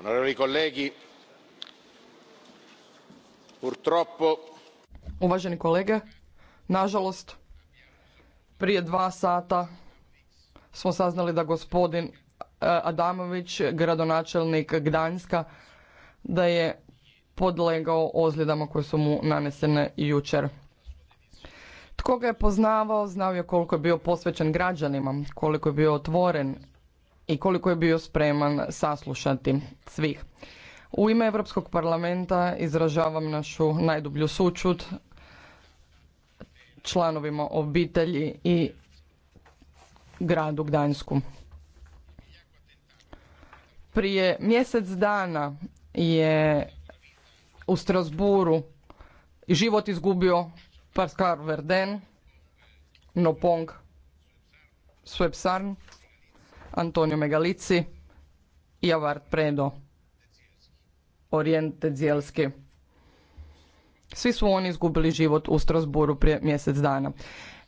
onorevoli purtroppo uvaženi kolege nažalost prije dva sata smo saznali da gospodin e, Adamović, gradonačelnik Gdanjska, da je podlegao ozljedama koje su mu nanesene jučer. Tko ga je poznavao, znao je koliko je bio posvećen građanima, koliko je bio otvoren i koliko je bio spreman saslušati svih. U ime Europskog parlamenta izražavam našu najdublju sućut članovima obitelji i gradu Gdansku. Prije mjesec dana je u Strasburu život izgubio Pascal Verden, Nopong, Swebsarn, Antonio Megalici i Predo, Orijente Zijelski. Svi su oni izgubili život u Strasburu prije mjesec dana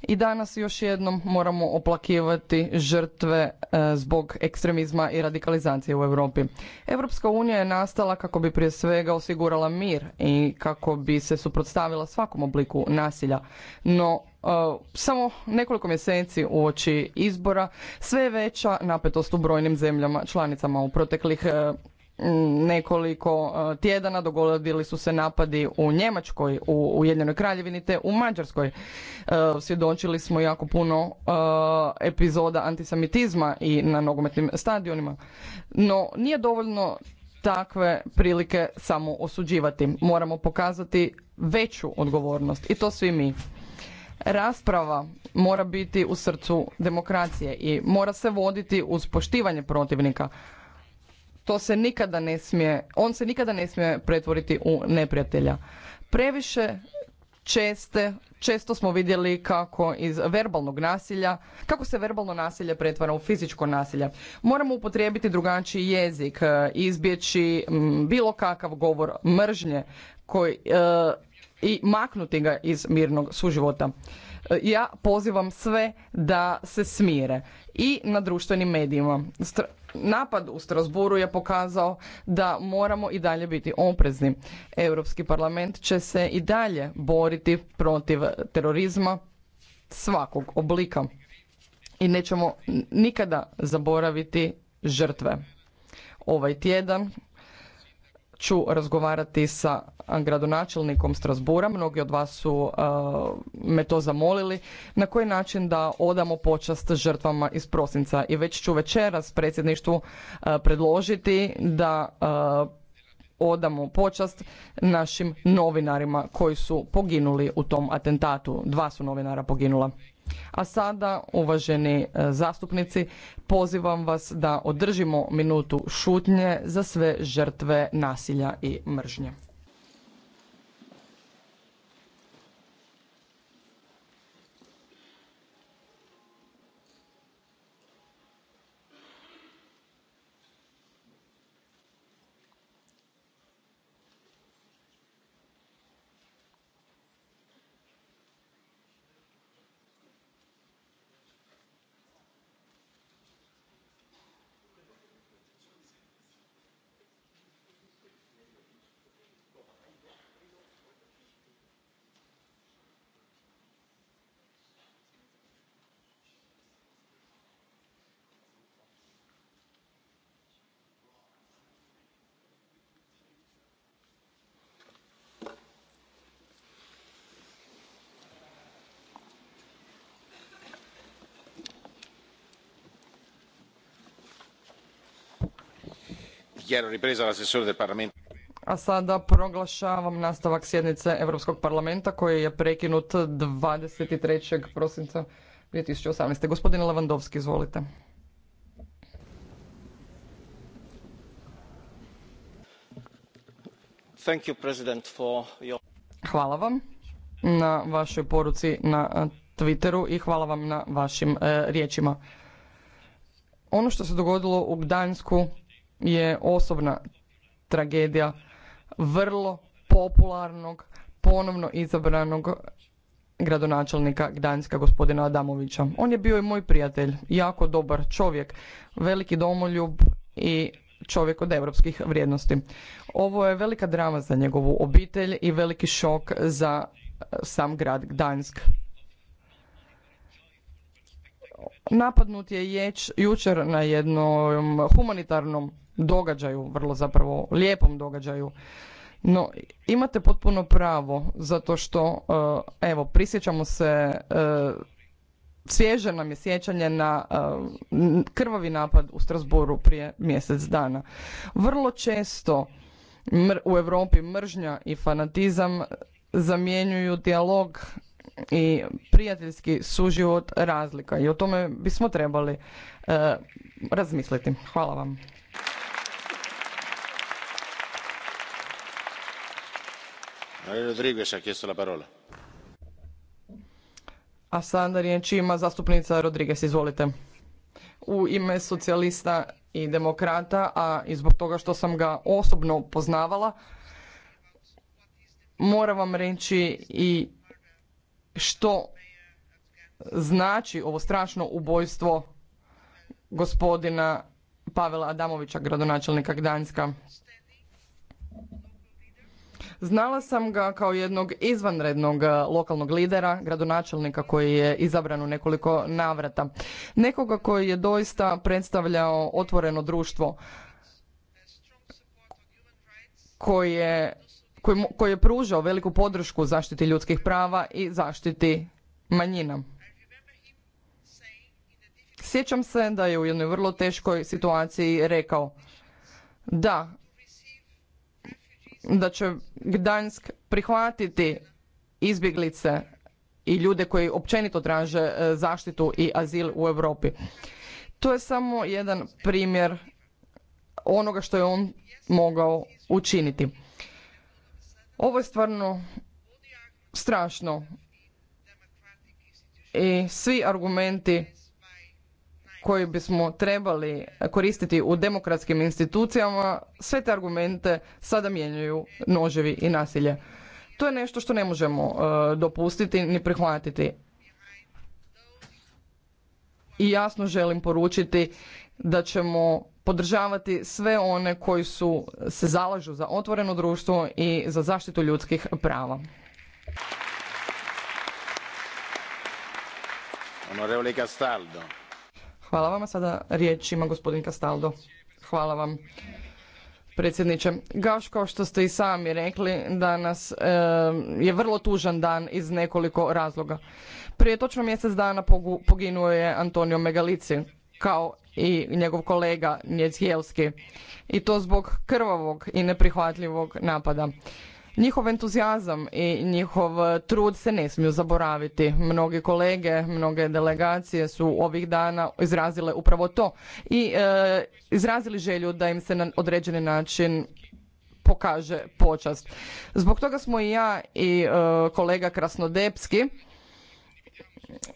i danas još jednom moramo oplakivati žrtve e, zbog ekstremizma i radikalizacije u Europi. Europska unija je nastala kako bi prije svega osigurala mir i kako bi se suprotstavila svakom obliku nasilja. No e, samo nekoliko mjeseci uoči izbora sve je veća napetost u brojnim zemljama članicama u proteklih e, nekoliko e, tjedana dogodili su se napadi u Njemačkoj, u Ujedinjenoj kraljevini te u Mađarskoj. E, svjedočili smo jako puno e, epizoda antisemitizma i na nogometnim stadionima. No nije dovoljno takve prilike samo osuđivati. Moramo pokazati veću odgovornost i to svi mi. Rasprava mora biti u srcu demokracije i mora se voditi uz poštivanje protivnika, to se nikada ne smije, on se nikada ne smije pretvoriti u neprijatelja. Previše česte, često smo vidjeli kako iz verbalnog nasilja, kako se verbalno nasilje pretvara u fizičko nasilje. Moramo upotrijebiti drugačiji jezik, e, izbjeći bilo kakav govor mržnje koji, e, i maknuti ga iz mirnog suživota. E, ja pozivam sve da se smire i na društvenim medijima napad u Strasburu je pokazao da moramo i dalje biti oprezni. Europski parlament će se i dalje boriti protiv terorizma svakog oblika i nećemo nikada zaboraviti žrtve. Ovaj tjedan ću razgovarati sa gradonačelnikom Strasbura, mnogi od vas su me to zamolili, na koji način da odamo počast žrtvama iz prosinca. I već ću večeras predsjedništvu predložiti da odamo počast našim novinarima koji su poginuli u tom atentatu. Dva su novinara poginula. A sada, uvaženi e, zastupnici, pozivam vas da održimo minutu šutnje za sve žrtve nasilja i mržnje. A sada proglašavam nastavak sjednice Europskog parlamenta koji je prekinut 23. prosinca 2018. Gospodine Lavandovski, izvolite. Thank you, President, for your... Hvala vam na vašoj poruci na Twitteru i hvala vam na vašim e, riječima. Ono što se dogodilo u Gdansku je osobna tragedija vrlo popularnog ponovno izabranog gradonačelnika Gdanjska gospodina Adamovića. On je bio i moj prijatelj, jako dobar čovjek, veliki domoljub i čovjek od europskih vrijednosti. Ovo je velika drama za njegovu obitelj i veliki šok za e, sam grad Gdansk. Napadnut je ječ, jučer na jednom humanitarnom događaju, vrlo zapravo lijepom događaju. No, imate potpuno pravo, zato što, eh, evo, prisjećamo se, eh, svježe nam je sjećanje na eh, krvavi napad u Strasboru prije mjesec dana. Vrlo često u Europi mržnja i fanatizam zamjenjuju dijalog i prijateljski suživot razlika i o tome bismo trebali razmisliti. Hvala vam. A sada riječ ima zastupnica Rodriguez, izvolite. U ime socijalista i demokrata, a i zbog toga što sam ga osobno poznavala, moram vam reći i što znači ovo strašno ubojstvo gospodina Pavela Adamovića, gradonačelnika Gdanska. Znala sam ga kao jednog izvanrednog e, lokalnog lidera, gradonačelnika koji je izabran u nekoliko navrata. Nekoga koji je doista predstavljao otvoreno društvo koji je, koji, je pružao veliku podršku zaštiti ljudskih prava i zaštiti manjina. Sjećam se da je u jednoj vrlo teškoj situaciji rekao da, da će Gdansk prihvatiti izbjeglice i ljude koji općenito traže e, zaštitu i azil u Europi. To je samo jedan primjer onoga što je on mogao učiniti. Ovo je stvarno strašno i svi argumenti koji bismo trebali koristiti u demokratskim institucijama, sve te argumente sada mijenjaju noževi i nasilje. To je nešto što ne možemo e, dopustiti ni prihvatiti. I jasno želim poručiti da ćemo podržavati sve one koji su se zalažu za otvoreno društvo i za zaštitu ljudskih prava. Onorevole Castaldo. Hvala Vama Sada riječ ima gospodin Castaldo. Hvala vam predsjedniče. Gaš, kao što ste i sami rekli, danas e, je vrlo tužan dan iz nekoliko razloga. Prije točno mjesec dana poginuo je Antonio Megalici, kao i njegov kolega jelski I to zbog krvavog i neprihvatljivog napada. Njihov entuzijazam i njihov e, trud se ne smiju zaboraviti. Mnogi kolege, mnoge delegacije su ovih dana izrazile upravo to i e, izrazili želju da im se na određeni način pokaže počast. Zbog toga smo i ja i e, kolega Krasnodepski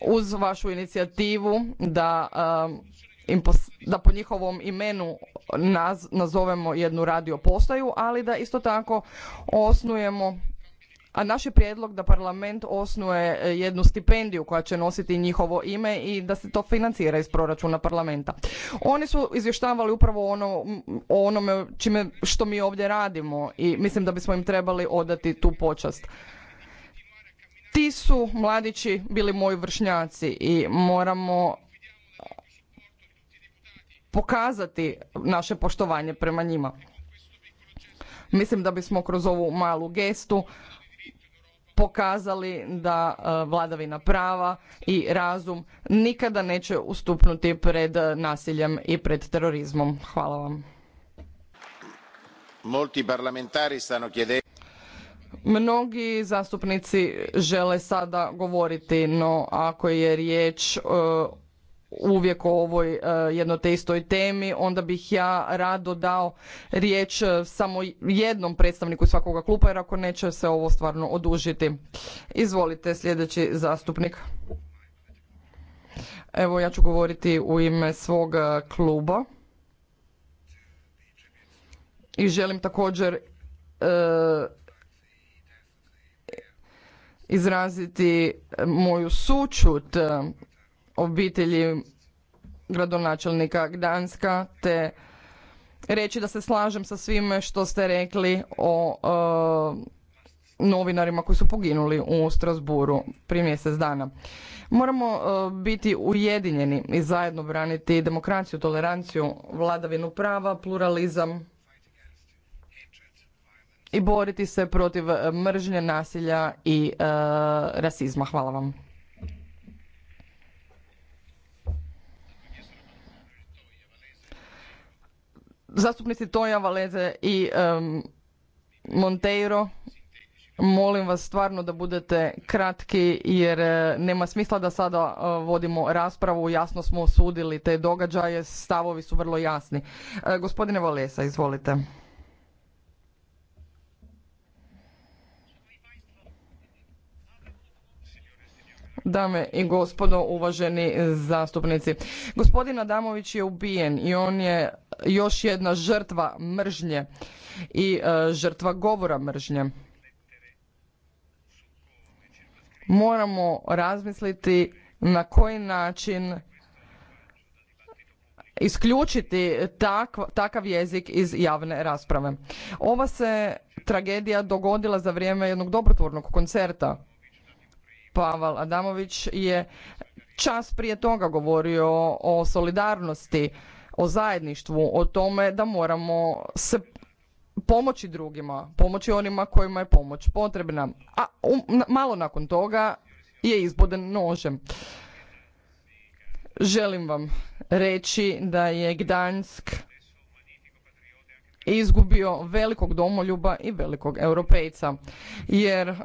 uz vašu inicijativu da da po njihovom imenu nazovemo jednu radio postaju, ali da isto tako osnujemo a naš je prijedlog da parlament osnuje e, jednu stipendiju koja će nositi njihovo ime i da se to financira iz proračuna parlamenta. Oni su izvještavali upravo ono, o onome čime što mi ovdje radimo i mislim da bismo im trebali odati tu počast. Ti su mladići bili moji vršnjaci i moramo pokazati naše poštovanje prema njima. Mislim da bismo kroz ovu malu gestu pokazali da e, vladavina prava i razum nikada neće ustupnuti pred nasiljem i pred terorizmom. Hvala vam. Mnogi zastupnici žele sada govoriti, no ako je riječ e, uvijek o ovoj e, jedno te istoj temi, onda bih ja rado dao riječ e, samo jednom predstavniku svakoga kluba, jer ako neće se ovo stvarno odužiti. Izvolite, sljedeći zastupnik. Evo, ja ću govoriti u ime svog e, kluba. I želim također izraziti moju sučut obitelji gradonačelnika Gdanska te reći da se slažem sa svime što ste rekli o e, novinarima koji su poginuli u Strasburu prije mjesec dana. Moramo e, biti ujedinjeni i zajedno braniti demokraciju, toleranciju, vladavinu prava, pluralizam i boriti se protiv mržnje, nasilja i e, rasizma. Hvala vam. Zastupnici Toja, Valete i Monteiro, molim vas stvarno da budete kratki jer e, nema smisla da sada e, vodimo raspravu, jasno smo osudili te događaje, stavovi su vrlo jasni. E, gospodine Valesa, izvolite. Dame i gospodo, uvaženi zastupnici. Gospodin Adamović je ubijen i on je još jedna žrtva mržnje i e, žrtva govora mržnje. Moramo razmisliti na koji način isključiti takav jezik iz javne rasprave. Ova se tragedija dogodila za vrijeme jednog dobrotvornog koncerta Pavel Adamović je čas prije toga govorio o solidarnosti, o zajedništvu, o tome da moramo se pomoći drugima, pomoći onima kojima je pomoć potrebna. A um, malo nakon toga je izboden nožem. Želim vam reći da je Gdansk izgubio velikog domoljuba i velikog europejca. Jer e,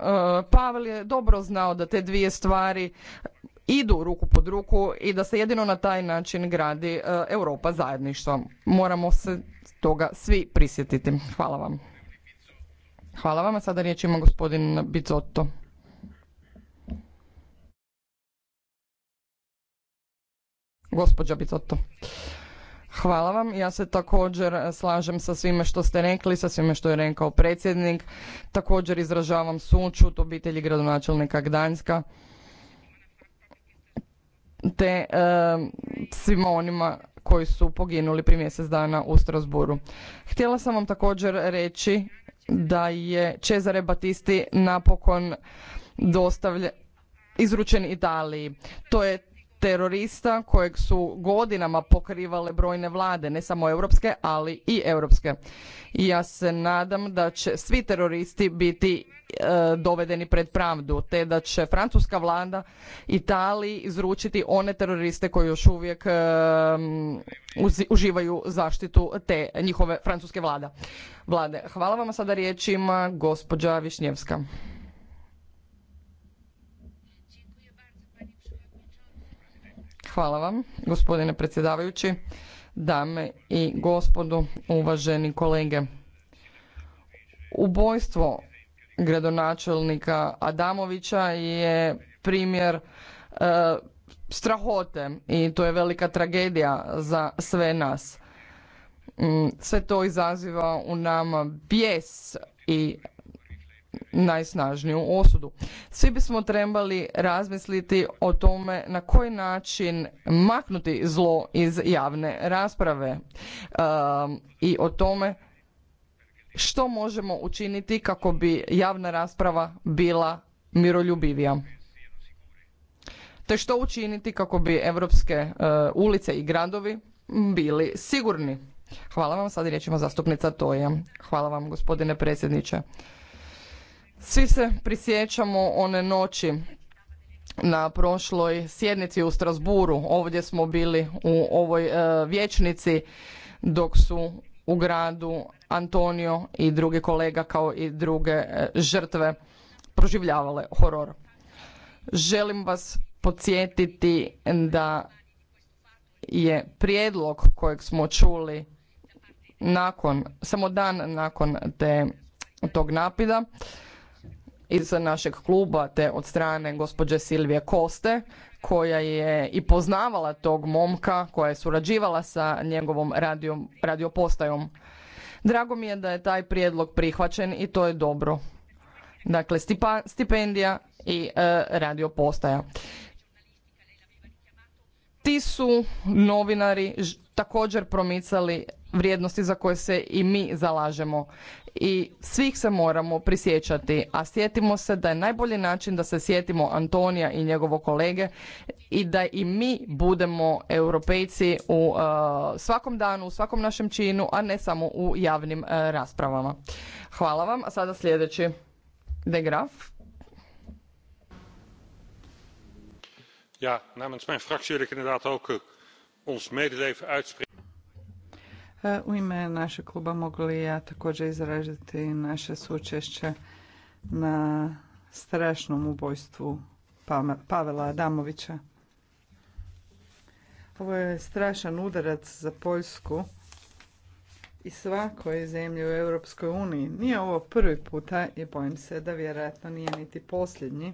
Pavel je dobro znao da te dvije stvari idu ruku pod ruku i da se jedino na taj način gradi e, Europa zajedništva. Moramo se toga svi prisjetiti. Hvala vam. Hvala vam, a sada riječ ima gospodin Bicotto. Gospođa Hvala vam. Ja se također slažem sa svime što ste rekli, sa svime što je rekao predsjednik. Također izražavam sučut obitelji gradonačelnika Gdanjska te e, svima onima koji su poginuli prije mjesec dana u Strasburu. Htjela sam vam također reći da je Cezare Batisti napokon dostavljen izručen Italiji. To je terorista kojeg su godinama pokrivale brojne vlade, ne samo europske, ali i europske. I ja se nadam da će svi teroristi biti e, dovedeni pred pravdu, te da će francuska vlada Italiji izručiti one teroriste koji još uvijek e, uživaju zaštitu te njihove francuske vlada. vlade. Hvala vam, sada riječima, gospođa Višnjevska. Hvala vam, gospodine predsjedavajući, dame i gospodu, uvaženi kolege. Ubojstvo gradonačelnika Adamovića je primjer e, strahote i to je velika tragedija za sve nas. Mm, sve to izaziva u nama bijes i najsnažniju osudu. Svi bismo trebali razmisliti o tome na koji način maknuti zlo iz javne rasprave um, i o tome što možemo učiniti kako bi javna rasprava bila miroljubivija. Te što učiniti kako bi europske uh, ulice i gradovi bili sigurni. Hvala vam, sad riječima zastupnica Toja. Hvala vam, gospodine predsjedniče. Svi se prisjećamo one noći na prošloj sjednici u Strasburu. Ovdje smo bili u ovoj e, vječnici dok su u gradu Antonio i drugi kolega kao i druge e, žrtve proživljavale horor. Želim vas podsjetiti da je prijedlog kojeg smo čuli nakon, samo dan nakon te, tog napida, iz našeg kluba te od strane gospođe Silvije Koste koja je i poznavala tog momka, koja je surađivala sa njegovom radio, radiopostajom. Drago mi je da je taj prijedlog prihvaćen i to je dobro. Dakle, stipendija i e, radiopostaja. Ti su novinari također promicali vrijednosti za koje se i mi zalažemo. I svih se moramo prisjećati, a sjetimo se da je najbolji način da se sjetimo Antonija i njegovo kolege i da i mi budemo europejci u uh, svakom danu, u svakom našem činu, a ne samo u javnim uh, raspravama. Hvala vam, a sada sljedeći de Ja, namens mijn fractie wil ook eh, ons medeleven uitspreken. E, u ime našeg kluba mogu li ja također izražiti naše sučešće na strašnom ubojstvu Pavela Adamovića. Ovo je strašan udarac za Poljsku i svakoj zemlji u Europskoj uniji. Nije ovo prvi puta i bojim se da vjerojatno nije niti posljednji.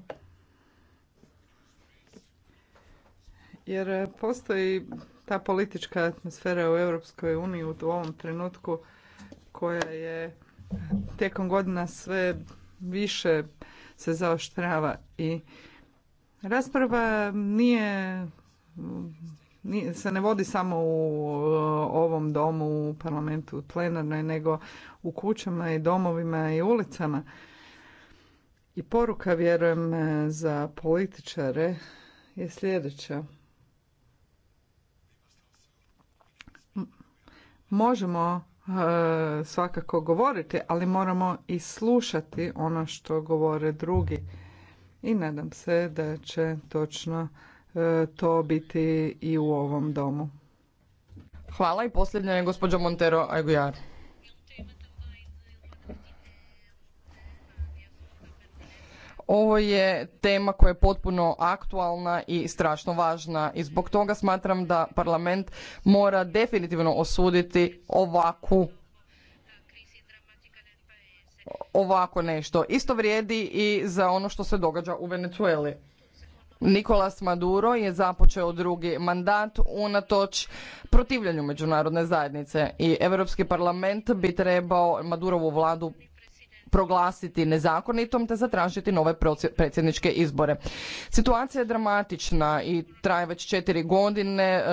Jer postoji ta politička atmosfera u Europskoj uniji u ovom trenutku koja je tijekom godina sve više se zaoštrava i rasprava nije, se ne vodi samo u ovom domu, u parlamentu, u plenarnoj, nego u kućama i domovima i ulicama. I poruka, vjerujem, za političare je sljedeća. možemo e, svakako govoriti, ali moramo i slušati ono što govore drugi. I nadam se da će točno e, to biti i u ovom domu. Hvala i posljednja je gospođa Montero Aguiar. Ovo je tema koja je potpuno aktualna i strašno važna i zbog toga smatram da parlament mora definitivno osuditi ovakvu ovako nešto. Isto vrijedi i za ono što se događa u Venezueli. Nikolas Maduro je započeo drugi mandat unatoč protivljanju međunarodne zajednice i Europski parlament bi trebao Madurovu vladu proglasiti nezakonitom te zatražiti nove predsjedničke izbore. Situacija je dramatična i traje već četiri godine,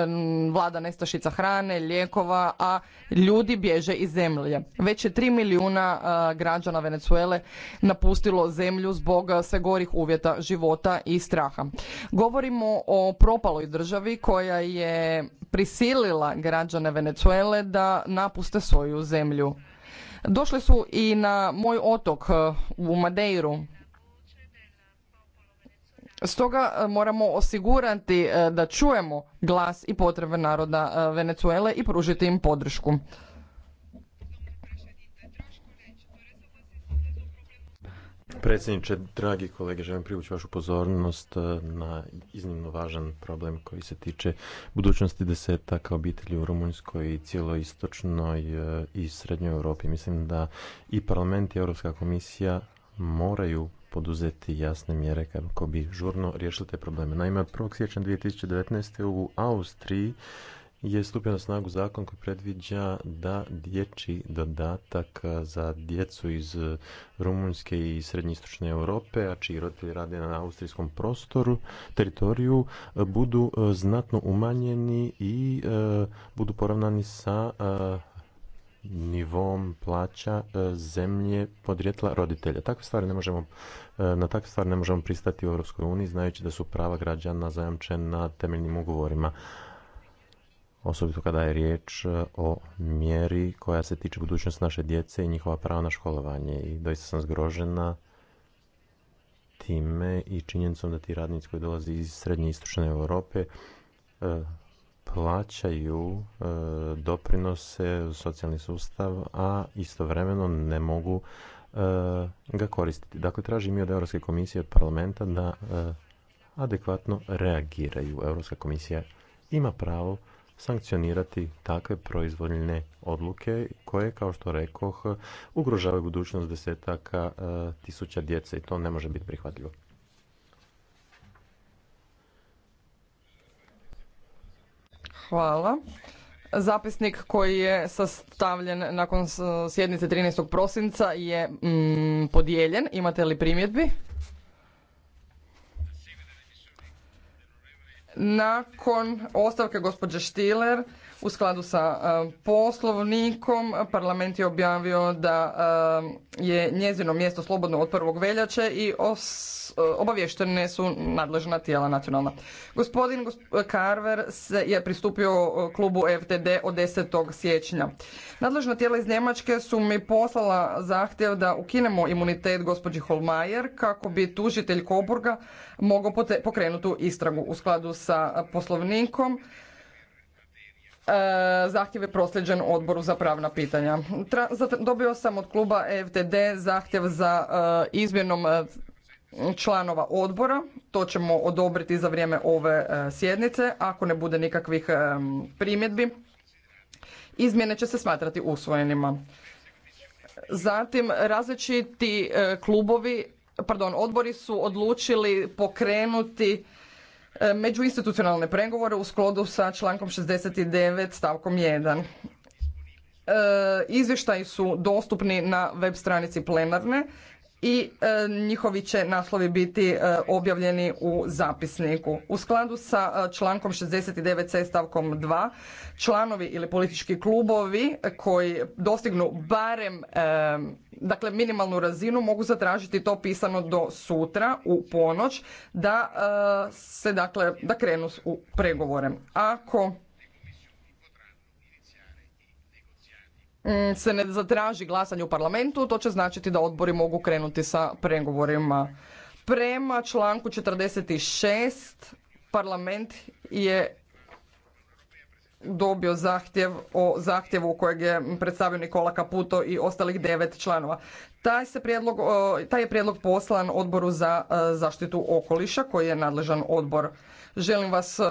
vlada nestašica hrane, lijekova, a ljudi bježe iz zemlje. Već je tri milijuna eh, građana Venezuele napustilo zemlju zbog eh, sve gorih uvjeta života i straha. Govorimo o propaloj državi koja je prisilila građane Venezuele da napuste svoju zemlju. Došli su i na moj otok e, u Madeiru. Stoga e, moramo osigurati e, da čujemo glas i potrebe naroda Venezuele i pružiti im podršku. Predsjedniče, dragi kolege, želim privući vašu pozornost e, na iznimno važan problem koji se tiče budućnosti desetaka obitelji u Rumunjskoj i cijeloistočnoj e, i srednjoj Europi. Mislim da i parlament i Europska komisija moraju poduzeti jasne mjere kako bi žurno riješili te probleme. Naime, 1. siječnja 2019. u Austriji je stupio na snagu zakon koji predviđa da dječji dodatak za djecu iz e, Rumunjske i Istočne Europe, a čiji roditelji rade na austrijskom prostoru, teritoriju, e, budu e, znatno umanjeni i budu poravnani sa nivom plaća zemlje podrijetla roditelja. Takve stvari ne možemo, na takve stvari ne možemo pristati u Europskoj uniji znajući da su prava građana zajamčena temeljnim ugovorima osobito kada je riječ e, o mjeri koja se tiče budućnosti naše djece i njihova prava na školovanje. I doista sam zgrožena time i činjenicom da ti radnici koji dolaze iz srednje i istočne Europe e, plaćaju e, doprinose u socijalni sustav, a istovremeno ne mogu ga koristiti. Dakle, tražim i od Europske komisije od parlamenta da adekvatno reagiraju. Europska komisija ima pravo sankcionirati takve proizvoljne odluke koje, kao što rekoh, ugrožavaju budućnost desetaka e, tisuća djece i to ne može biti prihvatljivo. Hvala. Zapisnik koji je sastavljen nakon sjednice 13. prosinca je mm, podijeljen. Imate li primjedbi? nakon ostavke gospođe Štiler u skladu sa e, poslovnikom parlament je objavio da e, je njezino mjesto slobodno od 1. veljače i e, obavještene su nadležna tijela nacionalna. Gospodin Carver je pristupio klubu FTD od 10. siječnja. Nadležna tijela iz Njemačke su mi poslala zahtjev da ukinemo imunitet gospođi Holmajer kako bi tužitelj Koburga mogao pokrenuti istragu u skladu sa poslovnikom. E, zahtjev je prosljeđen odboru za pravna pitanja. dobio sam od kluba e ftd zahtjev za e, izmjenom članova odbora. To ćemo odobriti za vrijeme ove sjednice ako ne bude nikakvih primjedbi. Izmjene će se smatrati usvojenima. Zatim različiti klubovi, pardon, odbori su odlučili pokrenuti E, međuinstitucionalne pregovore u skladu sa člankom 69 stavkom 1. E, izvještaji su dostupni na web stranici plenarne i e, njihovi će naslovi biti e, objavljeni u zapisniku. U skladu sa e, člankom 69c stavkom 2 članovi ili politički klubovi koji dostignu barem dakle minimalnu razinu mogu zatražiti to pisano do sutra u ponoć da se dakle da krenu u pregovore. Ako Mm, se ne zatraži glasanje u parlamentu, to će značiti da odbori mogu krenuti sa pregovorima. Prema članku 46 parlament je dobio zahtjev o zahtjevu kojeg je predstavio Nikola Kaputo i ostalih devet članova. Taj, se prijedlog, taj je prijedlog poslan odboru za e, zaštitu okoliša koji je nadležan odbor. Želim vas e,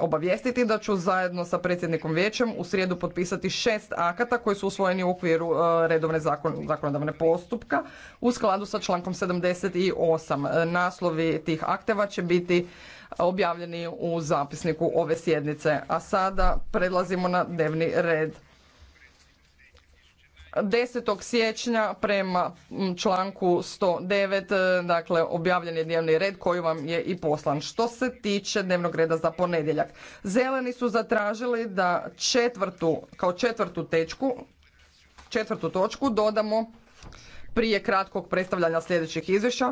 obavijestiti da ću zajedno sa predsjednikom vijećem u srijedu potpisati šest akata koji su usvojeni u okviru e, redovne zakonodavne postupka u skladu sa člankom 78. E, naslovi tih akteva će biti objavljeni u zapisniku ove sjednice. A sada prelazimo na dnevni red. 10. siječnja prema članku 109, e, dakle objavljen je dnevni red koji vam je i poslan. Što se tiče dnevnog reda za ponedjeljak, zeleni su zatražili da četvrtu, kao četvrtu tečku, četvrtu točku dodamo prije kratkog predstavljanja sljedećih izvješća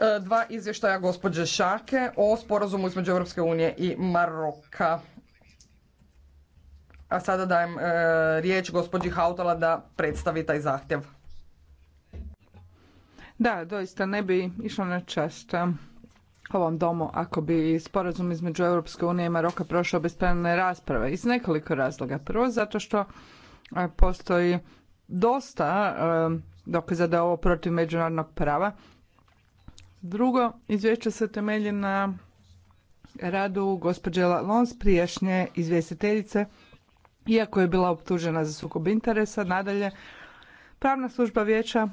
e, dva izvještaja gospođe Šake o sporazumu između Europske unije i Maroka. A sada dajem e, riječ gospođi Hautala da predstavi taj zahtjev. Da, doista ne bi išlo na čast ovom domu ako bi sporazum između Europske unije i Maroka prošao bez rasprave iz nekoliko razloga. Prvo zato što postoji dosta dokaza da je ovo protiv međunarodnog prava. Drugo, izvješće se temelji na radu gospođe Lons prijašnje izvjestiteljice iako je bila optužena za sukob interesa. Nadalje, pravna služba vijeća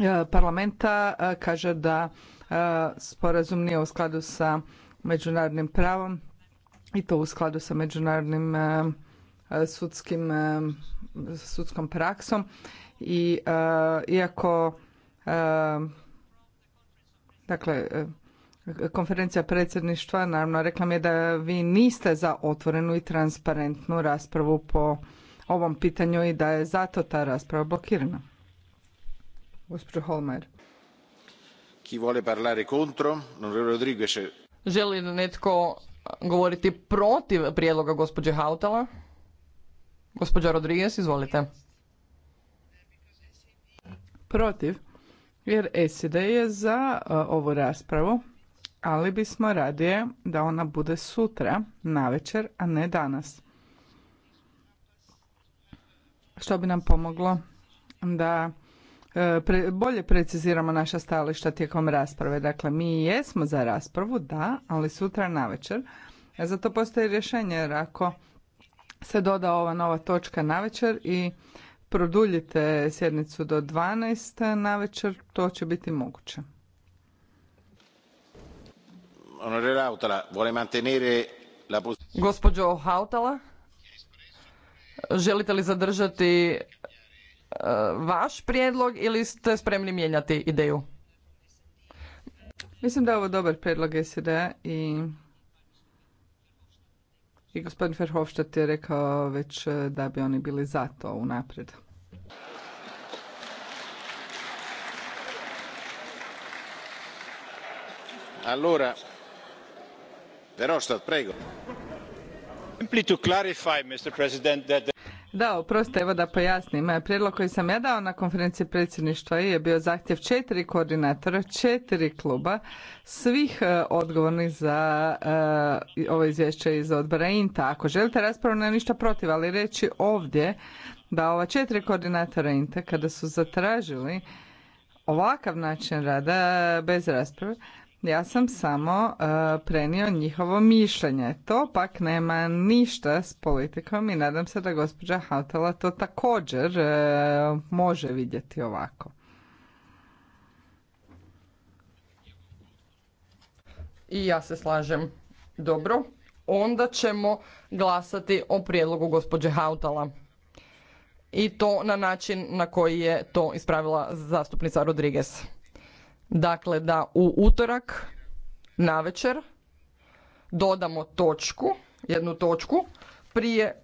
e, parlamenta e, kaže da e, sporazum nije u skladu sa međunarodnim pravom i to u skladu sa međunarodnim sudskom praksom i iako dakle konferencija predsjedništva naravno rekla mi je da vi niste za otvorenu i transparentnu raspravu po ovom pitanju i da je zato ta rasprava blokirana. Gospođo Holmer. Eh. Želi li netko govoriti protiv prijedloga gospođe Hautala? Gospođa Rodriguez, izvolite. Protiv, jer SED je za eh, ovu raspravu ali bismo radije da ona bude sutra, navečer, a ne danas. Što bi nam pomoglo da e, bolje preciziramo naša stajališta tijekom rasprave. Dakle, mi jesmo za raspravu, da, ali sutra navečer. E, zato postoji rješenje jer ako se doda ova nova točka navečer i produljite sjednicu do 12 navečer, to će biti moguće. Hautala, mantenere la... Gospođo Hautala, želite li zadržati eh, vaš prijedlog ili ste spremni mijenjati ideju? Mislim da je ovo dobar prijedlog SED i i gospodin Verhofstadt je rekao već eh, da bi oni bili za to unaprijed. Allora, da, oprostite, evo da pojasnim. Prijedlog koji sam ja dao na konferenciji predsjedništva je bio zahtjev četiri koordinatora, četiri kluba, svih e, odgovornih za e, ovo izvješće iz odbora INTA. Ako želite raspravu, nema ništa protiv, ali reći ovdje da ova četiri koordinatora INTA kada su zatražili ovakav način rada e, bez rasprave, ja sam samo e, prenio njihovo mišljenje. To pak nema ništa s politikom i nadam se da gospođa Hautala to također e, može vidjeti ovako. I ja se slažem. Dobro, onda ćemo glasati o prijedlogu gospođe Hautala. I to na način na koji je to ispravila zastupnica Rodriguez. Dakle, da u utorak navečer dodamo točku, jednu točku, prije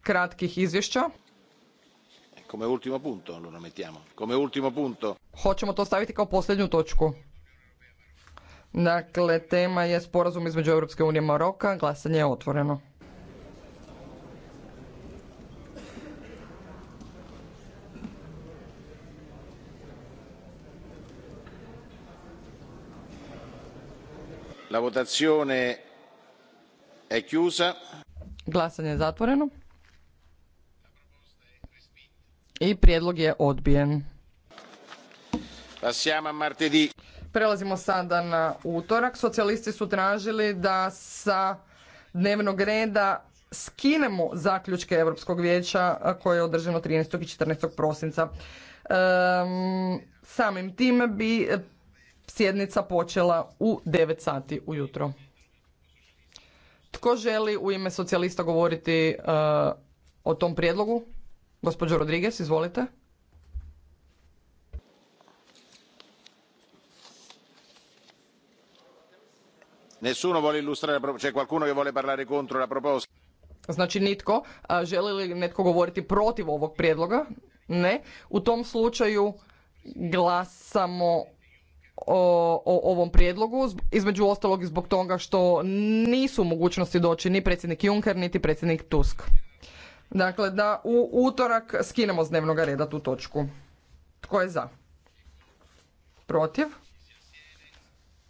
kratkih izvješća. E, come ultimo punto allora mettiamo. Come ultimo punto. Hoćemo to staviti kao posljednju točku. Dakle, tema je sporazum između Europske unije i Maroka. Glasanje je otvoreno. La votazione è Glasanje je zatvoreno. I prijedlog je odbijen. Passiamo Prelazimo sada na utorak. Socijalisti su tražili da sa dnevnog reda skinemo zaključke Europskog vijeća koje je održano 13. i 14. prosinca. Ehm, samim tim bi sjednica počela u 9 sati ujutro. Tko želi u ime socijalista govoriti e, o tom prijedlogu? Gospođo Rodriguez, izvolite. Nessuno vuole illustrare, c'è qualcuno che vuole parlare contro la proposta? Znači nitko. želi li netko govoriti protiv ovog prijedloga? Ne. U tom slučaju glasamo o, o ovom prijedlogu, između ostalog i zbog toga što nisu mogućnosti doći ni predsjednik Juncker, niti predsjednik Tusk. Dakle, da u utorak skinemo s dnevnog reda tu točku. Tko je za? Protiv?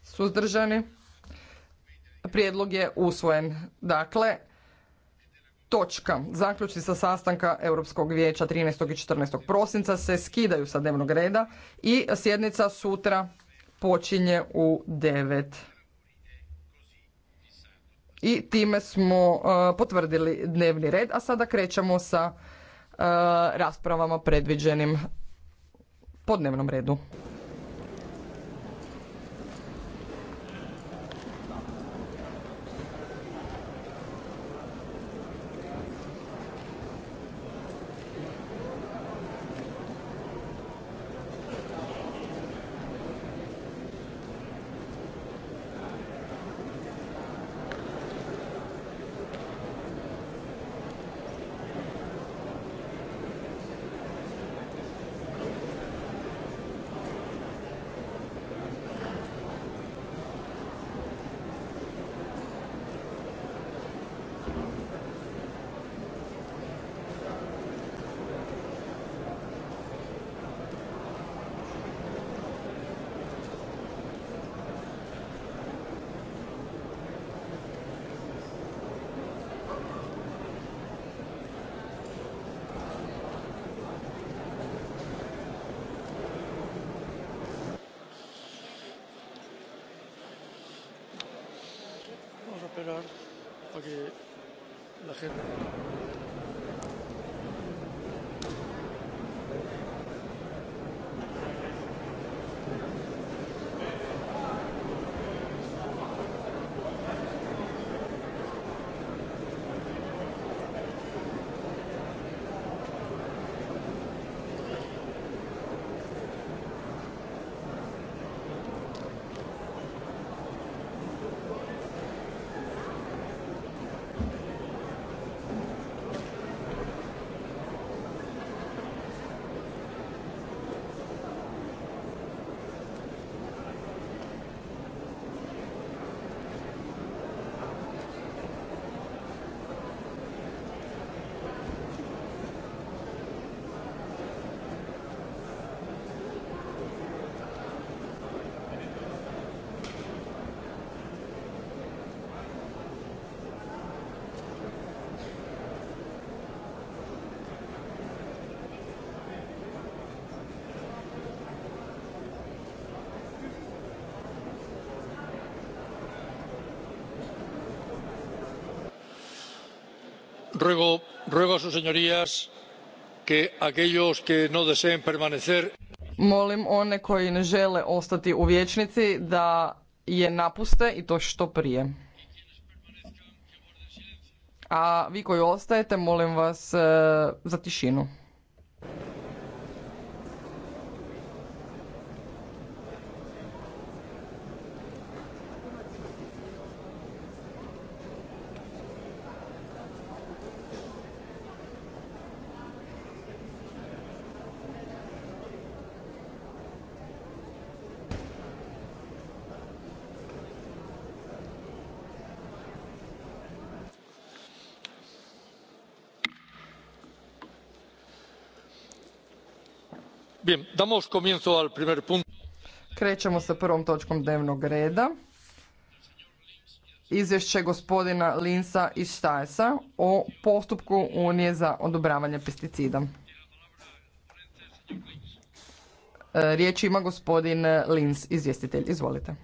Suzdržani? Prijedlog je usvojen. Dakle, točka. zaključi sa sastanka Europskog vijeća 13. i 14. prosinca se skidaju sa dnevnog reda i sjednica sutra počinje u 9. I time smo e, potvrdili dnevni red, a sada krećemo sa e, raspravama predviđenim po dnevnom redu. ruego, a molim one koji ne žele ostati u vijećnici da je napuste i to što prije. A vi koji ostajete, molim vas e, za tišinu. Krećemo sa prvom točkom dnevnog reda. Izvješće gospodina Linsa i Štajsa o postupku Unije za odobravanje pesticida. E, riječ ima gospodin Lins, izvjestitelj. Izvolite.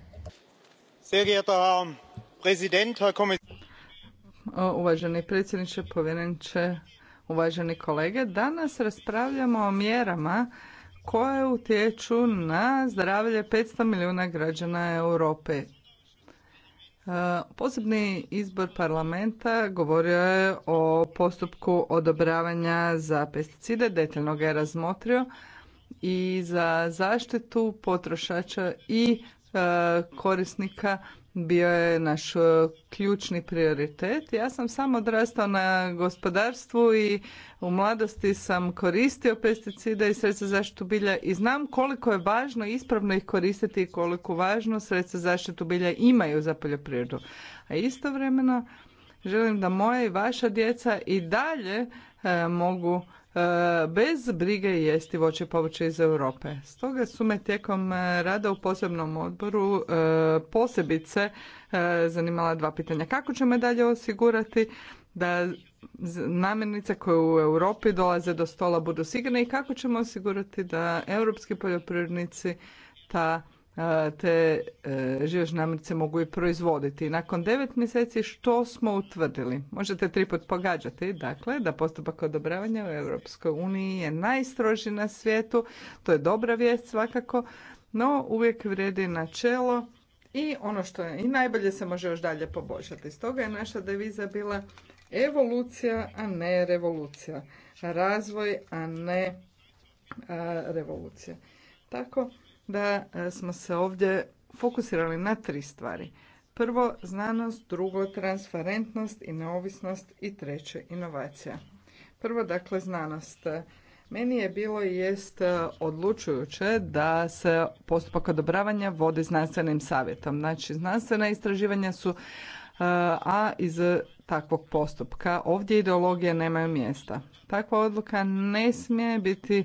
Uvaženi predsjedniče, povjereniče, uvaženi kolege. Danas raspravljamo o mjerama koje utječu na zdravlje 500 milijuna građana Europe. E, posebni izbor parlamenta govorio je o postupku odobravanja za pesticide, detaljno ga je razmotrio i za zaštitu potrošača i E, korisnika bio je naš e, ključni prioritet. Ja sam samo odrastao na gospodarstvu i u mladosti sam koristio pesticide i sredstva zaštitu bilja i znam koliko je važno ispravno ih koristiti i koliko važno sredstva zaštitu bilja imaju za poljoprivredu. A istovremeno želim da moja i vaša djeca i dalje e, mogu E, bez brige jesti voće i povrće iz Europe. Stoga su me tijekom e, rada u posebnom odboru e, posebice zanimala dva pitanja. Kako ćemo dalje osigurati da namirnice koje u Europi dolaze do stola budu sigurne i kako ćemo osigurati da europski poljoprivrednici ta te e, živežne mogu i proizvoditi. Nakon devet mjeseci što smo utvrdili? Možete tri pogađati, dakle, da postupak odobravanja u Europskoj uniji je najstroži na svijetu, to je dobra vijest svakako, no uvijek vrijedi načelo i ono što je i najbolje se može još dalje poboljšati. Stoga je naša deviza bila evolucija, a ne revolucija. Razvoj, a ne revolucija. Tako, da e, smo se ovdje fokusirali na tri stvari. Prvo, znanost, drugo, transparentnost i neovisnost i treće, inovacija. Prvo, dakle, znanost. Meni je bilo jest e, odlučujuće da se postupak odobravanja vodi znanstvenim savjetom. Znači, znanstvena istraživanja su e, a iz takvog postupka. Ovdje ideologije nemaju mjesta. Takva odluka ne smije biti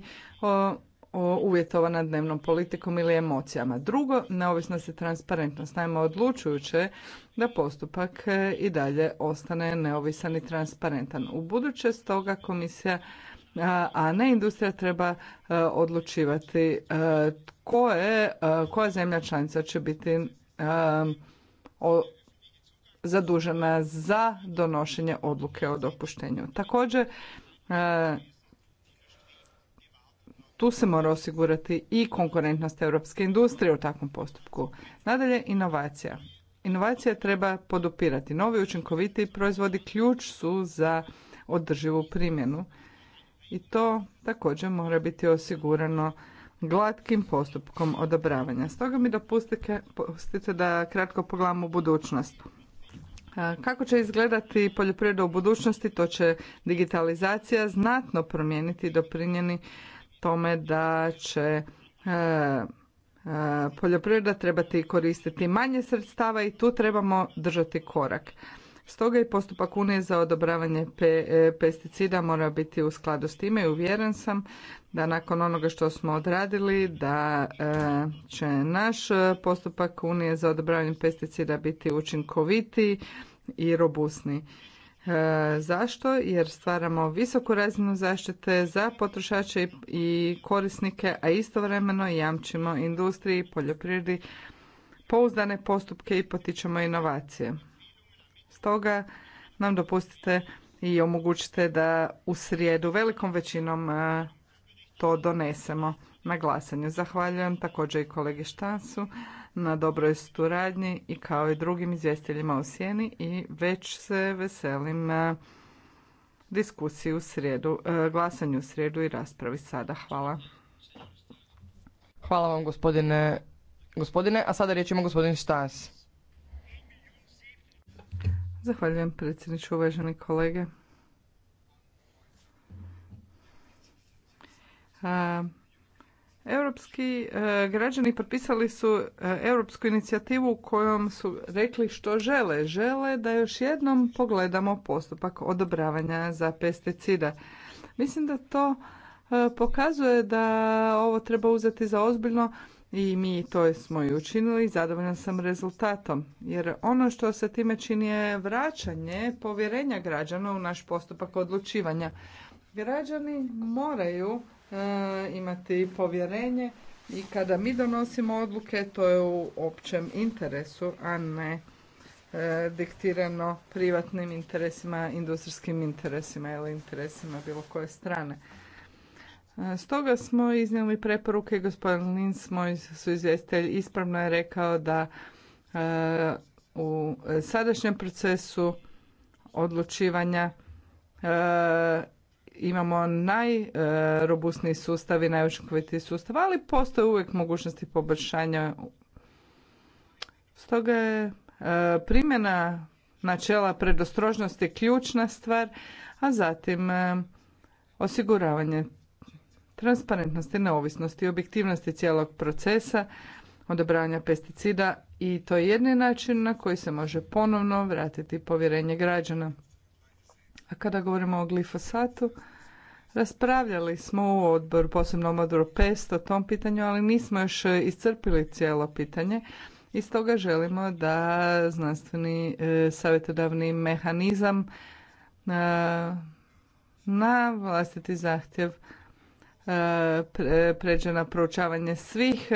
uvjetovana dnevnom politikom ili emocijama. Drugo, neovisnost i transparentnost. Naime, odlučujuće da postupak e, i dalje ostane neovisan i transparentan. U buduće stoga komisija a ne industrija treba e, odlučivati e, koje, koja zemlja članica će biti zadužena za donošenje odluke o dopuštenju. Također, tu se mora osigurati i konkurentnost europske industrije u takvom postupku. Nadalje, inovacija. Inovacija treba podupirati. Novi učinkoviti proizvodi ključ su za održivu primjenu i to također mora biti osigurano glatkim postupkom odobravanja. Stoga mi dopustite da kratko pogledamo budućnost. Kako će izgledati poljoprivreda u budućnosti, to će digitalizacija znatno promijeniti i doprinjeni tome da će e, e, poljoprivreda trebati koristiti manje sredstava i tu trebamo držati korak. Stoga i postupak Unije za odobravanje e, pesticida mora biti u skladu s time i uvjeren sam da nakon onoga što smo odradili da će naš postupak Unije za odobravanje pesticida biti učinkovitiji i robustni. E, zašto? Jer stvaramo visoku razinu zaštite za potrošače i korisnike, a istovremeno jamčimo industriji, poljoprivredi, pouzdane postupke i potičemo inovacije. Stoga nam dopustite i omogućite da u srijedu velikom većinom e, to donesemo na glasanju. Zahvaljujem također i kolegi Štansu na dobroj suradnji i kao i drugim izvjestiteljima u sjeni i već se veselim e, diskusiji u srijedu, e, glasanju u srijedu i raspravi sada. Hvala. Hvala vam gospodine, gospodine a sada riječ ima gospodin Štas. Zahvaljujem predsjedniče, uvaženi kolege. E, Europski e, građani potpisali su e, europsku inicijativu u kojom su rekli što žele. Žele da još jednom pogledamo postupak odobravanja za pesticida. Mislim da to e, pokazuje da ovo treba uzeti za ozbiljno i mi to smo i učinili i zadovoljan sam rezultatom. Jer ono što se time čini je vraćanje povjerenja građana u naš postupak odlučivanja. Građani moraju E, imati povjerenje i kada mi donosimo odluke to je u općem interesu, a ne e, diktirano privatnim interesima, industrijskim interesima ili interesima bilo koje strane. E, stoga smo iznijeli preporuke, gospodin Linz, moj suizvjestitelj, ispravno je rekao da u sadašnjem procesu odlučivanja imamo najrobusniji sustav i najučinkovitiji sustav, ali postoje uvijek mogućnosti poboljšanja. Stoga je e, primjena načela predostrožnosti ključna stvar, a zatim e, osiguravanje transparentnosti, neovisnosti i objektivnosti cijelog procesa odobravanja pesticida i to je jedni način na koji se može ponovno vratiti povjerenje građana. A kada govorimo o glifosatu, raspravljali smo u odboru, posebno u PEST o tom pitanju, ali nismo još iscrpili cijelo pitanje. I stoga želimo da znanstveni e, savjetodavni mehanizam e, na vlastiti zahtjev e, pređe na proučavanje svih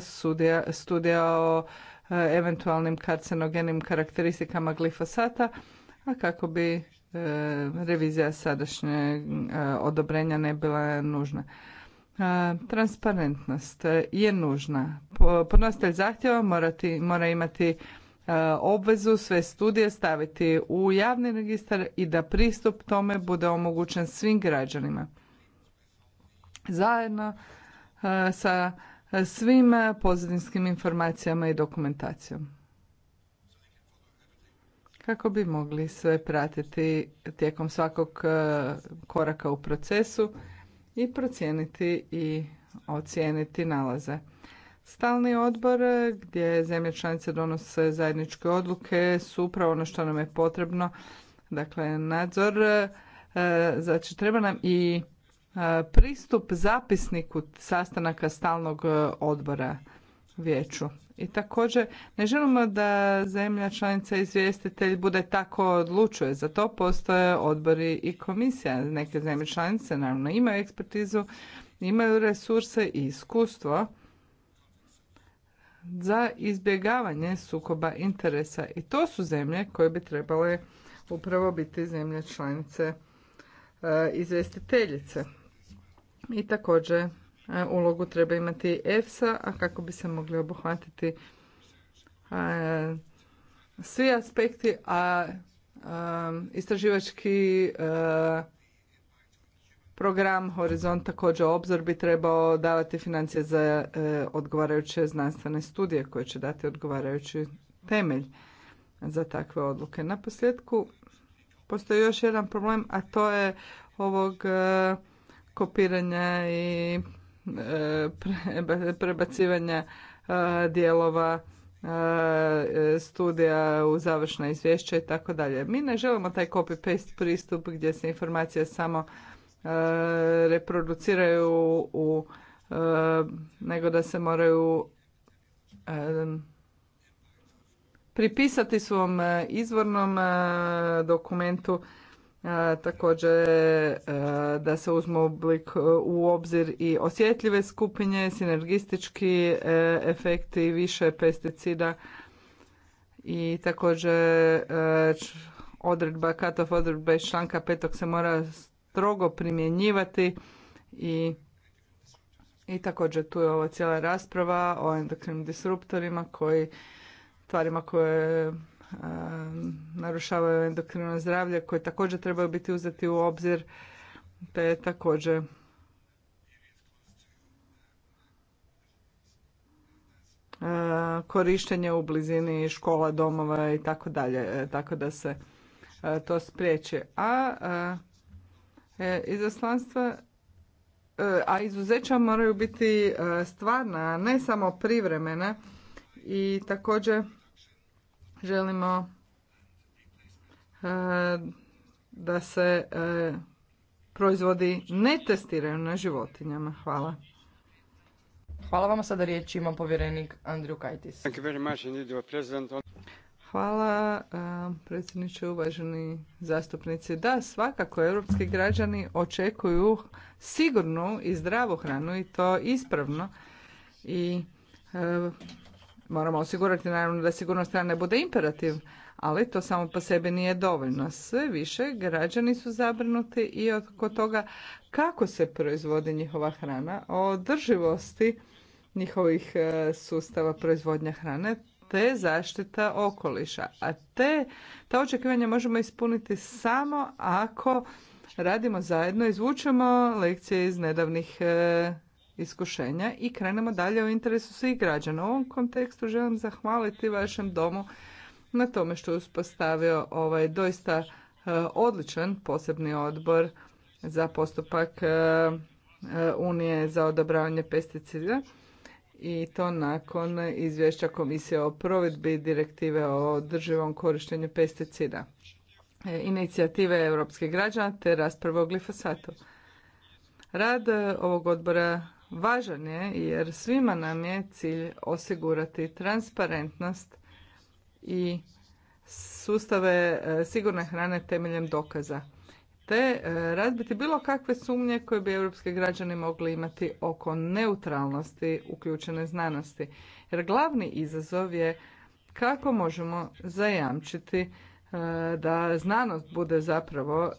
studija, studija o eventualnim karcenogenim karakteristikama glifosata, a kako bi E, revizija sadašnje e, odobrenja ne bila nužna. E, transparentnost je nužna. Podnositelj zahtjeva mora imati obvezu sve studije staviti u javni registar i da pristup tome bude omogućen svim građanima. Zajedno sa svim pozadinskim informacijama i dokumentacijom kako bi mogli sve pratiti tijekom svakog e, koraka u procesu i procijeniti i ocijeniti nalaze. Stalni odbor e, gdje zemlje članice donose zajedničke odluke su upravo ono što nam je potrebno. Dakle, nadzor, e, znači treba nam i pristup zapisniku sastanaka stalnog odbora vijeću. I također ne želimo da zemlja članica izvjestitelj bude tako odlučuje. Za to postoje odbori i komisija. Neke zemlje članice naravno imaju ekspertizu, imaju resurse i iskustvo za izbjegavanje sukoba interesa. I to su zemlje koje bi trebale upravo biti zemlje članice e, izvjestiteljice. I također E, ulogu treba imati EFSA, a kako bi se mogli obuhvatiti e, svi aspekti, a e, istraživački program Horizont, također obzor bi trebao davati financije za odgovarajuće znanstvene studije koje će dati odgovarajući temelj za takve odluke. Na posljedku postoji još jedan problem, a to je ovog kopiranja i E, prebacivanja e, dijelova e, studija u završna izvješća i tako dalje. Mi ne želimo taj copy-paste pristup gdje se informacije samo reproduciraju u nego da se moraju pripisati svom izvornom dokumentu također e, da se uzme oblik e, u obzir i osjetljive skupinje, sinergistički e, efekti, više pesticida i također odredba, katov odredba iz članka petog se mora strogo primjenjivati i i također tu je ova cijela rasprava o endokrinim disruptorima koji, tvarima koje narušavaju endokrino zdravlje koje također trebaju biti uzeti u obzir te također e, korištenje u blizini škola, domova i tako dalje, e, tako da se e, to spriječi. A izaslanstva a izuzeća moraju biti stvarna, a ne samo privremena i također Želimo e, da se e, proizvodi ne testiraju na životinjama. Hvala. Hvala vam sada riječ ima povjerenik Andriju Kajtis. Hvala e, predsjedniče, uvaženi zastupnici. Da, svakako europski građani očekuju sigurnu i zdravu hranu i to ispravno. I Moramo osigurati naravno da sigurnost strane bude imperativ, ali to samo po sebi nije dovoljno. Sve više građani su zabrinuti i oko toga kako se proizvodi njihova hrana, o održivosti njihovih e, sustava proizvodnja hrane te zaštita okoliša. A te, ta očekivanja možemo ispuniti samo ako radimo zajedno, izvučemo lekcije iz nedavnih e, iskušenja i krenemo dalje u interesu svih građana. U ovom kontekstu želim zahvaliti vašem domu na tome što je uspostavio ovaj doista e, odličan posebni odbor za postupak e, e, Unije za odobravanje pesticida i to nakon izvješća Komisije o provedbi direktive o održivom korištenju pesticida, inicijative europskih građana te rasprave o glifosatu. Rad ovog odbora Važan je jer svima nam je cilj osigurati transparentnost i sustave e, sigurne hrane temeljem dokaza te e, razbiti bilo kakve sumnje koje bi europski građani mogli imati oko neutralnosti uključene znanosti. Jer glavni izazov je kako možemo zajamčiti e, da znanost bude zapravo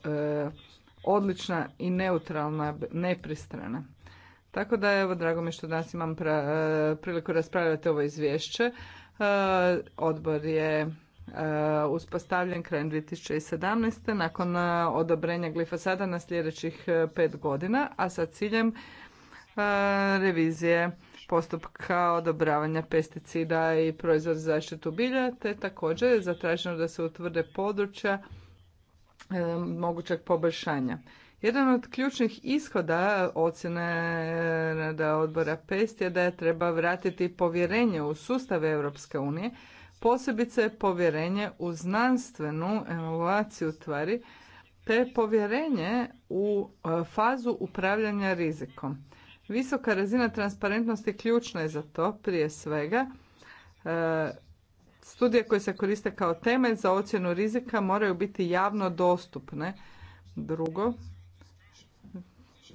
odlična i neutralna, nepristrana. Tako da evo, drago mi što danas imam e, priliku raspravljati ovo izvješće. E, odbor je e, uspostavljen krajem 2017. nakon odobrenja glifosada na sljedećih pet godina, a sa ciljem revizije postupka odobravanja pesticida i proizvod zaštitu bilja, te također je zatraženo da se utvrde područja mogućeg poboljšanja. Jedan od ključnih ishoda ocjene rada odbora PEST je da je treba vratiti povjerenje u sustav Europske unije, posebice povjerenje u znanstvenu evaluaciju tvari, te povjerenje u e, fazu upravljanja rizikom. Visoka razina transparentnosti ključna je za to, prije svega. E, studije koje se koriste kao temelj za ocjenu rizika moraju biti javno dostupne. Drugo,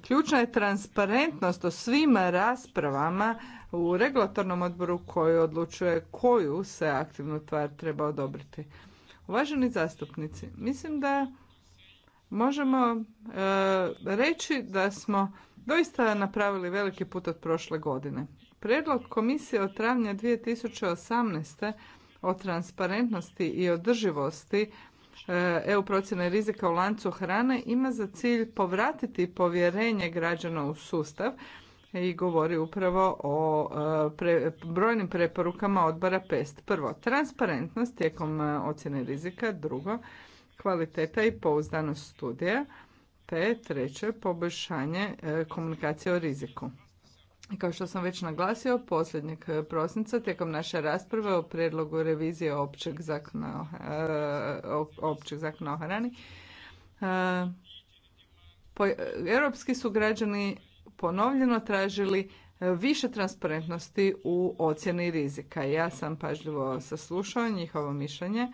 Ključna je transparentnost o svim raspravama u regulatornom odboru koji odlučuje koju se aktivnu tvar treba odobriti. Uvaženi zastupnici, mislim da možemo e, reći da smo doista napravili veliki put od prošle godine. Predlog komisije od travnja 2018. o transparentnosti i održivosti E, EU procjene rizika u lancu hrane ima za cilj povratiti povjerenje građana u sustav i govori upravo o e, brojnim preporukama odbora PEST. Prvo, transparentnost tijekom e, ocjene rizika. Drugo, kvaliteta i pouzdanost studija. Te treće, poboljšanje komunikacije o riziku. Kao što sam već naglasio, posljednjeg prosinca tijekom naše rasprave o predlogu revizije općeg zakona, e, općeg zakona o hrani, e, europski su građani ponovljeno tražili više transparentnosti u ocjeni rizika. Ja sam pažljivo saslušao njihovo mišljenje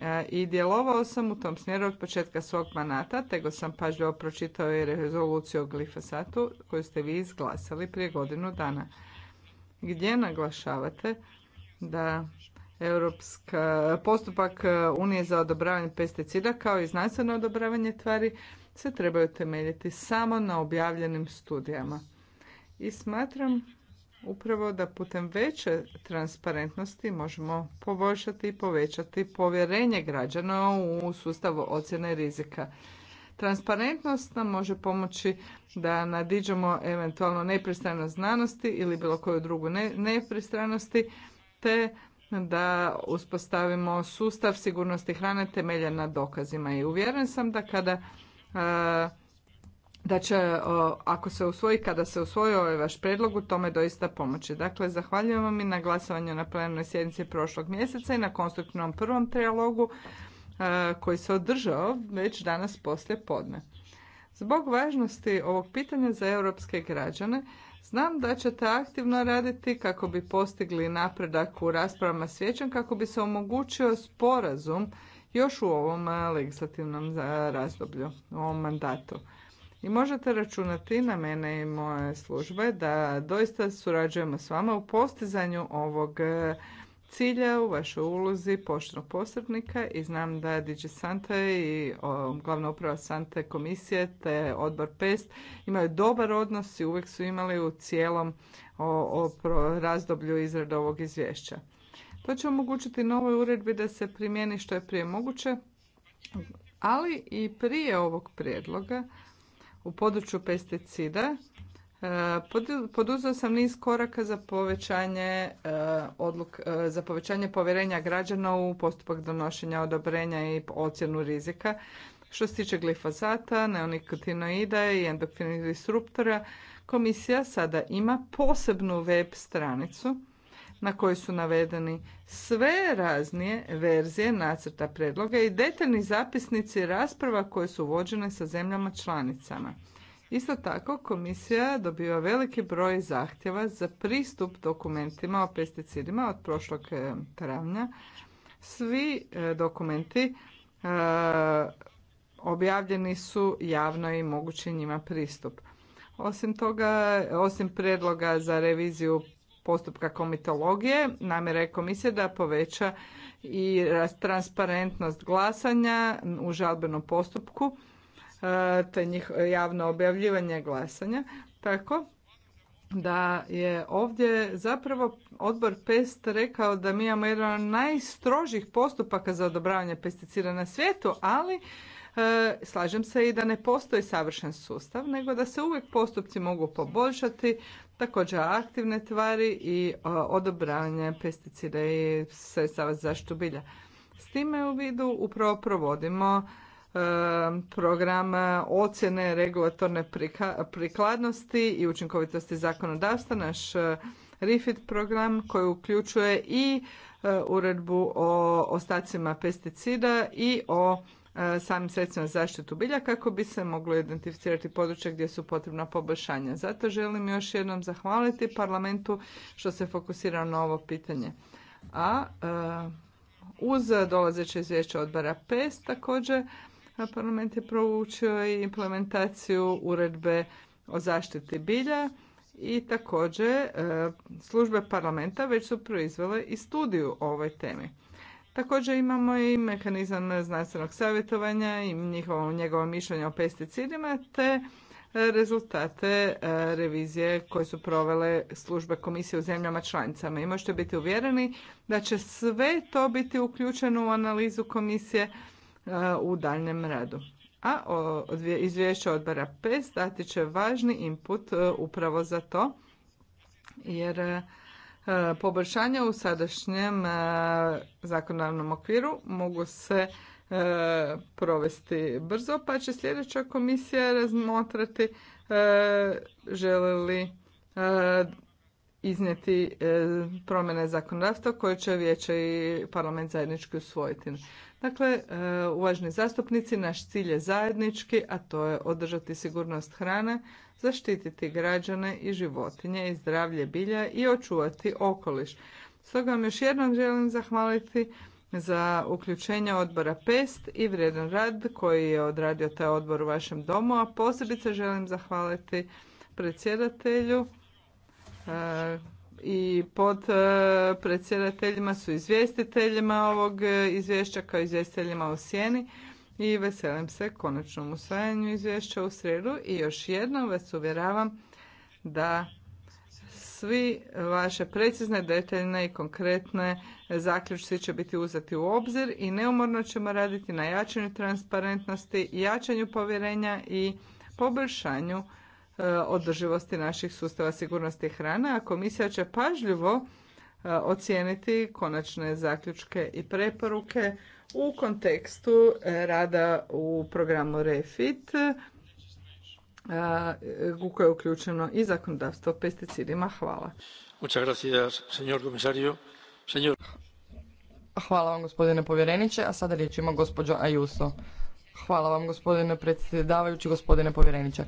E, i djelovao sam u tom smjeru od početka svog manata, tego sam pažljivo pročitao i rezoluciju o glifosatu koju ste vi izglasali prije godinu dana, gdje naglašavate da europska postupak Unije za odobravanje pesticida kao i znanstveno odobravanje tvari se trebaju temeljiti samo na objavljenim studijama. I smatram upravo da putem veće transparentnosti možemo poboljšati i povećati povjerenje građana u sustavu ocjene rizika. Transparentnost nam može pomoći da nadiđemo eventualno nepristranost znanosti ili bilo koju drugu nepristranosti, te da uspostavimo sustav sigurnosti hrane temeljen na dokazima. I uvjeren sam da kada da će, ako se usvoji, kada se usvoji ovaj vaš predlog, u tome doista pomoći. Dakle, zahvaljujem vam i na glasovanju na plenarnoj sjednici prošlog mjeseca i na konstruktivnom prvom trialogu e, koji se održao već danas poslije podne. Zbog važnosti ovog pitanja za europske građane, znam da ćete aktivno raditi kako bi postigli napredak u raspravama s vijećem, kako bi se omogućio sporazum još u ovom e, legislativnom e, razdoblju, u ovom mandatu. I možete računati na mene i moje službe da doista surađujemo s vama u postizanju ovog e, cilja u vašoj ulozi poštenog posrednika i znam da Digi Sante i glavna uprava Sante komisije te odbor PEST imaju dobar odnos i uvijek su imali u cijelom razdoblju izrade ovog izvješća. To će omogućiti novoj uredbi da se primjeni što je prije moguće, ali i prije ovog prijedloga u području pesticida e, poduzeo sam niz koraka za povećanje e, odluk, e, za povećanje povjerenja građana u postupak donošenja odobrenja i ocjenu rizika. Što se tiče glifosata, neonikotinoida i endokrinih disruptora, komisija sada ima posebnu web stranicu na kojoj su navedeni sve raznije verzije nacrta predloga i detaljni zapisnici rasprava koje su vođene sa zemljama članicama. Isto tako, komisija dobiva veliki broj zahtjeva za pristup dokumentima o pesticidima od prošlog e, travnja. Svi e, dokumenti e, objavljeni su javno i mogući njima pristup. Osim toga, osim predloga za reviziju postupka komitologije. Namjera je komisija da poveća i transparentnost glasanja u žalbenom postupku e, te njih javno objavljivanje glasanja. Tako da je ovdje zapravo odbor PEST rekao da mi imamo jedan od najstrožih postupaka za odobravanje pesticida na svijetu, ali e, slažem se i da ne postoji savršen sustav, nego da se uvijek postupci mogu poboljšati, također aktivne tvari i e, odobranje pesticida i sredstava za zaštitu bilja. S time u vidu upravo provodimo e, program ocjene regulatorne prikladnosti i učinkovitosti zakonodavstva, naš e, REFIT program koji uključuje i uredbu o ostacima pesticida i o E, samim sredstvima zaštitu bilja kako bi se moglo identificirati područje gdje su potrebna poboljšanja. Zato želim još jednom zahvaliti parlamentu što se fokusira na ovo pitanje. A e, uz dolazeće izvješće odbora PES također parlament je proučio i implementaciju uredbe o zaštiti bilja i također e, službe parlamenta već su proizvele i studiju o ovoj temi. Također imamo i mehanizam znanstvenog savjetovanja i njihovo, njegovo mišljenje o pesticidima te e, rezultate e, revizije koje su provele službe komisije u zemljama članicama. I možete biti uvjereni da će sve to biti uključeno u analizu komisije e, u daljnjem radu. A izvješće odbora PES dati će važni input upravo za to jer E, poboljšanja u sadašnjem e, zakonodavnom okviru mogu se e, provesti brzo, pa će sljedeća komisija razmotrati žele li iznijeti promjene zakonodavstva koje će vijeće i parlament zajednički usvojiti. Dakle, e, uvaženi zastupnici, naš cilj je zajednički, a to je održati sigurnost hrane, zaštititi građane i životinje i zdravlje bilja i očuvati okoliš. Stoga vam još jednom želim zahvaliti za uključenje odbora PEST i vrijedan rad koji je odradio taj odbor u vašem domu, a posebice želim zahvaliti predsjedatelju e, i pod e, predsjedateljima su izvjestiteljima ovog e, izvješća kao izvjestiteljima u sjeni i veselim se konačnom usvajanju izvješća u sredu i još jednom vas uvjeravam da svi vaše precizne, detaljne i konkretne zaključci će biti uzeti u obzir i neumorno ćemo raditi na jačanju transparentnosti, jačanju povjerenja i poboljšanju E, održivosti naših sustava sigurnosti hrana, a komisija će pažljivo e, ocijeniti konačne zaključke i preporuke u kontekstu e, rada u programu REFIT u koje je uključeno i zakonodavstvo o pesticidima. Hvala. Hvala vam gospodine povjereniče, a sada riječ ima gospođa Ajuso. Hvala vam gospodine predsjedavajući, gospodine povjereniče.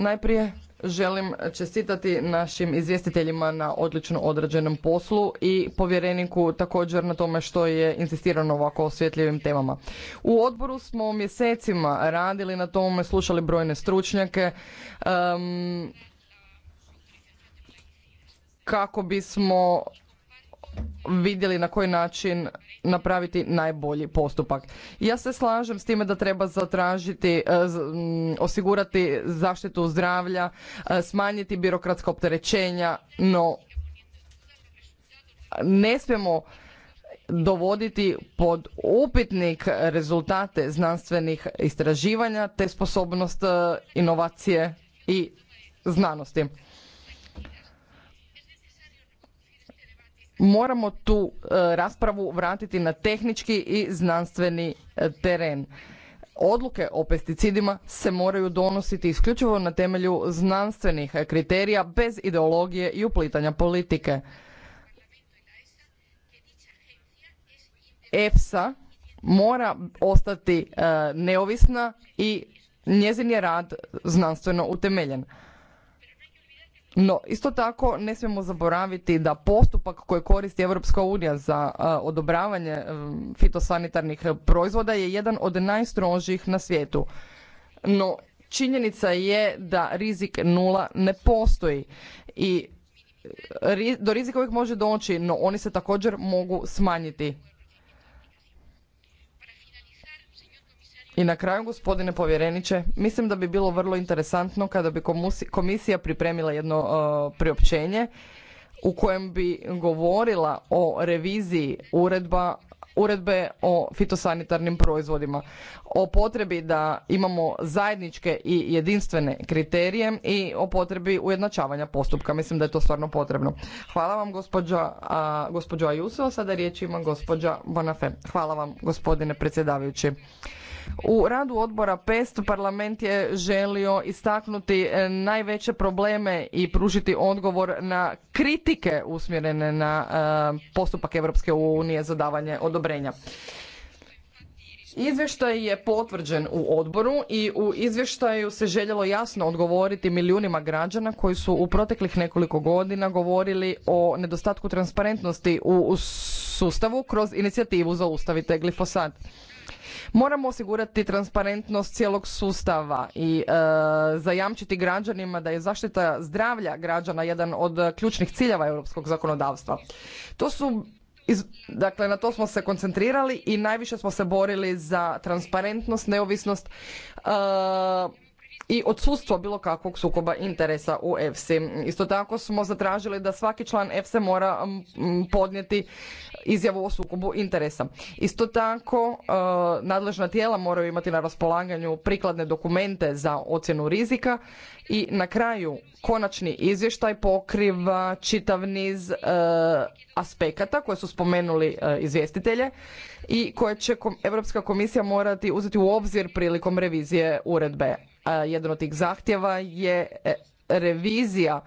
Najprije želim čestitati našim izvjestiteljima na odlično odrađenom poslu i povjereniku također na tome što je insistirano na ovako osjetljivim temama. U odboru smo mjesecima radili na tome, slušali brojne stručnjake kako bismo vidjeli na koji način napraviti najbolji postupak. Ja se slažem s time da treba zatražiti, e, osigurati zaštitu zdravlja, e, smanjiti birokratska opterećenja, no ne smijemo dovoditi pod upitnik rezultate znanstvenih istraživanja te sposobnost e, inovacije i znanosti. moramo tu e, raspravu vratiti na tehnički i znanstveni e, teren. Odluke o pesticidima se moraju donositi isključivo na temelju znanstvenih kriterija bez ideologije i uplitanja politike. EFSA mora ostati e, neovisna i njezin je rad znanstveno utemeljen. No, isto tako ne smijemo zaboraviti da postupak koji koristi Europska unija za odobravanje e, fitosanitarnih proizvoda je jedan od najstrožijih na svijetu. No, činjenica je da rizik nula ne postoji i do rizika uvijek može doći, no oni se također mogu smanjiti. I na kraju, gospodine povjereniče, mislim da bi bilo vrlo interesantno kada bi komisija pripremila jedno uh, priopćenje u kojem bi govorila o reviziji uredba uredbe o fitosanitarnim proizvodima, o potrebi da imamo zajedničke i jedinstvene kriterije i o potrebi ujednačavanja postupka. Mislim da je to stvarno potrebno. Hvala vam gospođa, a, gospođo Ajuso, sada riječ ima gospođa Bonafe. Hvala vam gospodine predsjedavajući. U radu odbora PEST parlament je želio istaknuti e, najveće probleme i pružiti odgovor na kritike usmjerene na e, postupak Europske unije za davanje odobrenja. Izvještaj je potvrđen u odboru i u izvještaju se željelo jasno odgovoriti milijunima građana koji su u proteklih nekoliko godina govorili o nedostatku transparentnosti u sustavu kroz inicijativu Zaustavite glifosat. Moramo osigurati transparentnost cijelog sustava i e, zajamčiti građanima da je zaštita zdravlja građana jedan od ključnih ciljeva europskog zakonodavstva. To su dakle, na to smo se koncentrirali i najviše smo se borili za transparentnost, neovisnost, e, i odsustvo bilo kakvog sukoba interesa u EFSI. Isto tako smo zatražili da svaki član EFSE mora podnijeti izjavu o sukobu interesa. Isto tako e, nadležna tijela moraju imati na raspolaganju prikladne dokumente za ocjenu rizika i na kraju konačni izvještaj pokriva čitav niz e, aspekata koje su spomenuli e, izvjestitelje i koje će Europska komisija morati uzeti u obzir prilikom revizije uredbe jedan od tih zahtjeva je e, revizija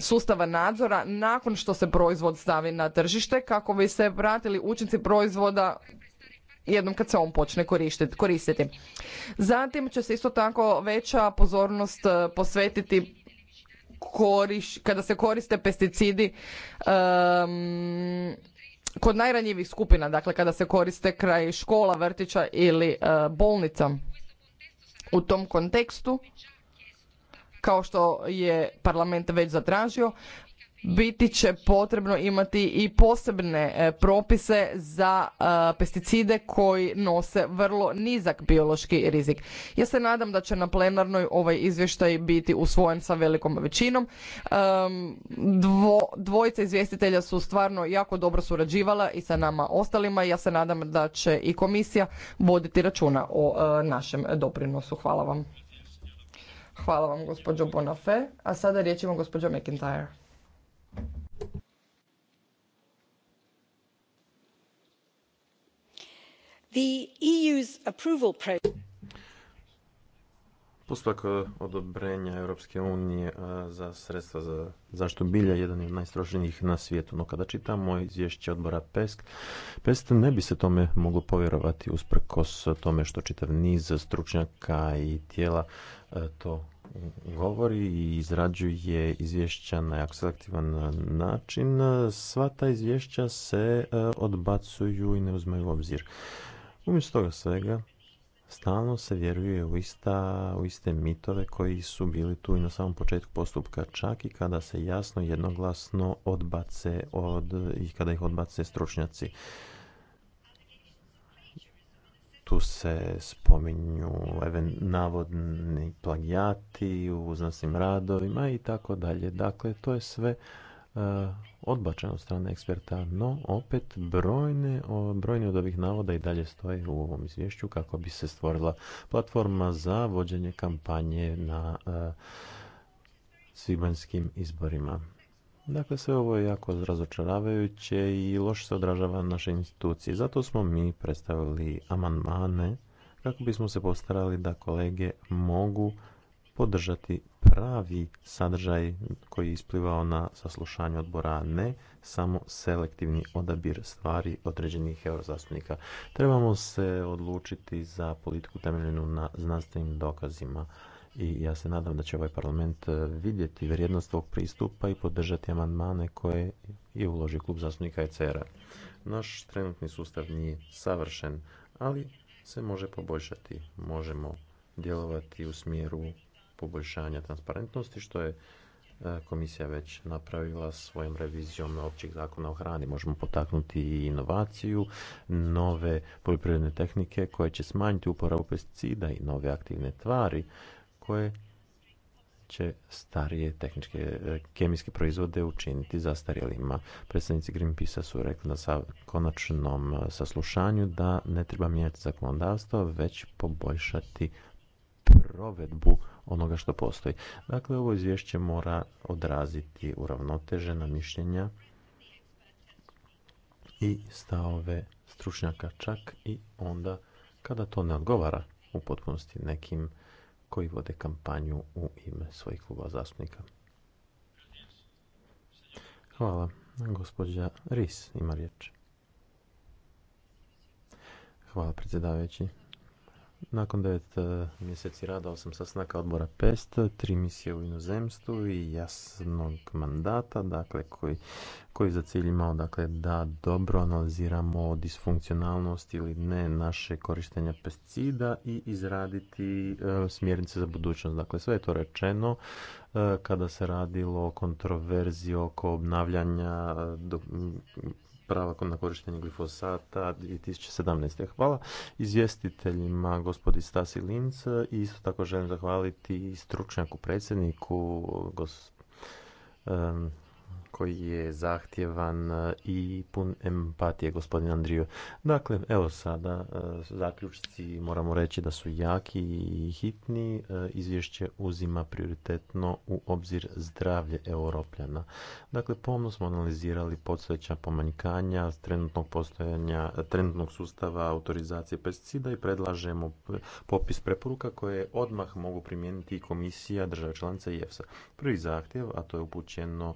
sustava nadzora nakon što se proizvod stavi na tržište kako bi se vratili učinci proizvoda jednom kad se on počne koristiti. Zatim će se isto tako veća pozornost e, posvetiti kada se koriste pesticidi kod najranjivih skupina, dakle kada se koriste kraj škola, vrtića ili e, bolnica. U tom kontekstu, kao što je parlament već zatražio, biti će potrebno imati i posebne e, propise za e, pesticide koji nose vrlo nizak biološki rizik. Ja se nadam da će na plenarnoj ovaj izvještaj biti usvojen sa velikom većinom. Dvo, dvojica izvjestitelja su stvarno jako dobro surađivala i sa nama ostalima. Ja se nadam da će i komisija voditi računa o e, našem doprinosu. Hvala vam. Hvala vam gospođo Bonafé. A sada riječ ima gospođa McIntyre. E odobrenja Europske unije za sredstva za zaštitu bilja jedan je od najstroženijih na svijetu. No kada čitamo izvješće odbora PESK, ne bi se tome moglo povjerovati usprkos tome što čitav niz stručnjaka i tijela to govori i izrađuje izvješća na jako selektivan način, sva ta izvješća se e, odbacuju i ne uzmaju u obzir. Umjesto toga svega, stalno se vjeruje u, ista, u iste mitove koji su bili tu i na samom početku postupka, čak i kada se jasno jednoglasno odbace od, i kada ih odbace stručnjaci tu se spominju navodni plagijati u znanstvenim radovima i tako dalje. Dakle, to je sve e, odbačeno od strane eksperta, no opet brojne, od ovih navoda i dalje stoje u ovom izvješću kako bi se stvorila platforma za vođenje kampanje na uh, e, svibanjskim izborima. Dakle, sve ovo je jako razočaravajuće i loše se odražava na naše institucije. Zato smo mi predstavili amandmane kako bismo se postarali da kolege mogu podržati pravi sadržaj koji je isplivao na saslušanje odbora, ne samo selektivni odabir stvari određenih eurozastupnika. Trebamo se odlučiti za politiku temeljenu na znanstvenim dokazima i ja se nadam da će ovaj parlament e, vidjeti vrijednost ovog pristupa i podržati amandmane koje je uložio klub zastupnika ECR-a. Naš trenutni sustav nije savršen, ali se može poboljšati. Možemo djelovati u smjeru poboljšanja transparentnosti, što je e, komisija već napravila svojom revizijom općih zakona o hrani. Možemo potaknuti i inovaciju, nove poljoprivredne tehnike koje će smanjiti uporabu pesticida i nove aktivne tvari koje će starije tehničke e, kemijske proizvode učiniti zastarjelima. Predstavnici grimpisa su rekli na konačnom e, saslušanju da ne treba mijenjati zakonodavstvo, već poboljšati provedbu onoga što postoji. Dakle, ovo izvješće mora odraziti uravnotežena mišljenja i stavove stručnjaka čak i onda kada to ne odgovara u potpunosti nekim koji vode kampanju u ime svojih kluba zastupnika. Hvala. Gospođa Ris ima riječ. Hvala predsjedavajući. Nakon devet e, mjeseci rada, osam snaka odbora PEST, tri misije u inozemstvu i jasnog mandata, dakle, koji, koji za cilj imao dakle, da dobro analiziramo disfunkcionalnost ili ne naše korištenja pesticida i izraditi e, smjernice za budućnost. Dakle, sve je to rečeno e, kada se radilo o kontroverzi oko obnavljanja prava na korištenje glifosata 2017. Hvala izvjestiteljima gospodi Stasi Linc i isto tako želim zahvaliti stručnjaku predsjedniku gos, koji je zahtjevan e, i pun empatije, gospodin Andriju. Dakle, evo sada e, zaključci moramo reći da su jaki i hitni. E, izvješće uzima prioritetno u obzir zdravlje europljana. Dakle, pomno smo analizirali podsveća pomanjkanja trenutnog postojanja, trenutnog sustava autorizacije pesticida i predlažemo popis preporuka koje odmah mogu primijeniti i komisija, država članica i EFSA. Prvi zahtjev, a to je upućeno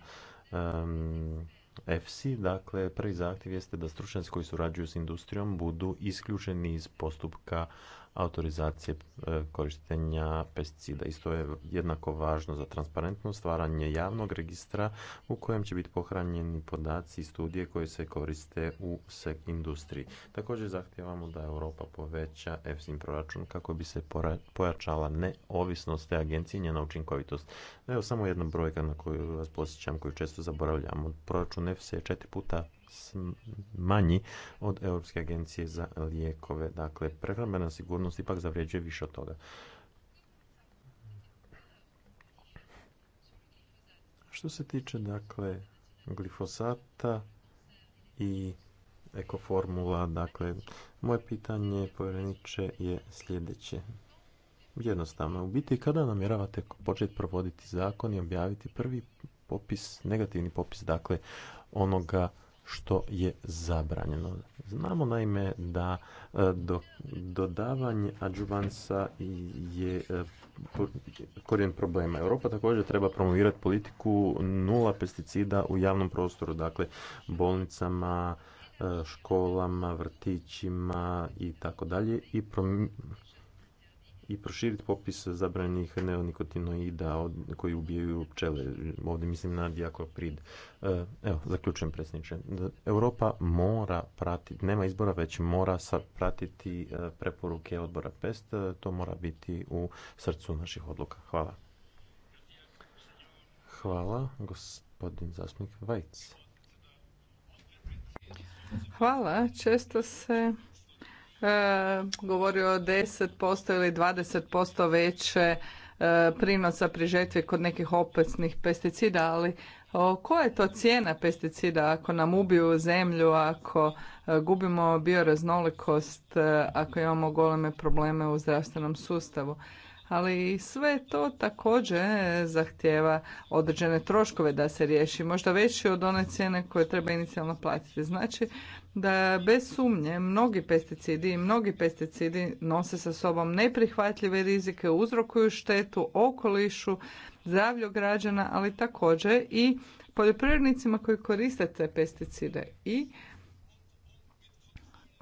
um, EFSI, dakle prvi zahtjev jeste da stručnjaci koji surađuju s industrijom budu isključeni iz postupka autorizacije e, korištenja pesticida. Isto je jednako važno za transparentno stvaranje javnog registra u kojem će biti pohranjeni podaci i studije koje se koriste u sek industriji. Također zahtijevamo da Europa poveća EFSIN proračun kako bi se pojačala neovisnost te agencije i njena učinkovitost. Evo samo jedna brojka na koju vas posjećam, koju često zaboravljamo. Proračun EFSI je četiri puta manji od Europske agencije za lijekove. Dakle, prehrambena sigurnost ipak zavrijeđuje više od toga. Što se tiče dakle glifosata i ekoformula, dakle moje pitanje povjereniče je sljedeće. Jednostavno, u biti kada namjeravate početi provoditi zakon i objaviti prvi popis, negativni popis dakle onoga što je zabranjeno. Znamo naime da e, do, dodavanje adjuvansa e, je korijen problema. Europa također treba promovirati politiku nula pesticida u javnom prostoru, dakle bolnicama, e, školama, vrtićima i tako dalje i i proširiti popis zabranjenih neonikotinoida koji ubijaju pčele. Ovdje mislim na prid. E, evo, zaključujem predsjedniče. Europa mora pratiti, nema izbora, već mora pratiti e, preporuke odbora PEST. E, to mora biti u srcu naših odluka. Hvala. Hvala, gospodin zastupnik Vajc. Hvala. Često se E, govorio o 10% ili 20% veće e, prinosa pri žetvi kod nekih opasnih pesticida, ali koja je to cijena pesticida ako nam ubiju zemlju, ako e, gubimo bioraznolikost, ako imamo goleme probleme u zdravstvenom sustavu? ali sve to također zahtjeva određene troškove da se riješi, možda veći od one cijene koje treba inicijalno platiti. Znači da bez sumnje mnogi pesticidi i mnogi pesticidi nose sa sobom neprihvatljive rizike, uzrokuju štetu okolišu, zdravlju građana, ali također i poljoprivrednicima koji koriste te pesticide i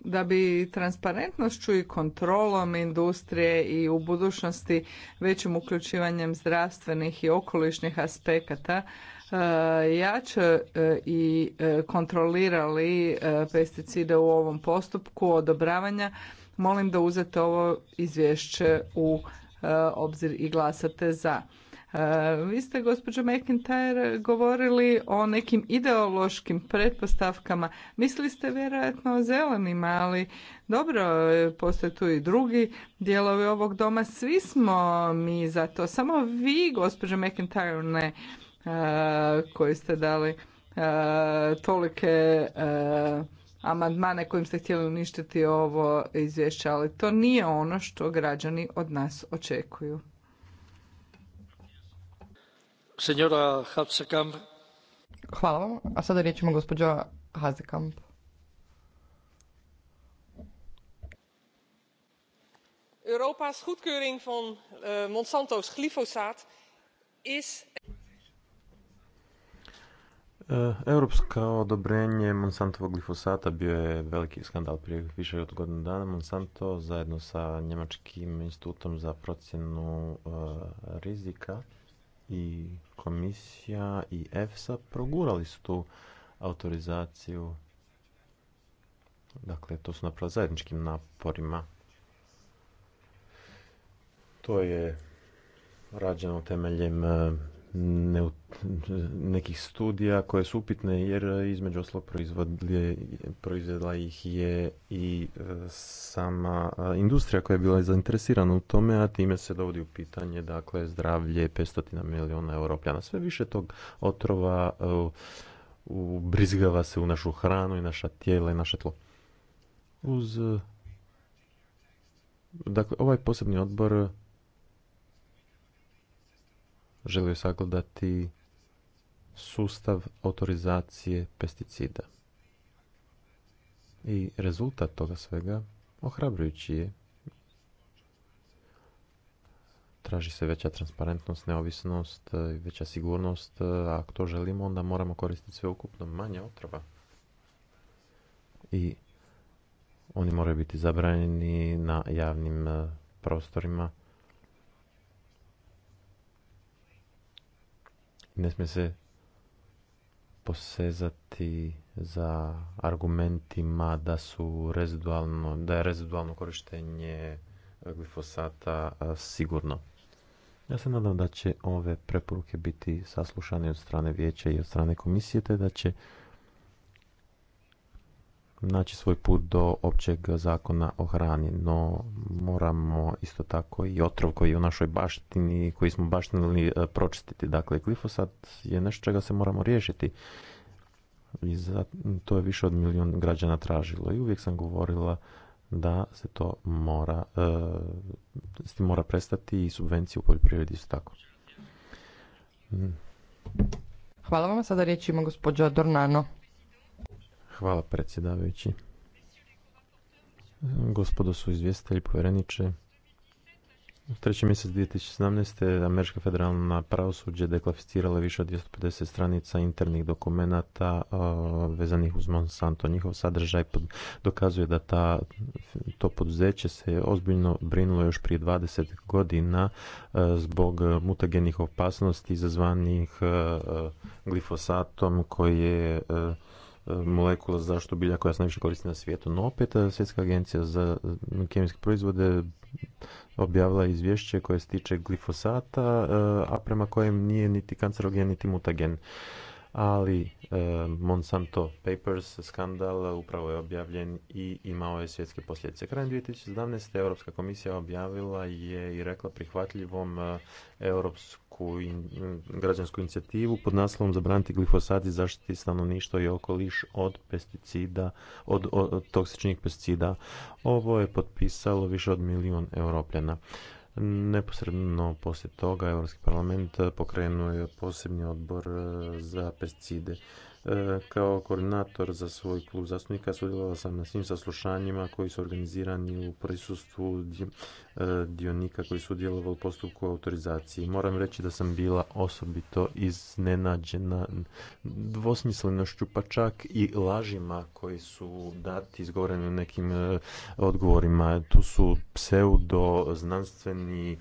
da bi transparentnošću i kontrolom industrije i u budućnosti većim uključivanjem zdravstvenih i okolišnih aspekata e, jače e, i e, kontrolirali pesticide u ovom postupku odobravanja, molim da uzete ovo izvješće u obzir i glasate za. E, vi ste, gospođo McIntyre, govorili o nekim ideološkim pretpostavkama. Mislili ste vjerojatno o zelenima, ali dobro, postoje tu i drugi dijelovi ovog doma. Svi smo mi za to. Samo vi, gospođo McIntyre, ne, e, koji ste dali e, tolike amandmane kojim ste htjeli uništiti ovo izvješće, ali to nije ono što građani od nas očekuju. Senjora Hatzekamp. Hvala vam. A sada riječ ima gospođa Hazekamp. Europa's goedkeuring van eh, Monsanto's glyfosaat is... Eh, europsko odobrenje Monsantovog glifosata bio je veliki skandal prije više od godinu dana. Monsanto zajedno sa Njemačkim institutom za procjenu eh, rizika i komisija i EFSA progurali su tu autorizaciju. Dakle, to su napravili zajedničkim naporima. To je rađeno temeljem eh, nekih studija koje su upitne jer između oslo proizvedla ih je i e, sama e, industrija koja je bila zainteresirana u tome, a time se dovodi u pitanje dakle zdravlje 500 miliona europljana. Sve više tog otrova e, ubrizgava se u našu hranu i naša tijela i naše tlo. Uz Dakle, ovaj posebni odbor želio sagledati sustav autorizacije pesticida. I rezultat toga svega ohrabrujući je. Traži se veća transparentnost, neovisnost, i e, veća sigurnost, e, a ako to želimo onda moramo koristiti sve ukupno manje otrova. I oni moraju biti zabranjeni na javnim e, prostorima ne smije se posezati za argumentima da su rezidualno, da je rezidualno korištenje glifosata sigurno. Ja se nadam da će ove preporuke biti saslušane od strane vijeća i od strane komisije, te da će naći svoj put do općeg zakona o hrani, no moramo isto tako i otrov koji je u našoj baštini, koji smo baštinili e, pročistiti. Dakle, glifosat je nešto čega se moramo riješiti to je više od milijun građana tražilo i uvijek sam govorila da se to mora, e, mora prestati i subvencije u poljoprivredi su tako. Hvala vam, sada riječ gospođa Dornano. Hvala predsjedavajući. Gospodo su izvjestitelji, povjereniče. U treći mjesec 2017. Američka federalna pravosuđe deklaficirala više od 250 stranica internih dokumenata vezanih uz Monsanto. Njihov sadržaj dokazuje da to poduzeće se ozbiljno brinulo još prije 20 godina zbog mutagenih opasnosti izazvanih glifosatom koji je molekula zašto bilja koja se najviše koristi na svijetu. No opet e, Svjetska agencija za e, kemijske proizvode objavila izvješće koje se tiče glifosata, e, a prema kojem nije niti kancerogen, niti mutagen. Ali Monsanto Papers skandal upravo je objavljen i imao je svjetske posljedice. Krajem 2017. Europska komisija objavila je i rekla prihvatljivom europsku građansku, mm, građansku inicijativu pod naslovom Zabraniti glifosat i zaštiti stanovništvo i okoliš od pesticida, od, toksičnih pesticida. Ovo je potpisalo više od milijun europljana. Neposredno poslije toga Europski parlament pokrenuo je posebni odbor e, za pesticide. Kao koordinator za svoj klub zastupnika sudjelovao sam na svim saslušanjima koji su organizirani u prisustvu e, dionika koji su udjelovali u postupku autorizacije. Moram reći da sam bila osobito iznenađena dvosmislenošću pa čak i lažima koji su dati izgovoreni u nekim e, odgovorima. Tu su pseudo znanstveni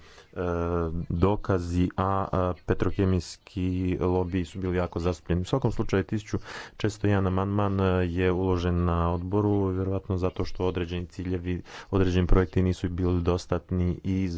dokazi, a petrokemijski lobiji su bili jako zastupljeni. U svakom slučaju 1401 amandman e, je uložen na odboru, vjerojatno zato što određeni ciljevi, određeni projekti nisu bili dostatni i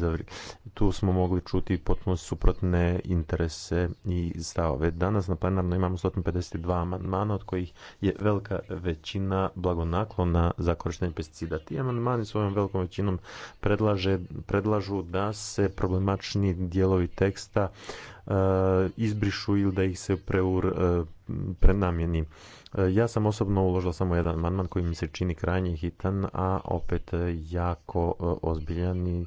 tu smo mogli čuti potpuno suprotne interese i stavove. Danas na plenarno imamo 152 amandmana od kojih je velika većina blagonaklona za korištenje pesticida. Ti amandmani svojom velikom većinom predlaže, predlažu da se problematični dijelovi teksta e, izbrišu ili da ih se preur, e, prenamjeni. E, ja sam osobno uložila samo jedan amandman koji mi se čini krajnje hitan, a opet jako ozbiljan i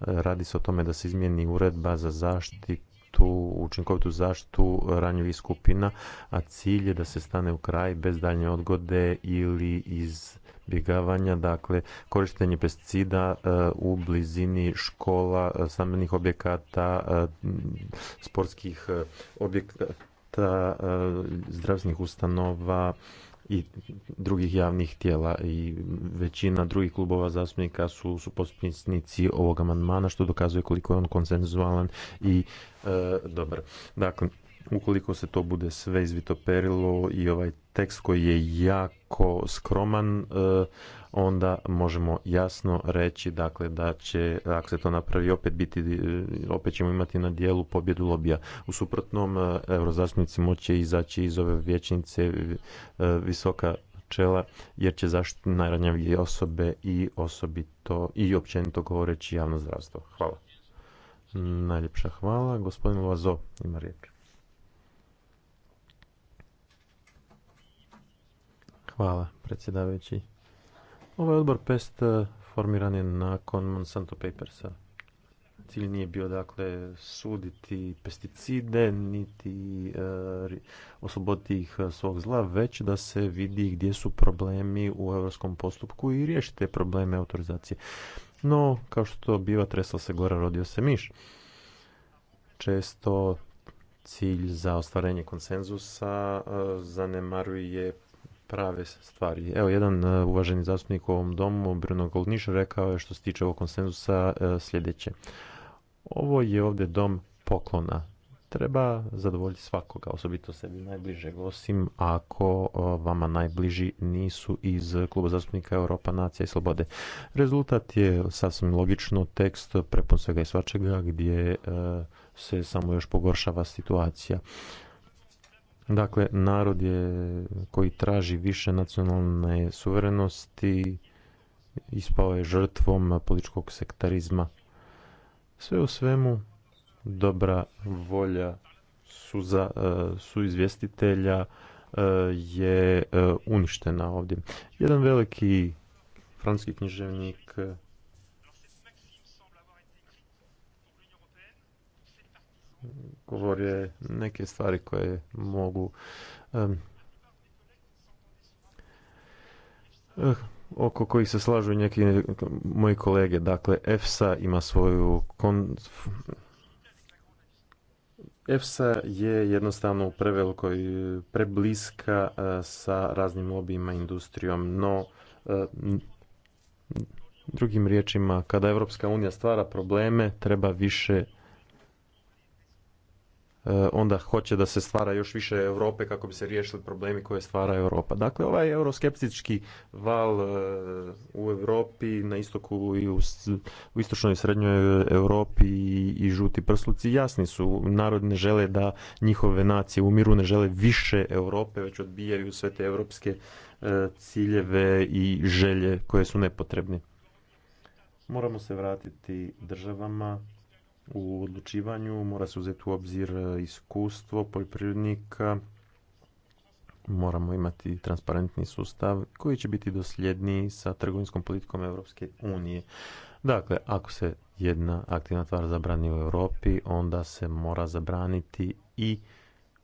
radi se o tome da se izmijeni uredba za zaštitu učinkovitu zaštitu ranjivih skupina, a cilj je da se stane u kraj bez daljnje odgode ili iz izbjegavanja, dakle korištenje pesticida e, u blizini škola, e, stambenih objekata, e, sportskih objekata, zdravstvenih ustanova i drugih javnih tijela i većina drugih klubova zastupnika su, su potpisnici ovog amandmana što dokazuje koliko je on konsenzualan i dobar. Dakle, ukoliko se to bude sve izvitoperilo i ovaj tekst koji je jako skroman, e, onda možemo jasno reći dakle da će ako se to napravi opet biti e, opet ćemo imati na dijelu pobjedu lobija. U suprotnom e, eurozastupnici moće izaći iz ove vječnice visoka čela jer će zaštiti najranjavije osobe i osobito i općenito govoreći javno zdravstvo. Hvala. Najljepša hvala. Gospodin Lovazo, ima riječ. Hvala, predsjedavajući. Ovaj odbor PEST eh, formiran je nakon Monsanto Papersa. Cilj nije bio dakle suditi pesticide, niti eh, osloboditi ih eh, svog zla, već da se vidi gdje su problemi u europskom postupku i riješiti te probleme autorizacije. No, kao što biva tresla se gora, rodio se miš. Često cilj za ostvarenje konsenzusa zanemaruje prave stvari. Evo, jedan e, uvaženi zastupnik u ovom domu, Bruno Goldniš, rekao je što se tiče ovog konsenzusa e, sljedeće. Ovo je ovdje dom poklona. Treba zadovoljiti svakoga, osobito sebi najbližeg, osim ako e, vama najbliži nisu iz kluba zastupnika Europa, Nacija i Slobode. Rezultat je sasvim logično tekst prepun svega i svačega gdje se samo još pogoršava situacija. Dakle, narod je koji traži više nacionalne suverenosti ispao je žrtvom političkog sektarizma. Sve u svemu, dobra volja su, e, su izvjestitelja e, je e, uništena ovdje. Jedan veliki francuski književnik govore neke stvari koje mogu eh, oko kojih se slažu neki moji kolege. Dakle, EFSA ima svoju... Kon... EFSA je jednostavno u prebliska eh, sa raznim lobijima, industrijom, no eh, drugim riječima, kada Evropska unija stvara probleme, treba više Eh, onda hoće da se stvara još više Europe kako bi se riješili problemi koje stvara Europa. Dakle, ovaj euroskeptički val eh, u Europi, na istoku i u, istočnoj i srednjoj eh, Europi i, žuti prsluci jasni su. Narod ne žele da njihove nacije umiru, ne žele više Europe, već odbijaju sve te europske ciljeve i želje koje su nepotrebne. Moramo se vratiti državama u odlučivanju mora se uzeti u obzir e, iskustvo poljoprivrednika, moramo imati transparentni sustav koji će biti dosljedniji sa trgovinskom politikom Europske unije. Dakle, ako se jedna aktivna tvar zabrani u Europi, onda se mora zabraniti i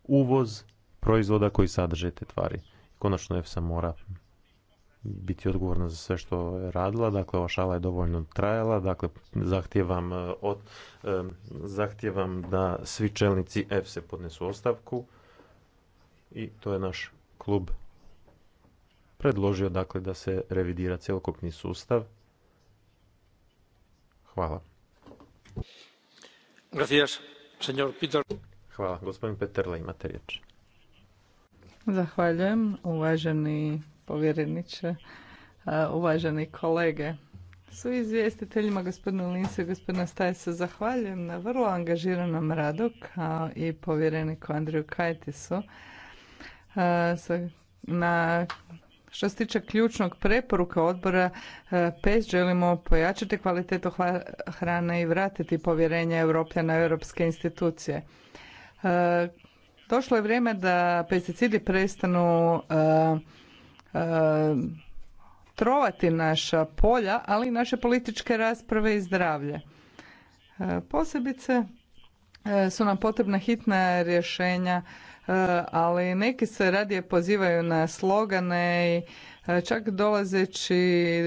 uvoz proizvoda koji sadrže te tvari. Konačno EFSA mora biti odgovorna za sve što je radila, dakle ova šala je dovoljno trajala, dakle zahtijevam, e, od, e, zahtijevam da svi čelnici se podnesu ostavku i to je naš klub predložio dakle da se revidira cjelokupni sustav. Hvala. Gracias, Peter. Hvala. Gospodin Peterle imate riječ. Zahvaljujem, uvaženi povjereniče, e, uvaženi kolege. Su izvjestiteljima gospodinu Linsu i gospodina Stajsa zahvaljujem na vrlo angažiranom radu kao i povjereniku Andriju Kajtisu e, na što se tiče ključnog preporuka odbora e, PES želimo pojačati kvalitetu hrane i vratiti povjerenje Europljana na europske institucije. Došlo je vrijeme da pesticidi prestanu trovati naša polja, ali i naše političke rasprave i zdravlje. E, posebice e, su nam potrebna hitna rješenja, e, ali neki se radije pozivaju na slogane i čak dolazeći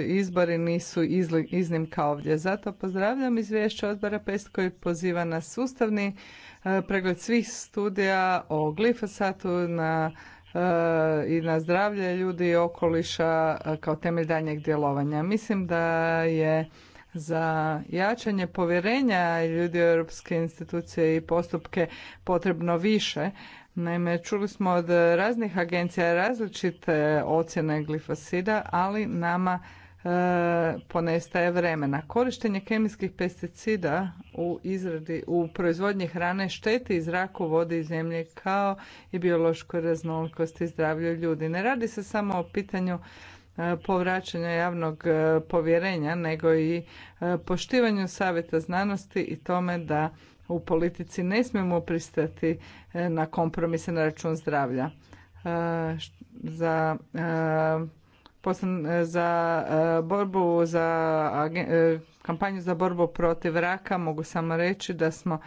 izbori nisu iznimka ovdje. Zato pozdravljam izvješće odbora PEST koji poziva na sustavni pregled svih studija o glifosatu na i na zdravlje ljudi i okoliša kao temelj daljnjeg djelovanja. Mislim da je za jačanje povjerenja ljudi u europske institucije i postupke potrebno više. Naime, čuli smo od raznih agencija različite ocjene glifosida, ali nama E, ponestaje vremena. Korištenje kemijskih pesticida u izradi, u proizvodnji hrane šteti i zraku, vode i zemlje kao i biološkoj raznolikosti i zdravlju ljudi. Ne radi se samo o pitanju e, povraćanja javnog e, povjerenja, nego i poštivanju savjeta znanosti i tome da u politici ne smijemo pristati na kompromise na račun zdravlja. Za E, za e, borbu za e, kampanju za borbu protiv raka mogu samo reći da smo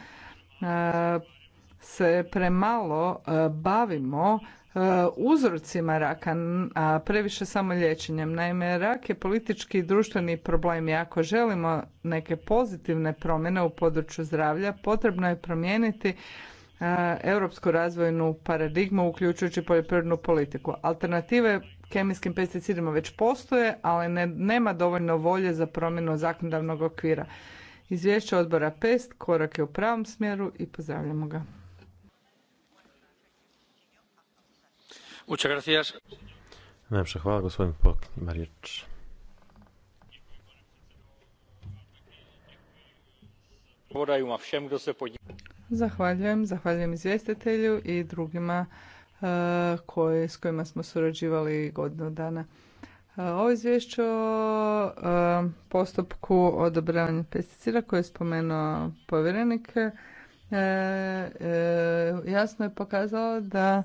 se premalo bavimo uzrocima raka, a previše samo liječenjem. Naime, rak je politički i društveni problem i ako želimo neke pozitivne promjene u području zdravlja, potrebno je promijeniti europsku razvojnu paradigmu uključujući poljoprivrednu politiku. Alternative kemijskim pesticidima već postoje, ali ne, nema dovoljno volje za promjenu zakonodavnog okvira. Izvješće odbora PEST korak je u pravom smjeru i pozdravljamo ga. Najlepša hvala, gospodin riječ. Zahvaljujem, zahvaljujem izvjestitelju i drugima E, koje, s kojima smo surađivali godinu dana. E, ovo izvješće o e, postupku odobravanja pesticida koje je spomenuo povjerenik jasno je pokazalo da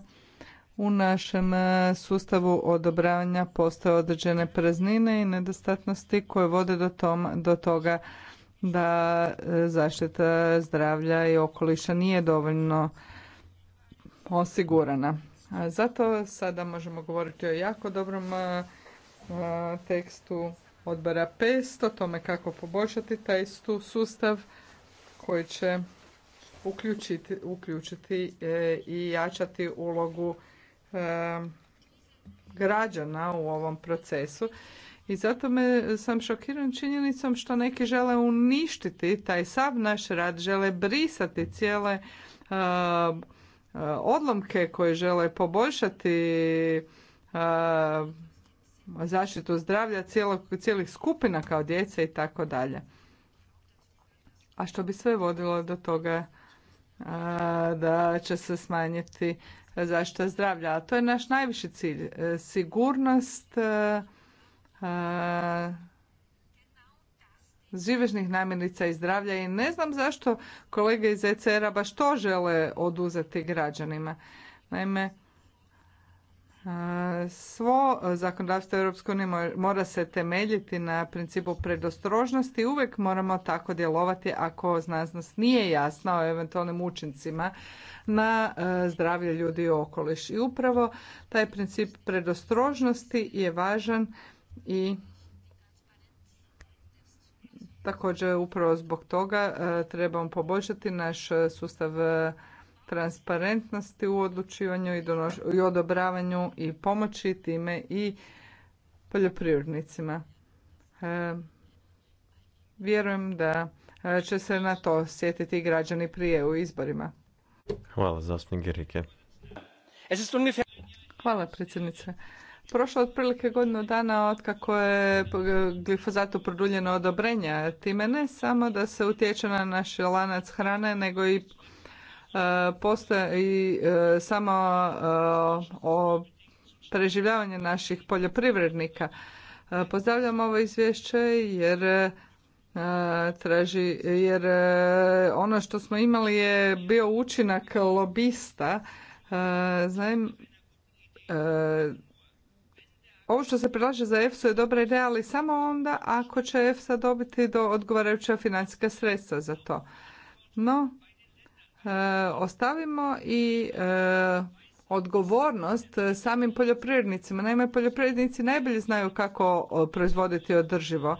u našem sustavu odobravanja postoje određene praznine i nedostatnosti koje vode do, do toga da zaštita zdravlja i okoliša nije dovoljno osigurana. Zato sada možemo govoriti o jako dobrom tekstu odbora 500, o tome kako poboljšati taj sustav koji će uključiti, uključiti e, i jačati ulogu e, građana u ovom procesu. I zato me sam šokiran činjenicom što neki žele uništiti taj sav naš rad, žele brisati cijele E, odlomke koje žele poboljšati e, zaštitu zdravlja cijelog, cijelih skupina kao djece i tako dalje. A što bi sve vodilo do toga e, da će se smanjiti zaštita zdravlja. A to je naš najviši cilj. Sigurnost živežnih namirnica i zdravlja i ne znam zašto kolege iz ECR-a baš to žele oduzeti građanima. Naime, svo zakonodavstvo Europske unije mora se temeljiti na principu predostrožnosti. Uvijek moramo tako djelovati ako znanost nije jasna o eventualnim učincima na zdravlje ljudi i okoliš. I upravo taj princip predostrožnosti je važan i Također, upravo zbog toga e, trebamo poboljšati naš sustav e, transparentnosti u odlučivanju i, i odobravanju i pomoći time i poljoprivrednicima. E, vjerujem da će se na to sjetiti i građani prije u izborima. Hvala, zastupnik Gerike. Hvala, predsjednice prošlo otprilike godinu dana otkako je glifozatu produljeno odobrenje. Time ne samo da se utječe na naš lanac hrane, nego i e, postoje i e, samo e, o preživljavanje naših poljoprivrednika. Pozdravljam ovo izvješće jer traži, jer ono što smo imali je bio učinak lobista. znam ovo što se prilaže za EFSA je dobra ideja, ali samo onda ako će EFSA dobiti do odgovarajuća financijska sredstva za to. No, e, ostavimo i e, odgovornost e, samim poljoprivrednicima. Naime, poljoprivrednici najbolje znaju kako proizvoditi održivo.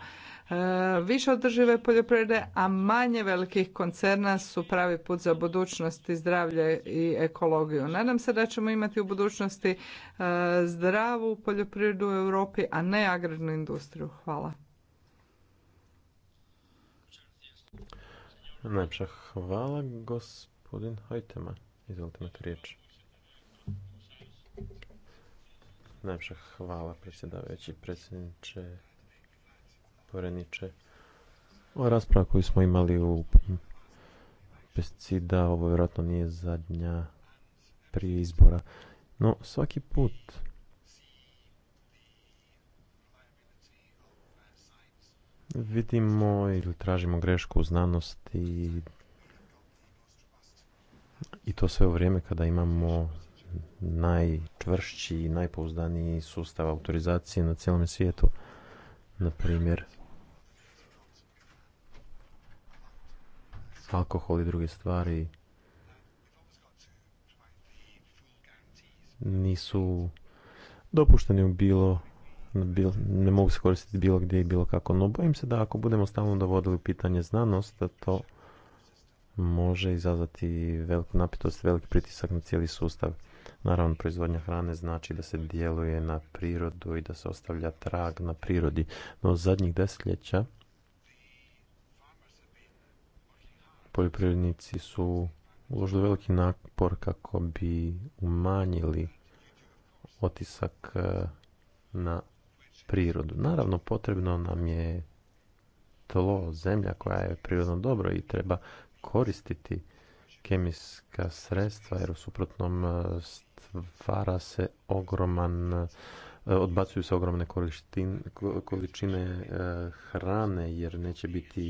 E, više održive poljoprivrede, a manje velikih koncerna su pravi put za budućnost i zdravlje i ekologiju. Nadam se da ćemo imati u budućnosti e, zdravu poljoprivredu u Europi, a ne agrarnu industriju. Hvala. Najpša hvala gospodin Hojtema. Izvolite riječ. Najpša hvala predsjedavajući predsjedniče povjereniče. Ova rasprava koju smo imali u pesticida, ovo vjerojatno nije zadnja prije izbora. No, svaki put vidimo ili tražimo grešku u znanosti i to sve u vrijeme kada imamo najčvršći i najpouzdaniji sustav autorizacije na cijelom svijetu. Na primjer, alkohol i druge stvari nisu dopušteni u bilo, ne mogu se koristiti bilo gdje i bilo kako. No bojim se da ako budemo stalno dovodili u pitanje znanost, da to može izazvati veliku napetost, veliki pritisak na cijeli sustav. Naravno, proizvodnja hrane znači da se djeluje na prirodu i da se ostavlja trag na prirodi. No, zadnjih desetljeća poljoprivrednici su uložili veliki napor kako bi umanjili otisak e, na prirodu. Naravno, potrebno nam je tlo, zemlja koja je prirodno dobro i treba koristiti kemijska sredstva jer u suprotnom e, stvara se ogroman e, odbacuju se ogromne količine hrane jer neće biti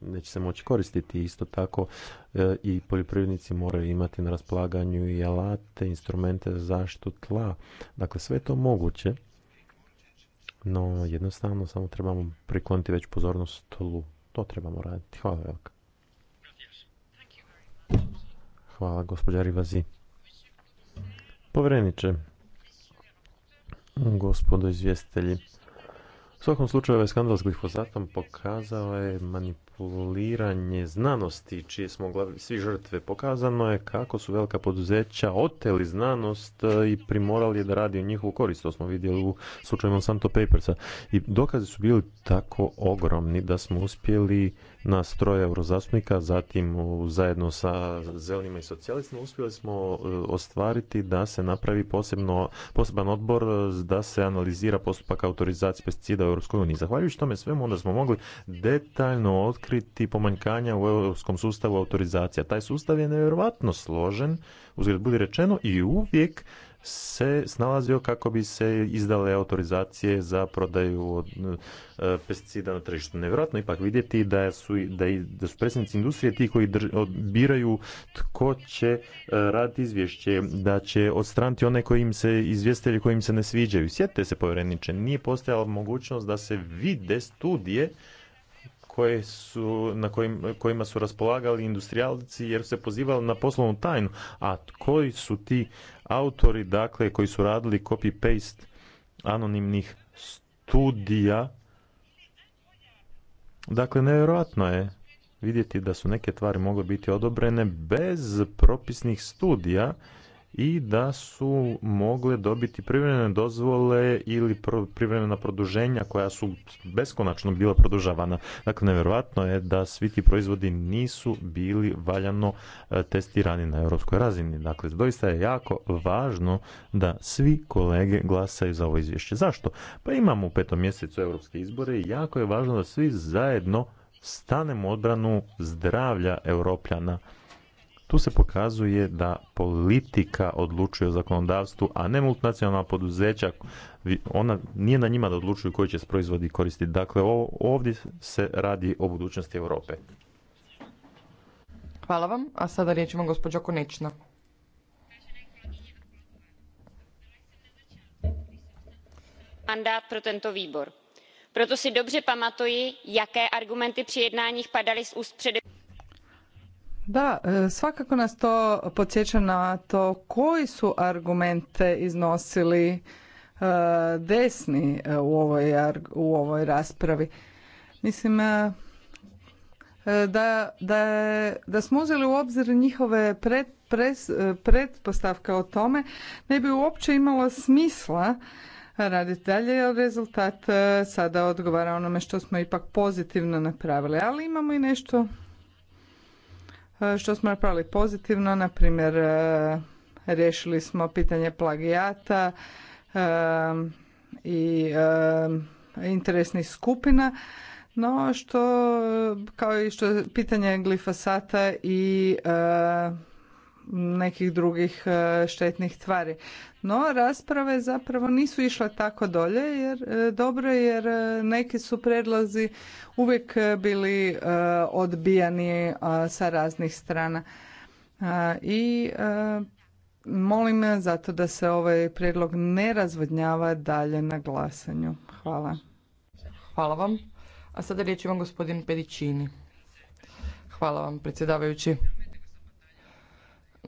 neće se moći koristiti. Isto tako e, i poljoprivrednici moraju imati na raspolaganju i alate, instrumente za zaštitu tla. Dakle, sve je to moguće, no jednostavno samo trebamo prikloniti već pozornost tlu. To trebamo raditi. Hvala velika. Hvala, gospođa Rivazi. Povjereniče, gospodo izvjestitelji, u svakom slučaju ovaj skandal s glifosatom pokazao je manipuliranje znanosti čije smo glavi, svi žrtve. Pokazano je kako su velika poduzeća oteli znanost e, i primorali je da radi u njihovu korist. To smo vidjeli u slučaju Monsanto Papersa. I dokazi su bili tako ogromni da smo uspjeli na troje eurozastupnika, zatim zajedno sa zelenima i socijalistima uspjeli smo e, ostvariti da se napravi posebno, poseban odbor e, da se analizira postupak autorizacije pesticida u EU. Zahvaljujući tome svemu onda smo mogli detaljno otkriti pomanjkanja u europskom sustavu autorizacija. Taj sustav je nevjerojatno složen, uzgled budi rečeno, i uvijek se snalazio kako bi se izdale autorizacije za prodaju eh, pesticida na tržištu. Nevjerojatno ipak vidjeti da su, da, da su predsjednici industrije ti koji odbiraju tko će eh, raditi izvješće, da će odstraniti one koji im se izvjestitelji koji im se ne sviđaju. Sjetite se povjereniče, nije postojala mogućnost da se vide studije koje su, na kojim, kojima su raspolagali industrijalci jer se pozivali na poslovnu tajnu. A koji su ti autori, dakle, koji su radili copy-paste anonimnih studija? Dakle, nevjerojatno je vidjeti da su neke tvari mogle biti odobrene bez propisnih studija i da su mogle dobiti privremene dozvole ili privremena produženja koja su beskonačno bila produžavana. Dakle, nevjerojatno je da svi ti proizvodi nisu bili valjano e, testirani na europskoj razini. Dakle, doista je jako važno da svi kolege glasaju za ovo izvješće. Zašto? Pa imamo u petom mjesecu europske izbore i jako je važno da svi zajedno stanemo odbranu zdravlja europljana tu se pokazuje da politika odlučuje o zakonodavstvu, a ne multinacionalna poduzeća. Ona nije na njima da odlučuju koji će se proizvodi koristiti. Dakle, ovdje se radi o budućnosti Europe. Hvala vam, a sada riječ ima gospođa Konečna. Mandát pro tento výbor. Proto si dobře pamatuji, jaké argumenty při jednáních padaly z úst da, e, svakako nas to podsjeća na to koji su argumente iznosili e, desni e, u ovoj, u ovoj raspravi. Mislim, da, da, da smo uzeli u obzir njihove pred, pretpostavke o tome, ne bi uopće imalo smisla raditi dalje, jer rezultat sada odgovara onome što smo ipak pozitivno napravili. Ali imamo i nešto E, što smo napravili pozitivno, na primjer e, riješili smo pitanje plagijata e, i interesnih skupina, no što kao i što pitanje glifosata i nekih drugih e, štetnih tvari. No, rasprave zapravo nisu išle tako dolje jer e, dobro jer e, neki su predlozi uvijek bili odbijani sa raznih strana. I molim zato da se ovaj prijedlog ne razvodnjava dalje na glasanju. Hvala. Hvala vam. A sada riječ ima gospodin Pedićini. Hvala vam predsjedavajući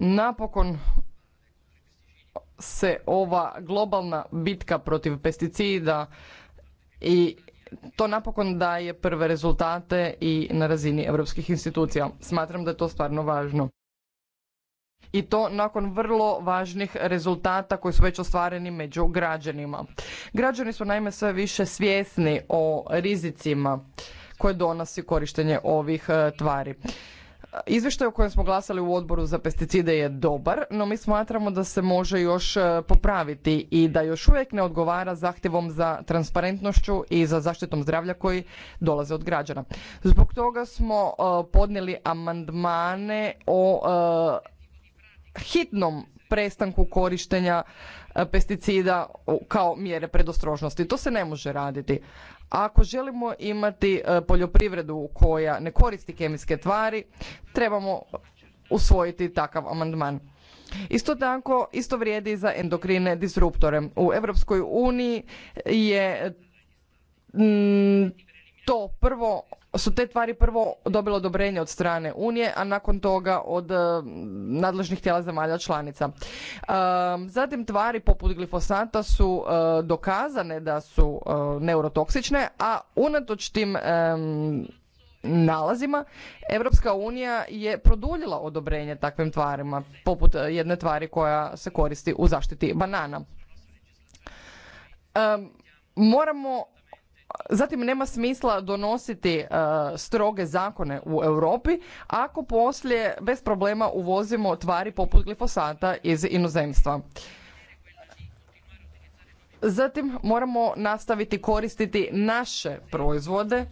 napokon se ova globalna bitka protiv pesticida i to napokon daje prve rezultate i na razini europskih institucija. Smatram da je to stvarno važno. I to nakon vrlo važnih rezultata koji su već ostvareni među građanima. Građani su naime sve više svjesni o rizicima koje donosi korištenje ovih e, tvari. Izvještaj o kojem smo glasali u odboru za pesticide je dobar, no mi smatramo da se može još e, popraviti i da još uvijek ne odgovara zahtjevom za transparentnošću i za zaštitom zdravlja koji dolaze od građana. Zbog toga smo e, podnijeli amandmane o e, hitnom prestanku korištenja e, pesticida kao mjere predostrožnosti. To se ne može raditi. Ako želimo imati e, poljoprivredu koja ne koristi kemijske tvari, trebamo usvojiti takav amandman. Isto tako, isto vrijedi za endokrine disruptore. U Europskoj uniji je to prvo su te tvari prvo dobile odobrenje od strane Unije, a nakon toga od eh, nadležnih tijela zemalja članica. Eh, zatim tvari poput glifosata su eh, dokazane da su neurotoksične, a unatoč tim nalazima Europska unija je produljila odobrenje takvim tvarima, poput jedne tvari koja se koristi u zaštiti banana. Moramo Zatim nema smisla donositi e, stroge zakone u Europi ako poslije bez problema uvozimo tvari poput glifosata iz inozemstva. Zatim moramo nastaviti koristiti naše proizvode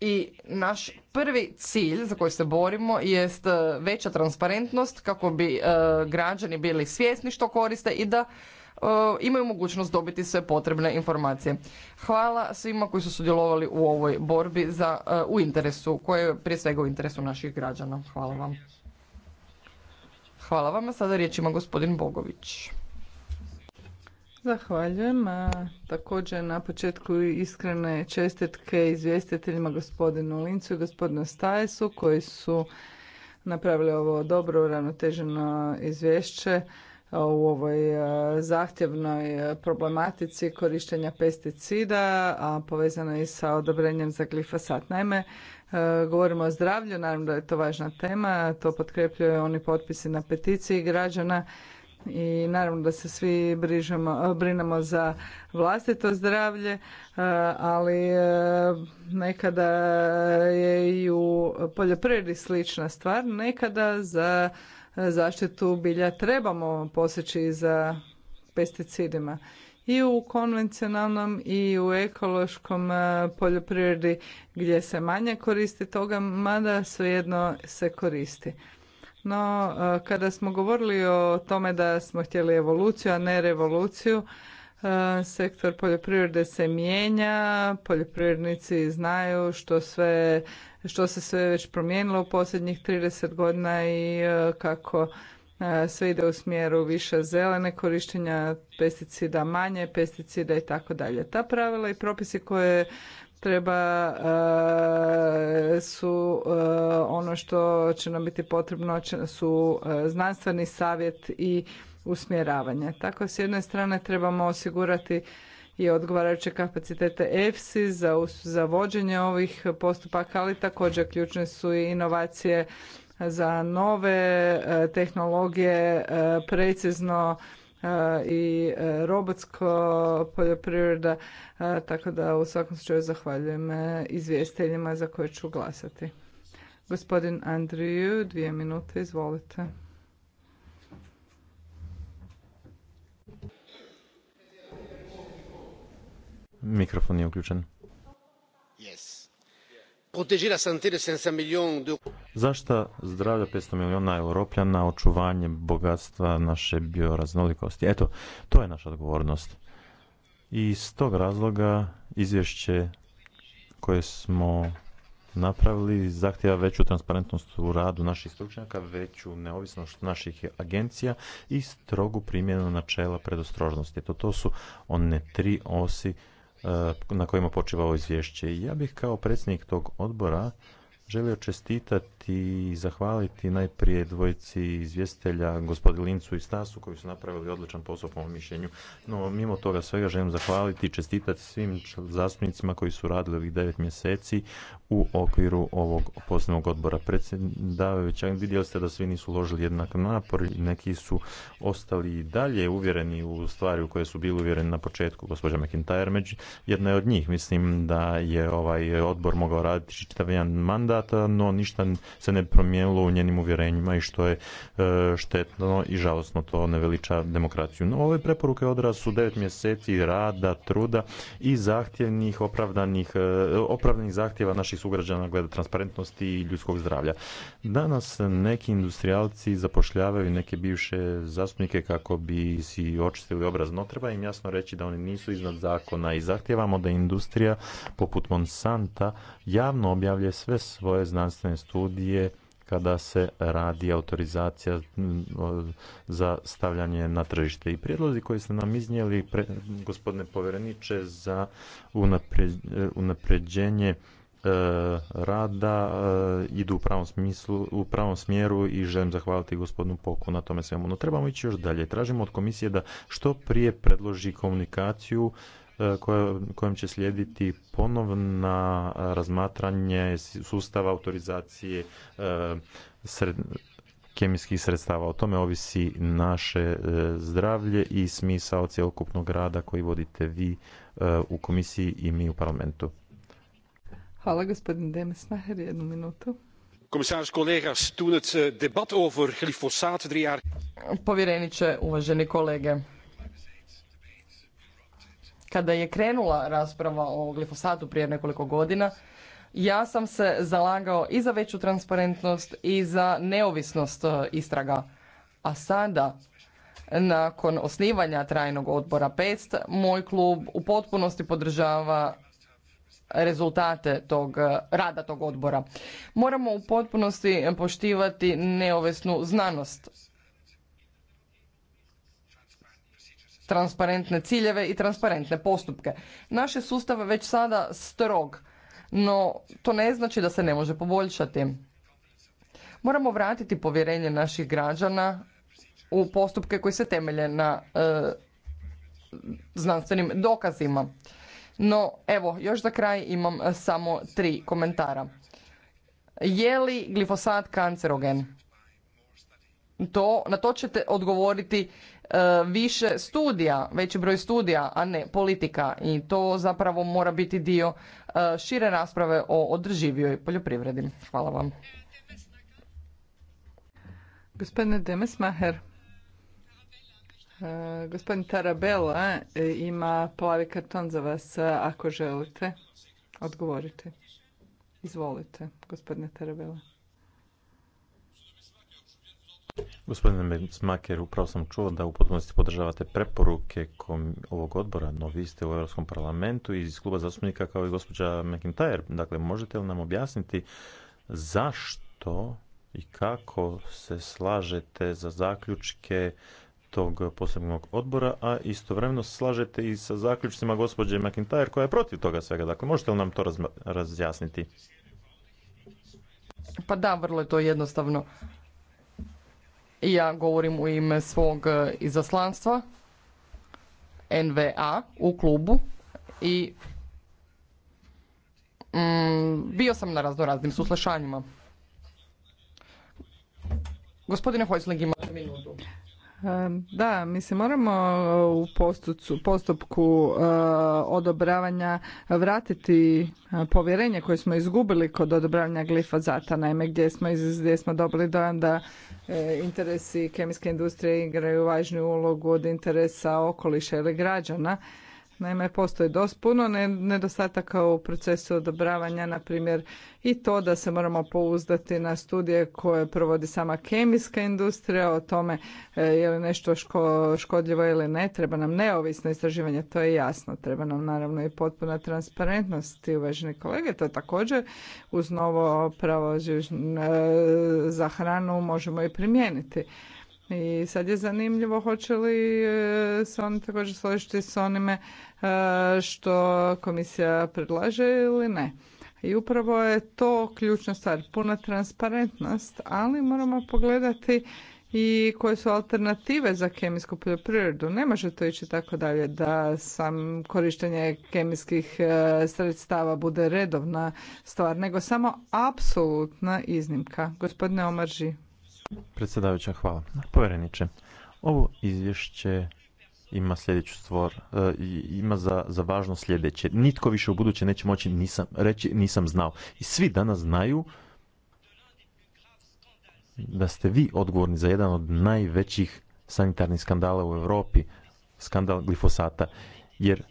i naš prvi cilj za koji se borimo jest e, veća transparentnost kako bi e, građani bili svjesni što koriste i da e, imaju mogućnost dobiti sve potrebne informacije. Hvala svima koji su sudjelovali u ovoj borbi za, u interesu, koje je prije svega u interesu naših građana. Hvala vam. Hvala vam, a sada riječ ima gospodin Bogović. Zahvaljujem. također na početku iskrene čestitke izvjestiteljima gospodinu Lincu i gospodinu Stajesu koji su napravili ovo dobro uravnoteženo izvješće u ovoj zahtjevnoj problematici korištenja pesticida, a povezano i sa odobrenjem za glifosat. Naime, govorimo o zdravlju, naravno da je to važna tema, to potkrepljuju oni potpisi na peticiji građana i naravno da se svi brižemo, brinemo za vlastito zdravlje, e, ali e, nekada je i u poljoprivredi slična stvar. Nekada za zaštitu bilja trebamo poseći za pesticidima. I u konvencionalnom i u ekološkom e, poljoprivredi gdje se manje koristi toga, mada svejedno se koristi. No, e, kada smo govorili o tome da smo htjeli evoluciju, a ne revoluciju, e, sektor poljoprivrede se mijenja, poljoprivrednici znaju što sve što se sve već promijenilo u posljednjih 30 godina i e, kako sve ide u smjeru više zelene, korištenja pesticida manje, pesticida i tako dalje. Ta pravila i propisi koje treba e, su e, ono što će nam biti potrebno su e, znanstveni savjet i usmjeravanje. Tako s jedne strane trebamo osigurati i odgovarajuće kapacitete EFSI za, za vođenje ovih postupaka, ali također ključne su i inovacije za nove tehnologije, precizno E, i e, robotsko poljoprivreda, e, tako da u svakom slučaju zahvaljujem izvjestiteljima za koje ću glasati. Gospodin Andriju, dvije minute, izvolite. Mikrofon je uključen. Zašta zdravlja 500 milijuna europljana, očuvanje bogatstva naše bioraznolikosti. Eto, to je naša odgovornost. I iz tog razloga izvješće koje smo napravili zahtjeva veću transparentnost u radu naših stručnjaka, veću neovisnost naših agencija i strogu primjenu načela predostrožnosti. Eto, to su one tri osi na kojima počiva ovo izvješće. Ja bih kao predsjednik tog odbora želio čestitati i zahvaliti najprije dvojici izvjestitelja gospodinu Lincu i Stasu koji su napravili odličan posao po mišljenju. No, mimo toga svega želim zahvaliti i čestitati svim zastupnicima koji su radili ovih devet mjeseci u okviru ovog poslovnog odbora predsjedavajuća. Vidjeli ste da svi nisu uložili jednak napor i neki su ostali i dalje uvjereni u stvari u koje su bili uvjereni na početku. Gospođa McIntyre među jedna je od njih. Mislim da je ovaj odbor mogao raditi čitav jedan mandat no ništa se ne promijenilo u njenim uvjerenjima i što je e, štetno i žalosno to ne veliča demokraciju. No, ove preporuke odraz su devet mjeseci rada, truda i zahtjevnih opravdanih, e, opravdanih zahtjeva naših sugrađana glede transparentnosti i ljudskog zdravlja. Danas neki industrijalci zapošljavaju neke bivše zastupnike kako bi si očistili obraz. No, treba im jasno reći da oni nisu iznad zakona i zahtjevamo da industrija poput Monsanta javno objavlje sve svoje svoje znanstvene studije kada se radi autorizacija za stavljanje na tržište. I prijedlozi koji ste nam iznijeli, gospodine povjereniče, za unapređenje e, rada e, idu u pravom smislu, u pravom smjeru i želim zahvaliti gospodinu Poku na tome svemu. No trebamo ići još dalje. Tražimo od komisije da što prije predloži komunikaciju E, kojom će slijediti ponovna razmatranje sustava autorizacije e, kemijskih sredstava. O tome ovisi naše e, zdravlje i smisao cjelokupnog rada koji vodite vi u komisiji i mi u parlamentu. Hvala gospodin Demesmaher, jednu minutu. Commissaris, collega's, eh, debat over Povjereniče, uvaženi kolege, kada je krenula rasprava o glifosatu prije nekoliko godina, ja sam se zalagao i za veću transparentnost i za neovisnost e, istraga. A sada, nakon osnivanja trajnog odbora PEST, moj klub u potpunosti podržava rezultate tog e, rada tog odbora. Moramo u potpunosti poštivati neovisnu znanost transparentne ciljeve i transparentne postupke. Naš je sustav već sada strog, no to ne znači da se ne može poboljšati. Moramo vratiti povjerenje naših građana u postupke koji se temelje na e, znanstvenim dokazima. No, evo, još za kraj imam e, samo tri komentara. Je li glifosat kancerogen? To, na to ćete odgovoriti E, više studija, veći broj studija, a ne politika. I to zapravo mora biti dio e, šire rasprave o održivijoj poljoprivredi. Hvala vam. Gospodine Demesmaher, e, gospodin Tarabela ima plavi karton za vas ako želite odgovorite. Izvolite, gospodine Tarabela. Gospodine Smaker, upravo sam čuo da u potpunosti podržavate preporuke ovog odbora, no vi ste u Europskom parlamentu iz kluba zastupnika kao i gospođa McIntyre. Dakle, možete li nam objasniti zašto i kako se slažete za zaključke tog posebnog odbora, a istovremeno slažete i sa zaključcima gospođe McIntyre koja je protiv toga svega. Dakle, možete li nam to razjasniti? Pa da, vrlo je to jednostavno. I ja govorim u ime svog e, izaslanstva NVA u klubu i mm, bio sam na raznoraznim suslašanjima. Gospodine Hojsling, imate minutu. Da, mislim moramo u postupcu, postupku e, odobravanja vratiti e, povjerenje koje smo izgubili kod odobravanja glifozata, naime gdje smo, gdje smo dobili dojam da e, interesi kemijske industrije igraju važnu ulogu od interesa okoliša ili građana Naime, postoji dos puno nedostataka u procesu odobravanja, na primjer i to da se moramo pouzdati na studije koje provodi sama kemijska industrija o tome e, je li nešto škodljivo ili ne. Treba nam neovisno istraživanje, to je jasno. Treba nam naravno i potpuna transparentnost i uvaženi kolege. To također uz novo pravo e, za hranu možemo i primijeniti. I sad je zanimljivo hoće li se oni također složiti s onime e, što komisija predlaže ili ne. I upravo je to ključna stvar, puna transparentnost, ali moramo pogledati i koje su alternative za kemijsku poljoprivredu. Ne može to ići tako dalje da sam korištenje kemijskih e, sredstava bude redovna stvar, nego samo apsolutna iznimka. Gospodine Omarži, Predsjedavajuća, hvala. Povjereniče, ovo izvješće ima sljedeću stvor, e, ima za, važno sljedeće. Nitko više u buduće neće moći nisam, reći nisam znao. I svi danas znaju da ste vi odgovorni za jedan od najvećih sanitarnih skandala u Europi, skandal glifosata, jer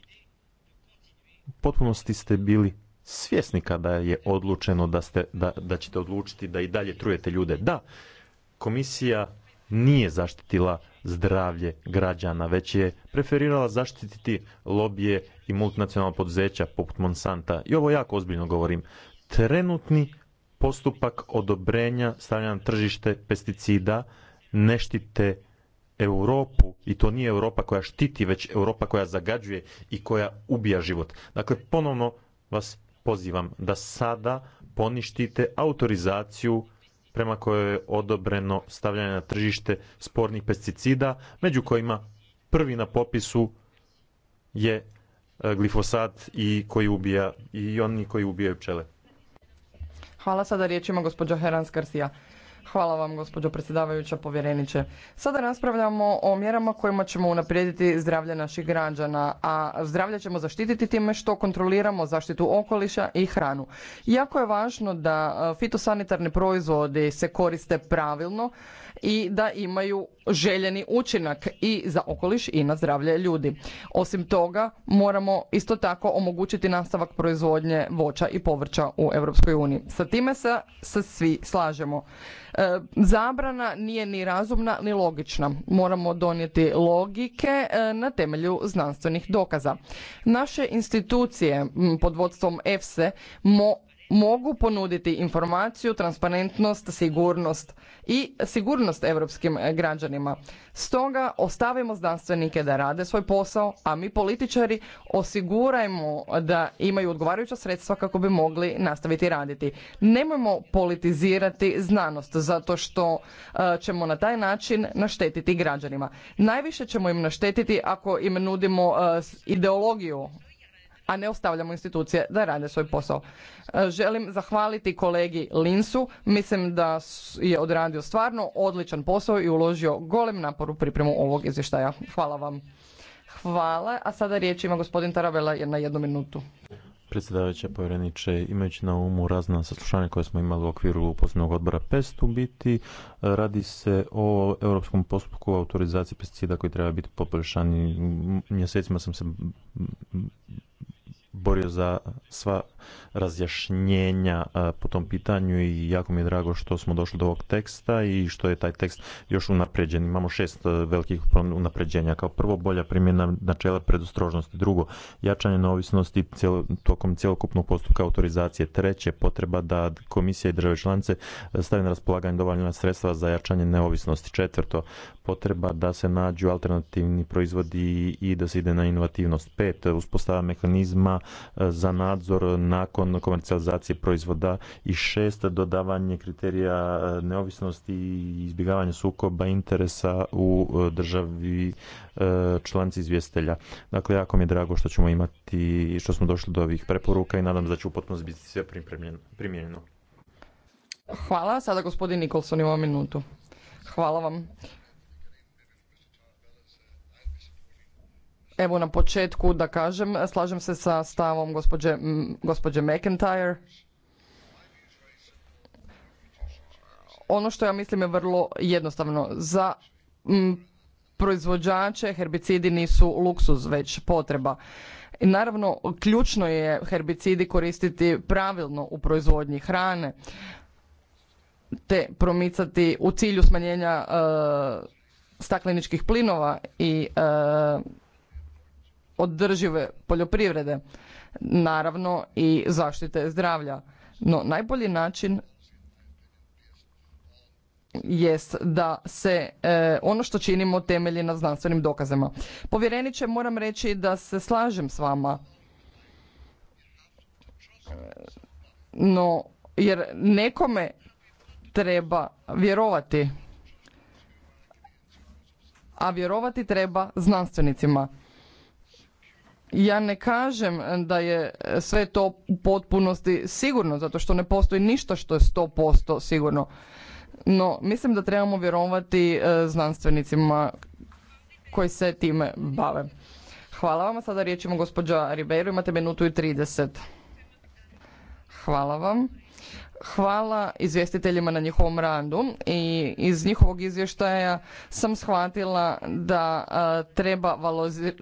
potpunosti ste bili svjesni kada je odlučeno da, da ćete odlučiti da i dalje trujete ljude. Da, komisija nije zaštitila zdravlje građana, već je preferirala zaštititi lobije i multinacionalna poduzeća poput Monsanta. I ovo jako ozbiljno govorim. Trenutni postupak odobrenja stavljanja na tržište pesticida ne štite Europu i to nije Europa koja štiti, već Europa koja zagađuje i koja ubija život. Dakle, ponovno vas pozivam da sada poništite autorizaciju prema kojoj je odobreno stavljanje na tržište spornih pesticida, među kojima prvi na popisu je e, glifosat i koji ubija i oni koji ubijaju pčele. Hvala sada riječima gospođa Heranskarsija. Hvala vam, gospođo predsjedavajuća povjereniče. Sada raspravljamo o mjerama kojima ćemo unaprijediti zdravlje naših građana, a zdravlje ćemo zaštititi time što kontroliramo zaštitu okoliša i hranu. Jako je važno da e, fitosanitarni proizvodi se koriste pravilno i da imaju željeni učinak i za okoliš i na zdravlje ljudi. Osim toga, moramo isto tako omogućiti nastavak proizvodnje voća i povrća u EU. Sa time se svi slažemo. E, zabrana nije ni razumna ni logična. Moramo donijeti logike e, na temelju znanstvenih dokaza. Naše institucije pod vodstvom EFSE mo mogu ponuditi informaciju, transparentnost, sigurnost i sigurnost europskim e, građanima. Stoga ostavimo znanstvenike da rade svoj posao, a mi političari osigurajmo da imaju odgovarajuća sredstva kako bi mogli nastaviti raditi. Nemojmo politizirati znanost zato što e, ćemo na taj način naštetiti građanima. Najviše ćemo im naštetiti ako im nudimo e, ideologiju a ne ostavljamo institucije da rade svoj posao. E, želim zahvaliti kolegi Linsu, mislim da je odradio stvarno odličan posao i uložio golem napor u pripremu ovog izvještaja. Hvala vam. Hvala, a sada riječ ima gospodin Taravela na jednu minutu. Predsjedavajuća povjereniče, imajući na umu razna saslušanja koje smo imali u okviru upoznog odbora PEST u biti, e, radi se o europskom postupku autorizacije pesticida koji treba biti poboljšani. Mjesecima sam se borio za sva razjašnjenja e, po tom pitanju i jako mi je drago što smo došli do ovog teksta i što je taj tekst još unapređen. Imamo šest e, velikih unapređenja. Kao prvo, bolja primjena načela predostrožnosti. Drugo, jačanje neovisnosti tokom cjelokupnog postupka autorizacije. Treće, potreba da komisija i države članice e, stave na raspolaganje dovoljna sredstva za jačanje neovisnosti. Četvrto, potreba da se nađu alternativni proizvodi i da se ide na inovativnost. Pet, uspostava mehanizma za nadzor nakon komercijalizacije proizvoda i šest dodavanje kriterija e, neovisnosti i izbjegavanja sukoba interesa u e, državi e, članci izvjestelja. Dakle, jako mi je drago što ćemo imati, i što smo došli do ovih preporuka i nadam se da će u potpunosti biti sve primjenjeno. Hvala. Sada gospodin Nikolson ima minutu. Hvala vam. Evo na početku da kažem, slažem se sa stavom gospođe, gospođe McIntyre. Ono što ja mislim je vrlo jednostavno. Za proizvođače herbicidi nisu luksuz, već potreba. I naravno, ključno je herbicidi koristiti pravilno u proizvodnji hrane te promicati u cilju smanjenja e, stakleničkih plinova i e, održive poljoprivrede, naravno i zaštite zdravlja. No najbolji način jest da se e, ono što činimo temelji na znanstvenim dokazama. Povjereniče, moram reći da se slažem s vama. No, jer nekome treba vjerovati. A vjerovati treba znanstvenicima ja ne kažem da je sve to u potpunosti sigurno, zato što ne postoji ništa što je 100% sigurno. No, mislim da trebamo vjerovati e, znanstvenicima koji se time bave. Hvala vam, sada riječ ima gospođa Ribeiro, imate minutu i 30. Hvala vam. Hvala izvjestiteljima na njihovom radu i iz njihovog izvještaja sam shvatila da treba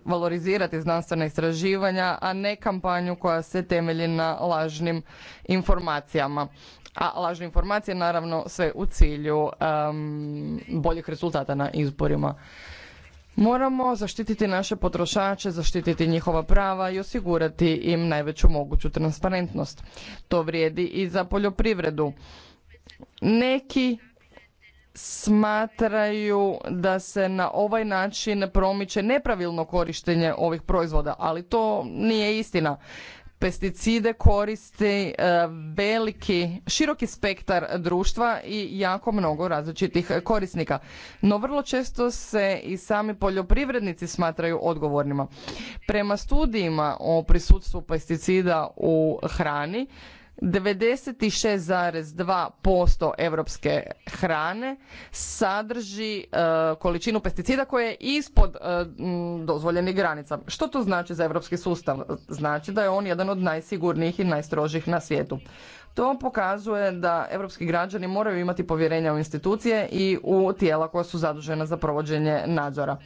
valorizirati znanstvena istraživanja, a ne kampanju koja se temelji na lažnim informacijama. A lažne informacije naravno sve u cilju boljih rezultata na izborima. Moramo zaštititi naše potrošače, zaštititi njihova prava i osigurati im najveću moguću transparentnost. To vrijedi i za poljoprivredu. Neki smatraju da se na ovaj način promiče nepravilno korištenje ovih proizvoda, ali to nije istina pesticide koristi e, veliki, široki spektar društva i jako mnogo različitih korisnika. No vrlo često se i sami poljoprivrednici smatraju odgovornima. Prema studijima o prisutstvu pesticida u hrani, 96,2% europske hrane sadrži e, količinu pesticida koja je ispod e, dozvoljenih granica. Što to znači za europski sustav? Znači da je on jedan od najsigurnijih i najstrožih na svijetu. To pokazuje da europski građani moraju imati povjerenja u institucije i u tijela koja su zadužena za provođenje nadzora.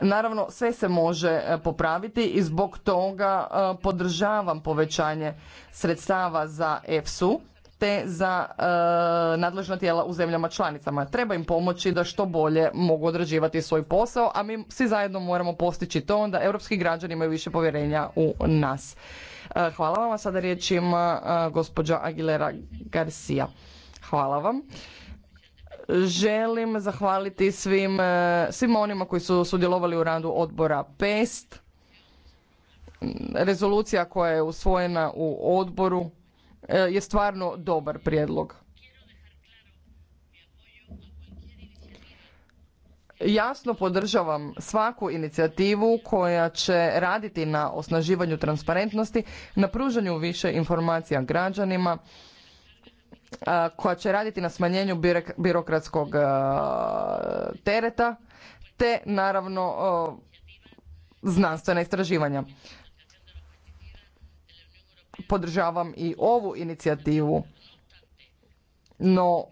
Naravno, sve se može e, popraviti i zbog toga e, podržavam povećanje sredstava za EFSU te za e, nadležna tijela u zemljama članicama. Treba im pomoći da što bolje mogu odrađivati svoj posao, a mi svi zajedno moramo postići to da europski građani imaju više povjerenja u nas. hvala vam, a sada riječ ima gospođa Aguilera Garcia. Hvala vam želim zahvaliti e, svim, onima koji su sudjelovali u radu odbora PEST. Rezolucija koja je usvojena u odboru e, je stvarno dobar prijedlog. Jasno podržavam svaku inicijativu koja će raditi na osnaživanju transparentnosti, na pružanju više informacija građanima, koja će raditi na smanjenju birokratskog tereta te naravno znanstvena istraživanja. Podržavam i ovu inicijativu, no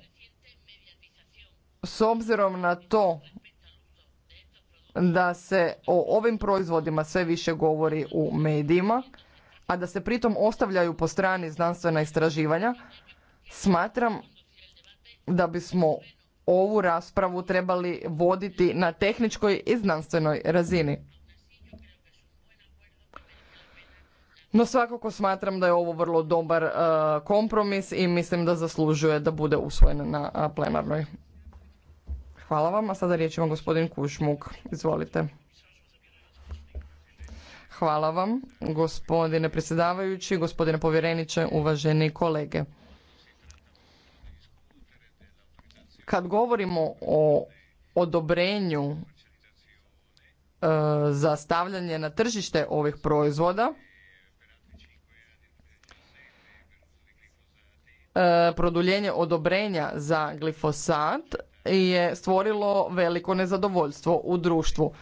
s obzirom na to da se o ovim proizvodima sve više govori u medijima, a da se pritom ostavljaju po strani znanstvena istraživanja, Smatram da bismo ovu raspravu trebali voditi na tehničkoj i znanstvenoj razini. No svakako smatram da je ovo vrlo dobar e, kompromis i mislim da zaslužuje da bude usvojen na plenarnoj. Hvala vam, a sada riječ ima gospodin Kušmuk. Izvolite. Hvala vam, gospodine predsjedavajući, gospodine povjereniče, uvaženi kolege. Kad govorimo o odobrenju e, za stavljanje na tržište ovih proizvoda, e, produljenje odobrenja za glifosat je stvorilo veliko nezadovoljstvo u društvu.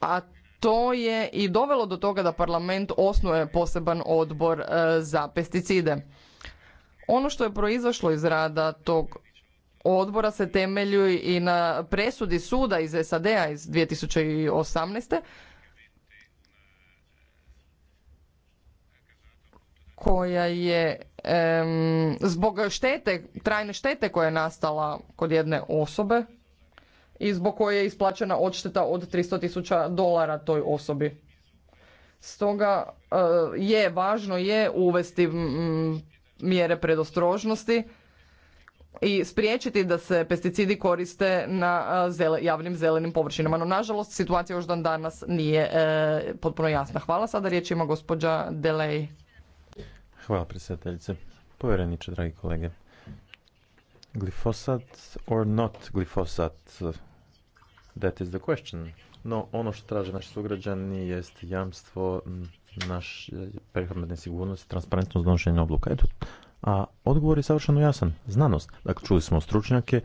A to je i dovelo do toga da parlament osnuje poseban odbor e, za pesticide. Ono što je proizašlo iz rada tog odbora se temelju i na presudi suda iz SAD-a iz 2018. koja je um, zbog štete, trajne štete koja je nastala kod jedne osobe i zbog koje je isplaćena odšteta od 300.000 dolara toj osobi. Stoga eh, je važno je uvesti mm, mjere predostrožnosti i spriječiti da se pesticidi koriste na javnim zelenim površinama. No, nažalost, situacija još dan danas nije e, potpuno jasna. Hvala. Sada riječ ima gospođa Delej. Hvala, predsjedateljice. Povjereniče, dragi kolege. Glifosat or not glifosat? That is the question. No, ono što traže naši sugrađani jest jamstvo naš e, prehrambene i transparentnost donošenja odluka. Eto, a odgovor je savršeno jasan. Znanost. Dakle, čuli smo stručnjake,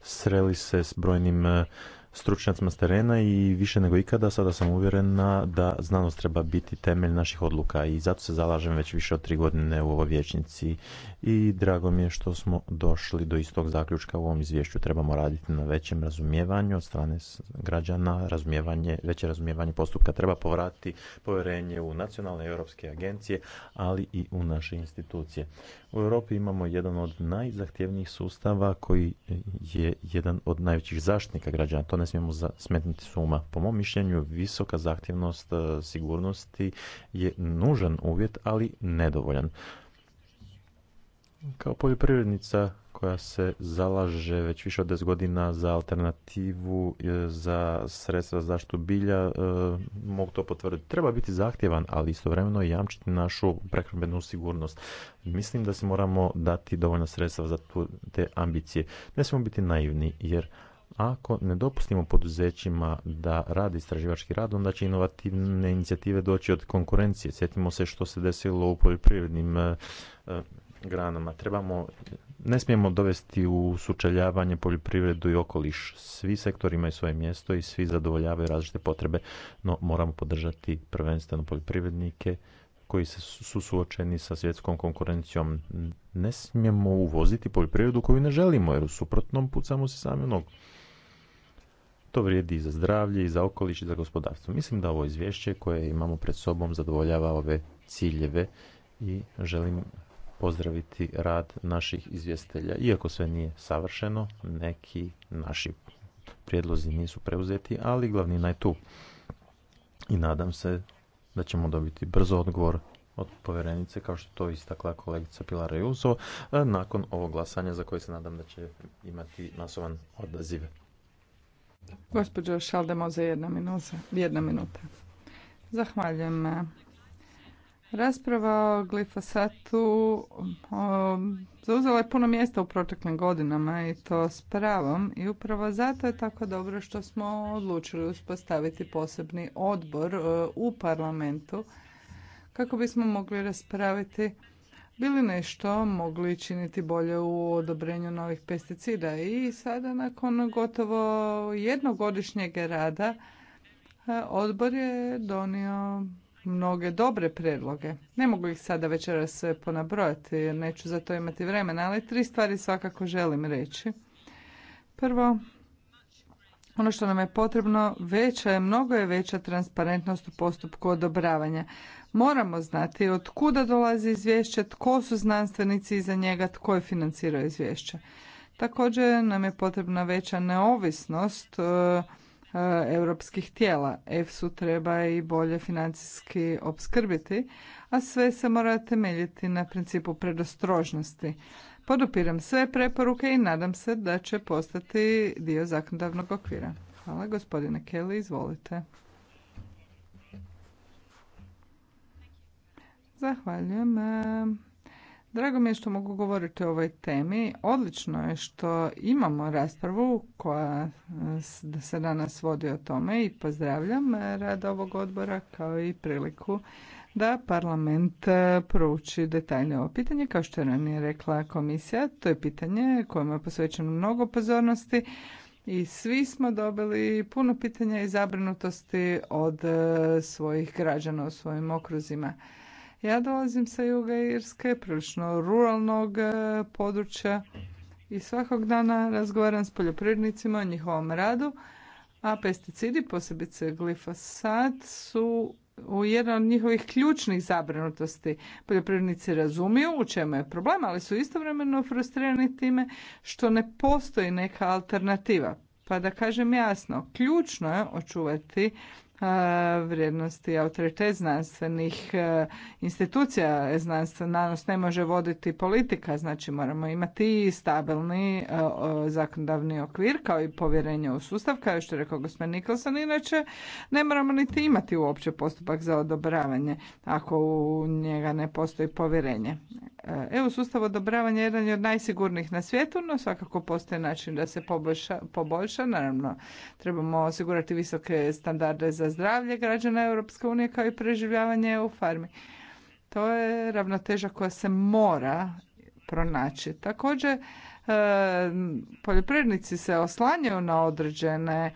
sreli se s brojnim e, stručnjacima s terena i više nego ikada sada sam uvjeren da znanost treba biti temelj naših odluka i zato se zalažem već više od tri godine u ovoj vječnici i drago mi je što smo došli do istog zaključka u ovom izvješću. Trebamo raditi na većem razumijevanju od strane građana, razumijevanje, veće razumijevanje postupka. Treba povratiti povjerenje u nacionalne europske agencije, ali i u naše institucije. U Europi imamo jedan od najzahtjevnijih sustava koji je jedan od najvećih zaštitnika građana. To ne smijemo smetnuti suma. Po mom mišljenju, visoka zahtjevnost e, sigurnosti je nužan uvjet, ali nedovoljan. Kao poljoprivrednica koja se zalaže već više od 10 godina za alternativu e, za sredstva zaštitu bilja, e, mogu to potvrditi. Treba biti zahtjevan, ali istovremeno jamčiti našu prehrambenu sigurnost. Mislim da se moramo dati dovoljno sredstva za te ambicije. Ne smijemo biti naivni, jer ako ne dopustimo poduzećima da radi istraživački rad, onda će inovativne inicijative doći od konkurencije. Sjetimo se što se desilo u poljoprivrednim e, e, granama. Trebamo, ne smijemo dovesti u sučeljavanje poljoprivredu i okoliš. Svi sektori imaju svoje mjesto i svi zadovoljavaju različite potrebe, no moramo podržati prvenstveno poljoprivrednike koji se su suočeni sa svjetskom konkurencijom. Ne smijemo uvoziti poljoprivredu koju ne želimo, jer u suprotnom pucamo se sami u nogu. To vrijedi i za zdravlje, i za okoliš, i za gospodarstvo. Mislim da ovo izvješće koje imamo pred sobom zadovoljava ove ciljeve i želim pozdraviti rad naših izvjestitelja. Iako sve nije savršeno, neki naši prijedlozi nisu preuzeti, ali glavnina je tu. I nadam se da ćemo dobiti brzo odgovor od povjerenice, kao što to istakla kolegica Pilara Juso, nakon ovog glasanja za koje se nadam da će imati masovan odaziv. Gospođo Šaldemoze, jedna, minuta, jedna minuta. Zahvaljujem. Rasprava o glifosatu zauzela je puno mjesta u proteklim godinama i to s pravom i upravo zato je tako dobro što smo odlučili uspostaviti posebni odbor e, u parlamentu kako bismo mogli raspraviti li nešto mogli činiti bolje u odobrenju novih pesticida i sada nakon gotovo jednogodišnjeg rada e, odbor je donio mnoge dobre predloge. Ne mogu ih sada večeras sve ponabrojati jer neću za to imati vremena, ali tri stvari svakako želim reći. Prvo, ono što nam je potrebno, veća je, mnogo je veća transparentnost u postupku odobravanja. Moramo znati od kuda dolazi izvješće, tko su znanstvenici iza njega, tko je financirao izvješće. Također nam je potrebna veća neovisnost e, e, europskih tijela. EFSU treba i bolje financijski opskrbiti, a sve se mora temeljiti na principu predostrožnosti. Podupiram sve preporuke i nadam se da će postati dio zakonodavnog okvira. Hvala, gospodine Kelly, izvolite. Zahvaljujem. E, drago mi je što mogu govoriti o ovoj temi. Odlično je što imamo raspravu koja se danas vodi o tome i pozdravljam rad ovog odbora kao i priliku da parlament e, prouči detaljnije ovo pitanje. Kao što je ranije rekla komisija, to je pitanje kojemu je posvećeno mnogo pozornosti i svi smo dobili puno pitanja i zabrinutosti od e, svojih građana u svojim okruzima. Ja dolazim sa juga Irske, prilično ruralnog e, područja i svakog dana razgovaram s poljoprivrednicima o njihovom radu, a pesticidi, posebice glifosat, su u jedan od njihovih ključnih zabrinutosti. Poljoprivrednici razumiju u čemu je problem, ali su istovremeno frustrirani time što ne postoji neka alternativa. Pa da kažem jasno, ključno je očuvati vrijednosti i autoritet znanstvenih institucija. znanstvenost ne može voditi politika, znači moramo imati i stabilni zakonodavni okvir kao i povjerenje u sustav, kao što je rekao gospodin Nikolson, inače ne moramo niti imati uopće postupak za odobravanje ako u njega ne postoji povjerenje. EU sustav odobravanja je jedan je od najsigurnijih na svijetu, no svakako postoji način da se poboljša, poboljša. Naravno, trebamo osigurati visoke standarde za zdravlje građana Europske unije kao i preživljavanje EU farmi. To je ravnoteža koja se mora pronaći. Također, e, poljoprivrednici se oslanjaju na određene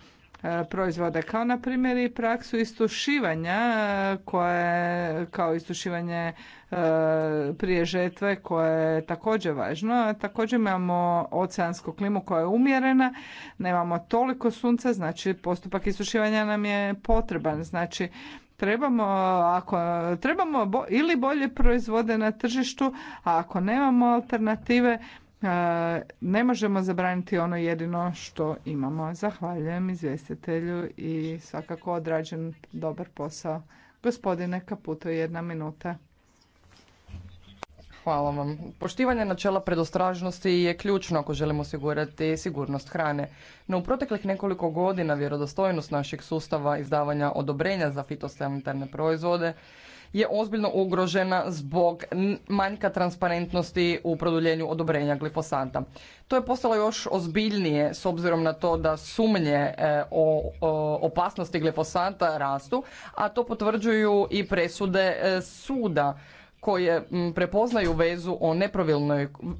E, proizvode kao na primjer i praksu istušivanja e, koje kao istušivanje e, prije žetve koje je također važno. Također imamo oceansku klimu koja je umjerena, nemamo toliko sunca, znači postupak istušivanja nam je potreban. Znači trebamo ako trebamo ili bolje proizvode na tržištu, a ako nemamo alternative E, ne možemo zabraniti ono jedino što imamo. Zahvaljujem izvjestitelju i svakako odrađen dobar posao. Gospodine Kaputo, jedna minuta. Hvala vam. Poštivanje načela predostražnosti je ključno ako želimo osigurati sigurnost hrane. No u proteklih nekoliko godina vjerodostojnost našeg sustava izdavanja odobrenja za fitosanitarne proizvode je ozbiljno ugrožena zbog manjka transparentnosti u produljenju odobrenja glifosata. To je postalo još ozbiljnije s obzirom na to da sumnje e, o opasnosti glifosata rastu, a to potvrđuju i presude e, suda koje prepoznaju vezu o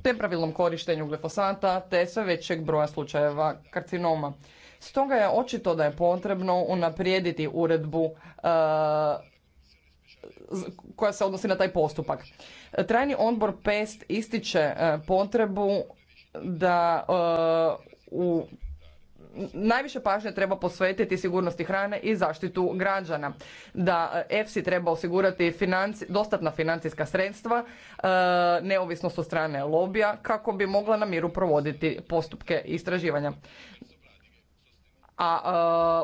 nepravilnom korištenju glifosata te sve većeg broja slučajeva karcinoma. Stoga je očito da je potrebno unaprijediti uredbu e, koja se odnosi na taj postupak. Trajni odbor PEST ističe e, potrebu da e, u najviše pažnje treba posvetiti sigurnosti hrane i zaštitu građana. Da EFSI treba osigurati dostatna financijska sredstva, e, neovisnost od strane lobija kako bi mogla na miru provoditi postupke istraživanja a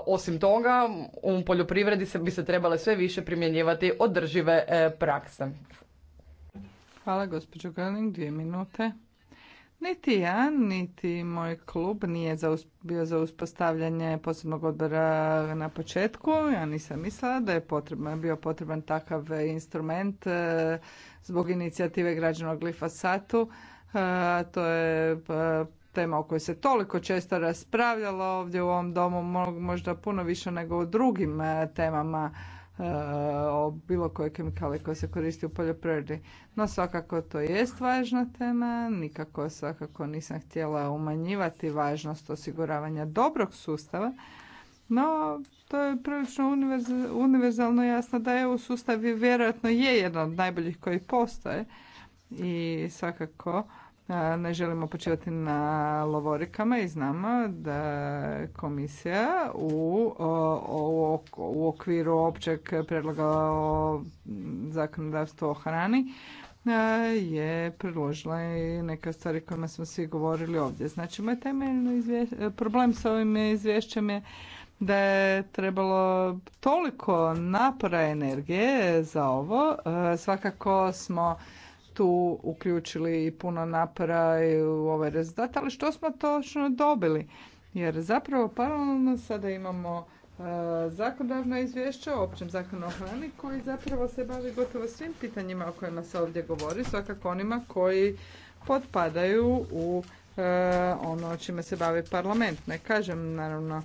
e, osim toga u poljoprivredi se bi se trebale sve više primjenjivati održive e, prakse. Hvala gospođo Galin, dvije minute. Niti ja, niti moj klub nije za, bio za uspostavljanje posebnog odbora na početku. Ja nisam mislila da je potreban, bio potreban takav instrument e, zbog inicijative građana glifosatu. E, to je tema o kojoj se toliko često raspravljalo ovdje u ovom domu, možda puno više nego u drugim e, temama e, o bilo kojoj kemikali koja se koristi u poljoprivredi. No svakako to jest važna tema, nikako svakako nisam htjela umanjivati važnost osiguravanja dobrog sustava, no to je prilično univerzalno jasno da EU sustav vjerojatno je jedan od najboljih koji postoje i svakako ne želimo počivati na lovorikama i znamo da komisija u, u, okviru općeg predloga o zakonodavstvu o hrani je predložila i neke stvari kojima smo svi govorili ovdje. Znači, moj temeljni problem sa ovim izvješćem je da je trebalo toliko napora energije za ovo. Svakako smo tu uključili puno napora i u ovaj rezultat, ali što smo točno dobili? Jer zapravo paralelno sada imamo e, zakonodavno izvješće o općem zakonu o hrani koji zapravo se bavi gotovo svim pitanjima o kojima se ovdje govori, svakako onima koji potpadaju u e, ono čime se bavi parlament. Ne kažem naravno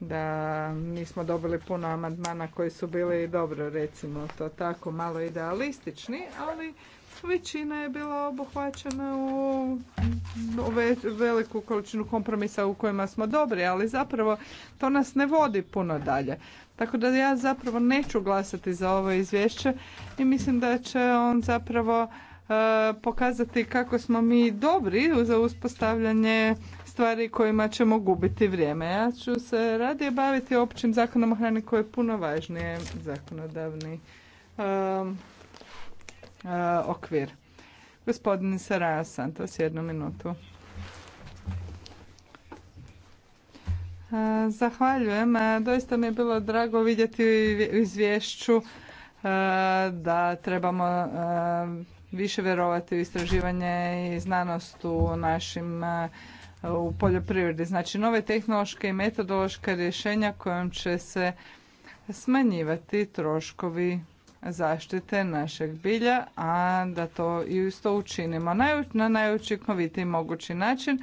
da nismo dobili puno amandmana koji su bili dobro recimo to tako malo idealistični, ali većina je bila obuhvaćena u veliku količinu kompromisa u kojima smo dobri, ali zapravo to nas ne vodi puno dalje. Tako da ja zapravo neću glasati za ovo izvješće i mislim da će on zapravo e, pokazati kako smo mi dobri za uspostavljanje stvari kojima ćemo gubiti vrijeme. Ja ću se radije baviti općim zakonom o hrani koji je puno važnije zakonodavni e, E, okvir. Gospodin Saraja Santos, jednu minutu. E, zahvaljujem. E, doista mi je bilo drago vidjeti u izvješću da trebamo više vjerovati u istraživanje i znanost u našim u poljoprivredi. Znači nove tehnološke i metodološke rješenja kojom će se smanjivati troškovi zaštite našeg bilja, a da to isto učinimo na najučinkovitiji mogući način,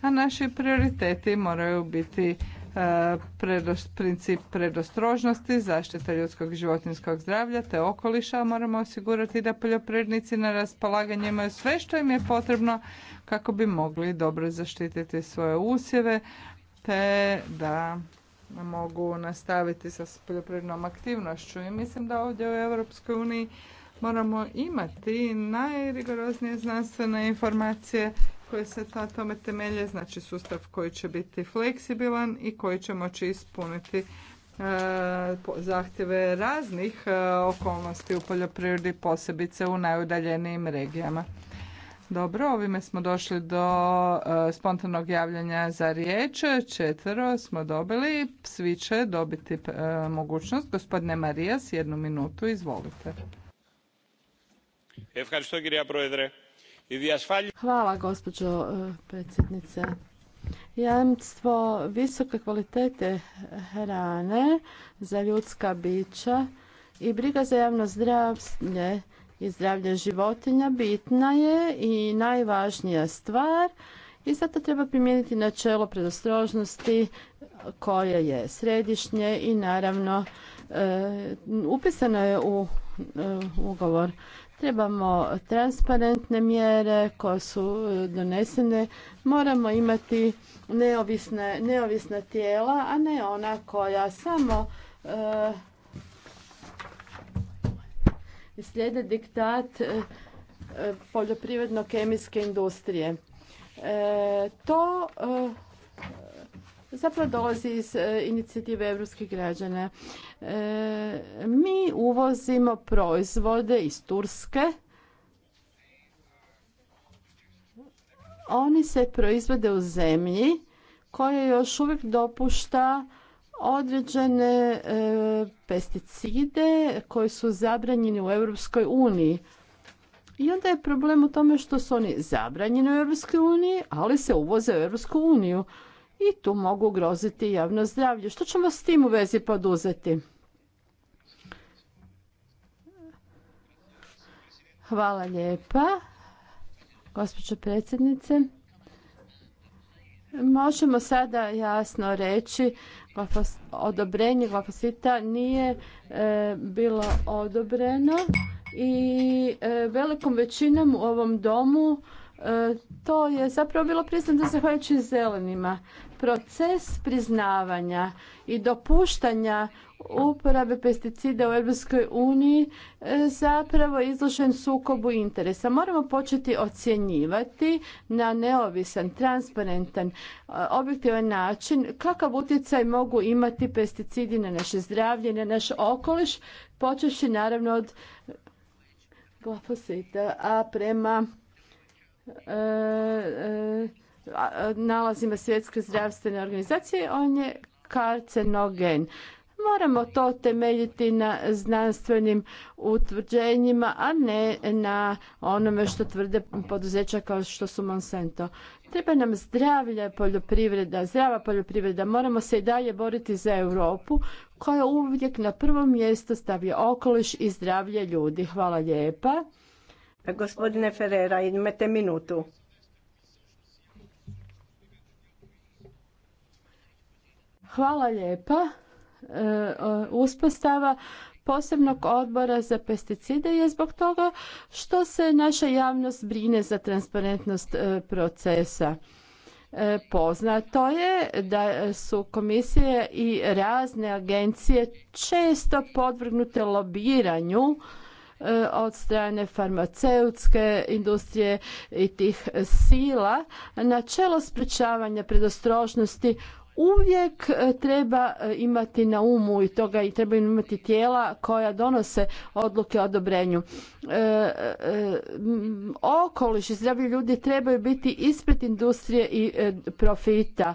a naši prioriteti moraju biti e, princip predostrožnosti, zaštita ljudskog i životinskog zdravlja te okoliša. Moramo osigurati da poljoprednici na raspolaganju imaju sve što im je potrebno kako bi mogli dobro zaštititi svoje usjeve te da mogu nastaviti sa poljoprivrednom aktivnošću i mislim da ovdje u Europskoj uniji moramo imati najrigoroznije znanstvene informacije koje se na tome temelje, znači sustav koji će biti fleksibilan i koji će moći ispuniti e, zahtjeve raznih e, okolnosti u poljoprivredi, posebice u najudaljenijim regijama. Dobro, ovime smo došli do e, spontanog javljanja za riječ. Četvero smo dobili. Svi će dobiti e, mogućnost. Gospodine Marijas, jednu minutu, izvolite. Hvala, gospođo e, predsjednice. Jamstvo visoke kvalitete hrane za ljudska bića i briga za javno zdravstvo i zdravlje životinja bitna je i najvažnija stvar i zato treba primijeniti načelo predostrožnosti koje je središnje i naravno e, upisano je u e, ugovor. Trebamo transparentne mjere koje su e, donesene, moramo imati neovisna tijela, a ne ona koja samo slijede diktat e, e, poljoprivredno-kemijske industrije. E, to zapravo dolazi iz inicijative europskih građana. Mi uvozimo proizvode iz Turske. Oni se proizvode u zemlji koja još uvijek dopušta određene e, pesticide koji su zabranjeni u Europskoj uniji. I onda je problem u tome što su oni zabranjeni u Europskoj uniji, ali se uvoze u Europsku uniju i tu mogu ugroziti javno zdravlje. Što ćemo s tim u vezi poduzeti? Hvala lijepa, gospođo predsjednice. Možemo sada jasno reći odobrenje glafosita nije e, bilo odobreno i e, velikom većinom u ovom domu e, to je zapravo bilo priznato zahvaljujući zelenima. Proces priznavanja i dopuštanja uporabe pesticida u Europskoj uniji e, zapravo izložen sukobu interesa. Moramo početi ocjenjivati na neovisan, transparentan, e, objektivan način kakav utjecaj mogu imati pesticidi na naše zdravlje, na naš okoliš, počevši naravno od glafosita, a prema e, nalazima svjetske zdravstvene organizacije on je karcenogen. Moramo to temeljiti na znanstvenim utvrđenjima, a ne na onome što tvrde poduzeća kao što su Monsanto. Treba nam zdravlja poljoprivreda, zdrava poljoprivreda. Moramo se i dalje boriti za Europu koja uvijek na prvo mjesto stavlja okoliš i zdravlje ljudi. Hvala lijepa. Gospodine Ferrera, imate minutu. Hvala lijepa. E, e, uspostava posebnog odbora za pesticide je zbog toga što se naša javnost brine za transparentnost e, procesa. Poznato je da su komisije i razne agencije često podvrgnute lobiranju od strane farmaceutske industrije i tih sila. Načelo sprečavanja predostrožnosti uvijek e, treba e, imati na umu i toga i treba imati tijela koja donose odluke o odobrenju. E, e, okoliš i zdravlje ljudi trebaju biti ispred industrije i e, profita.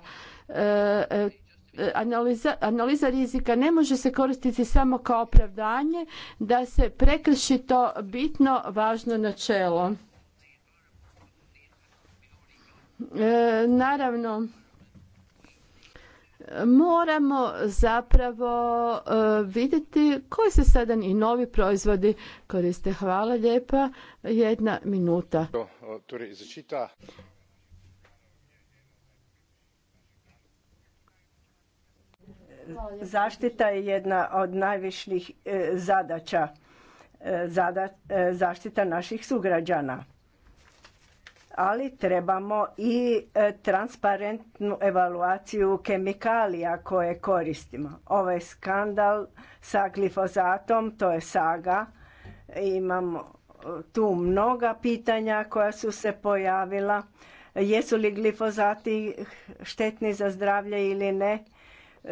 Analiza, analiza rizika ne može se koristiti samo kao opravdanje da se prekrši to bitno važno načelo. E, naravno moramo zapravo e, vidjeti koji se sada i novi proizvodi koriste. Hvala lijepa. Jedna minuta. Zaštita je jedna od najviših e, zadaća. E, zaštita naših sugrađana ali trebamo i e, transparentnu evaluaciju kemikalija koje koristimo. Ovaj skandal sa glifozatom, to je saga. Imamo e, tu mnoga pitanja koja su se pojavila. Jesu li glifozati štetni za zdravlje ili ne?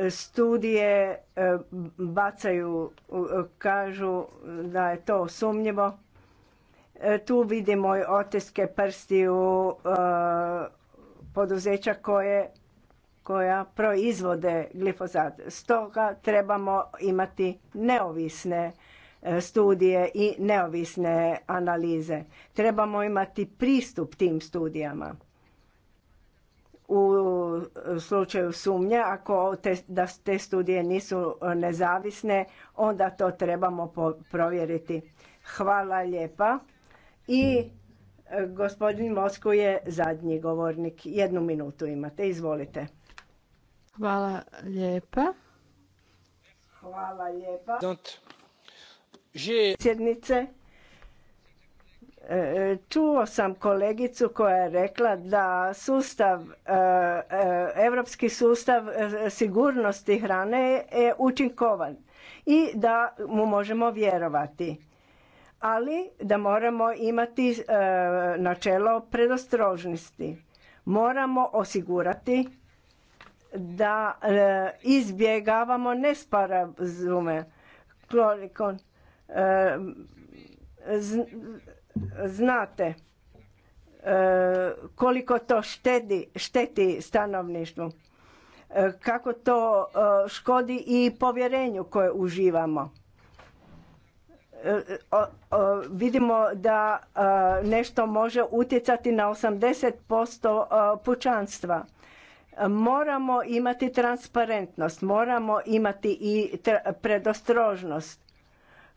Studije e, bacaju, kažu da je to sumnjivo E, tu vidimo i otiske prstiju e, poduzeća koje koja proizvode glifozat. Stoga trebamo imati neovisne e, studije i neovisne analize. Trebamo imati pristup tim studijama. U slučaju sumnje, ako te, da te studije nisu nezavisne, onda to trebamo provjeriti. Hvala lijepa. I e, gospodin Mosku je zadnji govornik. Jednu minutu imate, izvolite. Hvala lijepa. Hvala lijepa. Sjednice, e, čuo sam kolegicu koja je rekla da sustav, e, evropski sustav sigurnosti hrane je učinkovan i da mu možemo vjerovati ali da moramo imati e, načelo predostrožnosti. Moramo osigurati da e, izbjegavamo nesparazume. E, znate koliko to šteti stanovništvu, kako to škodi i povjerenju koje uživamo vidimo da nešto može utjecati na 80% pučanstva. Moramo imati transparentnost, moramo imati i predostrožnost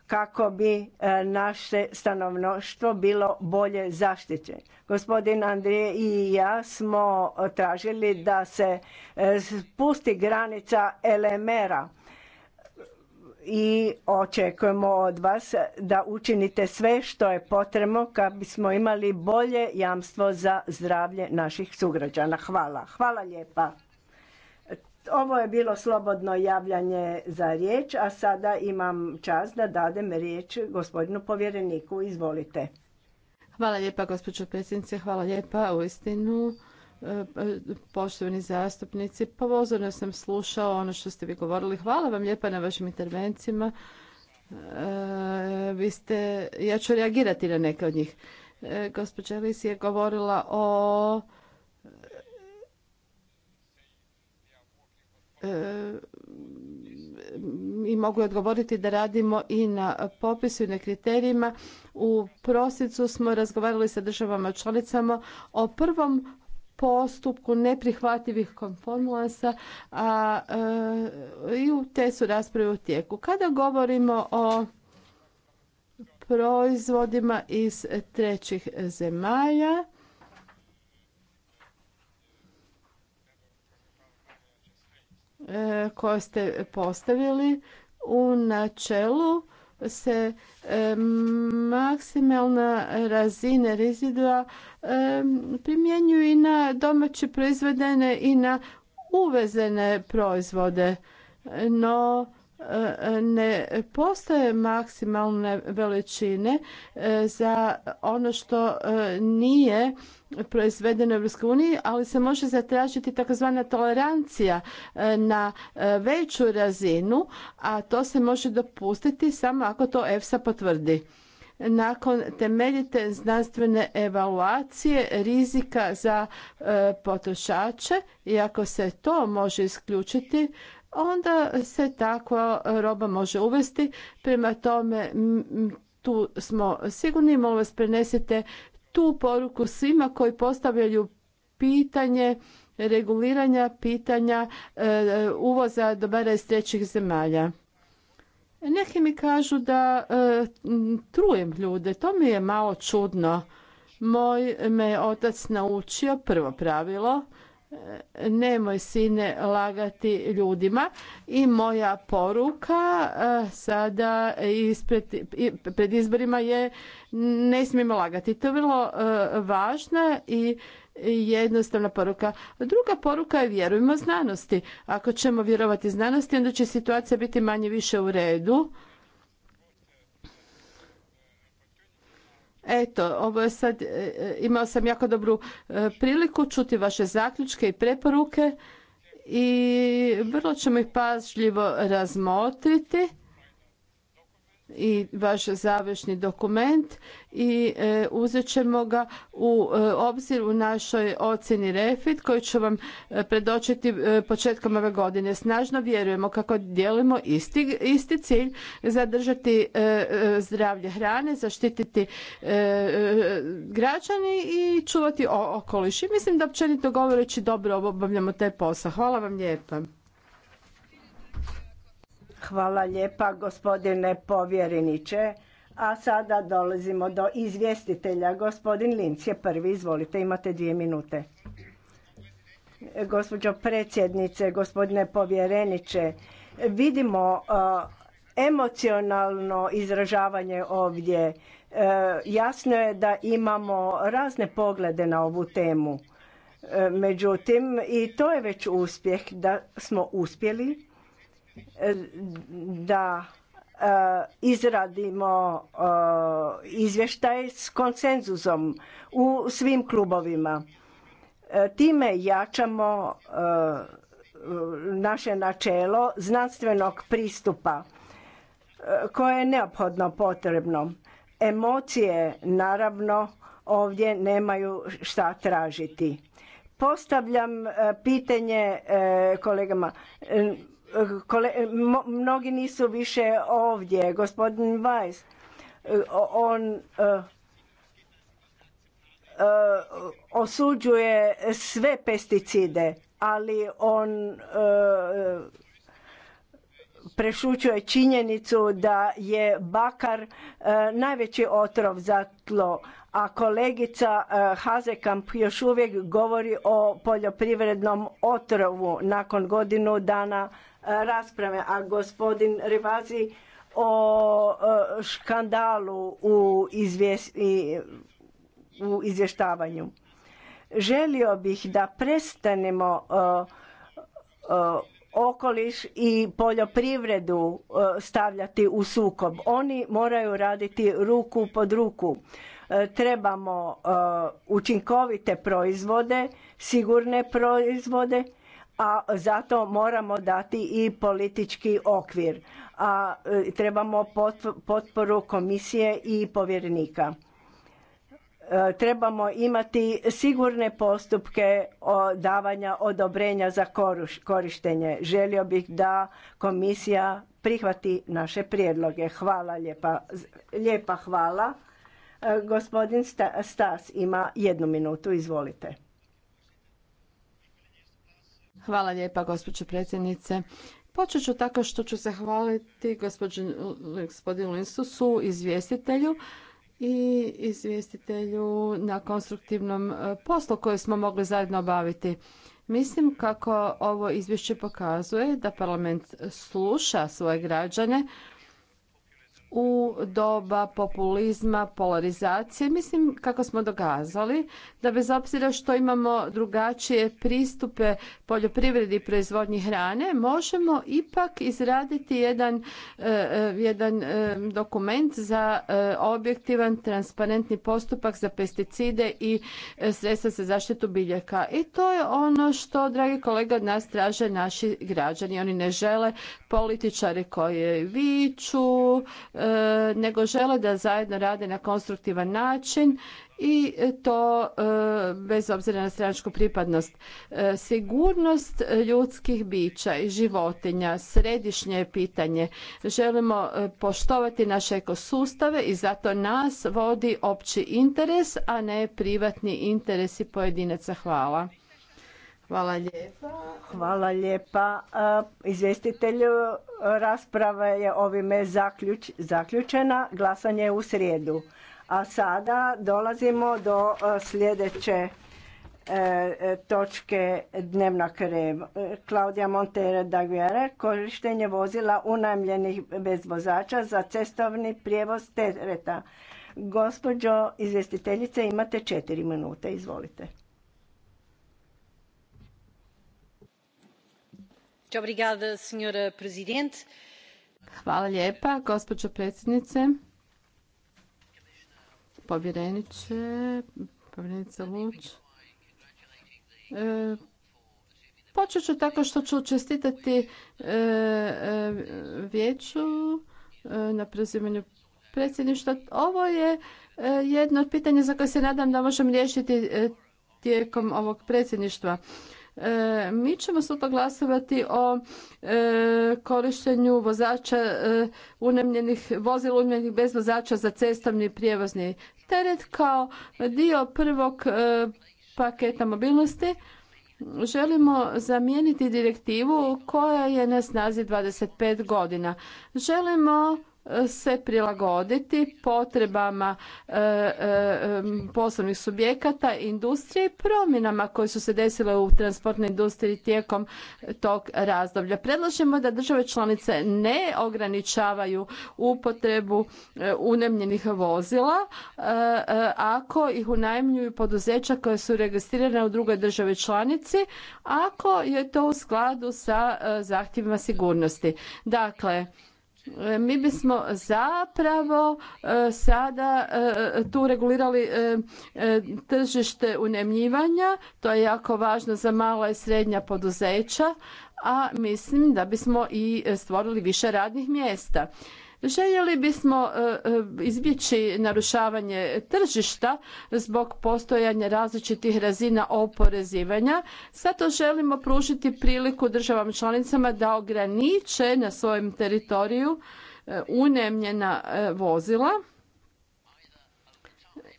kako bi naše stanovništvo bilo bolje zaštićeno. Gospodin Andrije i ja smo tražili da se spusti granica Elemera i očekujemo od vas da učinite sve što je potrebno kako bismo imali bolje jamstvo za zdravlje naših sugrađana. Hvala. Hvala lijepa. Ovo je bilo slobodno javljanje za riječ, a sada imam čas da dadem riječ gospodinu povjereniku. Izvolite. Hvala lijepa gospođo predsjednice, hvala lijepa uistinu poštovani zastupnici. Pozorno sam slušao ono što ste vi govorili. Hvala vam lijepa na vašim intervencijama. E, vi ste, ja ću reagirati na neke od njih. E, gospođa Lis je govorila o e, i mogu odgovoriti da radimo i na popisu i na kriterijima. U prosincu smo razgovarali sa državama članicama o prvom postupku neprihvatljivih konformulasa a, e, i u te su rasprave u tijeku. Kada govorimo o proizvodima iz trećih zemalja, e, koje ste postavili u načelu se e, maksimalna razina rezidua e, primjenjuju i na domaće proizvedene i na uvezene proizvode. No, ne postoje maksimalne veličine e, za ono što e, nije proizvedeno u EU, ali se može zatražiti takozvana tolerancija e, na veću razinu, a to se može dopustiti samo ako to EFSA potvrdi. Nakon temeljite znanstvene evaluacije rizika za potrošače i ako se to može isključiti, onda se takva roba može uvesti. Prema tome, tu smo sigurni, molim vas prenesite tu poruku svima koji postavljaju pitanje reguliranja pitanja e, uvoza dobara iz trećih zemalja. Neki mi kažu da e, trujem ljude, to mi je malo čudno. Moj me otac naučio prvo pravilo, E, nemoj sine lagati ljudima i moja poruka e, sada ispred, pred izborima je ne smijemo lagati. To je vrlo e, važna i jednostavna poruka. Druga poruka je vjerujmo znanosti. Ako ćemo vjerovati znanosti onda će situacija biti manje više u redu Eto, ovo je sad, e, e, imao sam jako dobru e, priliku čuti vaše zaključke i preporuke i vrlo ćemo ih pažljivo razmotriti i vaš završni dokument i e, uzet ćemo ga u e, obzir u našoj ocjeni refit koji ću vam e, predočiti početkom ove godine. Snažno vjerujemo kako dijelimo isti, isti cilj zadržati zdravlje hrane, zaštititi građani i čuvati okoliš. I mislim da općenito govoreći dobro obavljamo taj posao. Hvala vam lijepa. Hvala lijepa gospodine povjereniče. A sada dolazimo do izvjestitelja. Gospodin Linc je prvi, izvolite, imate dvije minute. Gospođo predsjednice, gospodine povjereniče, vidimo emocionalno izražavanje ovdje. E, jasno je da imamo razne poglede na ovu temu. E, međutim, i to je već uspjeh da smo uspjeli da e, izradimo e, izvještaj s konsenzusom u svim klubovima. E, time jačamo naše načelo znanstvenog pristupa koje je neophodno potrebno. Emocije naravno ovdje nemaju šta tražiti. Postavljam pitanje kolegama mnogi nisu više ovdje. Gospodin Weiss, on e, e, osuđuje sve pesticide, ali on e, prešućuje činjenicu da je bakar najveći otrov za tlo, a kolegica Hazekamp još uvijek govori o poljoprivrednom otrovu nakon godinu dana rasprave, a gospodin Rivazi o e, škandalu u, u izvještavanju. Želio bih da prestanemo e, e, okoliš i poljoprivredu stavljati u sukob. Oni moraju raditi ruku pod ruku. Trebamo učinkovite proizvode, sigurne proizvode a zato moramo dati i politički okvir. A e, trebamo potporu komisije i povjerenika. E, trebamo imati sigurne postupke davanja odobrenja za korištenje. Želio bih da komisija prihvati naše prijedloge. Hvala lijepa. Lijepa hvala. E, gospodin Stas ima jednu minutu. Izvolite. Hvala lijepa gospođo predsjednice. Počet ću tako što ću se zahvaliti gospodinu Linsusu, izvjestitelju i izvjestitelju na konstruktivnom e, poslu koji smo mogli zajedno obaviti. Mislim kako ovo izvješće pokazuje da parlament sluša svoje građane, u doba populizma, polarizacije. Mislim, kako smo dokazali, da bez obzira što imamo drugačije pristupe poljoprivredi i proizvodnji hrane, možemo ipak izraditi jedan, e, e, jedan e, dokument za objektivan, transparentni postupak za pesticide i sredstva za zaštitu biljaka. I to je ono što, dragi kolega, od nas traže naši građani. Oni ne žele političari koje viču, E, nego žele da zajedno rade na konstruktivan način i to e, bez obzira na stranačku pripadnost. E, sigurnost ljudskih bića i životinja središnje je pitanje. Želimo poštovati naše ekosustave i zato nas vodi opći interes, a ne privatni interesi pojedinaca. Hvala. Hvala lijepa. Hvala lijepa. Izvjestitelju rasprava je ovime zaključena. Glasanje je u srijedu. A sada dolazimo do sljedeće e, e, točke dnevna reda. Klaudija e, Montere Daguerre, korištenje vozila unajemljenih bez vozača za cestovni prijevoz tereta. Gospođo izvestiteljice, imate četiri minute, izvolite. Hvala lijepa, gospođo predsjednice. Povjereniče, povjerenica Luč. E, počet ću tako što ću čestitati e, e vijeću e, na preuzimanju predsjedništva. Ovo je jedno od pitanja za koje se nadam da možemo riješiti tijekom ovog predsjedništva. E, mi ćemo sutra glasovati o e, korištenju vozača e, unemljenih, vozila unemljenih bez vozača za cestovni prijevozni teret kao dio prvog paketa mobilnosti želimo zamijeniti direktivu koja je na snazi 25 godina. Želimo se prilagoditi potrebama e, e, poslovnih subjekata industrije i promjenama koje su se desile u transportnoj industriji tijekom tog razdoblja. Predlažemo da države članice ne ograničavaju upotrebu e, unemljenih vozila ako ih unajmljuju poduzeća koja su registrirana u drugoj državi članici ako je to u skladu sa zahtjevima sigurnosti. Dakle, E, mi bismo zapravo e, sada e, tu regulirali tržište unemljivanja, to je jako važno za mala i srednja poduzeća, a mislim da bismo i stvorili više radnih mjesta. Željeli bismo e, e, izbjeći narušavanje tržišta zbog postojanja različitih razina oporezivanja. Zato želimo pružiti priliku državama članicama da ograniče na svojem teritoriju e, unemljena vozila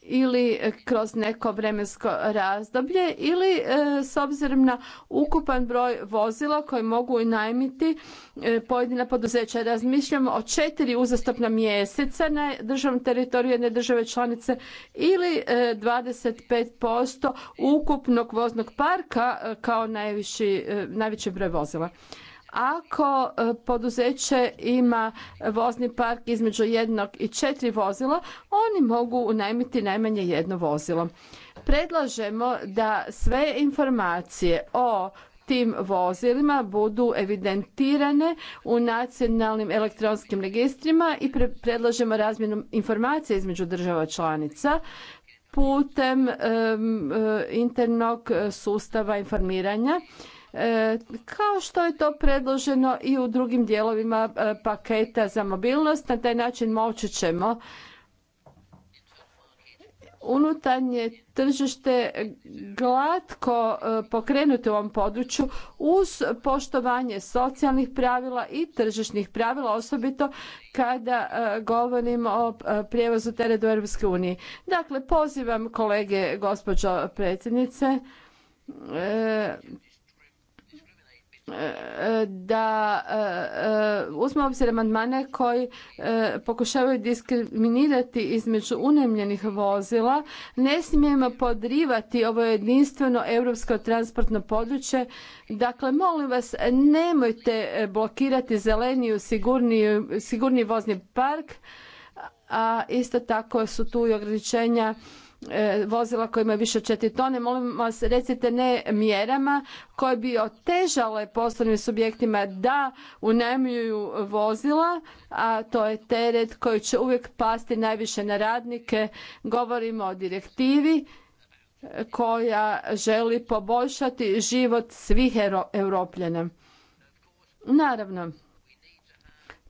ili e, kroz neko vremensko razdoblje ili e, s obzirom na ukupan broj vozila koje mogu najmiti e, pojedina poduzeća. Razmišljamo o četiri uzastopna mjeseca na državnom teritoriju jedne države članice ili 25% ukupnog voznog parka kao najveći broj vozila. Ako e, poduzeće ima vozni park između jednog i četiri vozila, oni mogu unajmiti najmanje jedno vozilo. Predlažemo da sve informacije o tim vozilima budu evidentirane u nacionalnim elektronskim registrima i predlažemo razmjenu informacija između država članica putem e, internog sustava informiranja E, kao što je to predloženo i u drugim dijelovima e, paketa za mobilnost. Na taj način moći ćemo unutarnje tržište glatko e, pokrenuti u ovom području uz poštovanje socijalnih pravila i tržišnih pravila, osobito kada govorimo o prijevozu tereta u EU. Dakle, pozivam kolege, gospođo predsjednice, da e, e, uzme obzir amandmane koji e, pokušavaju diskriminirati između unemljenih vozila. Ne smijemo podrivati ovo jedinstveno europsko transportno područje. Dakle, molim vas, nemojte blokirati zeleniju, sigurni sigurniji vozni park, a isto tako su tu i ograničenja E, vozila koja imaju više od 4 tone. Molim vas recite ne mjerama koje bi otežale poslovnim subjektima da unajmljuju vozila, a to je teret koji će uvijek pasti najviše na radnike. Govorimo o direktivi koja želi poboljšati život svih europljana. Naravno,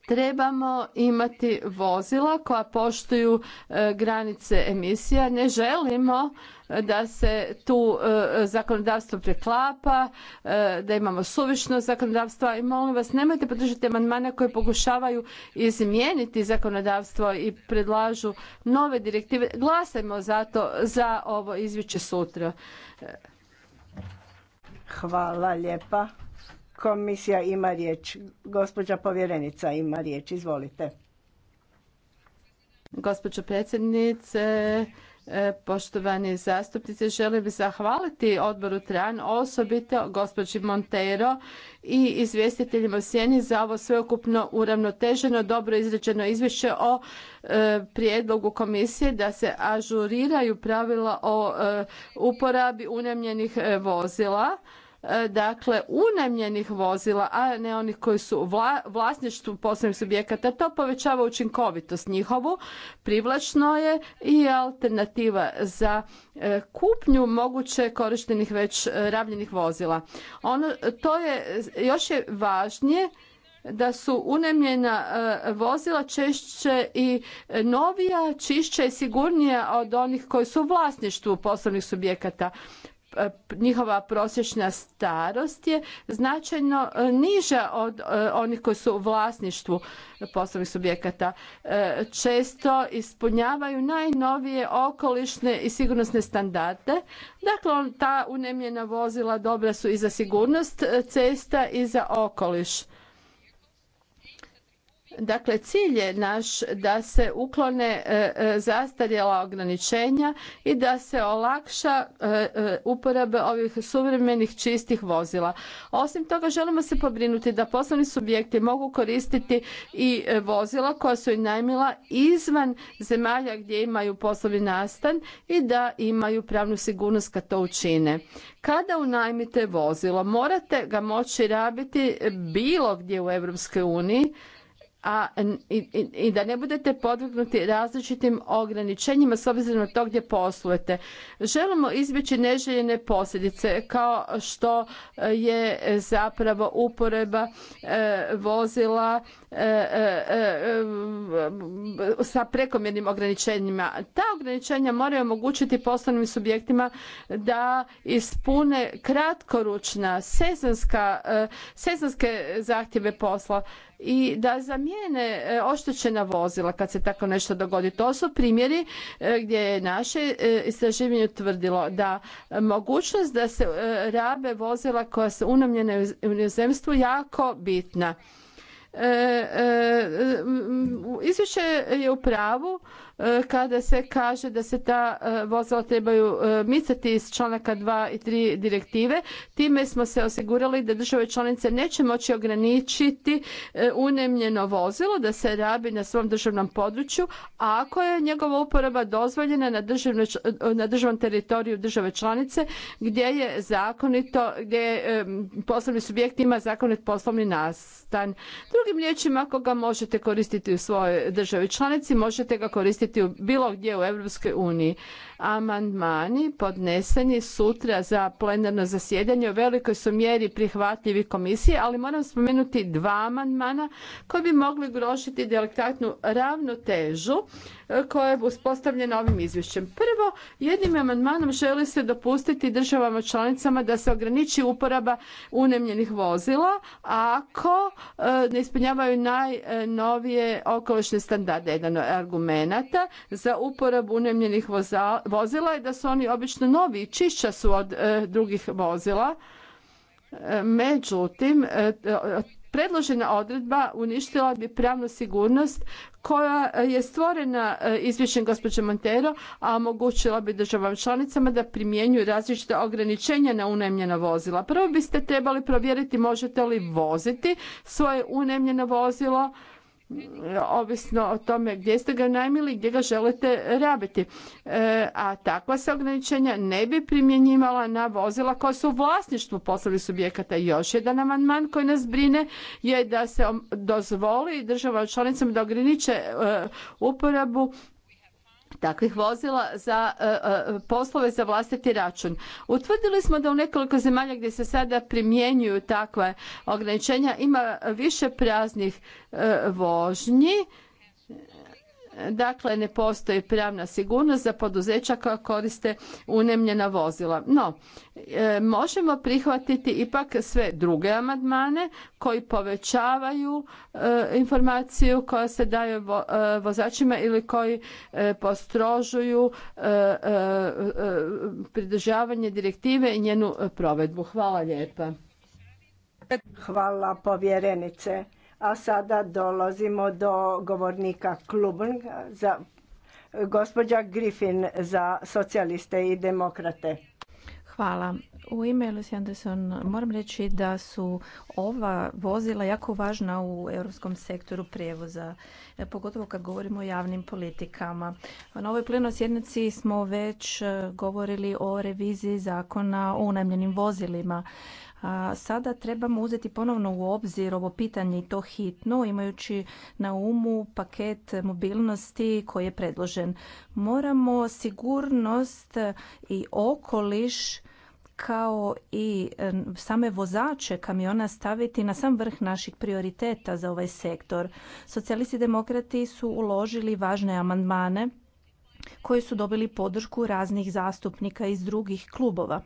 trebamo imati vozila koja poštuju e, granice emisija. Ne želimo e, da se tu e, zakonodavstvo preklapa, da imamo suvišno zakonodavstvo. i molim vas nemojte podržati amandmane koji pokušavaju izmijeniti zakonodavstvo i predlažu nove direktive. Glasajmo zato za ovo izvješće sutra. Hvala lijepa. Komisija ima riječ. Gospođa povjerenica ima riječ. Izvolite. Gospođo predsjednice, e, poštovani zastupnici, želim bi zahvaliti odboru TRAN, osobito gospođi Montero i izvjestiteljima Sjeni za ovo sveukupno uravnoteženo, dobro izrečeno izvješće o e, prijedlogu komisije da se ažuriraju pravila o e, uporabi unajmljenih vozila E, dakle unajmljenih vozila, a ne onih koji su u vlasništvu poslovnih subjekata, to povećava učinkovitost njihovu, privlačno je i alternativa za e, kupnju moguće korištenih već e, rabljenih vozila. Ono, to je, još je važnije da su unemljena vozila češće i novija, čišća i sigurnija od onih koji su u vlasništvu poslovnih subjekata njihova prosječna starost je značajno e, niža od e, onih koji su u vlasništvu poslovnih subjekata. E, često ispunjavaju najnovije okolišne i sigurnosne standarde. Dakle, ta unemljena vozila dobra su i za sigurnost cesta i za okoliš Dakle, cilj je naš da se uklone e, e, zastarjela ograničenja i da se olakša e, uporaba ovih suvremenih čistih vozila. Osim toga, želimo se pobrinuti da poslovni subjekti mogu koristiti i vozila koja su i najmila izvan zemalja gdje imaju poslovni nastan i da imaju pravnu sigurnost kad to učine. Kada unajmite vozilo, morate ga moći rabiti bilo gdje u Europskoj uniji, a i, i da ne budete podvrgnuti različitim ograničenjima s obzirom na to gdje poslujete. Želimo izbjeći neželjene posljedice kao što e, je zapravo uporeba e, vozila e, sa prekomjernim ograničenjima. Ta ograničenja moraju omogućiti poslovnim subjektima da ispune kratkoručna sezonska, sezonske zahtjeve posla i da zamijene e, oštećena vozila kad se tako nešto dogodi. To su primjeri e, gdje je naše e, istraživanje utvrdilo da mogućnost da se rabe vozila koja su unamljena u inozemstvu jako bitna. Izvješće je u pravu E, kada se kaže da se ta e, vozila trebaju e, micati iz članaka 2 i 3 direktive. Time smo se osigurali da države članice neće moći ograničiti unemljeno vozilo da se rabi na svom državnom području, ako je njegova uporaba dozvoljena na, državnom teritoriju države članice gdje je zakonito, gdje poslovni subjekt ima zakonit poslovni nastan. Drugim riječima, ako ga možete koristiti u svojoj državi članici, možete ga koristiti koristiti bilo gdje u Europskoj uniji. Amandmani podneseni sutra za plenarno zasjedanje u velikoj su mjeri prihvatljivi komisije, ali moram spomenuti dva amandmana koji bi mogli grošiti delikatnu ravnotežu e, koja je uspostavljena ovim izvješćem. Prvo, jednim amandmanom želi se dopustiti državama članicama da se ograniči uporaba unemljenih vozila ako e, ne ispunjavaju najnovije okolišne standarde. Jedan od argumenata za uporabu unemljenih vozila vozila i da su oni obično novi i čišća su od e, drugih vozila. E, međutim, e, predložena odredba uništila bi pravnu sigurnost koja je stvorena izvješćem gospođe Montero, a omogućila bi državama članicama da primjenjuju različite ograničenja na unajmljena vozila. Prvo biste trebali provjeriti možete li voziti svoje unajmljeno vozilo, ovisno o tome gdje ste ga najmili, gdje ga želite rabiti. E, a takva se ograničenja ne bi primjenjivala na vozila koja su u vlasništvu poslovnih subjekata. Još jedan amandman koji nas brine je da se dozvoli država članicama da ograniče e, uporabu takvih vozila za e, e, poslove za vlastiti račun. Utvrdili smo da u nekoliko zemalja gdje se sada primjenjuju takva ograničenja ima više praznih e, vožnji Dakle, ne postoji pravna sigurnost za poduzeća koja koriste unemljena vozila. No, e, možemo prihvatiti ipak sve druge amandmane koji povećavaju e, informaciju koja se daje e, vozačima ili koji postrožuju pridržavanje direktive i njenu provedbu. Hvala lijepa. Hvala povjerenice. A sada dolazimo do govornika Klubn, za gospođa Griffin za socijaliste i demokrate. Hvala. U ime Lucy Anderson moram reći da su ova vozila jako važna u europskom sektoru prijevoza, pogotovo kad govorimo o javnim politikama. Na ovoj plenoj sjednici smo već e, govorili o reviziji zakona o unajmljenim vozilima a sada trebamo uzeti ponovno u obzir ovo pitanje i to hitno imajući na umu paket mobilnosti koji je predložen. Moramo sigurnost i okoliš kao i same vozače kamiona staviti na sam vrh naših prioriteta za ovaj sektor. Socijalisti demokrati su uložili važne amandmane koji su dobili podršku raznih zastupnika iz drugih klubova.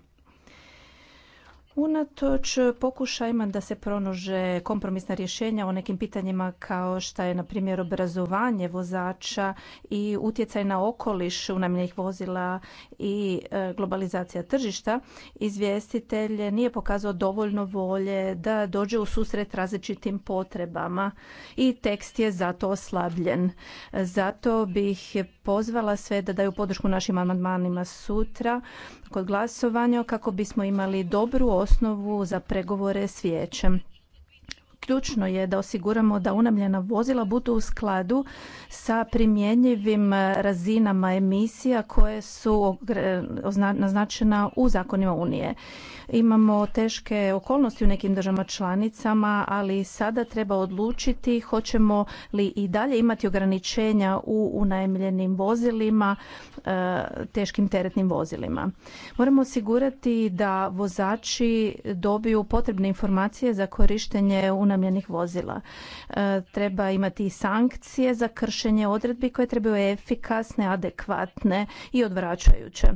Unatoč pokušajima da se pronože kompromisna rješenja o nekim pitanjima kao što je na primjer obrazovanje vozača i utjecaj na okoliš unajmljenih vozila i e, globalizacija tržišta, izvjestitelj nije pokazao dovoljno volje da dođe u susret različitim potrebama i tekst je zato oslabljen. Zato bih pozvala sve da daju podršku našim amandmanima sutra kod glasovanja kako bismo imali dobru osnovu za pregovore s vijećem. Ključno je da osiguramo da unamljena vozila budu u skladu sa primjenjivim razinama emisija koje su naznačena u zakonima Unije. Imamo teške okolnosti u nekim državama članicama, ali sada treba odlučiti hoćemo li i dalje imati ograničenja u unajemljenim vozilima, e, teškim teretnim vozilima. Moramo osigurati da vozači dobiju potrebne informacije za korištenje unajemljenih vozila. E, treba imati i sankcije za kršenje odredbi koje trebaju efikasne, adekvatne i odvraćajuće.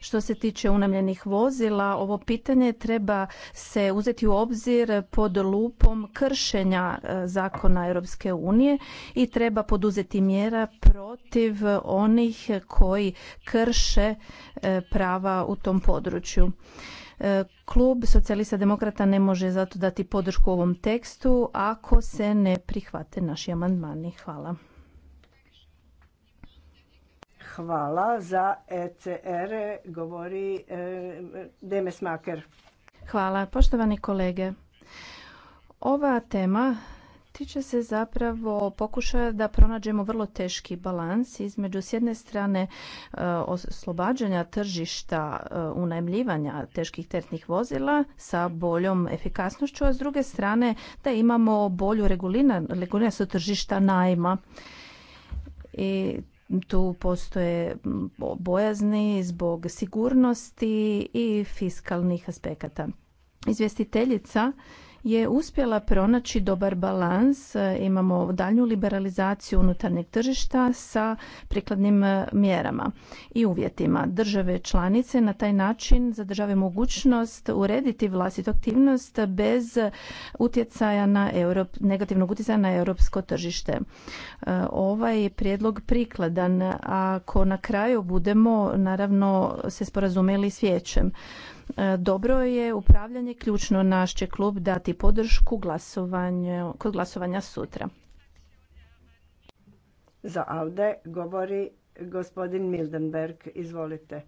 Što se tiče unamljenih vozila, ovo pitanje treba se uzeti u obzir pod lupom kršenja e, zakona Europske unije i treba poduzeti mjera protiv onih koji krše e, prava u tom području. E, klub socijalista demokrata ne može zato dati podršku ovom tekstu ako se ne prihvate naši amandmani. Hvala. Hvala za ECR, govori e, Demes Maker. Hvala, poštovani kolege. Ova tema tiče se zapravo pokušaja da pronađemo vrlo teški balans između s jedne strane e, oslobađanja tržišta e, unajmljivanja teških teretnih vozila sa boljom efikasnošću, a s druge strane da imamo bolju regulina su tržišta najma. I tu postoje bojazni zbog sigurnosti i fiskalnih aspekata. Izvjestiteljica je uspjela pronaći dobar balans. Imamo daljnju liberalizaciju unutarnjeg tržišta sa prikladnim e, mjerama i uvjetima. Države članice na taj način zadržavaju mogućnost urediti vlastitu aktivnost bez utjecaja na Europ, negativnog utjecaja na europsko tržište. E, ovaj prijedlog prikladan ako na kraju budemo naravno se sporazumeli s vijećem. E, dobro je upravljanje ključno. Naš će klub dati podršku kod glasovanja sutra. Za AVDE govori gospodin Mildenberg. Izvolite.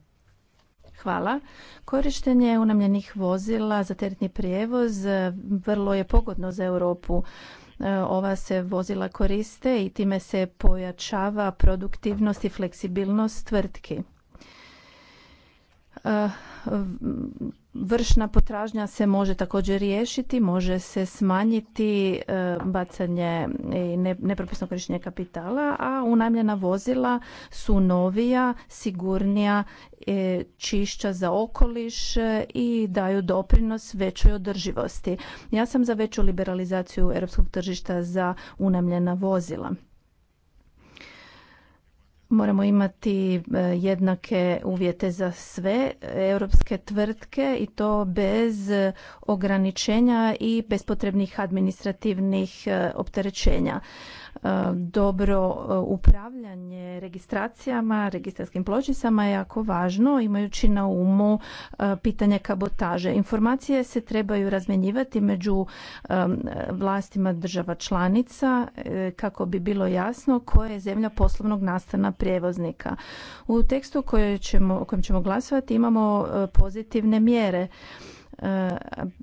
Hvala. Korištenje unamljenih vozila za teretni prijevoz e, vrlo je pogodno za Europu. E, ova se vozila koriste i time se pojačava produktivnost i fleksibilnost tvrtki. Eh, vršna potražnja se može također riješiti, može se smanjiti eh, bacanje i nepropisno korištenje kapitala, a unajmljena vozila su novija, sigurnija, eh, čišća za okoliš i daju doprinos većoj održivosti. Ja sam za veću liberalizaciju europskog tržišta za unajmljena vozila moramo imati e, jednake uvjete za sve europske tvrtke i to bez ograničenja i bespotrebnih administrativnih e, opterećenja. E, dobro e, upravljanje registracijama, registarskim pločicama je jako važno imajući na umu e, pitanje kabotaže. Informacije se trebaju razmjenjivati među vlastima država članica kako bi bilo jasno koja je zemlja poslovnog nastana prijevoznika. U tekstu o kojem ćemo glasovati imamo pozitivne mjere.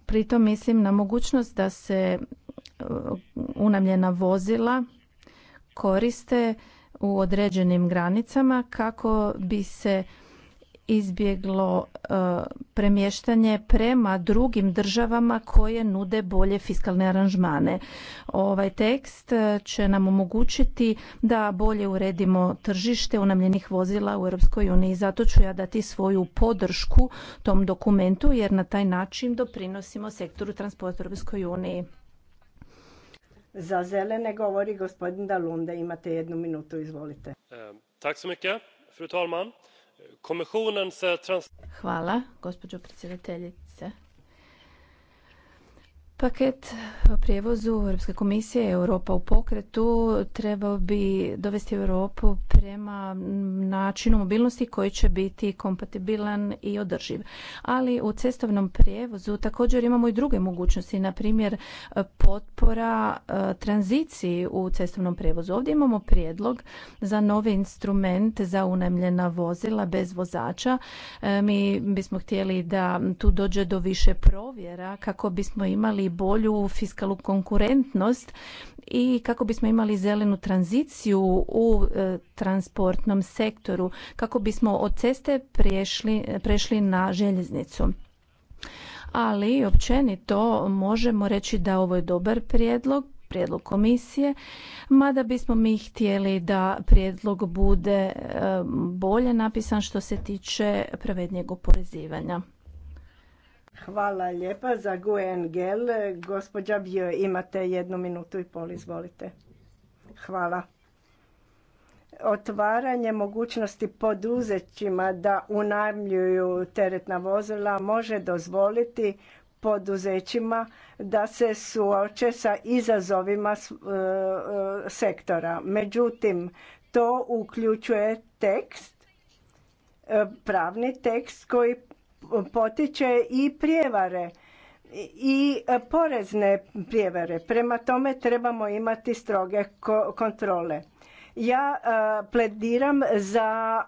Pritom mislim na mogućnost da se unamljena vozila koriste u određenim granicama kako bi se izbjeglo e, premještanje prema drugim državama koje nude bolje fiskalne aranžmane. Ovaj tekst e, će nam omogućiti da bolje uredimo tržište unamljenih vozila u Europskoj uniji. Zato ću ja dati svoju podršku tom dokumentu jer na taj način doprinosimo sektoru transporta u Europskoj uniji. Za zelene govori gospodin Dalunde. Imate jednu minutu, izvolite. Ehm, Hvala, gospođo predsjedateljice. Paket o prijevozu Europske komisije Europa u pokretu trebao bi dovesti Europu prema načinu mobilnosti koji će biti kompatibilan i održiv. Ali u cestovnom prijevozu također imamo i druge mogućnosti, na primjer potpora e, tranziciji u cestovnom prijevozu. Ovdje imamo prijedlog za novi instrument za unajmljena vozila bez vozača. E, mi bismo htjeli da tu dođe do više provjera kako bismo imali imali bolju fiskalnu konkurentnost i kako bismo imali zelenu tranziciju u e, transportnom sektoru, kako bismo od ceste prešli, na željeznicu ali općenito možemo reći da ovo je dobar prijedlog, prijedlog komisije, mada bismo mi htjeli da prijedlog bude e, bolje napisan što se tiče pravednijeg oporezivanja. Hvala lijepa za Gel. Gospođa imate jednu minutu i pol, izvolite. Hvala. Otvaranje mogućnosti poduzećima da unajmljuju teretna vozila može dozvoliti poduzećima da se suoče sa izazovima e, e, sektora. Međutim, to uključuje tekst, e, pravni tekst koji potiče i prijevare i porezne prijevare. Prema tome trebamo imati stroge kontrole. Ja plediram za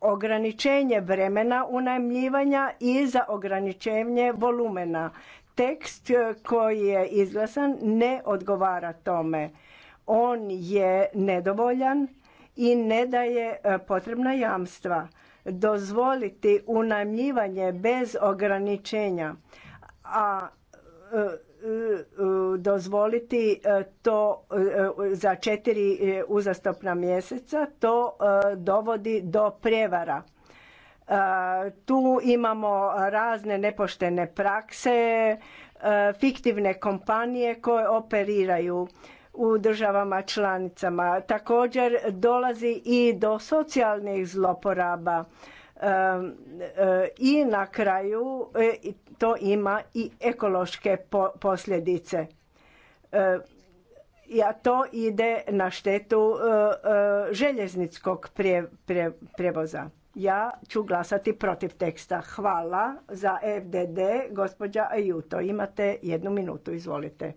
ograničenje vremena unajmljivanja i za ograničenje volumena. Tekst koji je izglasan ne odgovara tome. On je nedovoljan i ne daje potrebna jamstva dozvoliti unajmljivanje bez ograničenja, a e, e, e, dozvoliti to za četiri uzastopna mjeseca, to dovodi do prijevara. Tu imamo razne nepoštene prakse, fiktivne kompanije koje operiraju u državama članicama. Također dolazi i do socijalnih zloporaba e, i na kraju e, to ima i ekološke posljedice. E, ja to ide na štetu željezničkog prevoza. Ja ću glasati protiv teksta. Hvala za FDD, gospođa Ajuto. Imate jednu minutu, izvolite.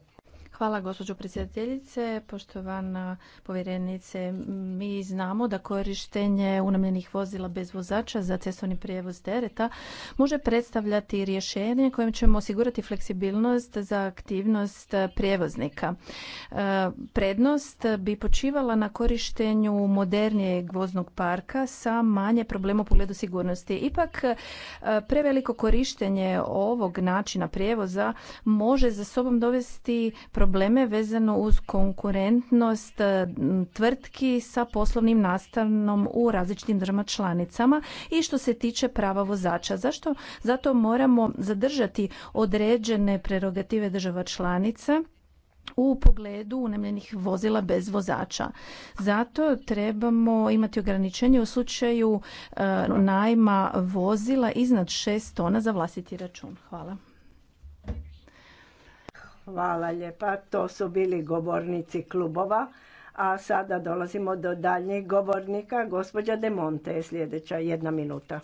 Hvala gospođo predsjedateljice, poštovana povjerenice. Mi znamo da korištenje unamljenih vozila bez vozača za cestovni prijevoz tereta može predstavljati rješenje kojim ćemo osigurati fleksibilnost za aktivnost prijevoznika. E, prednost bi počivala na korištenju modernijeg voznog parka sa manje problema u pogledu sigurnosti. Ipak e, preveliko korištenje ovog načina prijevoza može za sobom dovesti problem probleme vezano uz konkurentnost e, tvrtki sa poslovnim nastanom u različitim državama članicama i što se tiče prava vozača. Zašto? Zato moramo zadržati određene prerogative država članica u pogledu unemljenih vozila bez vozača. Zato trebamo imati ograničenje u slučaju e, najma vozila iznad šest tona za vlastiti račun. Hvala. Hvala lijepa. To su bili govornici klubova. A sada dolazimo do daljnjih govornika. Gospođa Demonte je sljedeća, jedna minuta.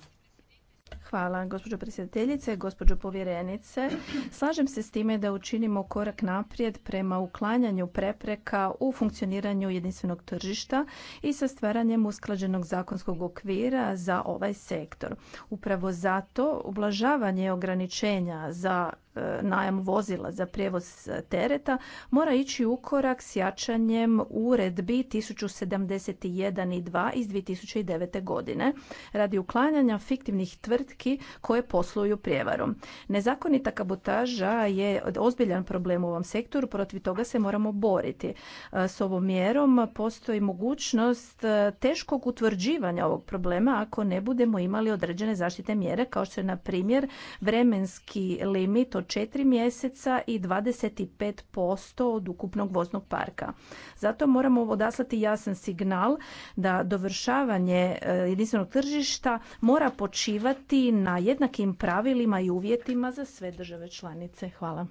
Hvala, gospođo predsjedateljice, gospođo povjerenice. Slažem se s time da učinimo korak naprijed prema uklanjanju prepreka u funkcioniranju jedinstvenog tržišta i sa stvaranjem usklađenog zakonskog okvira za ovaj sektor. Upravo zato ublažavanje ograničenja za e, najam vozila za prijevoz tereta mora ići u korak s jačanjem uredbi 1071 i 2 iz 2009. godine radi uklanjanja fiktivnih tvrtki tvrtki koje posluju prijevarom. Nezakonita kabotaža je ozbiljan problem u ovom sektoru, protiv toga se moramo boriti. E, s ovom mjerom postoji mogućnost e, teškog utvrđivanja ovog problema ako ne budemo imali određene zaštite mjere kao što je na primjer vremenski limit od 4 mjeseca i 25% od ukupnog voznog parka. Zato moramo odaslati jasan signal da dovršavanje e, jedinstvenog tržišta mora počivati na jednakim pravilima i uvjetima za sve države članice. Hvala.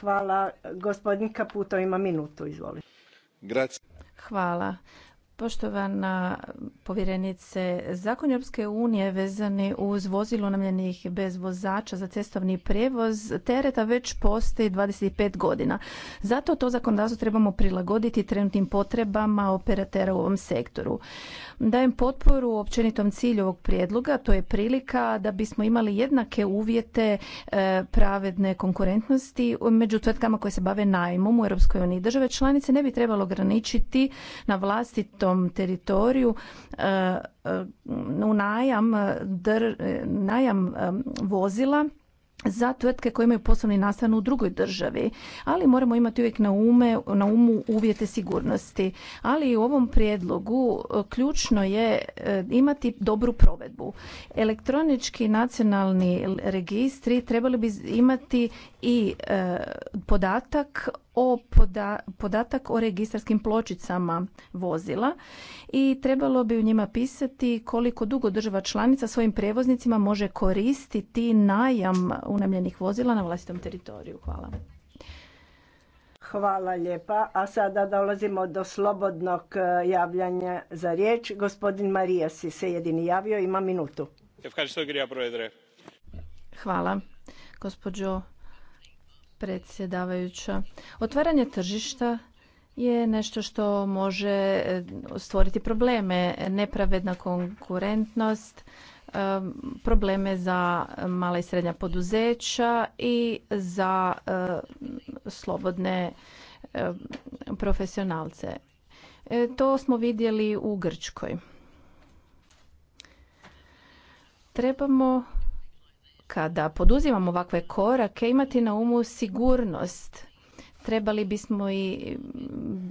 Hvala. Gospodin Kaputo ima minutu, izvoli. Hvala. Poštovana povjerenice, zakon Europske unije vezani uz vozilo namljenih bez vozača za cestovni prevoz tereta već postoji 25 godina. Zato to zakonodavstvo trebamo prilagoditi trenutnim potrebama operatera u ovom sektoru. Dajem potporu općenitom cilju ovog prijedloga, to je prilika da bismo imali jednake uvjete e, pravedne konkurentnosti među tvrtkama koje se bave najmom u Europskoj uniji. Države članice ne bi trebalo ograničiti na vlastitom teritoriju e, e, u najam, najam vozila za tvrtke koje imaju poslovni nastan u drugoj državi, ali moramo imati uvijek na, ume, na umu uvjete sigurnosti. Ali u ovom prijedlogu e, ključno je e, imati dobru provedbu. Elektronički nacionalni registri trebali bi imati i e, podatak o podatak o registarskim pločicama vozila i trebalo bi u njima pisati koliko dugo država članica svojim prevoznicima može koristiti najam unamljenih vozila na vlastitom teritoriju. Hvala. Hvala lijepa. A sada dolazimo do slobodnog e, javljanja za riječ. Gospodin Marija si se jedini javio, ima minutu. Hvala, gospođo predsjedavajuća. Otvaranje tržišta je nešto što može e, stvoriti probleme, nepravedna konkurentnost, e, probleme za mala i srednja poduzeća i za e, slobodne profesionalce. To smo vidjeli u Grčkoj. Trebamo kada poduzimamo ovakve korake imati na umu sigurnost. Trebali bismo i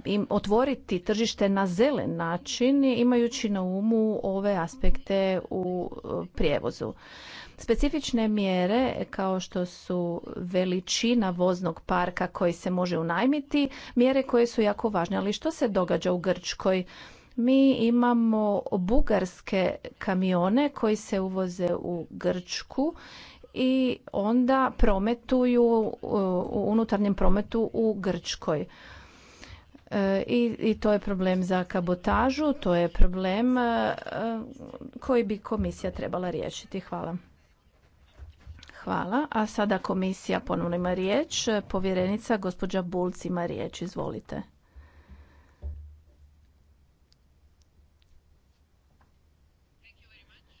im otvoriti tržište na zelen način imajući na umu ove aspekte u e, prijevozu. Specifične mjere kao što su veličina voznog parka koji se može unajmiti, mjere koje su jako važne. Ali što se događa u Grčkoj? Mi imamo bugarske kamione koji se uvoze u Grčku i onda prometuju u unutarnjem prometu u Grčkoj. E, I, I to je problem za kabotažu, to je problem e, koji bi komisija trebala riješiti. Hvala. Hvala. A sada komisija ponovno ima riječ. Povjerenica gospođa Bulc ima riječ. Izvolite.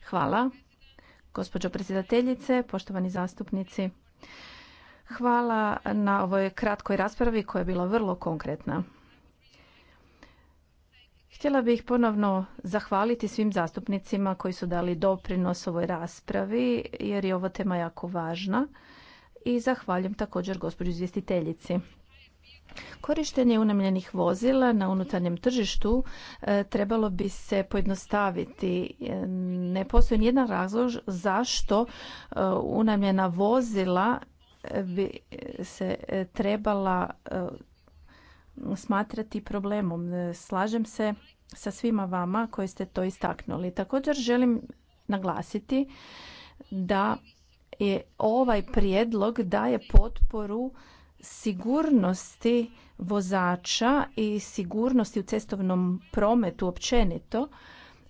Hvala. Gospođo predsjedateljice, poštovani zastupnici. Hvala na ovoj kratkoj raspravi koja je bila vrlo konkretna. Htjela bih ponovno zahvaliti svim zastupnicima koji su dali doprinos ovoj raspravi jer je ova tema jako važna i zahvaljujem također gospođi izvjestiteljici. Korištenje unamljenih vozila na unutarnjem tržištu e, trebalo bi se pojednostaviti. E, ne postoji nijedan razlog zašto e, unamljena vozila bi se trebala smatrati problemom. Slažem se sa svima vama koji ste to istaknuli. Također želim naglasiti da je ovaj prijedlog daje potporu sigurnosti vozača i sigurnosti u cestovnom prometu općenito,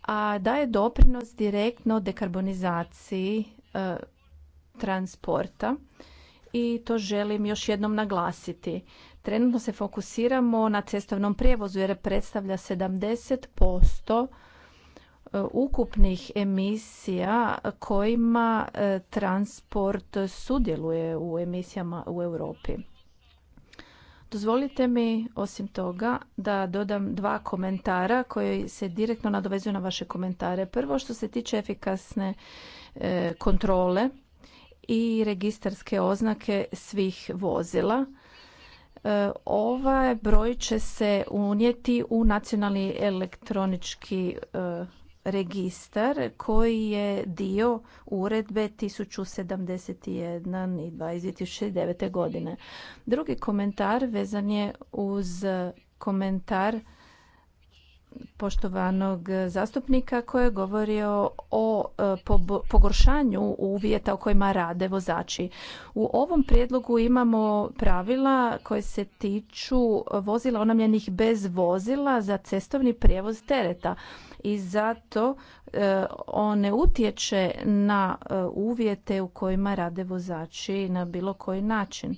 a daje doprinos direktno dekarbonizaciji e, transporta i to želim još jednom naglasiti. Trenutno se fokusiramo na cestovnom prijevozu jer predstavlja 70% e, ukupnih emisija kojima e, transport sudjeluje u emisijama u Europi. Dozvolite mi osim toga da dodam dva komentara koji se direktno nadovezuju na vaše komentare. Prvo što se tiče efikasne e, kontrole i registarske oznake svih vozila. E, ovaj broj će se unijeti u nacionalni elektronički e, registar koji je dio uredbe 1071 i 2009. godine. Drugi komentar vezan je uz komentar poštovanog zastupnika koji je govorio o e, pogoršanju uvjeta u kojima rade vozači. U ovom prijedlogu imamo pravila koje se tiču vozila onamljenih bez vozila za cestovni prijevoz tereta i zato e, on ne utječe na e, uvjete u kojima rade vozači na bilo koji način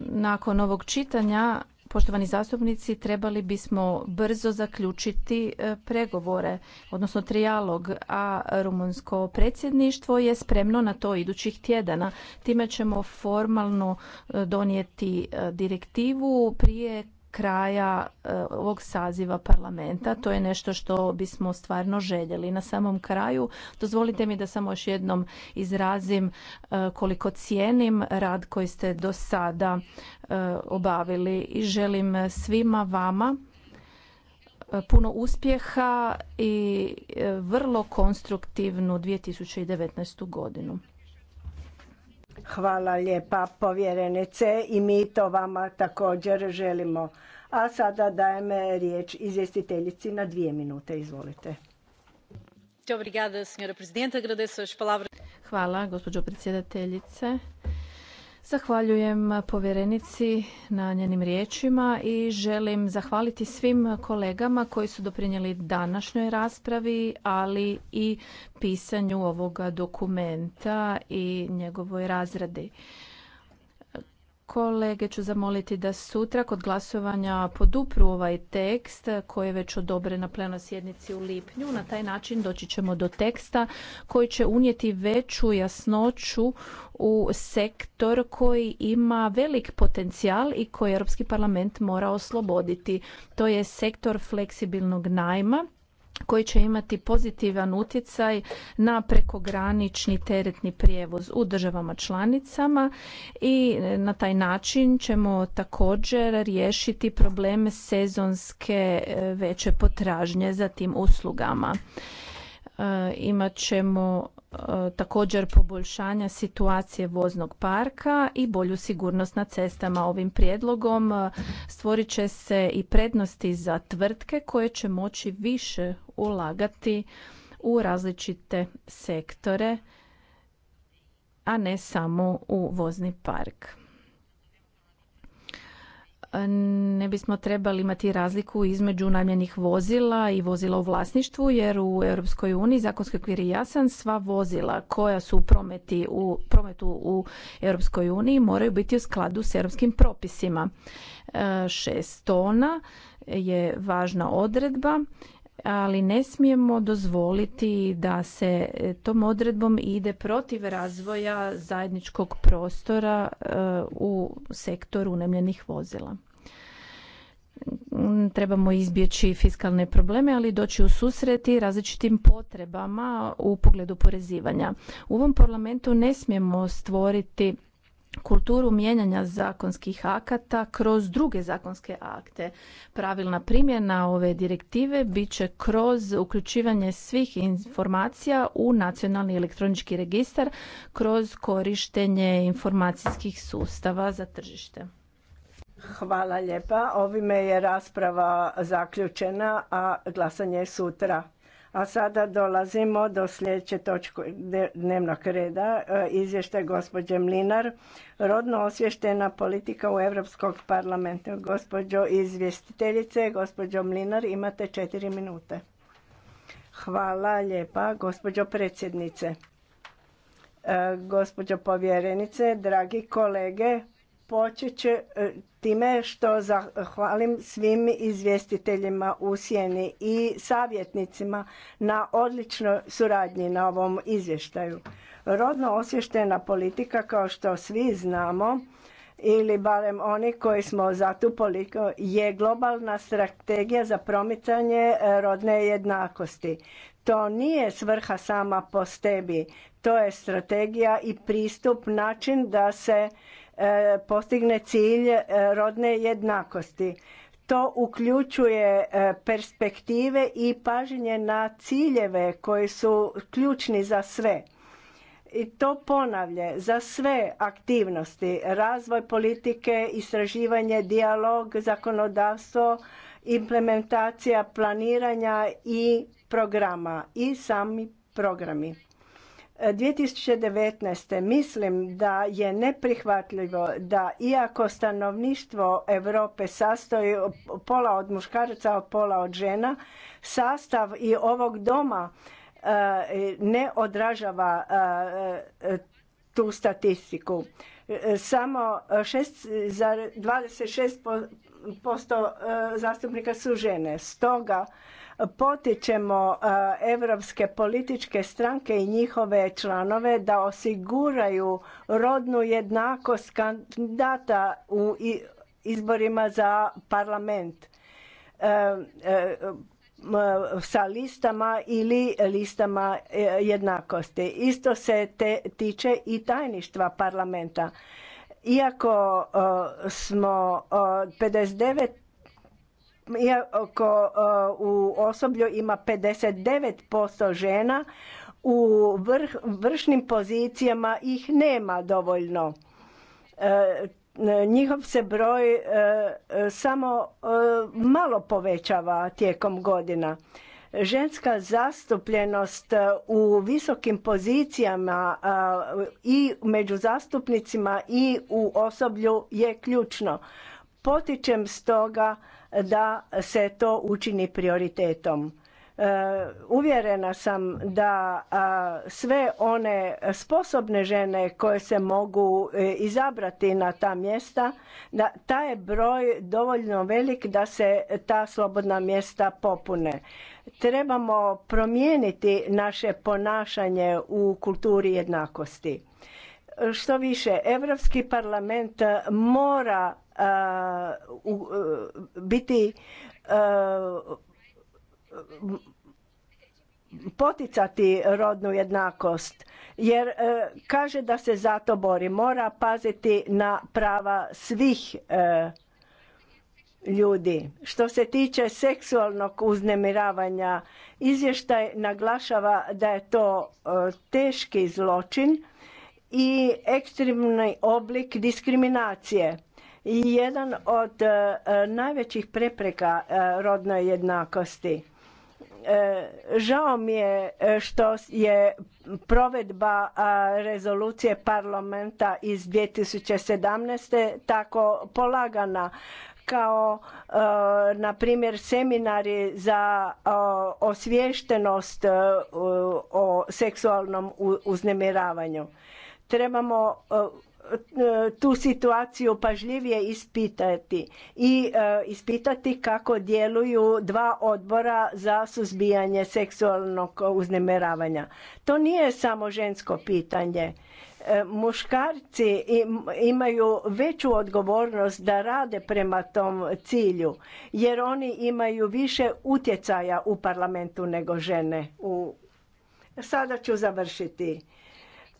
nakon ovog čitanja Poštovani zastupnici, trebali bismo brzo zaključiti e, pregovore, odnosno trijalog, a rumunsko predsjedništvo je spremno na to idućih tjedana. Time ćemo formalno e, donijeti e, direktivu prije kraja eh, ovog saziva parlamenta. To je nešto što bismo stvarno željeli. Na samom kraju dozvolite mi da samo još jednom izrazim eh, koliko cijenim rad koji ste do sada eh, obavili i želim svima vama puno uspjeha i vrlo konstruktivnu 2019. godinu. Hvala lijepa povjerenice i mi to vama također želimo. A sada dajem riječ izvjestiteljici na dvije minute. Izvolite. Hvala, gospođo predsjedateljice. Zahvaljujem povjerenici na njenim riječima i želim zahvaliti svim kolegama koji su doprinijeli današnjoj raspravi, ali i pisanju ovoga dokumenta i njegovoj razradi. Kolege ću zamoliti da sutra kod glasovanja podupru ovaj tekst koji je već odobren na plenoj sjednici u lipnju. Na taj način doći ćemo do teksta koji će unijeti veću jasnoću u sektor koji ima velik potencijal i koji Europski parlament mora osloboditi. To je sektor fleksibilnog najma koji će imati pozitivan utjecaj na prekogranični teretni prijevoz u državama članicama i na taj način ćemo također riješiti probleme sezonske e, veće potražnje za tim uslugama. E, imat ćemo E, također poboljšanja situacije voznog parka i bolju sigurnost na cestama. Ovim prijedlogom e, stvorit će se i prednosti za tvrtke koje će moći više ulagati u različite sektore, a ne samo u vozni park ne bismo trebali imati razliku između namjenih vozila i vozila u vlasništvu jer u Europskoj uniji zakonski okvir je jasan sva vozila koja su u, u prometu u Europskoj uniji moraju biti u skladu s europskim propisima. E, šest tona je važna odredba ali ne smijemo dozvoliti da se e, tom odredbom ide protiv razvoja zajedničkog prostora e, u sektoru unemljenih vozila. Mm, trebamo izbjeći fiskalne probleme, ali doći u susreti različitim potrebama u pogledu porezivanja. U ovom parlamentu ne smijemo stvoriti kulturu mijenjanja zakonskih akata kroz druge zakonske akte. Pravilna primjena ove direktive bit će kroz uključivanje svih informacija u nacionalni elektronički registar kroz korištenje informacijskih sustava za tržište. Hvala lijepa. Ovime je rasprava zaključena, a glasanje je sutra. A sada dolazimo do sljedeće točke dnevnog reda, e, izvještaj gospođe Mlinar, rodno osvještena politika u Europskog parlamentu. Gospođo izvjestiteljice, gospođo Mlinar, imate četiri minute. Hvala lijepa, gospođo predsjednice. E, gospođo povjerenice, dragi kolege, počet će time što zahvalim svim izvjestiteljima u sjeni i savjetnicima na odličnoj suradnji na ovom izvještaju. Rodno osvještena politika kao što svi znamo ili barem oni koji smo za tu politiku je globalna strategija za promicanje e, rodne jednakosti. To nije svrha sama po sebi, to je strategija i pristup način da se E, postigne cilj e, rodne jednakosti. To uključuje e, perspektive i pažnje na ciljeve koji su ključni za sve. I to ponavlje za sve aktivnosti, razvoj politike, istraživanje, dijalog, zakonodavstvo, implementacija planiranja i programa i sami programi. 2019. mislim da je neprihvatljivo da iako stanovništvo Europe sastoji pola od muškaraca, od pola od žena, sastav i ovog doma eh, ne odražava eh, tu statistiku. Samo 26% eh, zastupnika su žene. Stoga potičemo europske političke stranke i njihove članove da osiguraju rodnu jednakost kandidata u izborima za parlament e, e, sa listama ili listama e, jednakosti. Isto se te tiče i tajništva parlamenta. Iako smo 59 iako uh, u osoblju ima 59% žena, u vršnim pozicijama ih nema dovoljno. Uh, njihov se broj uh, samo malo povećava tijekom godina. Ženska zastupljenost u visokim pozicijama i među zastupnicima i u osoblju je ključno. Potičem stoga da se to učini prioritetom. E, uvjerena sam da sve one sposobne žene koje se mogu e, izabrati na ta mjesta, da taj je broj dovoljno velik da se ta slobodna mjesta popune. Trebamo promijeniti naše ponašanje u kulturi jednakosti. Što više, Europski parlament mora Uh, uh, biti uh, poticati rodnu jednakost jer kaže da se zato bori mora paziti na prava svih ljudi što se tiče seksualnog uznemiravanja izvještaj naglašava da je to teški zločin i ekstremni oblik diskriminacije i jedan od e, e, najvećih prepreka e, rodnoj jednakosti. Žao mi je što je provedba rezolucije parlamenta iz 2017. tako polagana kao na primjer seminari za osviještenost o seksualnom uznemiravanju. Trebamo tu situaciju pažljivije ispitati i e, ispitati kako djeluju dva odbora za suzbijanje seksualnog uznemiravanja. To nije samo žensko pitanje. E, muškarci imaju veću odgovornost da rade prema tom cilju jer oni imaju više utjecaja u parlamentu nego žene. Sada ću završiti.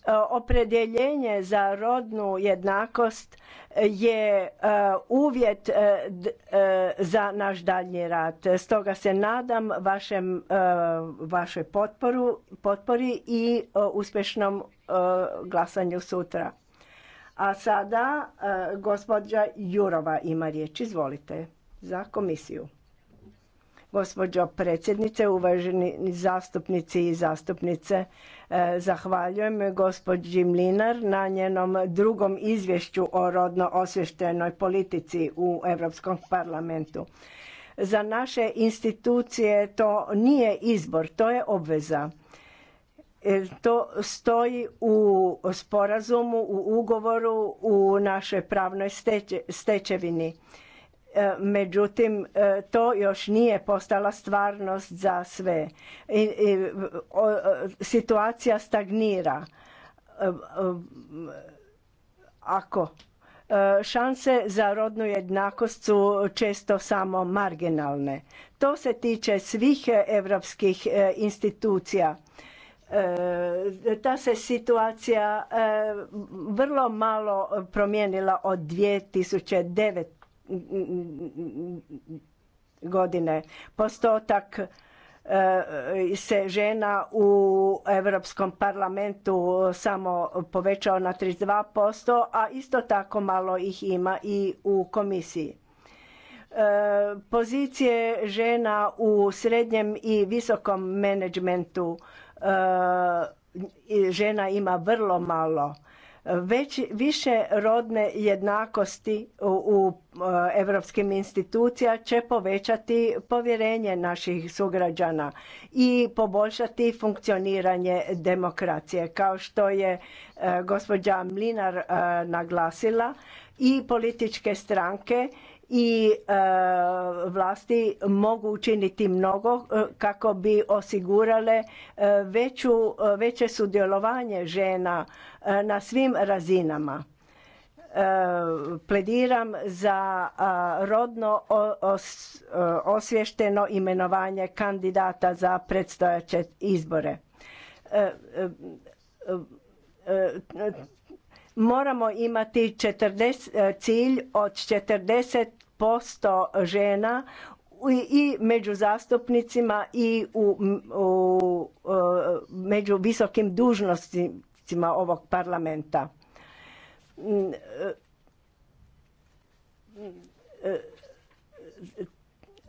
E, opredjeljenje za rodnu jednakost e, je e, uvjet za naš daljnji rad. Stoga se nadam vašoj potporu, potpori i uspješnom glasanju sutra. A sada gospođa Jurova ima riječ. Izvolite za komisiju. Gospođo predsjednice, uvaženi zastupnici i zastupnice, e, zahvaljujem gospođi Mlinar na njenom drugom izvješću o rodno osvještenoj politici u Europskom parlamentu. Za naše institucije to nije izbor, to je obveza. E, to stoji u sporazumu, u ugovoru, u našoj pravnoj stečevini E, međutim e, to još nije postala stvarnost za sve. I, e, situacija stagnira. Ako šanse za rodnu jednakost su često samo marginalne. To se tiče svih europskih institucija. Ta se situacija vrlo malo promijenila od 2009 godine. Postotak e, se žena u Europskom parlamentu samo povećao na 32%, a isto tako malo ih ima i u komisiji. E, pozicije žena u srednjem i visokom menadžmentu e, žena ima vrlo malo već više rodne jednakosti u europskim institucija će povećati povjerenje naših sugrađana i poboljšati funkcioniranje demokracije. Kao što je e, gospođa Mlinar e, naglasila i političke stranke i e, vlasti mogu učiniti mnogo e, kako bi osigurale e, veću, veće sudjelovanje žena na svim razinama. Plediram za rodno osvješteno imenovanje kandidata za predstojeće izbore. Moramo imati 40, cilj od 40 posto žena i među zastupnicima i u, u, e, među visokim dužnosnicima ovog parlamenta mm, e,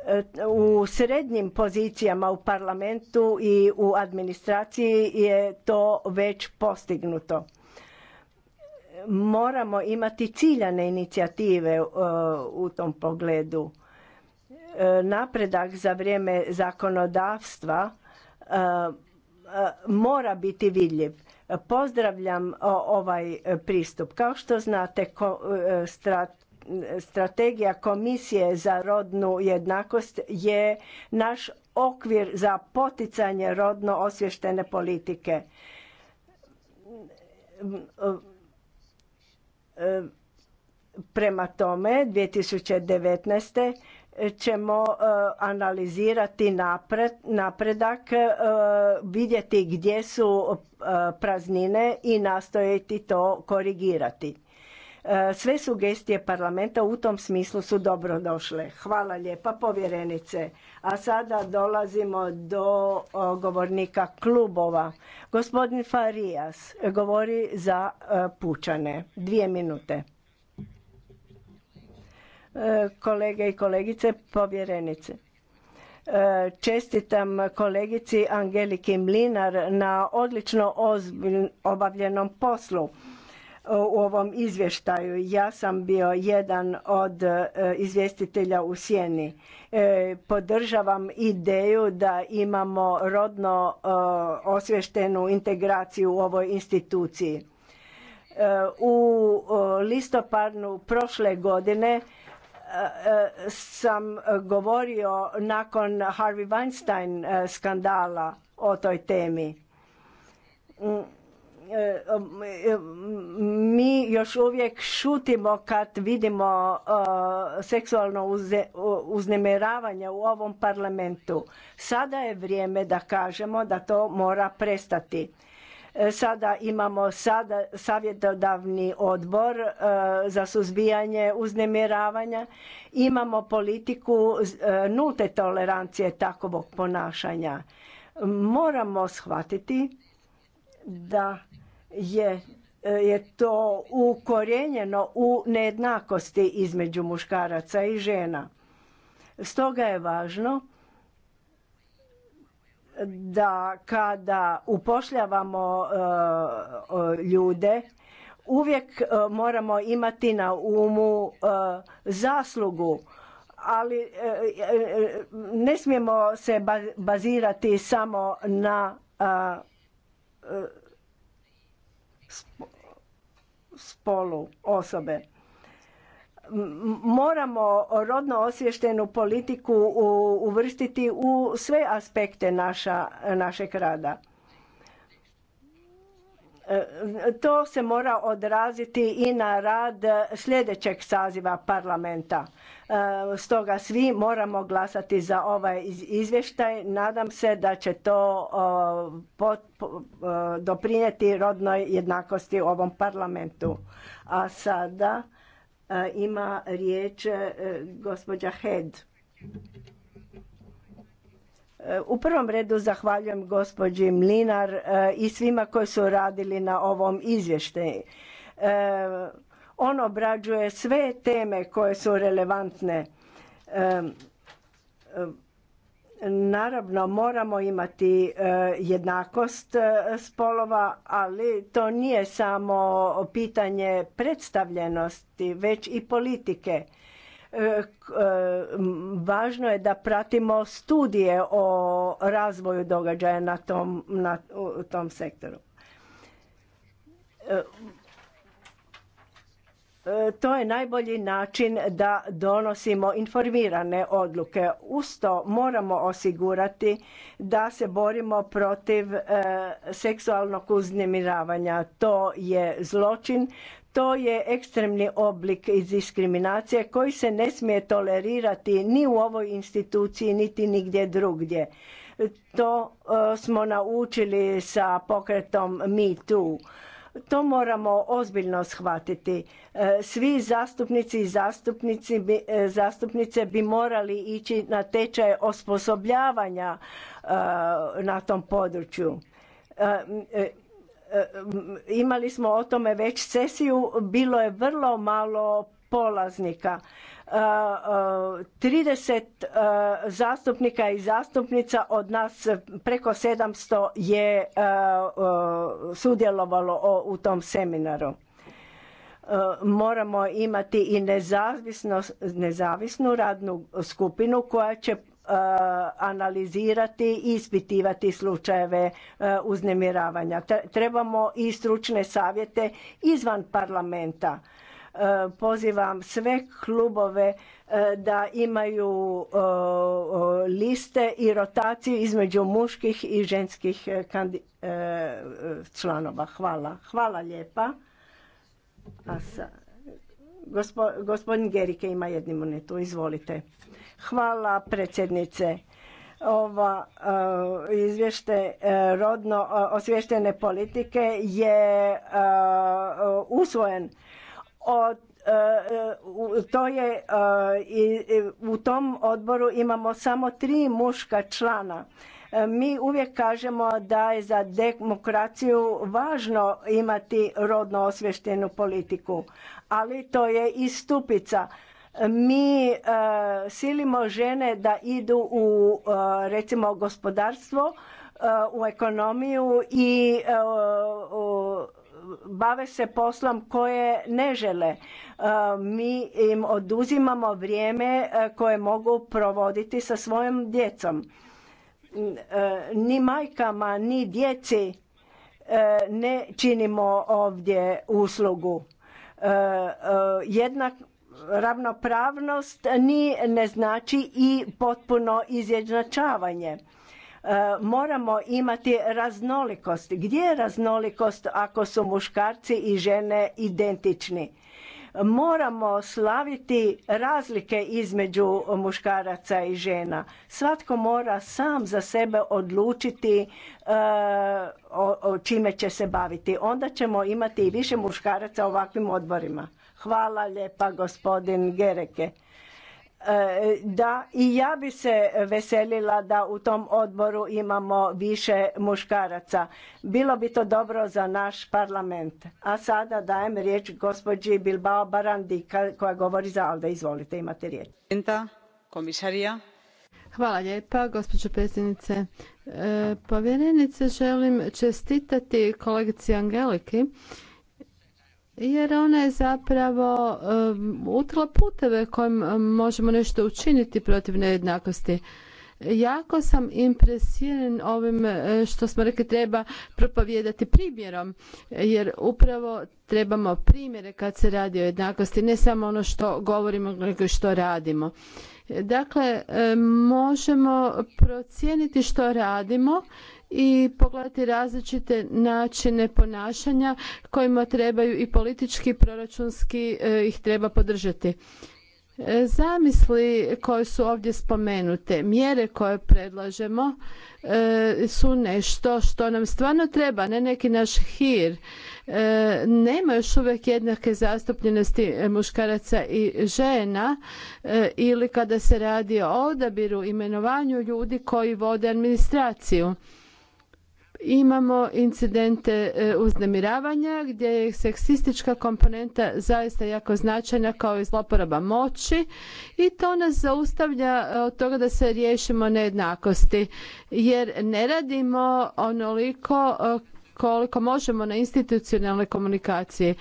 e, u srednjim pozicijama u parlamentu i u administraciji je to već postignuto moramo imati ciljane inicijative e, u tom pogledu. E, napredak za vrijeme zakonodavstva e, mora biti vidljiv. Pozdravljam ovaj pristup. Kao što znate, strategija Komisije za rodnu jednakost je naš okvir za poticanje rodno osvještene politike Prema tome, 2019. ćemo e, analizirati napredak, e, vidjeti gdje su e, praznine i nastojiti to korigirati. E, sve sugestije parlamenta u tom smislu su dobrodošle. Hvala lijepa povjerenice. A sada dolazimo do govornika klubova. Gospodin Farijas govori za e, pučane. Dvije minute. E, kolege i kolegice, povjerenice čestitam kolegici Angeliki Mlinar na odlično obavljenom poslu u ovom izvještaju. Ja sam bio jedan od e, izvjestitelja u Sjeni. E, podržavam ideju da imamo rodno e, osvještenu integraciju u ovoj instituciji. U listopadu prošle godine sam govorio nakon Harvey Weinstein skandala o toj temi mm mi još uvijek šutimo kad vidimo e, seksualno uznemiravanje u ovom parlamentu. Sada je vrijeme da kažemo da to mora prestati. E, sada imamo sada savjetodavni odbor e, za suzbijanje uznemiravanja. Imamo politiku nulte tolerancije takvog ponašanja. Moramo shvatiti da je, e, je to ukorenjeno u nejednakosti između muškaraca i žena. Stoga je važno da kada upošljavamo e, ljude uvijek e, moramo imati na umu zaslugu ali ne smijemo se bazirati samo na spolu osobe. Moramo rodno osvještenu politiku uvrstiti u sve aspekte našeg rada. To se mora odraziti i na rad sljedećeg saziva parlamenta. E, stoga svi moramo glasati za ovaj izvještaj. Nadam se da će to doprinijeti rodnoj jednakosti u ovom parlamentu. A sada e, ima riječ e, gospođa Head. U prvom redu zahvaljujem gospođi Mlinar e, i svima koji su radili na ovom izvještaju. E, on obrađuje sve teme koje su relevantne. E, naravno, moramo imati jednakost spolova, ali to nije samo pitanje predstavljenosti, već i politike E, važno je da pratimo studije o razvoju događaja na tom, na, u tom sektoru. E, e, to je najbolji način da donosimo informirane odluke. Usto moramo osigurati da se borimo protiv seksualnog uznemiravanja. To je zločin, to je ekstremni oblik diskriminacije koji se ne smije tolerirati ni u ovoj instituciji niti nigdje drugdje. To e, smo naučili sa pokretom Me Too. To moramo ozbiljno shvatiti. E, svi zastupnici i e, zastupnice bi morali ići na tečaj osposobljavanja na tom području E, imali smo o tome već sesiju, bilo je vrlo malo polaznika. 30 e, e, zastupnika i zastupnica od nas preko 700 je sudjelovalo u tom seminaru. Moramo imati i nezavisnu radnu skupinu koja će E, analizirati i ispitivati slučajeve e, uznemiravanja. Trebamo i stručne savjete izvan parlamenta. E, pozivam sve klubove da imaju liste i rotaciju između muških i ženskih članova. Hvala. Hvala lijepa. Gospodin Gerike ima jednu minutu. Izvolite. Hvala predsjednice. Ova e, izvješte rodno e, osvještene politike je e, usvojen od to je u tom odboru imamo samo tri muška člana. Mi uvijek kažemo da je za demokraciju važno imati rodno osvještenu politiku, ali to je i stupica mi e, silimo žene da idu u e, recimo gospodarstvo e, u ekonomiju i bave se poslom koje ne žele. Mi im oduzimamo vrijeme koje mogu provoditi sa svojom djecom. Ni majkama, ni djeci ne činimo ovdje uslugu. Jednak ravnopravnost ni ne znači i potpuno izjednačavanje e, moramo imati raznolikost. Gdje je raznolikost ako su muškarci i žene identični? Moramo slaviti razlike između muškaraca i žena. Svatko mora sam za sebe odlučiti e, čime će se baviti. Onda ćemo imati i više muškaraca u ovakvim odborima. Hvala lijepa gospodin Gereke. E, da, i ja bi se veselila da u tom odboru imamo više muškaraca. Bilo bi to dobro za naš parlament. A sada dajem riječ gospođi Bilbao Barandi koja govori za Alde. Izvolite, imate riječ. Komisarija. Hvala lijepa, gospođo predsjednice. E, povjerenice želim čestitati kolegici Angeliki jer ona je zapravo um, utrla puteve kojim um, možemo nešto učiniti protiv nejednakosti. Jako sam impresiran ovim e, što smo rekli treba propovijedati primjerom, jer upravo trebamo primjere kad se radi o jednakosti, ne samo ono što govorimo, nego što radimo. Dakle, e, možemo procijeniti što radimo i pogledati različite načine ponašanja kojima trebaju i politički i proračunski e, ih treba podržati. E, zamisli koje su ovdje spomenute, mjere koje predlažemo e, su nešto što nam stvarno treba, ne neki naš hir. Nema još uvijek jednake zastupljenosti muškaraca i žena ili kada se radi o odabiru imenovanju ljudi koji vode administraciju imamo incidente e, uznemiravanja gdje je seksistička komponenta zaista jako značajna kao i zloporaba moći i to nas zaustavlja e, od toga da se riješimo nejednakosti jer ne radimo onoliko e, koliko možemo na institucionalne komunikacije.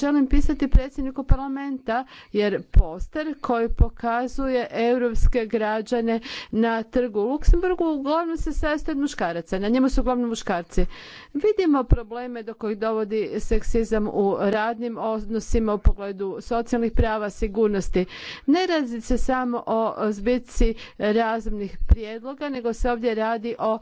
Želim pisati predsjedniku parlamenta jer poster koji pokazuje europske građane na trgu u Luksemburgu uglavnom se sastoji od muškaraca. Na njemu su uglavnom muškarci. Vidimo probleme do kojih dovodi seksizam u radnim odnosima u pogledu socijalnih prava, sigurnosti. Ne radi se samo o zbici razumnih prijedloga, nego se ovdje radi o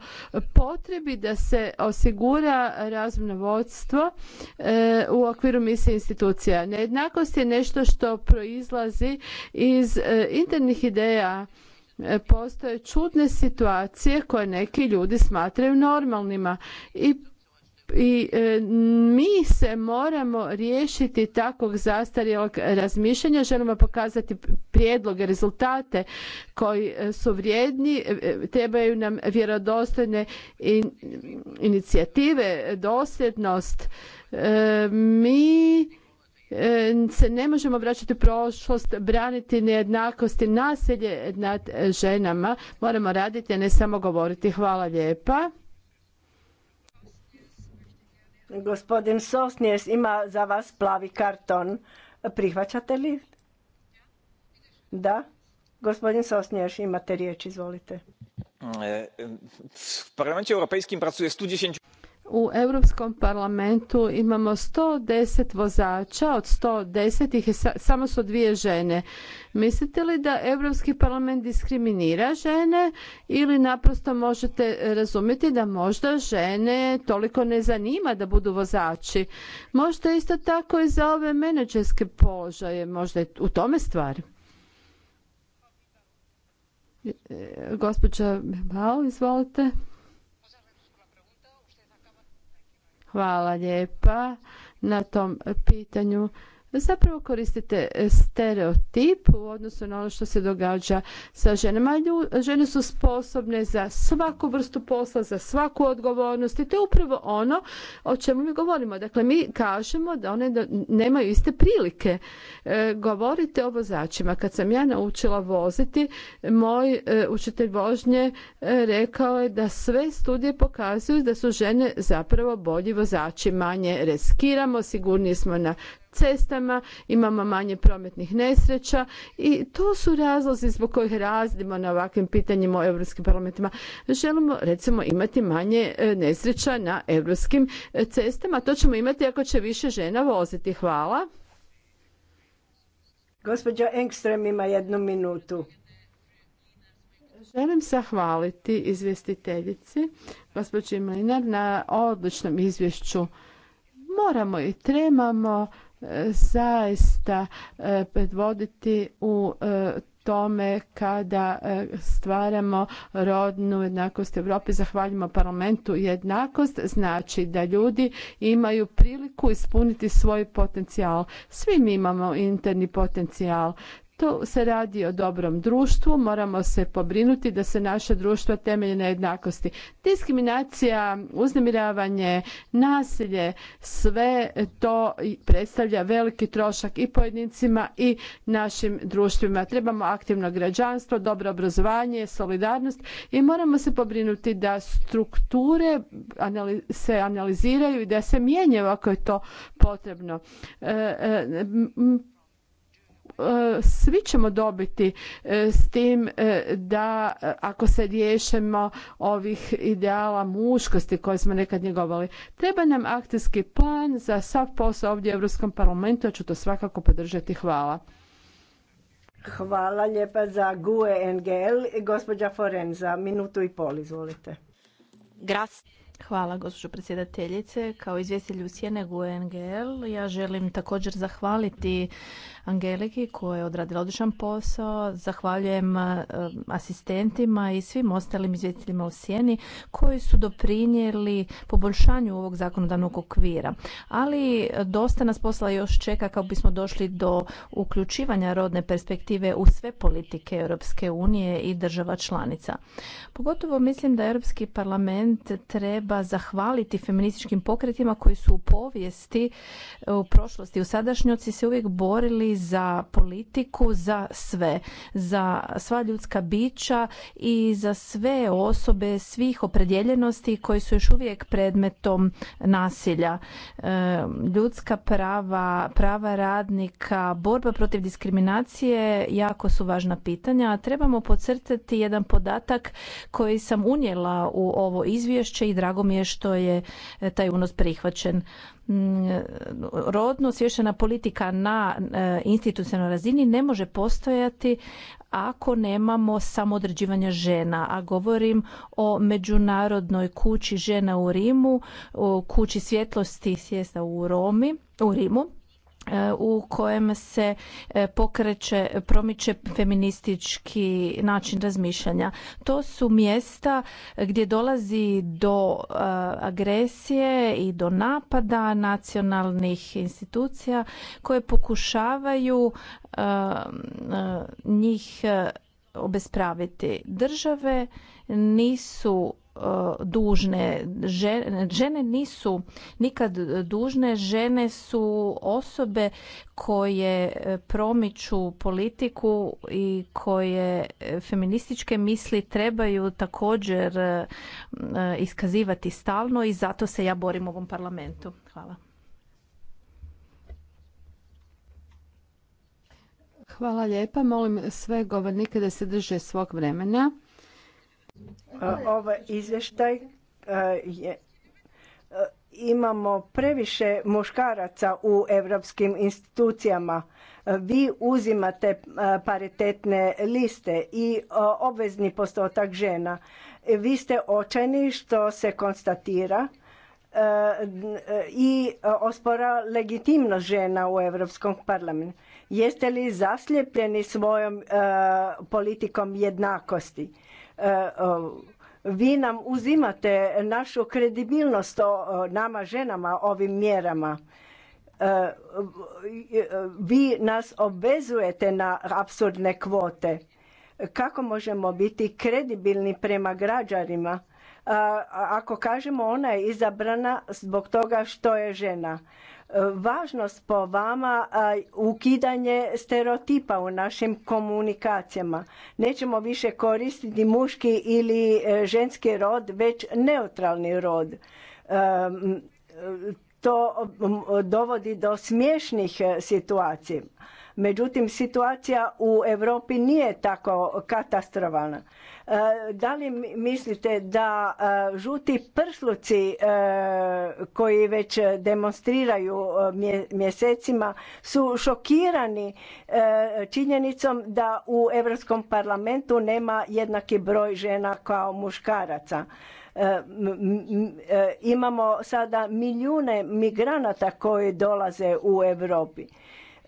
potrebi da se osigura razumno vodstvo eh, u okviru misije institucija. Nejednakost je nešto što proizlazi iz eh, internih ideja eh, postoje čudne situacije koje neki ljudi smatraju normalnima i i e, mi se moramo riješiti takvog zastarjelog razmišljanja. Želimo pokazati prijedloge, rezultate koji e, su vrijedni. E, trebaju nam vjerodostojne inicijative, dosljednost. Mi se ne možemo vraćati u prošlost, braniti nejednakosti, nasilje nad ženama. Moramo raditi, a ne samo govoriti. Hvala lijepa. Gospodin Sosnijes ima za vas plavi karton. Prihvaćate li? Da. Gospodin Sosnijes, imate riječ, izvolite. W e, Parlamencie Europejskim pracuje 110 u Europskom parlamentu imamo 110 vozača, od 110 ih je samo su dvije žene. Mislite li da Europski parlament diskriminira žene ili naprosto možete razumjeti da možda žene toliko ne zanima da budu vozači? Možda isto tako i za ove menadžerske položaje, možda je u tome stvar. E, gospođa Bao, izvolite. Hvala lijepa na tom pitanju zapravo koristite e, stereotip u odnosu na ono što se događa sa ženama. Žene su sposobne za svaku vrstu posla, za svaku odgovornost i to je upravo ono o čemu mi govorimo. Dakle, mi kažemo da one nemaju iste prilike. E, govorite o vozačima. Kad sam ja naučila voziti, moj e, učitelj vožnje rekao je da sve studije pokazuju da su žene zapravo bolji vozači. Manje reskiramo, sigurniji smo na cestama, imamo manje prometnih nesreća i to su razlozi zbog kojih razdimo na ovakvim pitanjima u europskim parlamentima. Želimo recimo imati manje e, nesreća na europskim e, cestama, to ćemo imati ako će više žena voziti. Hvala. Gospođa Engström ima jednu minutu. Želim zahvaliti izvjestiteljici, gospođi Mlinar, na odličnom izvješću. Moramo i trebamo zaista e, predvoditi u e, tome kada e, stvaramo rodnu jednakost u Europi. Zahvaljujemo parlamentu. Jednakost znači da ljudi imaju priliku ispuniti svoj potencijal. Svi mi imamo interni potencijal. Tu se radi o dobrom društvu, moramo se pobrinuti da se naše društvo temelji na jednakosti. Diskriminacija, uznemiravanje, nasilje, sve to predstavlja veliki trošak i pojedincima i našim društvima. Trebamo aktivno građanstvo, dobro obrazovanje, solidarnost i moramo se pobrinuti da strukture se analiziraju i da se mijenjaju ako je to potrebno. E, e, E, svi ćemo dobiti e, s tim e, da ako se riješimo ovih ideala muškosti koje smo nekad njegovali. Treba nam akcijski plan za sav posao ovdje u Europskom parlamentu, ja ću to svakako podržati. Hvala. Hvala lijepa za GUE NGL. Gospođa Forenza, minutu i pol, izvolite. Grazie. Hvala, gospođo predsjedateljice. Kao izvjestitelj u Sjenegu NGL, ja želim također zahvaliti Angeliki koja je odradila odličan posao. Zahvaljujem e, asistentima i svim ostalim izvjestiteljima u Sjeni koji su doprinijeli poboljšanju ovog zakonodavnog okvira. Ali e, dosta nas posla još čeka kako bismo došli do uključivanja rodne perspektive u sve politike Europske unije i država članica. Pogotovo mislim da Europski parlament treba treba zahvaliti feminističkim pokretima koji su u povijesti, u prošlosti, u sadašnjoci se uvijek borili za politiku, za sve, za sva ljudska bića i za sve osobe svih opredjeljenosti koji su još uvijek predmetom nasilja. E, ljudska prava, prava radnika, borba protiv diskriminacije jako su važna pitanja. Trebamo podcrtati jedan podatak koji sam unijela u ovo izvješće i drago drago mi je što je e, taj unos prihvaćen. Mm, rodno osvještena politika na e, institucionalnoj razini ne može postojati ako nemamo samodređivanja žena, a govorim o međunarodnoj kući žena u Rimu, o kući svjetlosti sjesta u Romi, u Rimu u kojem se e, pokreće, promiče feministički način razmišljanja. To su mjesta gdje dolazi do e, agresije i do napada nacionalnih institucija koje pokušavaju e, njih obespraviti. Države nisu E, dužne. Žene, žene nisu nikad dužne, žene su osobe koje e, promiču politiku i koje feminističke misli trebaju također e, iskazivati stalno i zato se ja borim u ovom parlamentu. Hvala. Hvala lijepa. Molim sve govornike da se drže svog vremena ovaj izvještaj je imamo previše muškaraca u europskim institucijama. Vi uzimate paritetne liste i obvezni postotak žena. Vi ste očajni što se konstatira i ospora legitimnost žena u Europskom parlamentu. Jeste li zaslijepljeni svojom politikom jednakosti? E, vi nam uzimate našu kredibilnost o nama ženama ovim mjerama e, e, vi nas obvezujete na apsurdne kvote kako možemo biti kredibilni prema građanima ako kažemo ona je izabrana zbog toga što je žena važnost po vama ukidanje stereotipa u našim komunikacijama. Nećemo više koristiti muški ili e, ženski rod, već neutralni rod. E, e, to dovodi do smiješnih situacija Međutim, situacija u Europi nije tako katastrofalna. E, da li mislite da e, žuti prsluci e, koji već demonstriraju mjesecima su šokirani činjenicom da u Europskom parlamentu nema jednaki broj žena kao muškaraca? Imamo sada milijune migranata koji dolaze u Europi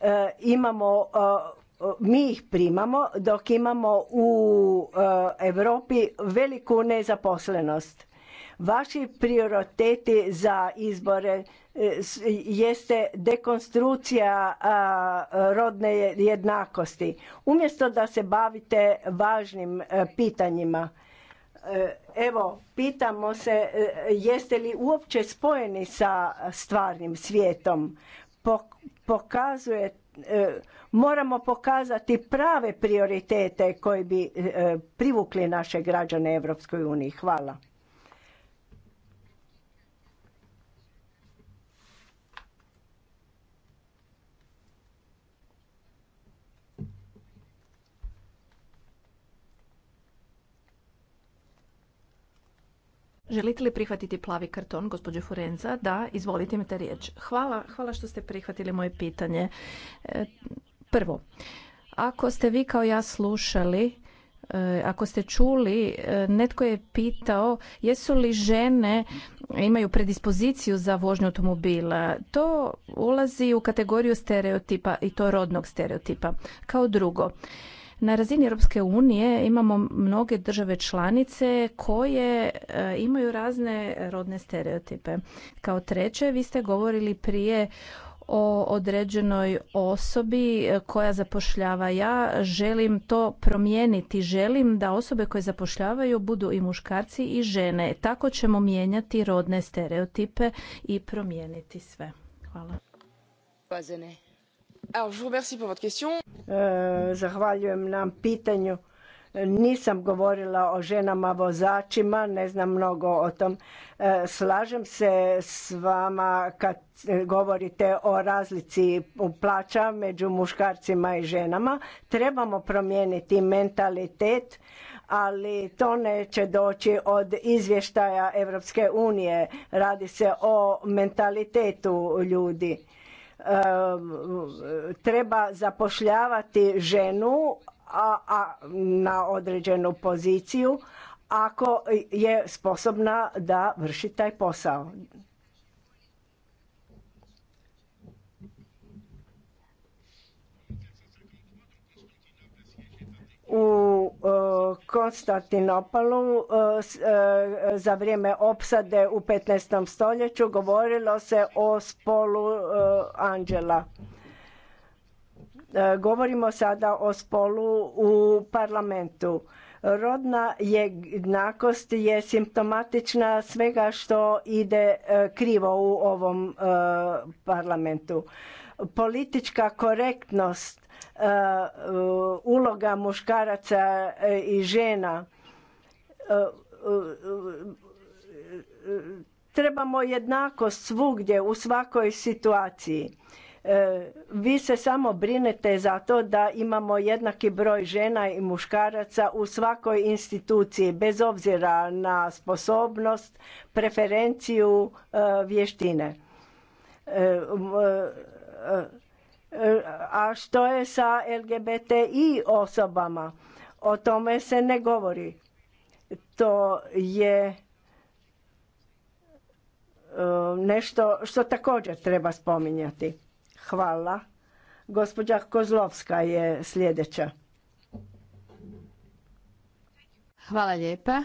E, imamo e, mi ih primamo dok imamo u Europi veliku nezaposlenost. Vaši prioriteti za izbore e, jeste dekonstrukcija rodne jednakosti. Umjesto da se bavite važnim pitanjima, evo, pitamo se jeste li uopće spojeni sa stvarnim svijetom pokazuje e, moramo pokazati prave prioritete koji bi e, privukli naše građane Europskoj uniji. Hvala. Želite li prihvatiti plavi karton, gospođo Forenza? Da, izvolite, te riječ. Hvala, hvala što ste prihvatili moje pitanje. E, prvo, ako ste vi kao ja slušali, e, ako ste čuli, e, netko je pitao jesu li žene imaju predispoziciju za vožnju automobila. To ulazi u kategoriju stereotipa i to rodnog stereotipa. Kao drugo, na razini Europske unije imamo mnoge države članice koje e, imaju razne rodne stereotipe. Kao treće, vi ste govorili prije o određenoj osobi e, koja zapošljava. Ja želim to promijeniti. Želim da osobe koje zapošljavaju budu i muškarci i žene. Tako ćemo mijenjati rodne stereotipe i promijeniti sve. Hvala. E, zahvaljujem na pitanju. Nisam govorila o ženama vozačima, ne znam mnogo o tom. E, slažem se s vama kad govorite o razlici plaća među muškarcima i ženama. Trebamo promijeniti mentalitet, ali to neće doći od izvještaja Europske unije. Radi se o mentalitetu ljudi treba zapošljavati ženu a, a na određenu poziciju ako je sposobna da vrši taj posao u e, Konstantinopolu e, e, za vrijeme opsade u 15. stoljeću govorilo se o spolu anđela. Govorimo sada o spolu u parlamentu. Rodna jednakost je simptomatična svega što ide krivo u ovom parlamentu. Politička korektnost Uh, uloga muškaraca uh, i žena uh, trebamo jednakost svugdje u svakoj situaciji vi se samo brinete za to da imamo jednaki broj žena i muškaraca u svakoj instituciji bez obzira na sposobnost preferenciju vještine a što je sa LGBTI osobama? O tome se ne govori. To je e, nešto što također treba spominjati. Hvala. Gospođa Kozlovska je sljedeća. Hvala lijepa.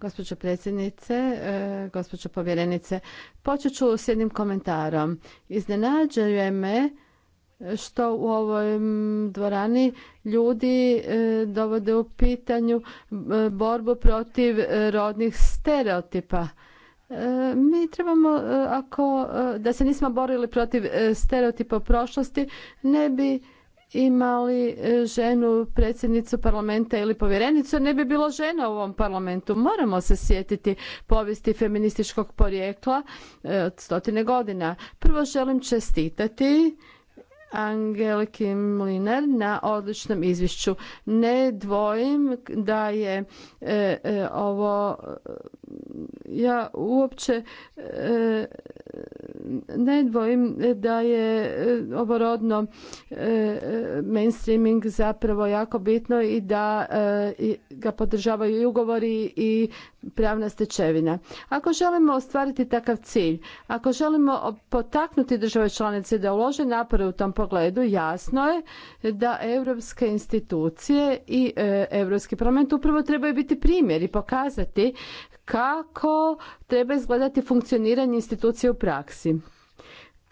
Gospođo predsjednice, e, gospođo povjerenice, počet ću s jednim komentarom. Iznenađuje me što u ovoj dvorani ljudi e, dovode u pitanju e, borbu protiv e, rodnih stereotipa. Mi trebamo, ako da se nismo borili protiv stereotipa prošlosti, ne bi imali ženu predsjednicu parlamenta ili povjerenicu, ne bi bilo žena u ovom parlamentu. Moramo se sjetiti povijesti feminističkog porijekla od stotine godina. Prvo želim čestitati Angeliki Mlinar na odličnom izvješću. Ne dvojim da je e, e, ovo ja uopće e, ne dvojim da je ovo rodno mainstreaming zapravo jako bitno i da ga podržavaju i ugovori i pravna stečevina. Ako želimo ostvariti takav cilj, ako želimo potaknuti države članice da ulože napore u tom pogledu, jasno je da europske institucije i e, Europski parlament upravo trebaju biti primjer i pokazati kako treba izgledati funkcioniranje institucije u praksi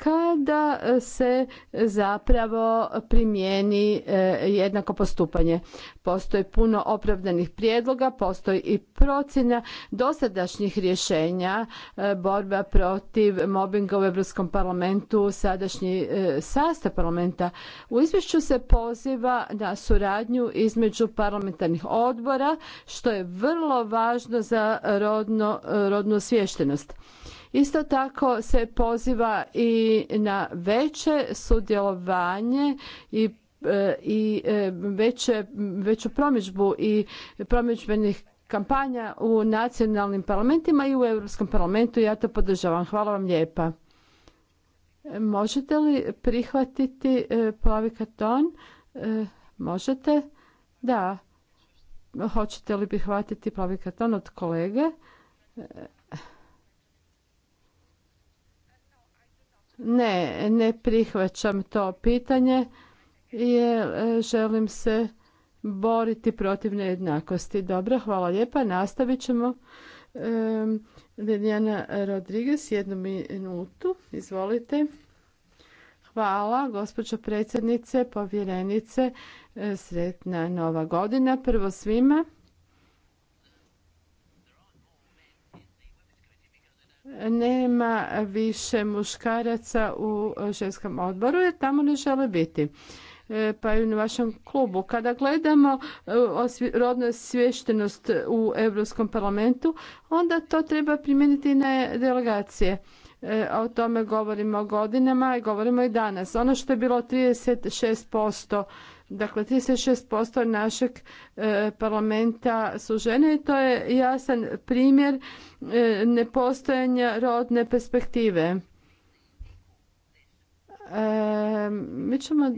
kada e, se zapravo primijeni e, jednako postupanje. Postoji puno opravdanih prijedloga, postoji i procjena dosadašnjih rješenja e, borba protiv mobinga u Europskom parlamentu, sadašnji sastav parlamenta. U izvješću se poziva na suradnju između parlamentarnih odbora, što je vrlo važno za rodnu osviještenost. Isto tako se poziva i na veće sudjelovanje i e, i e, veće, veću promidžbu i promidžbenih kampanja u nacionalnim parlamentima i u Europskom parlamentu. Ja to podržavam. Hvala vam lijepa. Možete li prihvatiti e, plavi karton? Možete? Da. Hoćete li prihvatiti plavi karton od kolege? Ne, ne prihvaćam to pitanje jer e, želim se boriti protiv nejednakosti. Dobro, hvala lijepa. Nastavit ćemo. Liliana Rodriguez, jednu minutu. Izvolite. Hvala, gospođo predsjednice, povjerenice. E, sretna nova godina. Prvo svima. nema više muškaraca u ženskom odboru jer tamo ne žele biti e, pa i u vašem klubu. Kada gledamo e, rodnu osviještenost u Europskom parlamentu, onda to treba primijeniti na delegacije. E, o tome govorimo godinama i govorimo i danas. Ono što je bilo 36% Dakle, 36% našeg e, parlamenta su žene i to je jasan primjer e, nepostojanja rodne perspektive. E, mi ćemo,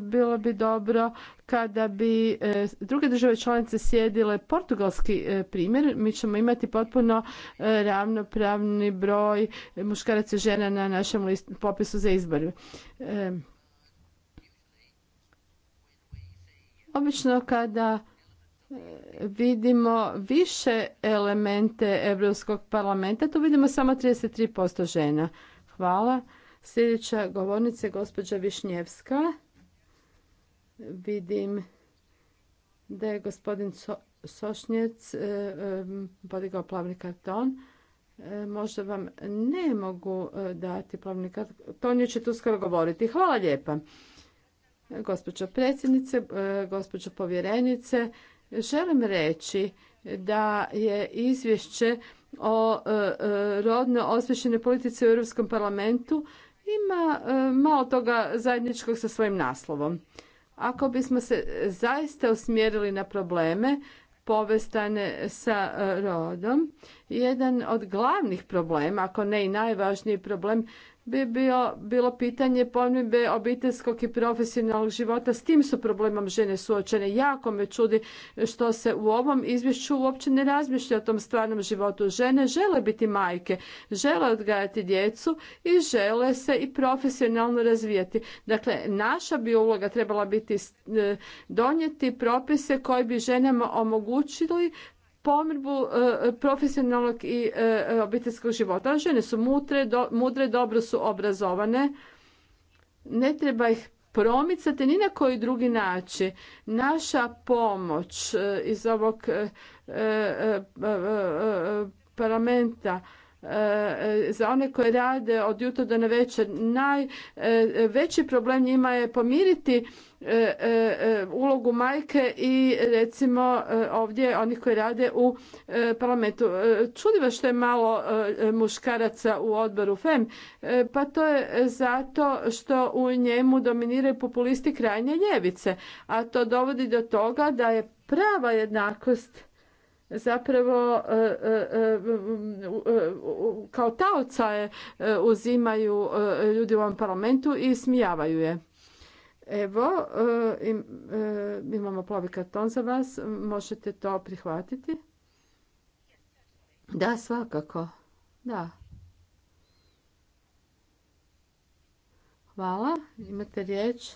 bilo bi dobro kada bi druge države članice sjedile portugalski primjer, mi ćemo imati potpuno ravnopravni broj muškaraca i žena na našem popisu za izbor. Obično kada e, vidimo više elemente Europskog parlamenta, tu vidimo samo 33% žena. Hvala. Sljedeća govornica je gospođa Višnjevska. Vidim da je gospodin Sošnjec e, e, podigao plavni karton. Možda vam ne mogu dati plavni karton. Tonje će tu skoro govoriti. Hvala lijepa. Gospođo predsjednice, e, gospođo povjerenice, želim reći da je izvješće o e, e, rodno osvješćenoj politici u Europskom parlamentu ima malo toga zajedničkog sa svojim naslovom. Ako bismo se zaista usmjerili na probleme povestane sa rodom, jedan od glavnih problema, ako ne i najvažniji problem bi bio, bilo pitanje pomibe obiteljskog i profesionalnog života. S tim su problemom žene suočene. Jako me čudi što se u ovom izvješću uopće ne razmišlja o tom stvarnom životu. Žene žele biti majke, žele odgajati djecu i žele se i profesionalno razvijati. Dakle, naša bi uloga trebala biti e, donijeti propise koji bi ženama omogućili pomirbu e, profesionalnog i e, obiteljskog života. Žene su mutre, mudre, dobro su obrazovane. Ne treba ih promicati ni na koji drugi način. Naša pomoć e, iz ovog parlamenta za one koje rade od jutra do navečer najveći problem njima je pomiriti E, e, e, ulogu majke i recimo ovdje oni koji rade u parlamentu. Čudivo što je malo muškaraca u odboru FEM, pa to je zato što u njemu dominiraju populisti krajnje ljevice, a to dovodi do toga da je prava jednakost zapravo kao taoca je uzimaju ljudi u ovom parlamentu i smijavaju je. Evo, e, e, imamo plavi karton za vas. Možete to prihvatiti? Da, svakako. Da. Hvala. Imate riječ.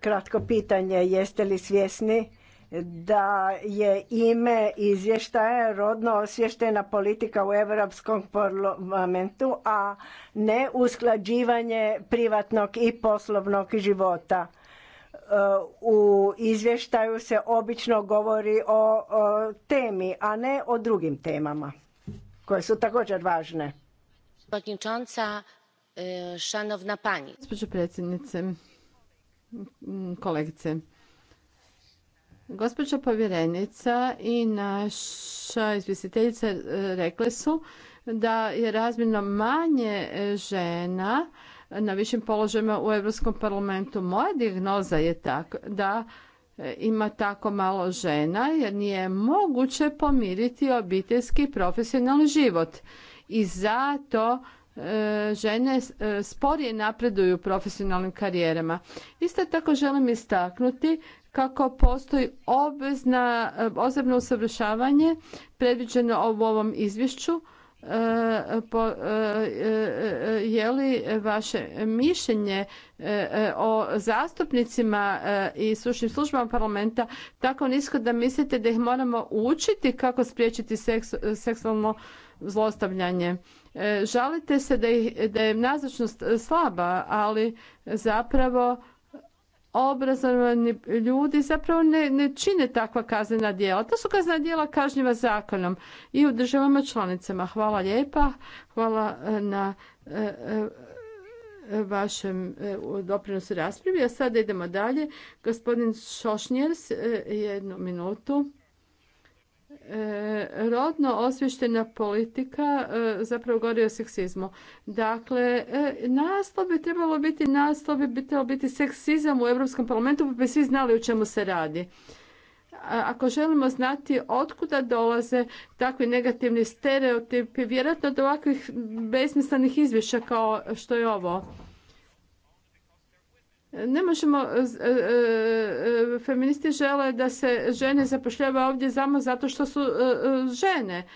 Kratko pitanje. Jeste li svjesni da je ime izvještaja rodno osvještena politika u Europskom parlamentu, a ne usklađivanje privatnog i poslovnog života. E, u izvještaju se obično govori o temi, a ne o drugim temama koje su također važne. E, Gospođo predsjednice, kolegice, Gospođa povjerenica i naša izvjestiteljica e, rekle su da je razmjerno manje žena na višim položajima u Europskom parlamentu. Moja dijagnoza je tako da e, ima tako malo žena jer nije moguće pomiriti obiteljski profesionalni život. I zato e, žene sporije napreduju u profesionalnim karijerama. Isto tako želim istaknuti kako postoji obvezna, osobno usavršavanje predviđeno u ovom izvješću. E, po, e, e, je li vaše mišljenje o zastupnicima i stručnim službama parlamenta tako nisko da mislite da ih moramo učiti kako spriječiti seksualno zlostavljanje? Žalite se da, ih, da je nazočnost slaba, ali zapravo obrazovani ljudi zapravo ne, ne čine takva kaznena djela. To su kaznena djela kažnjiva zakonom i u državama članicama. Hvala lijepa, hvala e, na e, e, vašem doprinosu raspravi. A sada idemo dalje. Gospodin Šošnjers, jednu minutu. E, rodno osvještena politika e, zapravo govori o seksizmu. Dakle, e, naslov bi trebalo biti, naslov bi trebalo biti seksizam u Europskom parlamentu, pa bi svi znali o čemu se radi. Ako želimo znati otkuda dolaze takvi negativni stereotipi, vjerojatno do ovakvih besmislenih izvješća kao što je ovo. Ne možemo, e, e, e, feministi žele da se žene zapošljava ovdje samo zato što su žene.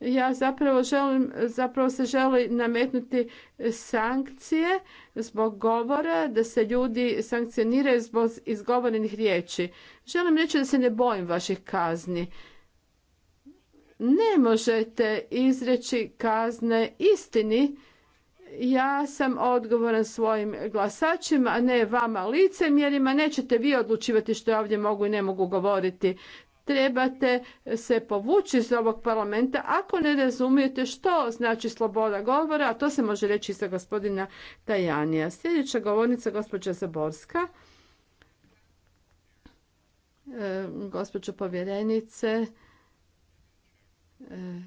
Ja zapravo želim, zapravo se želi nametnuti sankcije zbog govora, da se ljudi sankcioniraju zbog izgovorenih riječi. Želim reći da se ne bojim vaših kazni. Ne možete izreći kazne istini ja sam odgovoran svojim glasačima, a ne vama licemjerima. Nećete vi odlučivati što ja ovdje mogu i ne mogu govoriti. Trebate se povući iz ovog parlamenta ako ne razumijete što znači sloboda govora, a to se može reći i za gospodina Tajanija. Sljedeća govornica, gospođa Zaborska. E, gospođo povjerenice, e,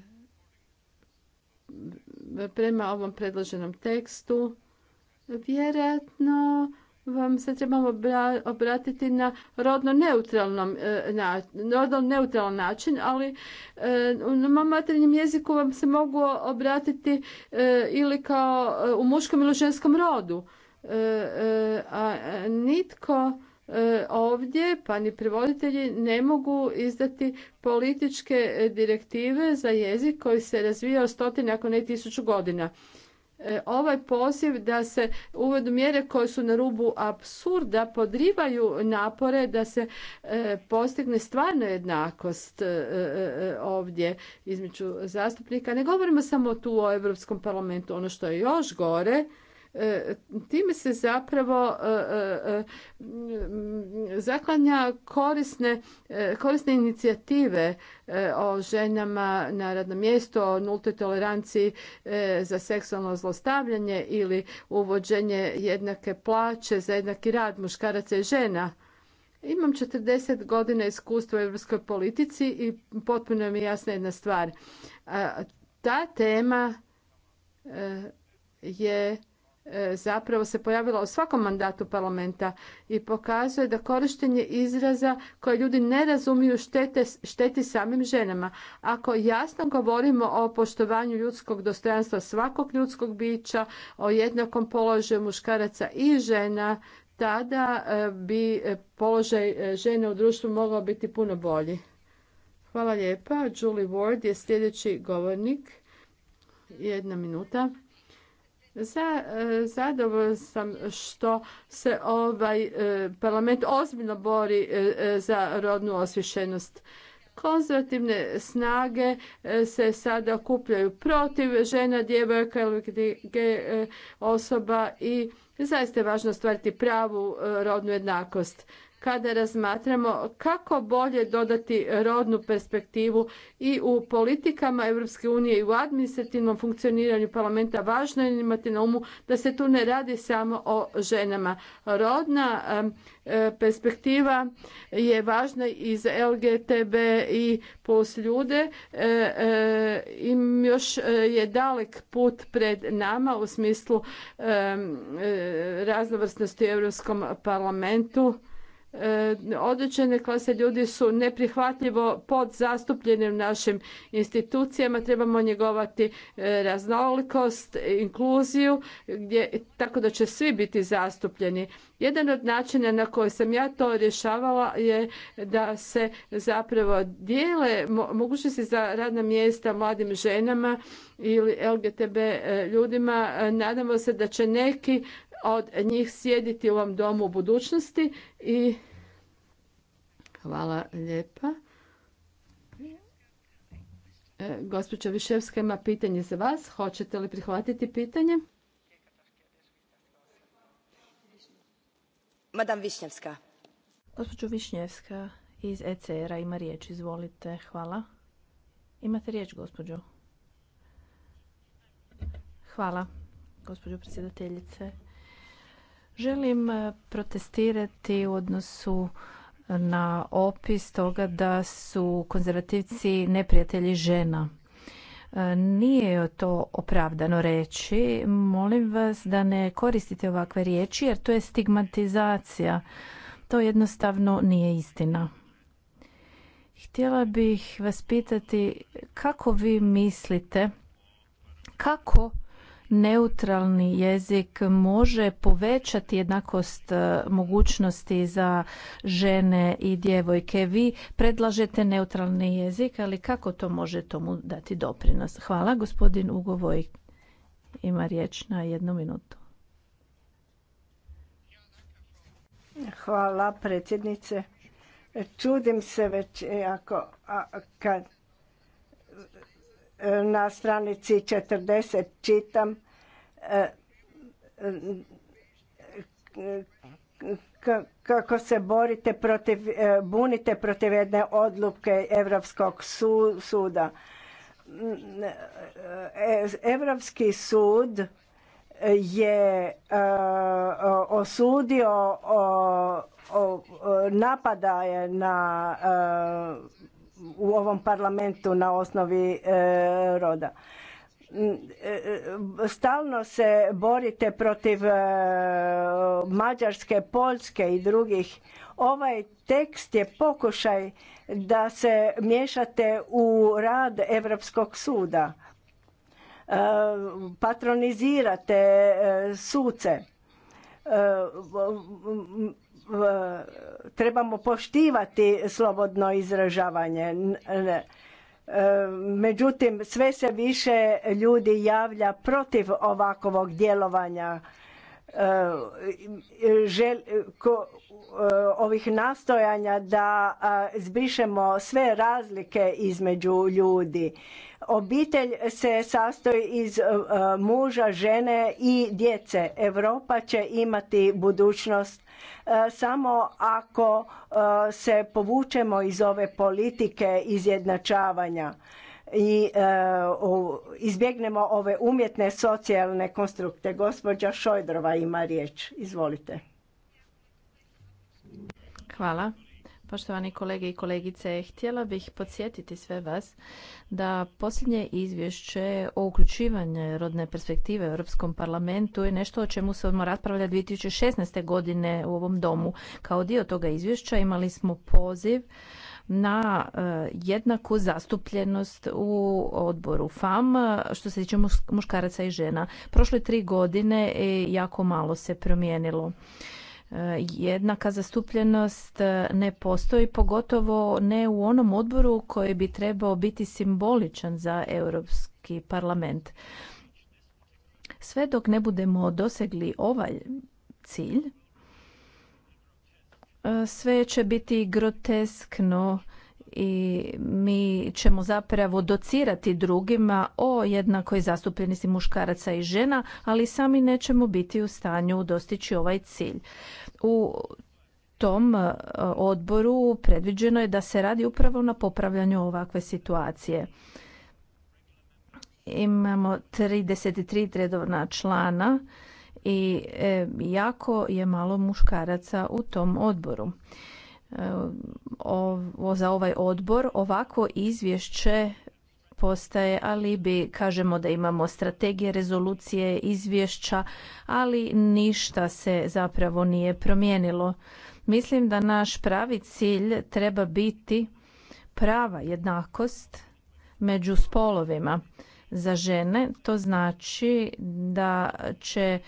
prema ovom predloženom tekstu vjerojatno vam se trebamo obratiti na rodno neutralnom e, rodno neutralan način, ali na e, mom materinjem jeziku vam se mogu obratiti e, ili kao u muškom ili ženskom rodu. A nitko E, ovdje pa ni prevoditelji ne mogu izdati političke e, direktive za jezik koji se razvijao stotine ako ne tisuću godina e, ovaj poziv da se uvedu mjere koje su na rubu apsurda podrivaju napore da se postigne stvarno jednakost ovdje između zastupnika. Ne govorimo samo tu o Europskom parlamentu. Ono što je još gore E, time se zapravo e, e, zaklanja korisne, korisne inicijative o ženama na radnom mjestu, o nultoj toleranciji za seksualno zlostavljanje ili uvođenje jednake plaće za jednaki rad muškaraca i žena. Imam 40 godina iskustva u europskoj politici i potpuno mi je jasna jedna stvar. Ta tema je E, zapravo se pojavila u svakom mandatu parlamenta i pokazuje da korištenje izraza koje ljudi ne razumiju štete, šteti samim ženama. Ako jasno govorimo o poštovanju ljudskog dostojanstva svakog ljudskog bića, o jednakom položaju muškaraca i žena, tada e, bi e, položaj žene u društvu mogao biti puno bolji. Hvala lijepa. Julie Ward je sljedeći govornik. Jedna minuta. Za, e, sam što se ovaj e, parlament ozbiljno bori e, za rodnu osvješenost. Konzervativne snage se sada okupljaju protiv žena, djevojka, osoba i zaista je važno stvariti pravu rodnu jednakost kada razmatramo kako bolje dodati rodnu perspektivu i u politikama Europske unije i u administrativnom funkcioniranju parlamenta. Važno je imati na umu da se tu ne radi samo o ženama. Rodna e, perspektiva je važna i za LGTB i plus ljude. E, e, I još je dalek put pred nama u smislu raznovrsnosti u Europskom parlamentu. E, određene klase ljudi su neprihvatljivo pod u našim institucijama. Trebamo njegovati e, raznolikost, inkluziju, gdje, tako da će svi biti zastupljeni. Jedan od načina na koji sam ja to rješavala je da se zapravo dijele mogućnosti za radna mjesta mladim ženama ili LGTB e, ljudima. Nadamo se da će neki od njih sjediti u ovom domu u budućnosti i hvala lijepa. E, gospođa Viševska ima pitanje za vas. Hoćete li prihvatiti pitanje? Madam Višnjevska. Gospođo Višnjevska iz ECR-a ima riječ. Izvolite. Hvala. Imate riječ, gospođo. Hvala, gospođo predsjedateljice. Želim e, protestirati u odnosu na opis toga da su konzervativci neprijatelji žena. E, nije to opravdano reći. Molim vas da ne koristite ovakve riječi jer to je stigmatizacija. To jednostavno nije istina. Htjela bih vas pitati kako vi mislite kako neutralni jezik može povećati jednakost e, mogućnosti za žene i djevojke. Vi predlažete neutralni jezik, ali kako to može tomu dati doprinos? Hvala, gospodin Ugovoj ima riječ na jednu minutu. Hvala predsjednice. Čudim se već ako kad na stranici 40 čitam eh, eh, kako se borite protiv, eh, bunite protiv jedne odluke Europskog suda. Europski sud je osudio napadaje na u ovom parlamentu na osnovi e, roda mm, e, e, stalno se borite protiv Mađarske, Poljske i drugih. Ovaj tekst je pokušaj da se miješate u rad Europskog suda. Patronizirate suce E, trebamo poštivati slobodno izražavanje. E, međutim, sve se više ljudi javlja protiv ovakvog djelovanja e, ovih nastojanja da zbrišemo sve razlike između ljudi. Obitelj se sastoji iz muža, žene i djece. Europa će imati budućnost E, samo ako e, se povučemo iz ove politike izjednačavanja i e, izbjegnemo ove umjetne socijalne konstrukte. Gospođa Šojdrova ima riječ. Izvolite. Hvala. Poštovani kolege i kolegice, htjela bih podsjetiti sve vas da posljednje izvješće o uključivanju rodne perspektive u Europskom parlamentu je nešto o čemu se odmah raspravlja 2016. godine u ovom domu. Kao dio toga izvješća imali smo poziv na e, jednaku zastupljenost u odboru FAM što se tiče muškaraca i žena. Prošle tri godine e, jako malo se promijenilo jednaka zastupljenost e, ne postoji, pogotovo ne u onom odboru koji bi trebao biti simboličan za Europski parlament. Sve dok ne budemo dosegli ovaj cilj, e, sve će biti groteskno i mi ćemo zapravo docirati drugima o jednakoj zastupljenosti muškaraca i žena, ali sami nećemo biti u stanju dostići ovaj cilj. U tom e, odboru predviđeno je da se radi upravo na popravljanju ovakve situacije. Imamo 33 redovna člana i e, jako je malo muškaraca u tom odboru o, za ovaj odbor ovako izvješće postaje alibi, kažemo da imamo strategije, rezolucije, izvješća, ali ništa se zapravo nije promijenilo. Mislim da naš pravi cilj treba biti prava jednakost među spolovima za žene. To znači da će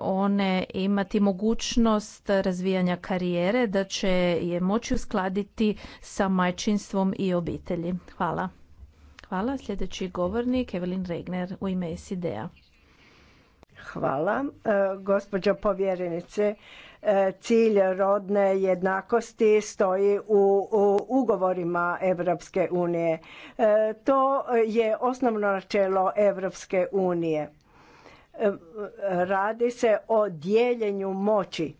one imati mogućnost razvijanja karijere, da će je moći uskladiti sa majčinstvom i obitelji. Hvala. Hvala. Sljedeći govornik Evelin Regner u ime sid Hvala. E, gospođo povjerenice, e, cilj rodne jednakosti stoji u, ugovorima Europske unije. E, to je osnovno načelo Europske unije Radi se o dijeljenju moći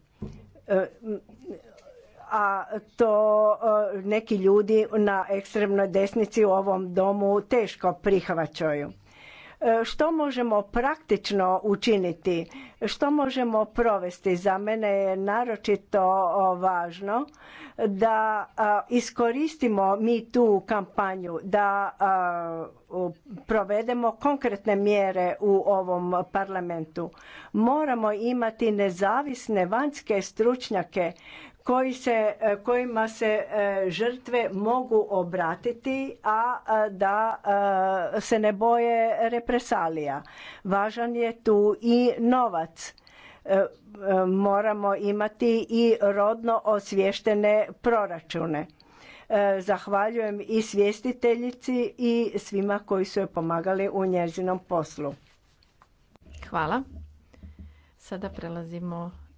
e, a to e, neki ljudi na ekstremnoj desnici u ovom domu teško prihvaćaju. E, što možemo praktično učiniti? Što možemo provesti? Za mene je naročito važno da iskoristimo mi tu kampanju, da provedemo konkretne mjere u ovom parlamentu. Moramo imati nezavisne vanjske stručnjake koji se, e, kojima se e, žrtve mogu obratiti, a da se ne boje represalija. Važan je tu i novac. E, moramo imati i rodno osvještene proračune. Zahvaljujem i svjestiteljici i svima koji su joj pomagali u njezinom poslu. Hvala. Sada prelazimo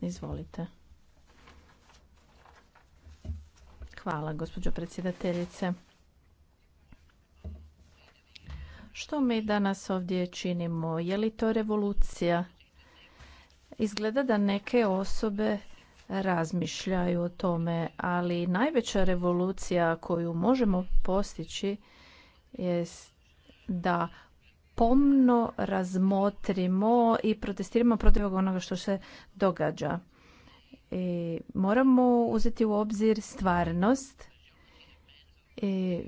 Izvolite. Hvala, gospođo predsjedateljice. Što mi danas ovdje činimo? Je li to revolucija? Izgleda da neke osobe razmišljaju o tome, ali najveća revolucija koju možemo postići jest da pomno razmotrimo i protestiramo protiv onoga što se događa. I moramo uzeti u obzir stvarnost. I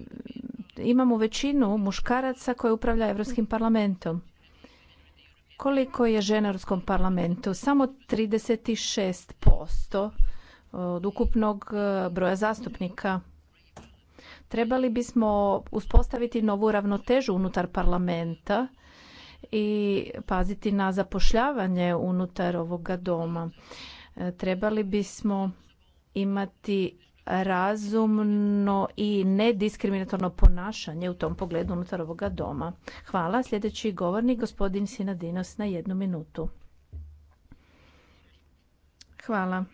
imamo većinu muškaraca koje upravlja Europskim parlamentom. Koliko je žena u Europskom parlamentu? Samo 36% od ukupnog eh, broja zastupnika. Trebali bismo uspostaviti novu ravnotežu unutar parlamenta i paziti na zapošljavanje unutar ovoga doma. E, trebali bismo imati razumno i nediskriminatorno ponašanje u tom pogledu unutar ovoga doma. Hvala. Sljedeći govornik, gospodin Sinadinos, na jednu minutu. Hvala.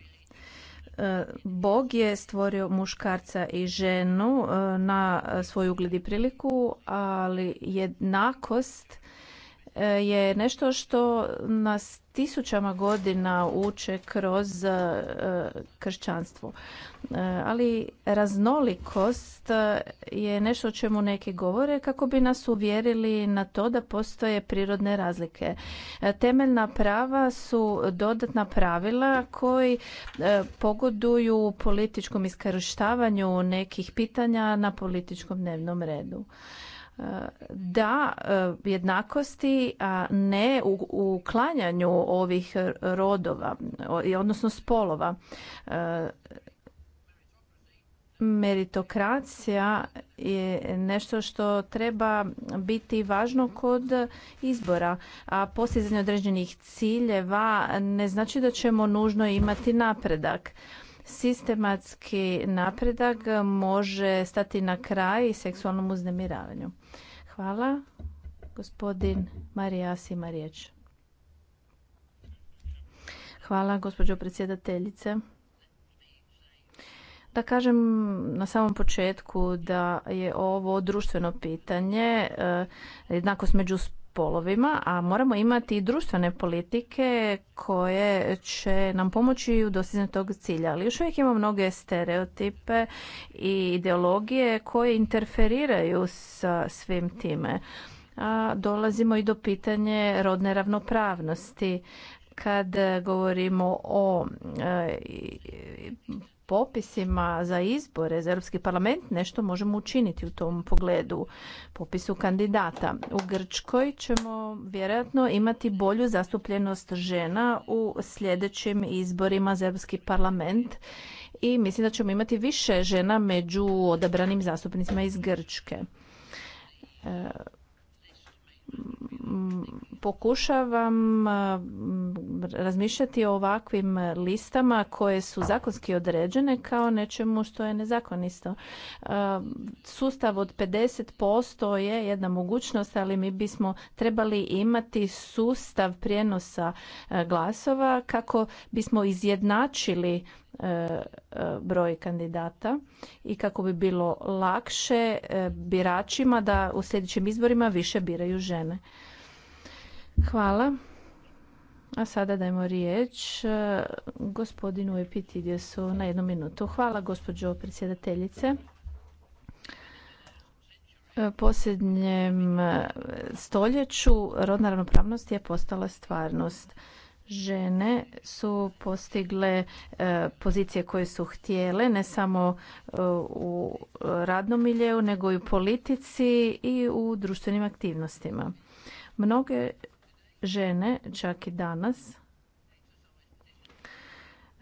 Bog je stvorio muškarca i ženu e, na e, svoj ugled i priliku, ali jednakost je nešto što nas tisućama godina uče kroz e, kršćanstvo. E, ali raznolikost e, je nešto o čemu neki govore kako bi nas uvjerili na to da postoje prirodne razlike. Temeljna prava su dodatna pravila koji pogoduju političkom iskorištavanju nekih pitanja na političkom dnevnom redu da e, jednakosti, a ne u uklanjanju ovih rodova, odnosno spolova. E, meritokracija je nešto što treba biti važno kod izbora, a postizanje određenih ciljeva ne znači da ćemo nužno imati napredak sistematski napredak može stati na kraj seksualnom uznemiravanju. Hvala. Gospodin Marijas ima riječ. Hvala, gospođo predsjedateljice. Da kažem na samom početku da je ovo društveno pitanje, eh, jednakost među polovima, a moramo imati i društvene politike koje će nam pomoći u dostizanju tog cilja. Ali još uvijek ima mnoge stereotipe i ideologije koje interferiraju sa svim time. A dolazimo i do pitanje rodne ravnopravnosti kad govorimo o e, popisima za izbore za Europski parlament nešto možemo učiniti u tom pogledu popisu kandidata. U Grčkoj ćemo vjerojatno imati bolju zastupljenost žena u sljedećim izborima za Europski parlament i mislim da ćemo imati više žena među odabranim zastupnicima iz Grčke. E, pokušavam razmišljati o ovakvim listama koje su zakonski određene kao nečemu što je nezakonisto. Sustav od 50% je jedna mogućnost, ali mi bismo trebali imati sustav prijenosa glasova kako bismo izjednačili E, e, broj kandidata i kako bi bilo lakše e, biračima da u sljedećim izborima više biraju žene. Hvala. A sada dajmo riječ gospodinu Epitidjesu na jednu minutu. Hvala gospođo predsjedateljice. Posljednjem stoljeću rodna ravnopravnost je postala stvarnost žene su postigle e, pozicije koje su htjele, ne samo e, u radnom miljeu, nego i u politici i u društvenim aktivnostima. Mnoge žene, čak i danas,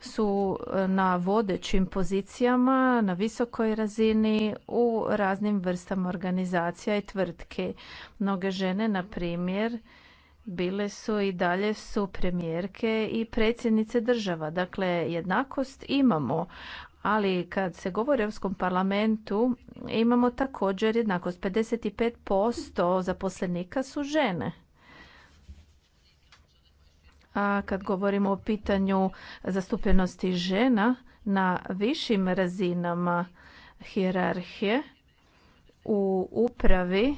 su e, na vodećim pozicijama, na visokoj razini u raznim vrstama organizacija i tvrtki. Mnoge žene, na primjer, bile su i dalje su premijerke i predsjednice država. Dakle, jednakost imamo, ali kad se govori o Europskom parlamentu imamo također jednakost. 55% zaposlenika su žene. A kad govorimo o pitanju zastupljenosti žena na višim razinama hijerarhije u upravi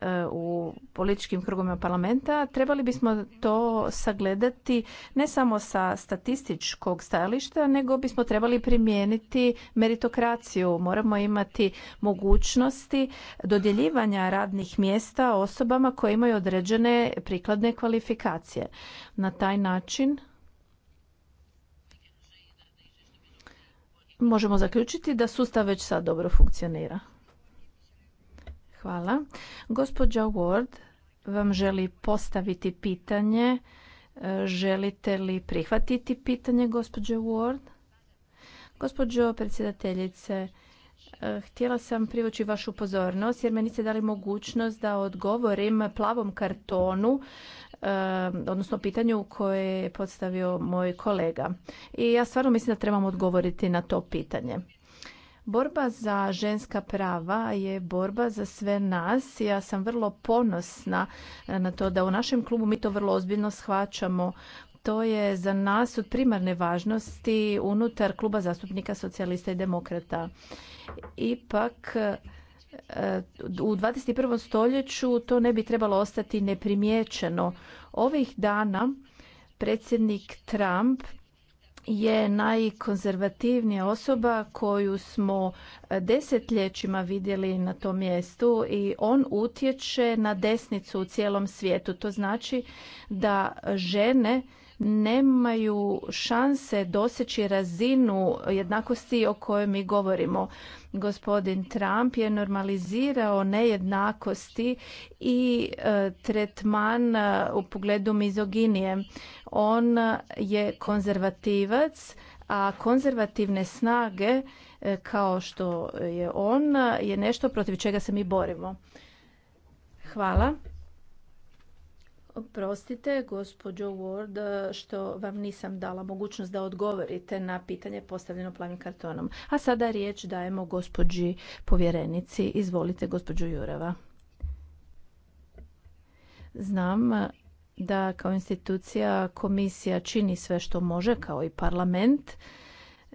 E, u političkim krugovima parlamenta, trebali bismo to sagledati ne samo sa statističkog stajališta, nego bismo trebali primijeniti meritokraciju. Moramo imati mogućnosti dodjeljivanja radnih mjesta osobama koje imaju određene prikladne kvalifikacije. Na taj način možemo zaključiti da sustav već sad dobro funkcionira. Hvala. Gospođa Ward vam želi postaviti pitanje. E, želite li prihvatiti pitanje gospođe Ward? Gospođo predsjedateljice, e, Htjela sam privući vašu pozornost jer me niste dali mogućnost da odgovorim plavom kartonu, e, odnosno pitanju koje je postavio moj kolega. I ja stvarno mislim da trebam odgovoriti na to pitanje. Borba za ženska prava je borba za sve nas. Ja sam vrlo ponosna eh, na to da u našem klubu mi to vrlo ozbiljno shvaćamo to je za nas od primarne važnosti unutar kluba zastupnika socijalista i demokrata. Ipak eh, u 21. stoljeću to ne bi trebalo ostati neprimijećeno. Ovih dana predsjednik Trump je najkonzervativnija osoba koju smo e, desetljećima vidjeli na tom mjestu i on utječe na desnicu u cijelom svijetu. To znači da žene nemaju šanse doseći razinu jednakosti o kojoj mi govorimo. Gospodin Trump je normalizirao nejednakosti i e, tretman e, u pogledu mizoginije on je konzervativac, a konzervativne snage e, kao što je on je nešto protiv čega se mi borimo. Hvala. Oprostite, gospođo Ward, što vam nisam dala mogućnost da odgovorite na pitanje postavljeno plavim kartonom. A sada riječ dajemo gospođi povjerenici. Izvolite, gospođo Jureva. Znam da kao institucija komisija čini sve što može kao i parlament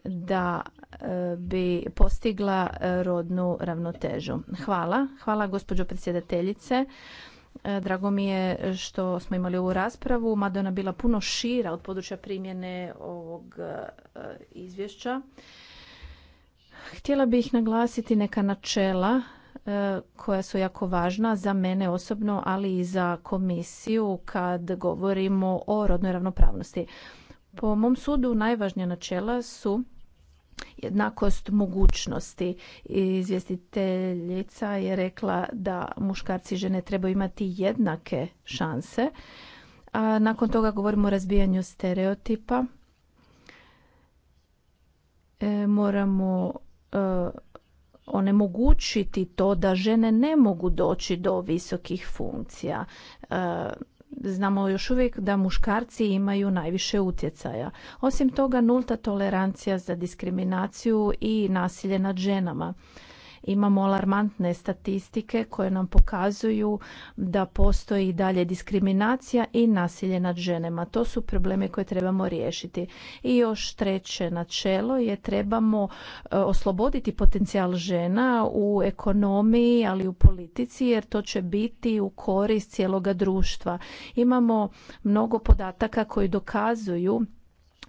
da e, bi postigla e, rodnu ravnotežu. Hvala. Hvala gospođo predsjedateljice. E, drago mi je što smo imali ovu raspravu, mada ona bila puno šira od područja primjene ovog izvješća. Htjela bih naglasiti neka načela E, koja su jako važna za mene osobno, ali i za komisiju kad govorimo o rodnoj ravnopravnosti. Po mom sudu najvažnija načela su jednakost mogućnosti. Izvjestiteljica je rekla da muškarci i žene trebaju imati jednake šanse. A nakon toga govorimo o razbijanju stereotipa. E, moramo e, onemogućiti to da žene ne mogu doći do visokih funkcija. E, znamo još uvijek da muškarci imaju najviše utjecaja. Osim toga, nulta tolerancija za diskriminaciju i nasilje nad ženama. Imamo alarmantne statistike koje nam pokazuju da postoji i dalje diskriminacija i nasilje nad ženama. To su probleme koje trebamo riješiti. I još treće načelo je trebamo e, osloboditi potencijal žena u ekonomiji, ali i u politici jer to će biti u korist cijeloga društva. Imamo mnogo podataka koji dokazuju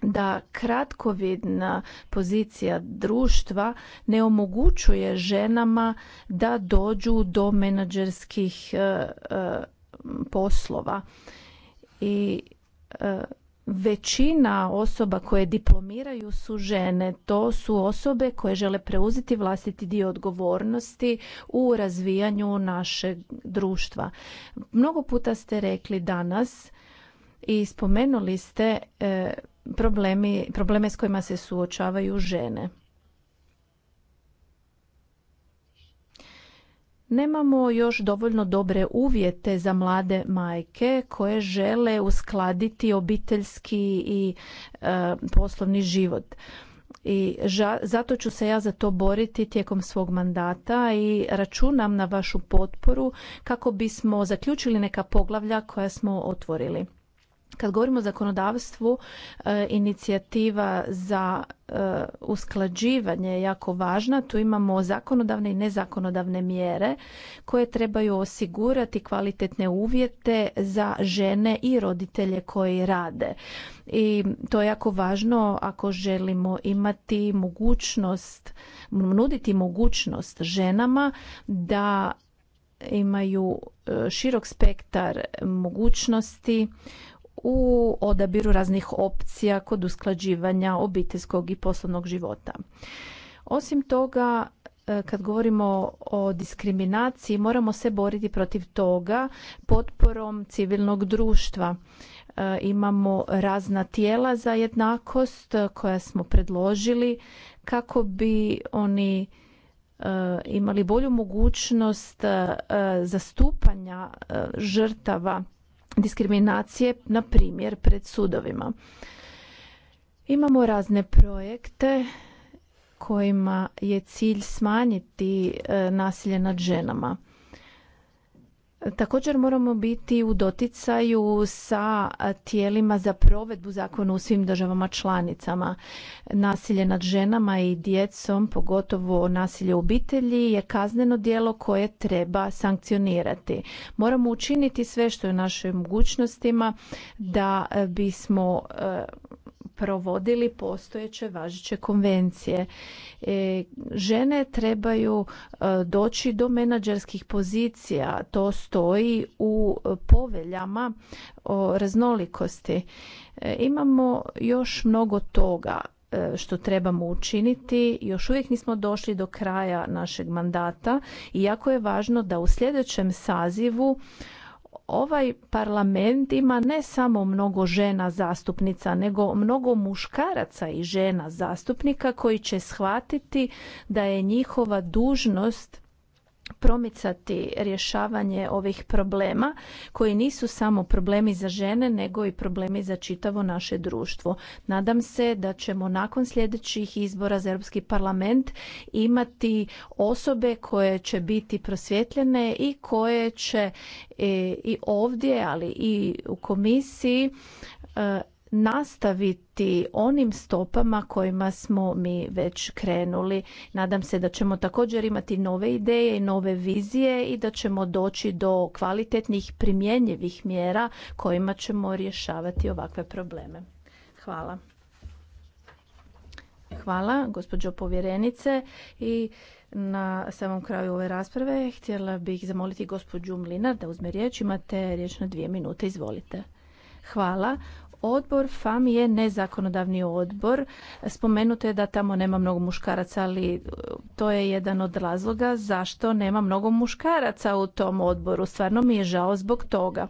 da kratkovidna pozicija društva ne omogućuje ženama da dođu do menadžerskih e, e, poslova i e, većina osoba koje diplomiraju su žene. To su osobe koje žele preuzeti vlastiti dio odgovornosti u razvijanju našeg društva. Mnogo puta ste rekli danas i spomenuli ste e, problemi, probleme s kojima se suočavaju žene. Nemamo još dovoljno dobre uvjete za mlade majke koje žele uskladiti obiteljski i e, poslovni život. I zato ću se ja za to boriti tijekom svog mandata i računam na vašu potporu kako bismo zaključili neka poglavlja koja smo otvorili. Kad govorimo o zakonodavstvu, e, inicijativa za e, usklađivanje je jako važna. Tu imamo zakonodavne i nezakonodavne mjere koje trebaju osigurati kvalitetne uvjete za žene i roditelje koji rade. I to je jako važno ako želimo imati mogućnost, nuditi mogućnost ženama da imaju e, širok spektar mogućnosti u odabiru raznih opcija kod usklađivanja obiteljskog i poslovnog života. Osim toga, e, kad govorimo o diskriminaciji, moramo se boriti protiv toga potporom civilnog društva. E, imamo razna tijela za jednakost koja smo predložili kako bi oni e, imali bolju mogućnost zastupanja žrtava diskriminacije, na primjer, pred sudovima. Imamo razne projekte kojima je cilj smanjiti e, nasilje nad ženama. Također moramo biti u doticaju sa tijelima za provedbu zakona u svim državama članicama. Nasilje nad ženama i djecom, pogotovo nasilje u obitelji, je kazneno djelo koje treba sankcionirati. Moramo učiniti sve što je u našoj mogućnostima da bismo e, provodili postojeće važeće konvencije. E, žene trebaju e, doći do menadžerskih pozicija, to stoji u poveljama o raznolikosti. E, imamo još mnogo toga što trebamo učiniti. Još uvijek nismo došli do kraja našeg mandata i jako je važno da u sljedećem sazivu ovaj parlament ima ne samo mnogo žena zastupnica, nego mnogo muškaraca i žena zastupnika koji će shvatiti da je njihova dužnost promicati rješavanje ovih problema koji nisu samo problemi za žene nego i problemi za čitavo naše društvo. Nadam se da ćemo nakon sljedećih izbora za Europski parlament imati osobe koje će biti prosvjetljene i koje će e, i ovdje ali i u komisiji e, nastaviti onim stopama kojima smo mi već krenuli. Nadam se da ćemo također imati nove ideje i nove vizije i da ćemo doći do kvalitetnih primjenjivih mjera kojima ćemo rješavati ovakve probleme. Hvala. Hvala, gospođo povjerenice. I na samom kraju ove rasprave htjela bih zamoliti gospođu Mlinar da uzme riječ. Imate riječ na dvije minute. Izvolite. Hvala. Odbor FAM je nezakonodavni odbor. Spomenuto je da tamo nema mnogo muškaraca, ali e, to je jedan od razloga zašto nema mnogo muškaraca u tom odboru. Stvarno mi je žao zbog toga.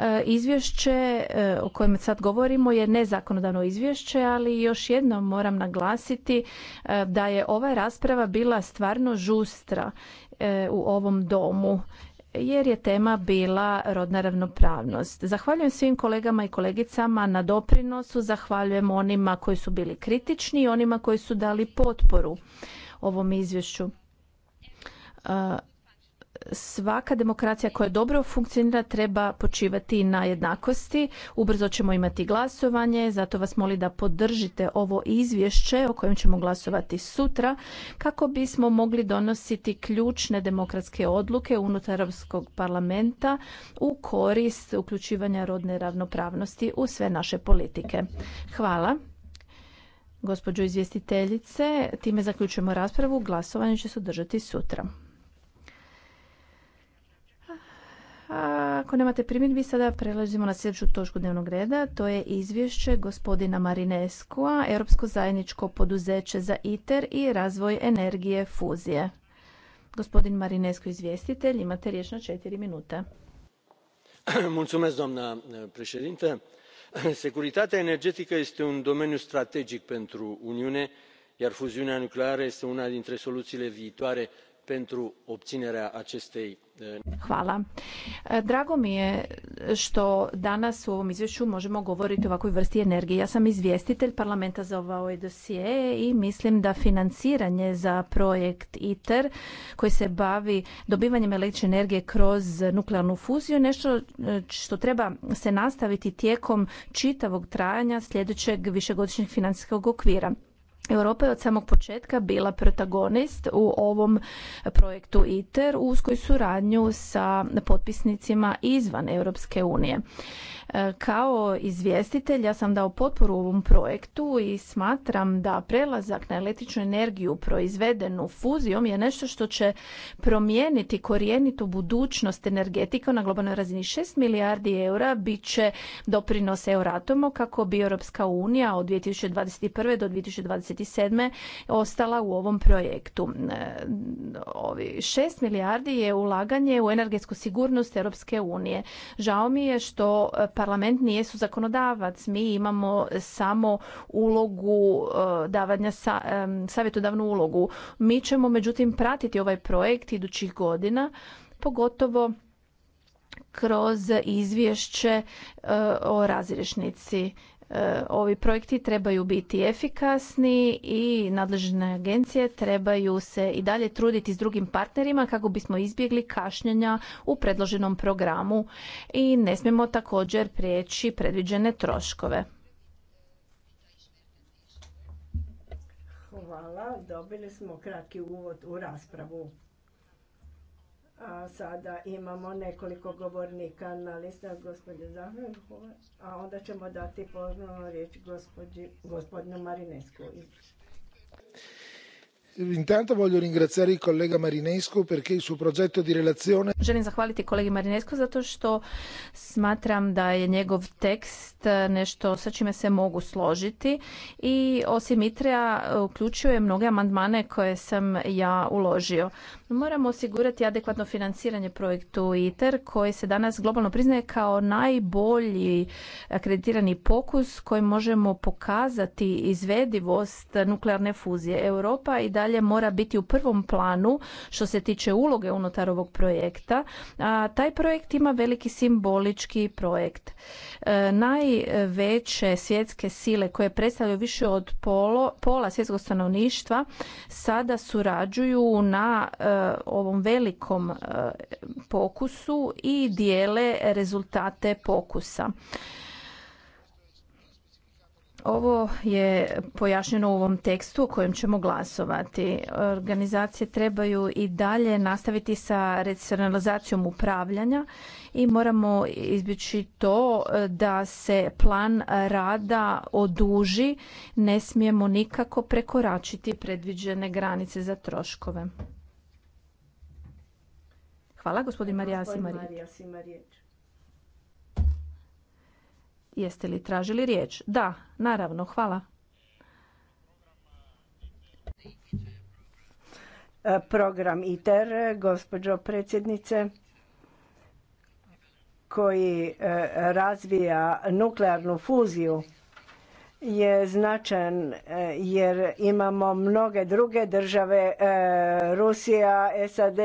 E, izvješće e, o kojem sad govorimo je nezakonodavno izvješće, ali još jednom moram naglasiti da je ova rasprava bila stvarno žustra u ovom domu jer je tema bila rodna ravnopravnost. Zahvaljujem svim kolegama i kolegicama na doprinosu, zahvaljujem onima koji su bili kritični i onima koji su dali potporu ovom izvješću svaka demokracija koja dobro funkcionira treba počivati na jednakosti. Ubrzo ćemo imati glasovanje, zato vas molim da podržite ovo izvješće o kojem ćemo glasovati sutra kako bismo mogli donositi ključne demokratske odluke unutar Europskog parlamenta u korist uključivanja rodne ravnopravnosti u sve naše politike. Hvala. Gospođo izvjestiteljice, time zaključujemo raspravu. Glasovanje će se održati sutra. Ako nemate primjedbi, sada prelazimo na sljedeću točku dnevnog reda. To je izvješće gospodina Marineskoa, Europsko zajedničko poduzeće za ITER i razvoj energije fuzije. Gospodin Marinesko, izvjestitelj, imate riječ na četiri minuta. Mulțumesc, doamna eh, președintă. Securitatea energetică este un domeniu strategic pentru Uniune, iar fuziunea nucleară este una dintre soluțiile viitoare pentru obținerea acestei Hvala. E, drago mi je što danas u ovom izvješću možemo govoriti o ovakvoj vrsti energije. Ja sam izvjestitelj parlamenta za ovaj dosije i mislim da financiranje za projekt ITER koji se bavi dobivanjem električne energije kroz nuklearnu fuziju je nešto e, što treba se nastaviti tijekom čitavog trajanja sljedećeg višegodišnjeg financijskog okvira. Europa je od samog početka bila protagonist u ovom projektu ITER u uskoj suradnju sa potpisnicima izvan Europske unije. E, kao izvjestitelj ja sam dao potporu ovom projektu i smatram da prelazak na električnu energiju proizvedenu fuzijom je nešto što će promijeniti korijenitu budućnost energetika na globalnoj razini. 6 milijardi eura bit će doprinos Euratomu kako bi Europska unija od 2021. do 2027. ostala u ovom projektu. 6 e, milijardi je ulaganje u energetsku sigurnost Europske unije. Žao mi je što parlament nije su zakonodavac. Mi imamo samo ulogu e, davanja e, savjetodavnu ulogu. Mi ćemo međutim pratiti ovaj projekt idućih godina, pogotovo kroz izvješće e, o razrješnici E, ovi projekti trebaju biti efikasni i nadležne agencije trebaju se i dalje truditi s drugim partnerima kako bismo izbjegli kašnjenja u predloženom programu i ne smijemo također prijeći predviđene troškove. Hvala, dobili smo kratki uvod u raspravu. A sada imamo nekoliko govornika na lista gospođe a onda ćemo dati ponovno riječ gospodinu Marinesku intanto voglio ringraziare il perché il suo progetto di Želim zahvaliti kolegi Marinescu zato što smatram da je njegov tekst eh, nešto sa čime se mogu složiti i osim ITRE-a eh, uključuje mnoge amandmane koje sam ja uložio. Moramo osigurati adekvatno financiranje projektu ITER koji se danas globalno priznaje kao najbolji akreditirani pokus kojim možemo pokazati izvedivost nuklearne fuzije. Europa i da dalje mora biti u prvom planu što se tiče uloge unutar ovog projekta. A taj projekt ima veliki simbolički projekt. E, najveće svjetske sile koje predstavljaju više od polo, pola svjetskog stanovništva sada surađuju na e, ovom velikom e, pokusu i dijele rezultate pokusa. Ovo je pojašnjeno u ovom tekstu o kojem ćemo glasovati. Organizacije trebaju i dalje nastaviti sa racionalizacijom upravljanja i moramo izbjeći to e, da se plan rada oduži. Ne smijemo nikako prekoračiti predviđene granice za troškove. Hvala, gospodin Marijas i Jeste li tražili riječ? Da, naravno, hvala. E, program ITER, gospođo predsjednice, koji e, razvija nuklearnu fuziju je značajan e, jer imamo mnoge druge države, Rusija, SAD,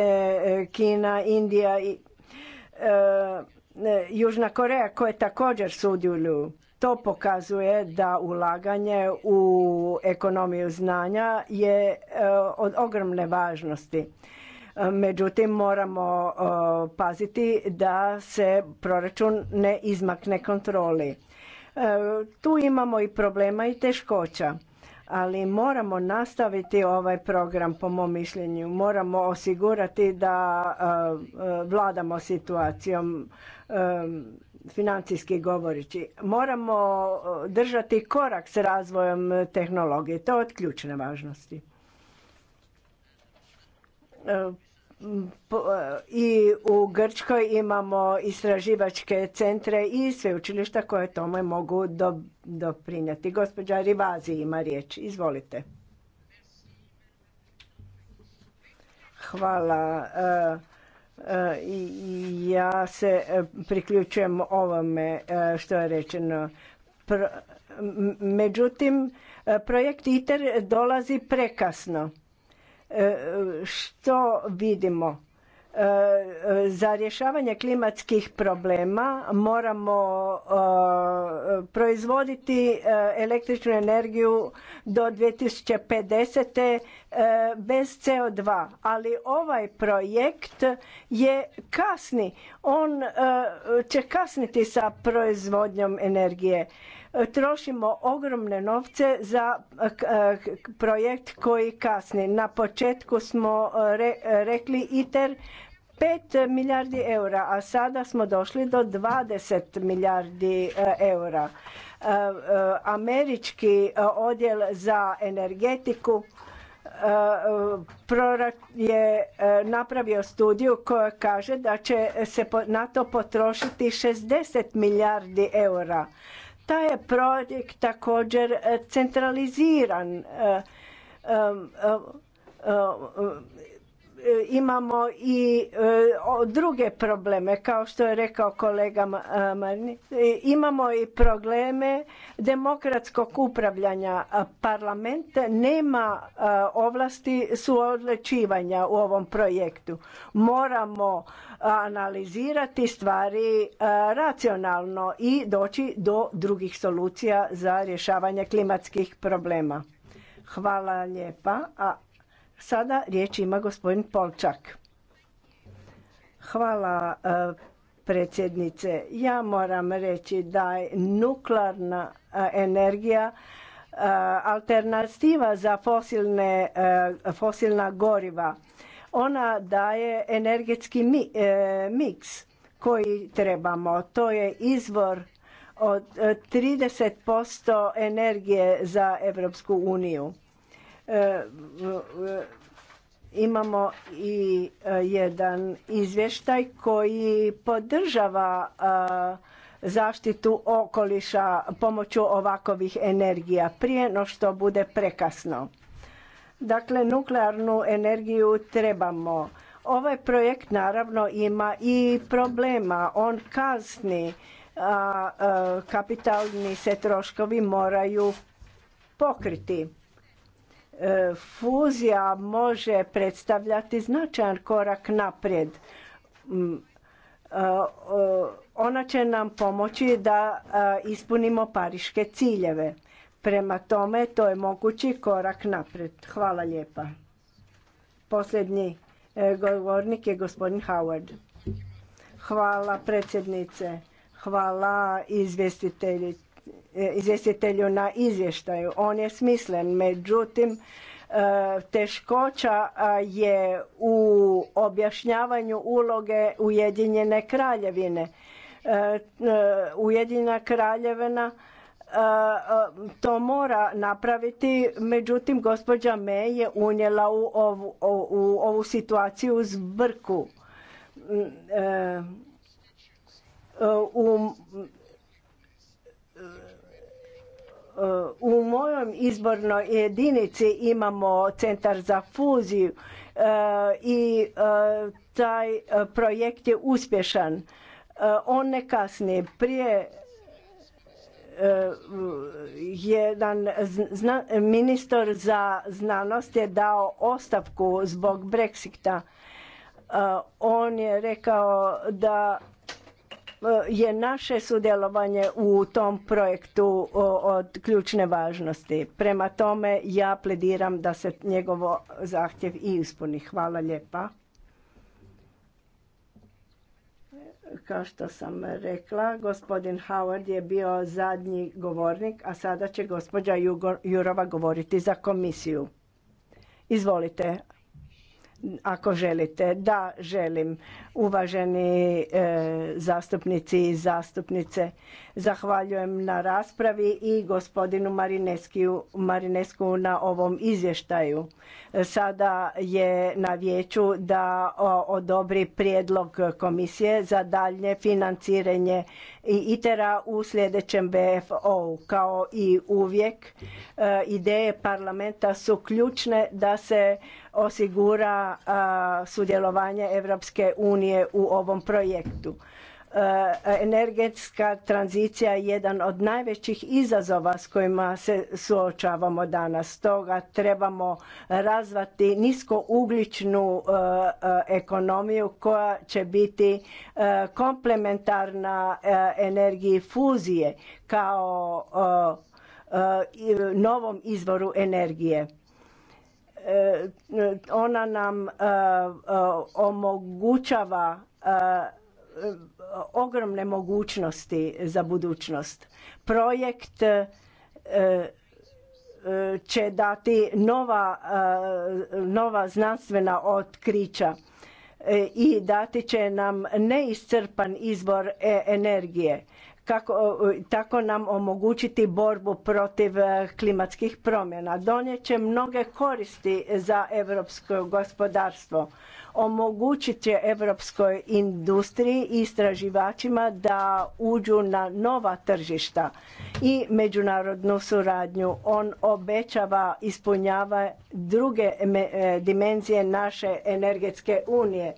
Kina, Indija i E, Južna Koreja koje također sudjeluju. To pokazuje da ulaganje u ekonomiju znanja je e, od ogromne važnosti. E, međutim, moramo paziti da se proračun ne izmakne kontroli. Tu imamo i problema i teškoća ali moramo nastaviti ovaj program po mom mišljenju. Moramo osigurati da e, e, vladamo situacijom e, financijski govoreći. Moramo držati korak s razvojem tehnologije. To je od ključne važnosti E, i u Grčkoj imamo istraživačke centre i sveučilišta koje tome mogu doprinjati. Gospođa Rivazi ima riječ. Izvolite. Hvala. E, e, ja se priključujem ovome što je rečeno. Međutim, projekt ITER dolazi prekasno E, što vidimo? E, za rješavanje klimatskih problema moramo e, proizvoditi električnu energiju do 2050. E, bez CO2, ali ovaj projekt je kasni. On e, će kasniti sa proizvodnjom energije. E, trošimo ogromne novce za projekt koji kasni. Na početku smo rekli ITER 5 milijardi eura, a sada smo došli do 20 milijardi eura. Američki odjel za energetiku je e, napravio studiju koja kaže da će se na to potrošiti 60 milijardi eura. Taj je projekt također e, centraliziran e, E, imamo i e, druge probleme, kao što je rekao kolega e, Marni. Imamo i probleme demokratskog upravljanja. Parlament nema ovlasti suodlečivanja u ovom projektu. Moramo analizirati stvari racionalno i doći do drugih solucija za rješavanje klimatskih problema. Hvala lijepa. A Sada riječ ima gospodin Polčak. Hvala e, predsjednice. Ja moram reći da je nuklearna e, energija e, alternativa za fosilna goriva. Ona daje energetski miks koji trebamo. To je izvor od 30% energije za Europsku uniju. E, e, imamo i e, jedan izvještaj koji podržava zaštitu okoliša pomoću ovakovih energija prije no što bude prekasno. Dakle, nuklearnu energiju trebamo. Ovaj projekt naravno ima i problema. On kasni, a kapitalni se troškovi moraju pokriti Fuzija može predstavljati značajan korak naprijed. Mm, ona će nam pomoći da ispunimo pariške ciljeve. Prema tome, to je mogući korak naprijed. Hvala lijepa. Posljednji e, govornik je gospodin Howard. Hvala predsjednice, hvala izvjestiteljice E, izvjestitelju na izvještaju. On je smislen, međutim e, teškoća je u objašnjavanju uloge Ujedinjene kraljevine. E, Ujedinjena kraljevina to mora napraviti, međutim gospođa me je unijela u ovu, u ovu situaciju zbrku. Mm, u u mojoj izbornoj jedinici imamo centar za fuziju e, i e, taj e, projekt je uspješan. On ne kasni. Prije jedan ministar za znanost je dao ostavku zbog Brexita. On je rekao da Eh, je naše sudjelovanje u tom projektu od ključne važnosti. Prema tome ja plediram da se njegovo zahtjev i ispuni. Hvala lijepa. Kao što sam rekla, gospodin Howard je bio zadnji govornik, a sada će gospođa Jurova govoriti za komisiju. Izvolite, ako želite. Da, želim uvaženi e, zastupnici i zastupnice. Zahvaljujem na raspravi i gospodinu Marinesku na ovom izvještaju. Sada je na vijeću da odobri prijedlog komisije za dalje financiranje ITER-a u sljedećem BFO-u. Kao i uvijek, e, ideje parlamenta su ključne da se osigura sudjelovanje EU unije u ovom projektu. E, energetska tranzicija je jedan od najvećih izazova s kojima se suočavamo danas. Stoga trebamo razvati niskougličnu e, e, ekonomiju koja će biti komplementarna energiji fuzije kao novom izvoru energije E, ona nam e, e, omogućava ogromne mogućnosti za budućnost. Projekt će dati nova, nova znanstvena otkrića i dati će nam neiscrpan izbor energije kako, e, tako nam omogućiti borbu protiv e, klimatskih promjena. Donijet će mnoge koristi za europsko gospodarstvo. Omogućit će europskoj industriji i istraživačima da uđu na nova tržišta i međunarodnu suradnju. On obećava ispunjava druge e, dimenzije naše energetske unije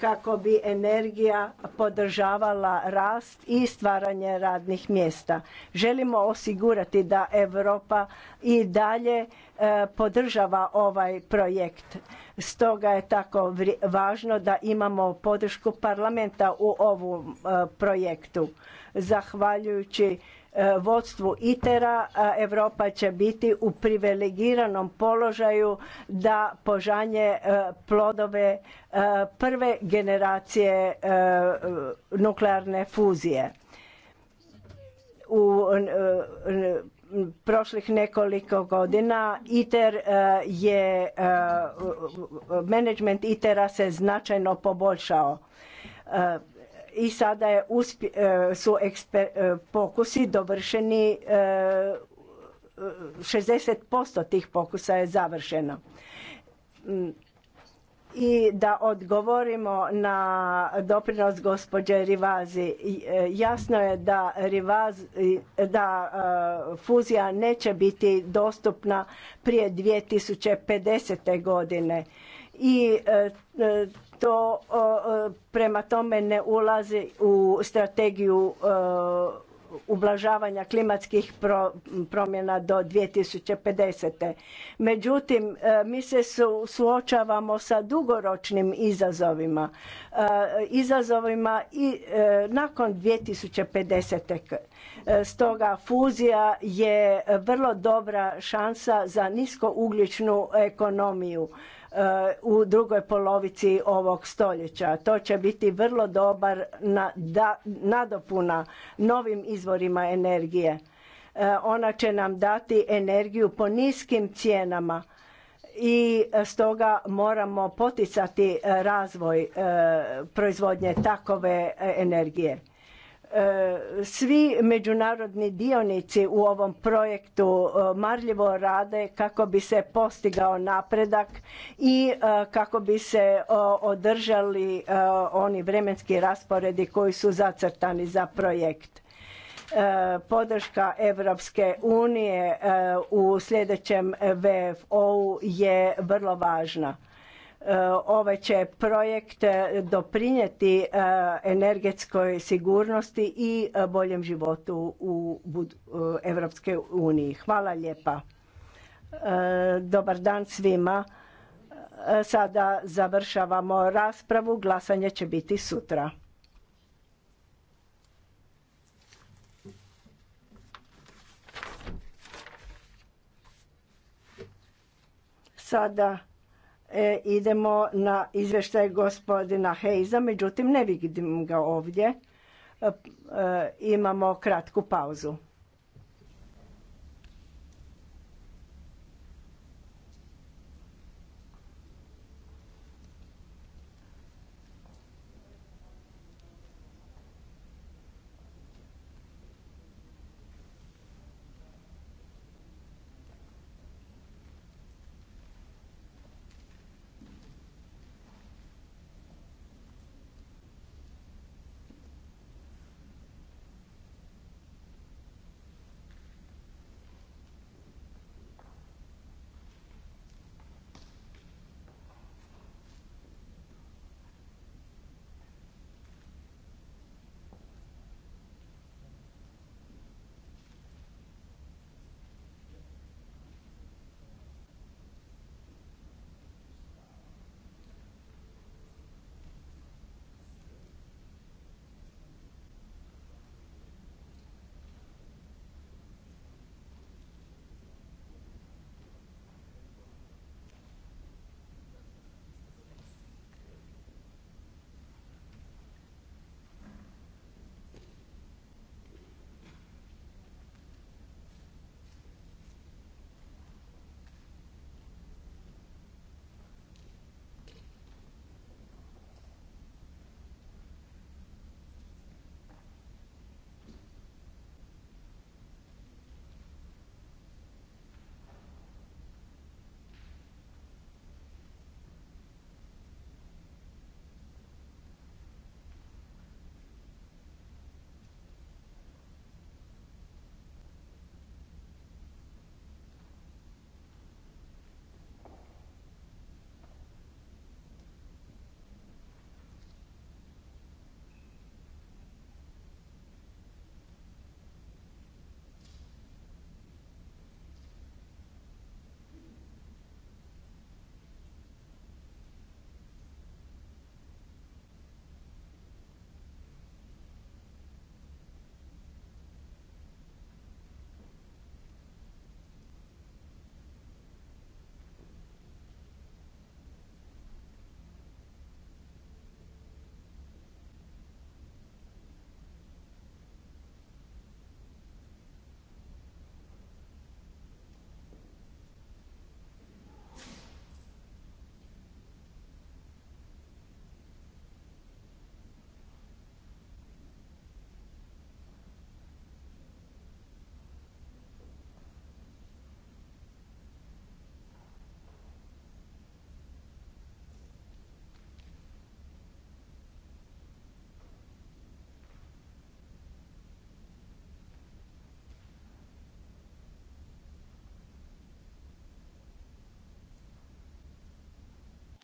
kako bi energija podržavala rast i stvaranje radnih mjesta. Želimo osigurati da Europa i dalje e, podržava ovaj projekt. Stoga je tako važno da imamo podršku parlamenta u ovom e, projektu. Zahvaljujući E, vodstvu Itera, a Europa će biti u privilegiranom položaju da požanje e, plodove e, prve generacije nuklearne fuzije. U prošlih nekoliko godina ITER je, management ITER-a se značajno poboljšao i sada je e, su eksper, e, pokusi dovršeni 60% e, tih pokusa je završeno. Mm. I da odgovorimo na doprinos gospođe Rivazi. Jasno je da, Rivaz, da fuzija neće biti dostupna prije 2050. godine i to prema tome ne ulazi u strategiju ublažavanja klimatskih promjena do 2050. Međutim, e, mi se suočavamo sa dugoročnim izazovima. E, izazovima i e, nakon 2050. Stoga fuzija je vrlo dobra šansa za niskougljičnu ekonomiju u drugoj polovici ovog stoljeća. To će biti vrlo dobar nadopuna novim izvorima energije. E, ona će nam dati energiju po niskim cijenama i stoga moramo poticati razvoj e, proizvodnje takove e, energije. Svi međunarodni dionici u ovom projektu e, marljivo rade kako bi se postigao napredak i e, kako bi se održali e, oni vremenski rasporedi koji su zacrtani za projekt podrška Europske unije u sljedećem VFO-u je vrlo važna. Ovaj će projekt e, doprinijeti e, energetskoj sigurnosti i e, boljem životu u Europske uniji. Hvala lijepa. Dobar dan svima. Sada završavamo raspravu. Glasanje će biti sutra. Sada E, idemo na izvještaj gospodina Hejza, međutim ne vidim ga ovdje. E, e, imamo kratku pauzu.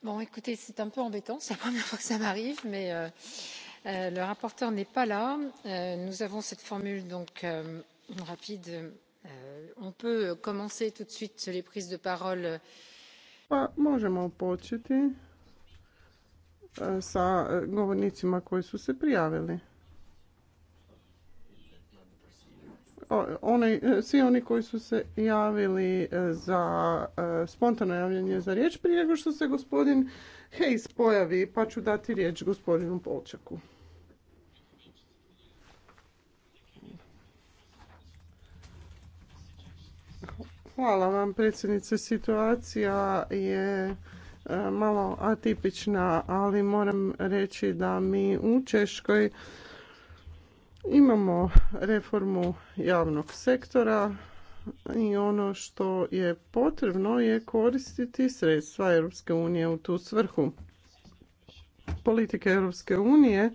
Bon, écoutez, c'est un peu embêtant, c'est la première fois que ça m'arrive, mais euh, euh, le rapporteur n'est pas là. Euh, nous avons cette formule donc rapide. On peut commencer tout de suite les prises de parole. Pa, možemo početi sa govornicima koji su se prijavili. E, svi oni koji su se javili e, za e, spontano javljanje za riječ prije nego što se gospodin Hejs pojavi, pa ću dati riječ gospodinu Polčaku. Hvala vam predsjednice. Situacija je malo atipična, ali moram reći da mi u Češkoj Imamo reformu javnog sektora i ono što je potrebno je koristiti sredstva Europske unije u tu svrhu. Politike Europske unije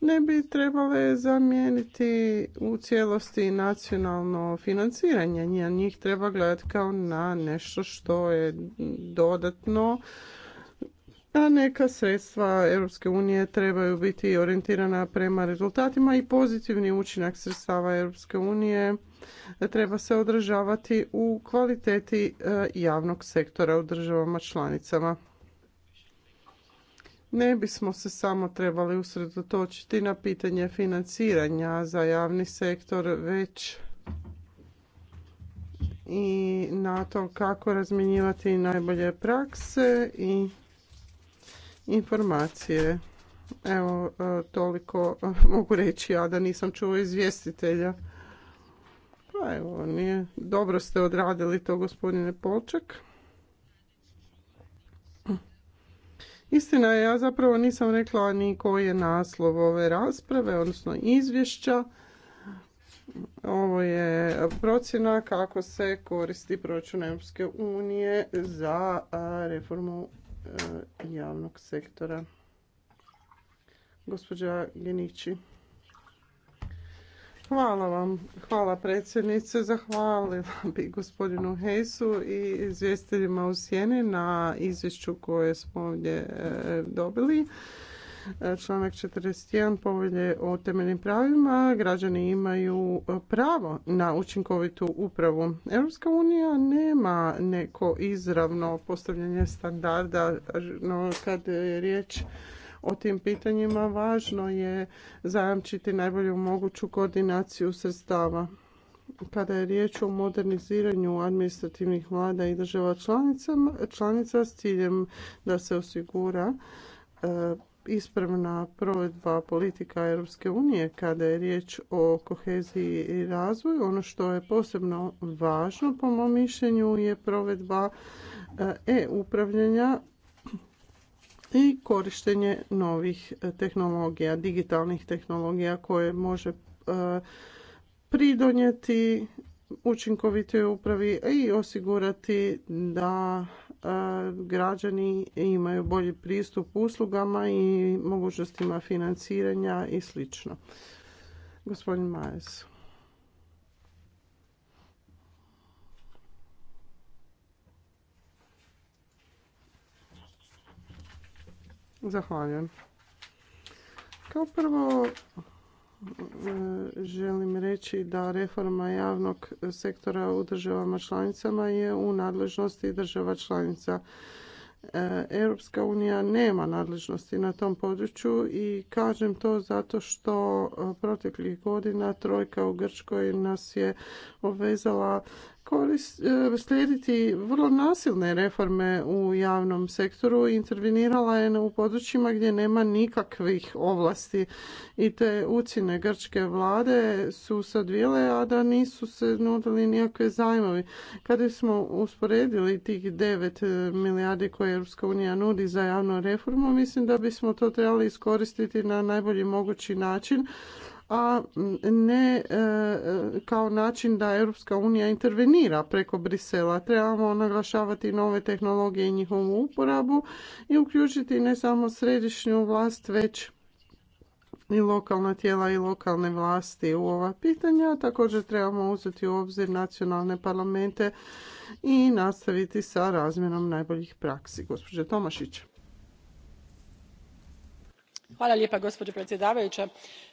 ne bi trebale zamijeniti u cijelosti nacionalno financiranje. njih treba gledati kao na nešto što je dodatno da neka sredstva Europske unije trebaju biti orijentirana prema rezultatima i pozitivni učinak sredstava Europske unije treba se održavati u kvaliteti e, javnog sektora u državama članicama. Ne bismo se samo trebali usredotočiti na pitanje financiranja za javni sektor, već i na to kako razmjenjivati najbolje prakse i informacije. Evo, e, toliko e, mogu reći ja da nisam čuo izvjestitelja. Pa evo, nije. Dobro ste odradili to, gospodine Polčak. Istina je, ja zapravo nisam rekla ni koji je naslov ove rasprave, odnosno izvješća. Ovo je procjena kako se koristi proračun Europske unije za e, reformu E, javnog sektora. Gospođa Genići. Hvala vam. Hvala predsjednice. Zahvalila bi gospodinu Hejsu i izvjestiteljima u Sjeni na izvješću koje smo ovdje e, dobili. E, članak 41 povelje o temeljnim pravima, građani imaju pravo na učinkovitu upravu. Europska unija nema neko izravno postavljanje standarda, no kad je riječ o tim pitanjima važno je zajamčiti najbolju moguću koordinaciju sredstava. Kada je riječ o moderniziranju administrativnih vlada i država članica s ciljem da se osigura e, ispravna provedba politika Europske unije kada je riječ o koheziji i razvoju. Ono što je posebno važno po mom mišljenju je provedba e, e-upravljanja i korištenje novih e, tehnologija, digitalnih tehnologija koje može e, pridonijeti učinkovitoj upravi i osigurati da građani imaju bolji pristup uslugama i mogućnostima financiranja i sl. Gospodin Majes. Zahvaljujem. Kao prvo, Mm, želim reći da reforma javnog sektora u državama članicama je u nadležnosti država članica. E, Europska unija nema nadležnosti na tom području i kažem to zato što e, proteklih godina trojka u Grčkoj nas je obvezala E, slijediti vrlo nasilne reforme u javnom sektoru. Intervenirala je u područjima gdje nema nikakvih ovlasti i te ucine grčke vlade su se odvijele, a da nisu se nudili nijakve zajmovi. Kada smo usporedili tih 9 e, milijardi koje Europska unija nudi za javnu reformu, mislim da bismo to trebali iskoristiti na najbolji mogući način a ne e, kao način da Europska unija intervenira preko Brisela. Trebamo naglašavati nove tehnologije i njihovu uporabu i uključiti ne samo središnju vlast, već i lokalna tijela i lokalne vlasti u ova pitanja. Također trebamo uzeti u obzir nacionalne parlamente i nastaviti sa razmjenom najboljih praksi. Gospođa Tomašić. Hvala lijepa, gospođo predsjedavajuća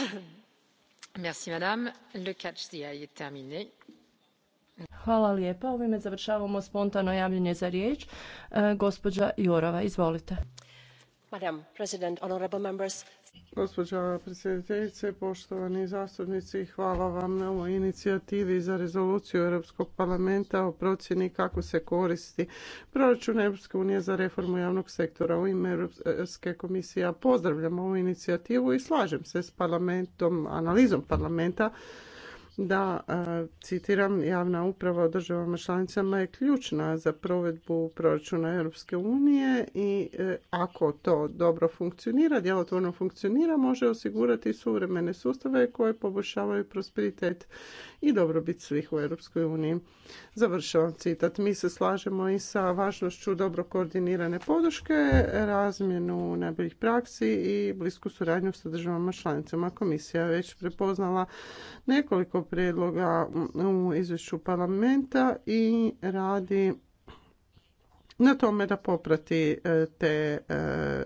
Hvala lijepa. Ovime završavamo spontano javljanje za riječ. E, gospođa izvolite. Madam President, Gospođa predsjedateljice, poštovani zastupnici, hvala vam na ovoj inicijativi za rezoluciju Europskog parlamenta o procjeni kako se koristi proračun Europske unije za reformu javnog sektora. U ime Europske komisije pozdravljam ovu inicijativu i slažem se s parlamentom, analizom parlamenta da, e, citiram, javna uprava u državama članicama je ključna za provedbu proračuna Europske unije i e, ako to dobro funkcionira, djelotvorno funkcionira, može osigurati suvremene sustave koje poboljšavaju prosperitet i dobrobit svih u Europskoj uniji. Završavam citat. Mi se slažemo i sa važnošću dobro koordinirane podrške, razmjenu najboljih praksi i blisku suradnju sa državama članicama. Komisija već prepoznala nekoliko zakonskog prijedloga u izvješću parlamenta i radi na tome da poprati e, te, e,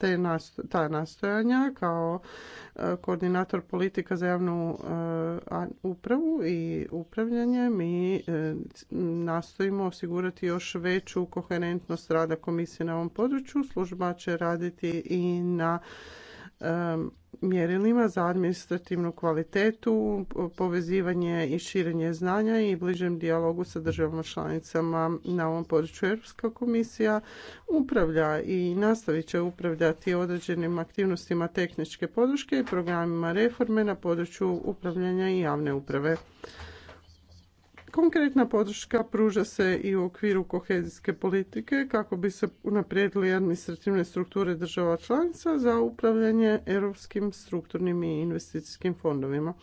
te ta nastojanja kao e, koordinator politika za javnu upravu i upravljanje mi nastojimo osigurati još veću koherentnost rada komisije na ovom području. Služba će raditi i na mjerilima za administrativnu kvalitetu, povezivanje i širenje znanja i bližem dijalogu sa državama članicama na ovom području. Europska komisija upravlja i nastavit će upravljati određenim aktivnostima tehničke podrške i programima reforme na području upravljanja i javne uprave. Konkretna podrška pruža se i u okviru kohezijske politike kako bi se unaprijedili administrativne strukture država članica za upravljanje europskim strukturnim i investicijskim fondovima.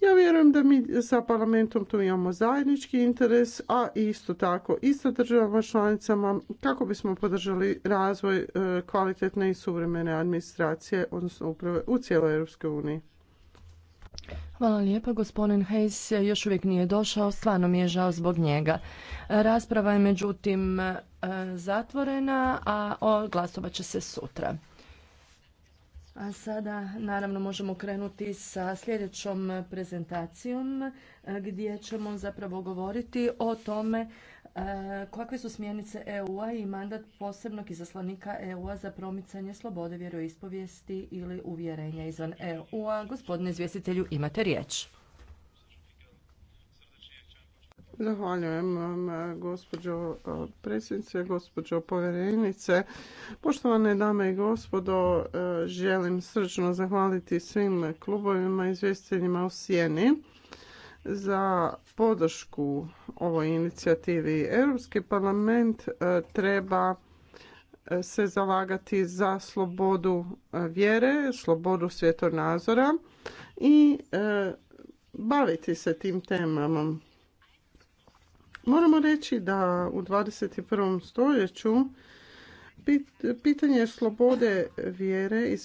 Ja vjerujem da mi sa parlamentom tu imamo zajednički interes, a isto tako i sa državama članicama kako bismo podržali razvoj e, kvalitetne i suvremene administracije, odnosno uprave u cijeloj Europskoj uniji. Hvala lijepa. Gospodin Hayes još uvijek nije došao. Stvarno mi je žao zbog njega. Rasprava je međutim e, zatvorena, a glasovat će se sutra. A sada naravno možemo krenuti sa sljedećom prezentacijom e, gdje ćemo zapravo govoriti o tome E, kakve su smjernice EU-a i mandat posebnog izaslanika EU-a za promicanje slobode vjeroispovijesti ili uvjerenja izvan EU-a? Gospodine izvjestitelju, imate riječ. Zahvaljujem vam, gospođo predsjednice, gospođo povjerenice. Poštovane dame i gospodo, e, želim srčno zahvaliti svim klubovima i izvjestiteljima u Sjeni za podršku ovoj inicijativi. Europski parlament e, treba e, se zalagati za slobodu e, vjere, slobodu svjetonazora i baviti se tim temama. Moramo reći da u 21. stoljeću pitanje slobode vjere i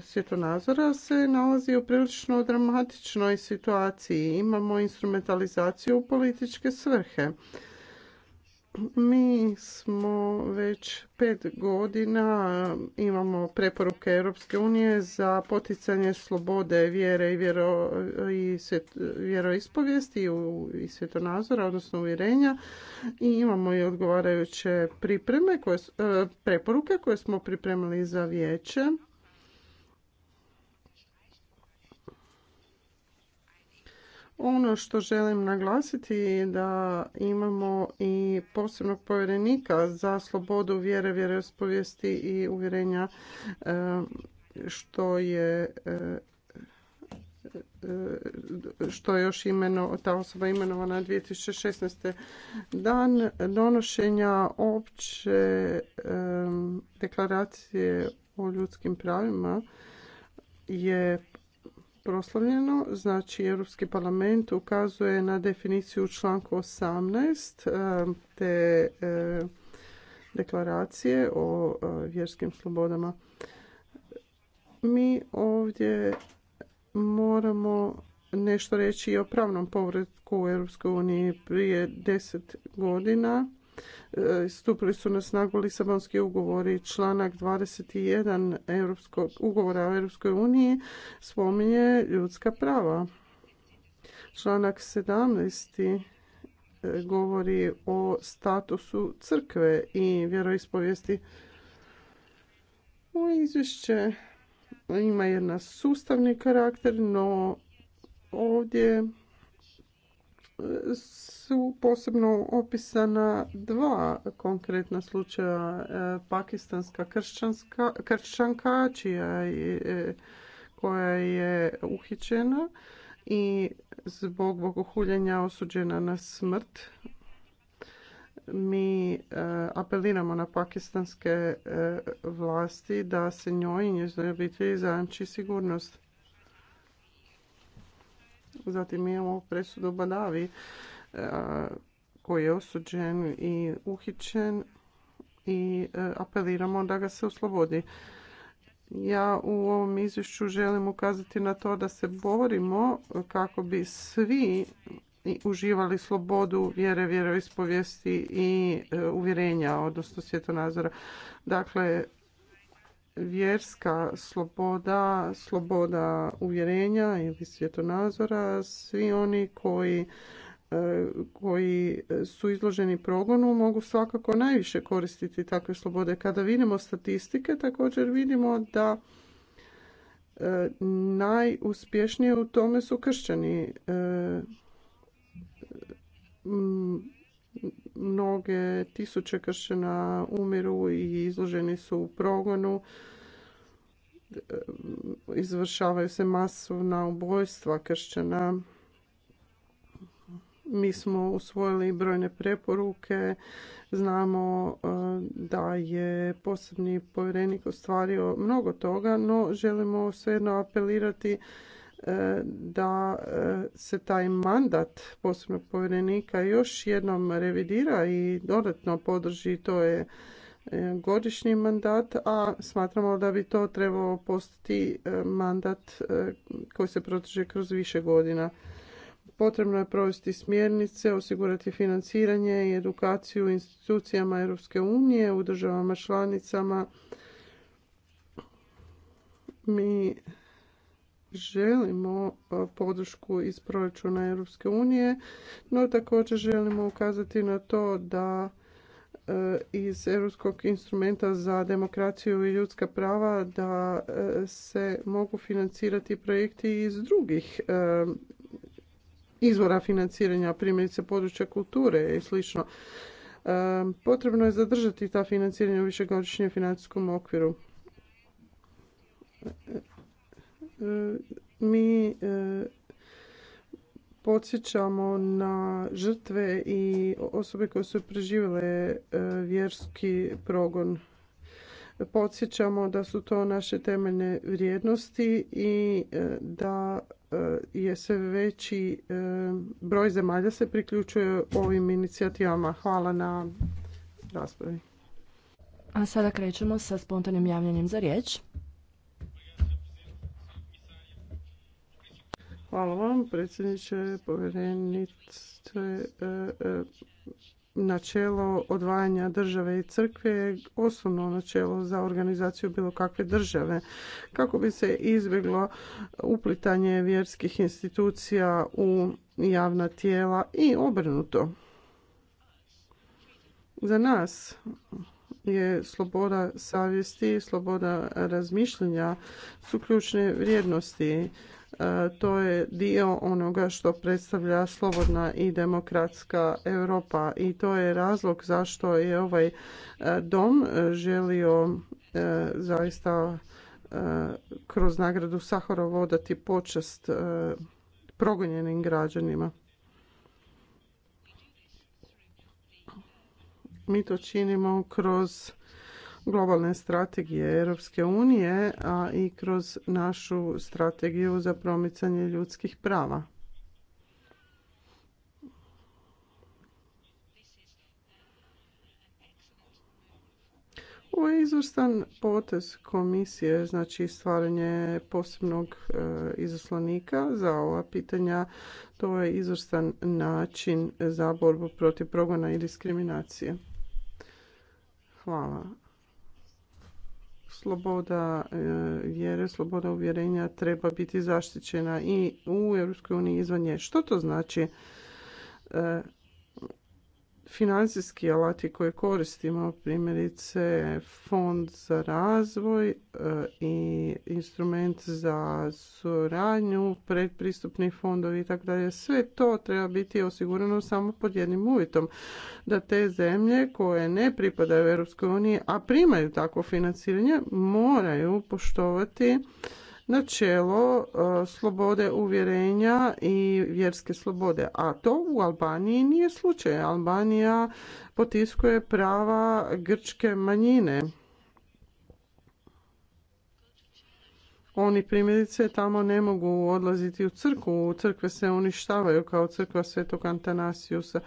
svjetonazora se nalazi u prilično dramatičnoj situaciji. Imamo instrumentalizaciju u političke svrhe. Mi smo već pet godina imamo preporuke Europske unije za poticanje slobode vjere i, vjero, i vjeroispovijesti i svjetonazora, odnosno uvjerenja. I imamo i odgovarajuće pripreme, koje, e, preporuke koje smo pripremili za vijeće Ono što želim naglasiti je da imamo i posebnog povjerenika za slobodu vjere, vjerospovijesti i uvjerenja e, što je e, e, što je još imeno, ta osoba imenovana 2016. dan donošenja opće deklaracije o ljudskim pravima je proslavljeno. Znači, Europski parlament ukazuje na definiciju u članku 18 e, te e, deklaracije o e, vjerskim slobodama. Mi ovdje moramo nešto reći i o pravnom povretku u uniji prije deset godina E, stupili su na snagu Lisabonski ugovori članak 21 Europskog ugovora o Europskoj uniji spominje ljudska prava. Članak 17 e, govori o statusu crkve i vjeroispovijesti. Moje izvješće ima jedan sustavni karakter, no ovdje su posebno opisana dva konkretna slučaja. E, pakistanska kršćanka čija e, koja je uhićena i zbog bogohuljenja osuđena na smrt. Mi e, apeliramo na pakistanske vlasti da se njoj i njezinoj obitelji zajamči sigurnost Zatim imamo presudu Badavi e, koji je osuđen i uhićen i e, apeliramo da ga se oslobodi. Ja u ovom izvješću želim ukazati na to da se borimo kako bi svi uživali slobodu vjere, vjeroispovijesti i e, uvjerenja, odnosno svjetonazora. Dakle, vjerska sloboda, sloboda uvjerenja ili svjetonazora, svi oni koji e, koji su izloženi progonu mogu svakako najviše koristiti takve slobode. Kada vidimo statistike također vidimo da e, najuspješnije u tome su kršćani e, mnoge tisuće kršćana umiru i izloženi su u progonu izvršavaju se masovna ubojstva kršćana. Mi smo usvojili brojne preporuke, znamo e, da je posebni povjerenik ostvario mnogo toga, no želimo svejedno apelirati da e, se taj mandat posebnog povjerenika još jednom revidira i dodatno podrži, to je e, godišnji mandat, a smatramo da bi to trebao postati e, mandat koji se proteže kroz više godina. Potrebno je provesti smjernice, osigurati financiranje i edukaciju institucijama Europske unije, u državama članicama. Mi želimo e, podršku iz proračuna Europske unije, no također želimo ukazati na to da e, iz Europskog instrumenta za demokraciju i ljudska prava da e, se mogu financirati projekti iz drugih izvora financiranja, primjerice područja kulture i slično. Potrebno je zadržati ta financiranja u višegodišnjem financijskom okviru mi e, podsjećamo na žrtve i osobe koje su preživjele e, vjerski progon. Podsjećamo da su to naše temeljne vrijednosti i e, da je sve veći broj zemalja se priključuje ovim inicijativama. Hvala na raspravi. A sada krećemo sa spontanim javljanjem za riječ. Hvala vam, predsjedniče, povjerenice. E, e, načelo odvajanja države i crkve je osnovno načelo za organizaciju bilo kakve države. Kako bi se izbjeglo uplitanje vjerskih institucija u javna tijela i obrnuto. Za nas je sloboda savjesti sloboda razmišljanja su ključne vrijednosti E, to je dio onoga što predstavlja slobodna i demokratska Europa i to je razlog zašto je ovaj e, dom želio e, zaista kroz nagradu Saharova odati počast progonjenim građanima. Mi to činimo kroz globalne strategije Europske unije, a i kroz našu strategiju za promicanje ljudskih prava. Ovo je izvrstan potez komisije, znači stvaranje posebnog e, izaslanika za ova pitanja. To je izvrstan način za borbu protiv progona i diskriminacije. Hvala sloboda e, vjere, sloboda uvjerenja treba biti zaštićena i u EU i izvan nje. Što to znači? E, financijski alati koje koristimo, primjerice fond za razvoj e, i instrument za suradnju, predpristupni fondovi i tako dalje, sve to treba biti osigurano samo pod jednim uvjetom da te zemlje koje ne pripadaju Europskoj uniji, a primaju takvo financiranje, moraju poštovati načelo e, slobode uvjerenja i vjerske slobode. A to u Albaniji nije slučaj. Albanija potiskuje prava grčke manjine. Oni primjerice tamo ne mogu odlaziti u crkvu, u crkve se uništavaju kao crkva Svetog Antanasijusa.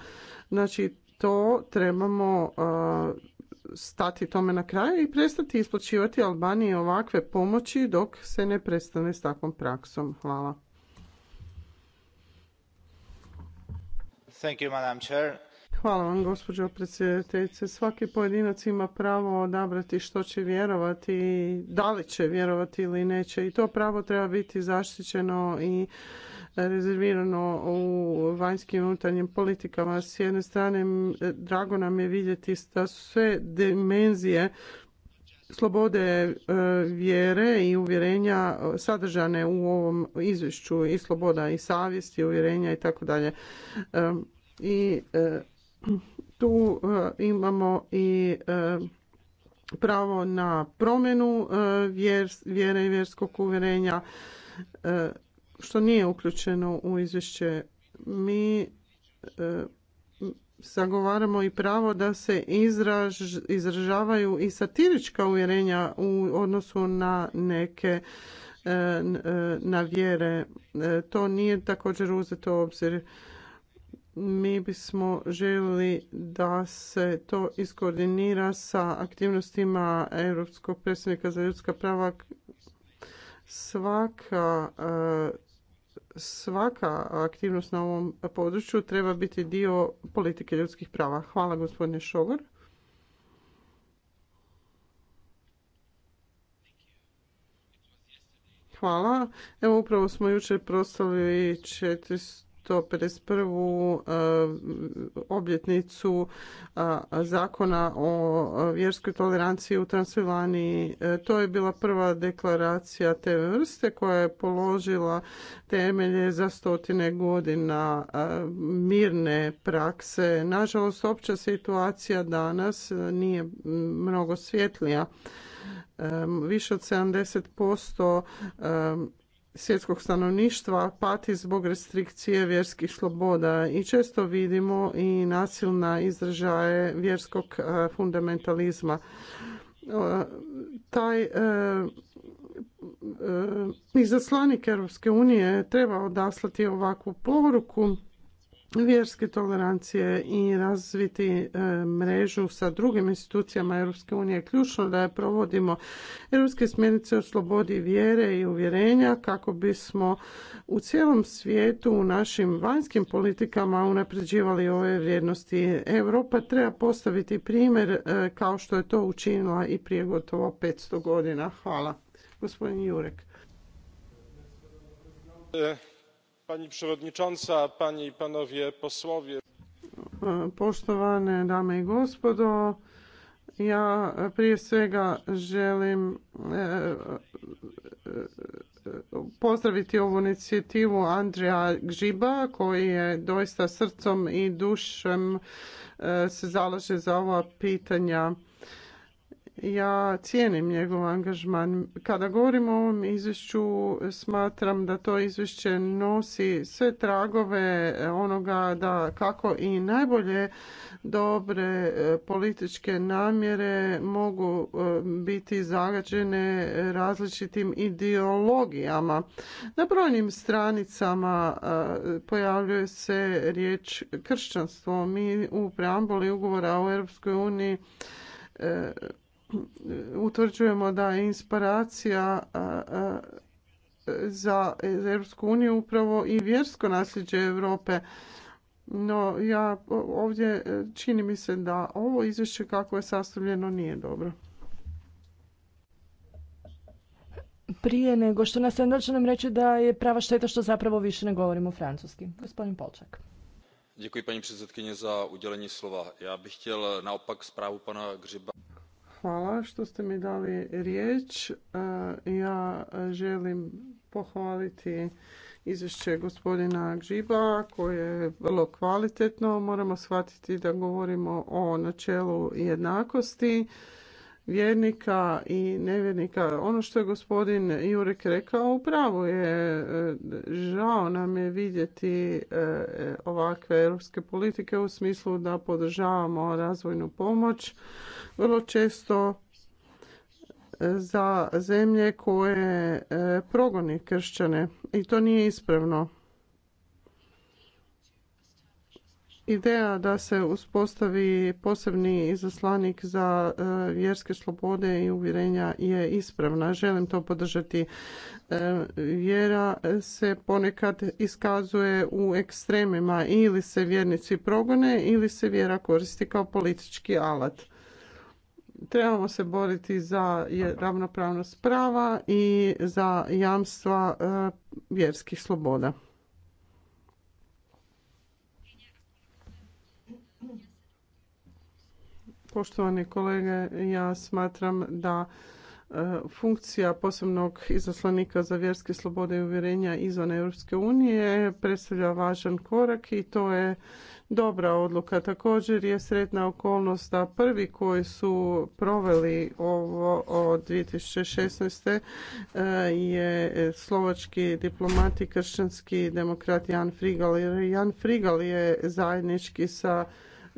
Znači to trebamo e, stati tome na kraju i prestati isplaćivati Albaniji ovakve pomoći dok se ne prestane s takvom praksom. Hvala. Thank you, Madam Chair. Hvala vam, gospođo predsjedateljice. Svaki pojedinac ima pravo odabrati što će vjerovati, da li će vjerovati ili neće. I to pravo treba biti zaštićeno i rezervirano u vanjskim unutarnjim politikama. S jedne strane, drago nam je vidjeti da su sve dimenzije slobode e, vjere i uvjerenja sadržane u ovom izvješću i sloboda i savjesti, uvjerenja i tako dalje. E, I e, tu imamo i pravo na promjenu vjere i vjerskog uvjerenja što nije uključeno u izvješće. Mi e, zagovaramo i pravo da se izraž, izražavaju i satirička uvjerenja u odnosu na neke e, e, na vjere. To nije također uzeto u obzir. Mi bismo željeli da se to iskoordinira sa aktivnostima Europskog predsjednika za ljudska prava. Svaka svaka aktivnost na ovom području treba biti dio politike ljudskih prava. Hvala gospodine Šogor. Hvala. Evo upravo smo jučer prostali 400 151. Eh, obljetnicu eh, zakona o eh, vjerskoj toleranciji u Transilvaniji. To je bila prva deklaracija te vrste koja je položila temelje za stotine godina mirne prakse. Nažalost, opća situacija danas nije mnogo svjetlija. Više od 70% svjetskog stanovništva pati zbog restrikcije vjerskih sloboda i često vidimo i nasilna izražaje vjerskog e, fundamentalizma. E, taj e, izaslanik Europske unije treba odaslati ovakvu poruku vjerske tolerancije i razviti e, mrežu sa drugim institucijama Europske unije. Ključno da je provodimo europske smjernice o slobodi vjere i uvjerenja kako bismo u cijelom svijetu u našim vanjskim politikama unapređivali ove vrijednosti. Europa treba postaviti primjer e, kao što je to učinila i prije gotovo 500 godina. Hvala. Gospodin Jurek e, pani przewodnicząca panie i panowie posłowie! E, poštovane dame i gospodo ja prije svega želim e, e, pozdraviti ovu inicijativu Andrija Gžiba koji doista srcom i dušom se zalaže za ova pitanja ja cijenim njegov angažman. Kada govorimo o ovom izvješću, smatram da to izvješće nosi sve tragove onoga da kako i najbolje dobre e, političke namjere mogu e, biti zagađene različitim ideologijama. Na brojnim stranicama e, pojavljuje se riječ kršćanstvo. Mi u preambuli ugovora o Europskoj uniji utvrđujemo da je inspiracija za Europsku uniju upravo i vjersko nasljeđe Europe. No ja ovdje e, čini mi se da ovo izvješće kako je sastavljeno nije dobro. Prije nego što nas jedan će nam reći da je prava šteta što zapravo više ne govorimo francuski. Gospodin Polčak. Děkuji paní předsedkyně za udělení slova. Ja bych chtěl naopak zprávu pana Gřiba Hvala što ste mi dali riječ. E, ja želim pohvaliti izvješće gospodina Gžiba koje je vrlo kvalitetno. Moramo shvatiti da govorimo o načelu jednakosti vjernika i nevjernika. Ono što je gospodin Jurek rekao, upravo je e, žao nam je vidjeti e, ovakve europske politike u smislu da podržavamo razvojnu pomoć. Vrlo često e, za zemlje koje progoni kršćane i to nije ispravno. Ideja da se uspostavi posebni izaslanik za e, vjerske slobode i uvjerenja je ispravna. Želim to podržati. E, vjera se ponekad iskazuje u ekstremima ili se vjernici progone ili se vjera koristi kao politički alat trebamo se boriti za ravnopravnost prava i za jamstva e, vjerskih sloboda. Poštovani kolege, ja smatram da e, funkcija posebnog izaslanika za vjerske slobode i uvjerenja izvan Europske unije predstavlja važan korak i to je dobra odluka. Također je sretna okolnost da prvi koji su proveli ovo od 2016. E, je slovački diplomat i kršćanski demokrat Jan Frigal. Jan Frigal je zajednički sa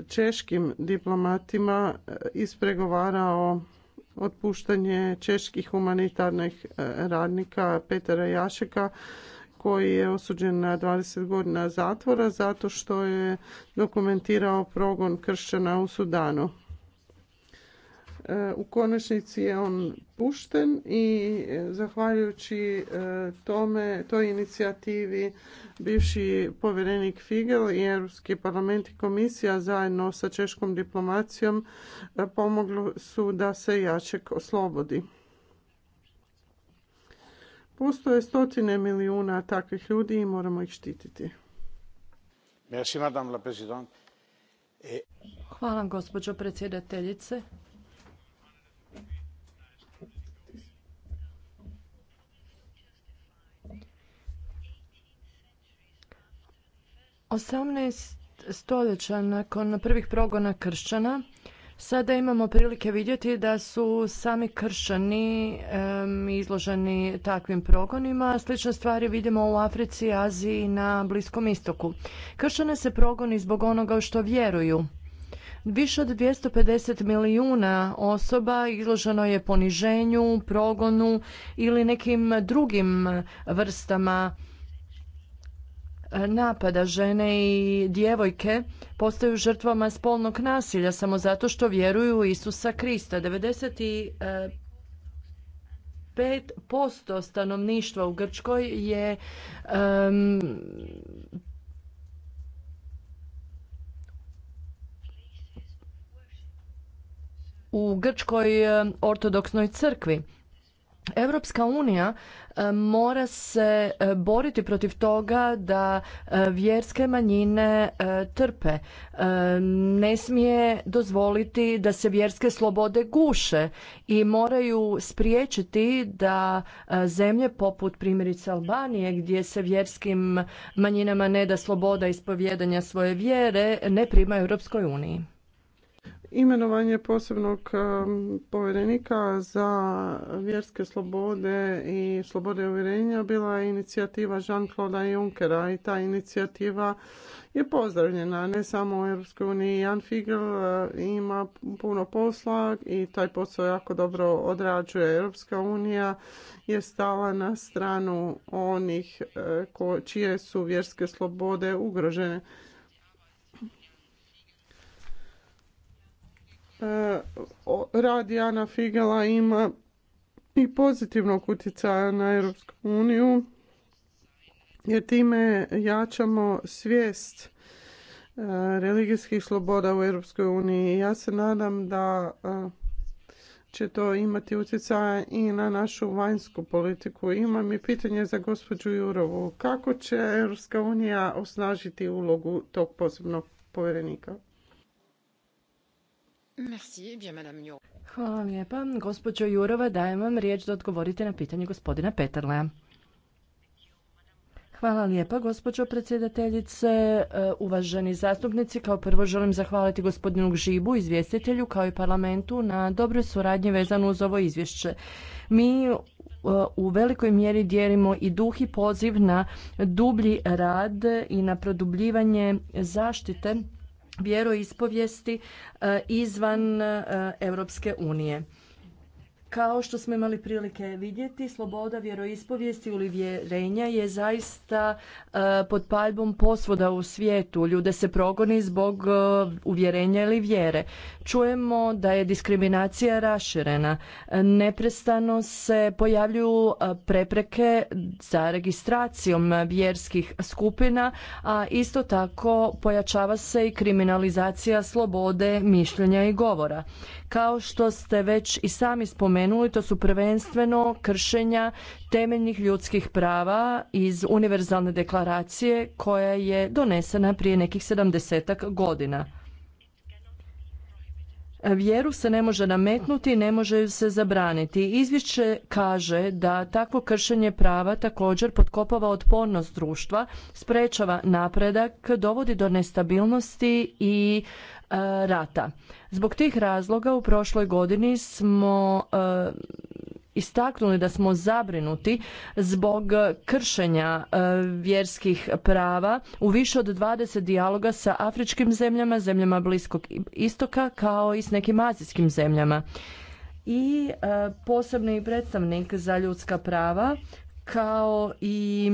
češkim diplomatima e, ispregovarao otpuštanje čeških humanitarnih e, radnika Petera Jašeka koji je osuđen na 20 godina zatvora zato što je dokumentirao progon kršćana u Sudanu. E, u konačnici je on pušten i e, zahvaljujući e, tome, toj inicijativi bivši povjerenik Figel i Europski parlament i komisija zajedno sa češkom diplomacijom pomogli su da se Jaček oslobodi. Postoje stotine milijuna takvih ljudi i moramo ih štititi. Hvala gospođo predsjedateljice. 18 stoljeća nakon prvih progona kršćana sada imamo prilike vidjeti da su sami kršćani izloženi takvim progonima. Slične stvari vidimo u Africi, Aziji i na Bliskom istoku. Kršćane se progoni zbog onoga što vjeruju. Više od 250 milijuna osoba izloženo je poniženju, progonu ili nekim drugim vrstama napada žene i djevojke postaju žrtvama spolnog nasilja samo zato što vjeruju u Isusa Krista. 95% stanovništva u Grčkoj je u Grčkoj ortodoksnoj crkvi. Europska unija e, mora se e, boriti protiv toga da e, vjerske manjine trpe. Ne smije dozvoliti da se vjerske slobode guše i moraju spriječiti da zemlje poput primjerice Albanije gdje se vjerskim manjinama ne da sloboda ispovjedanja svoje vjere ne prima Europskoj uniji. Imenovanje posebnog povjerenika za vjerske slobode i slobode uvjerenja bila je inicijativa Jean-Claude Junckera i ta inicijativa je pozdravljena ne samo u EU, uniji. Jan Figel eh, ima puno posla i taj posao jako dobro odrađuje. Europska unija je stala na stranu onih eh, čije su vjerske slobode ugrožene. rad Jana Figela ima i pozitivnog utjecaja na Europsku uniju jer time jačamo svijest e, religijskih sloboda u Europskoj uniji. Ja se nadam da e, će to imati utjecaja i na našu vanjsku politiku. Imam i pitanje za gospođu Jurovu. Kako će Europska unija osnažiti ulogu tog posebnog povjerenika? Eh Hvala vam lijepa. Gospođo Jurova, dajem vam riječ da odgovorite na pitanje gospodina Petarleja. Hvala lijepa, gospođo predsjedateljice. E, uvaženi zastupnici, kao prvo želim zahvaliti gospodinu Gžibu, izvjestitelju, kao i parlamentu na dobroj suradnji vezano uz ovo izvješće. Mi e, u velikoj mjeri dijelimo i duh i poziv na dublji rad i na produbljivanje zaštite vjeroispovijesti e, izvan e, Europske unije. Kao što smo imali prilike vidjeti, sloboda vjeroispovijesti ili vjerenja je zaista e, pod paljbom posvuda u svijetu. Ljude se progoni zbog uvjerenja ili vjere. Čujemo da je diskriminacija raširena. Neprestano se pojavljuju prepreke za registracijom vjerskih skupina, a isto tako pojačava se i kriminalizacija slobode mišljenja i govora. Kao što ste već i sami spomenuli, to su prvenstveno kršenja temeljnih ljudskih prava iz Univerzalne deklaracije koja je donesena prije nekih sedamdesetak godina. Vjeru se ne može nametnuti, ne može ju se zabraniti. Izvješće kaže da takvo kršenje prava također potkopava otpornost društva, sprečava napredak, dovodi do nestabilnosti i e, rata. Zbog tih razloga u prošloj godini smo e, istaknuli da smo zabrinuti zbog kršenja e, vjerskih prava u više od 20 dijaloga sa afričkim zemljama, zemljama Bliskog istoka kao i s nekim azijskim zemljama. I e, posebni predstavnik za ljudska prava kao i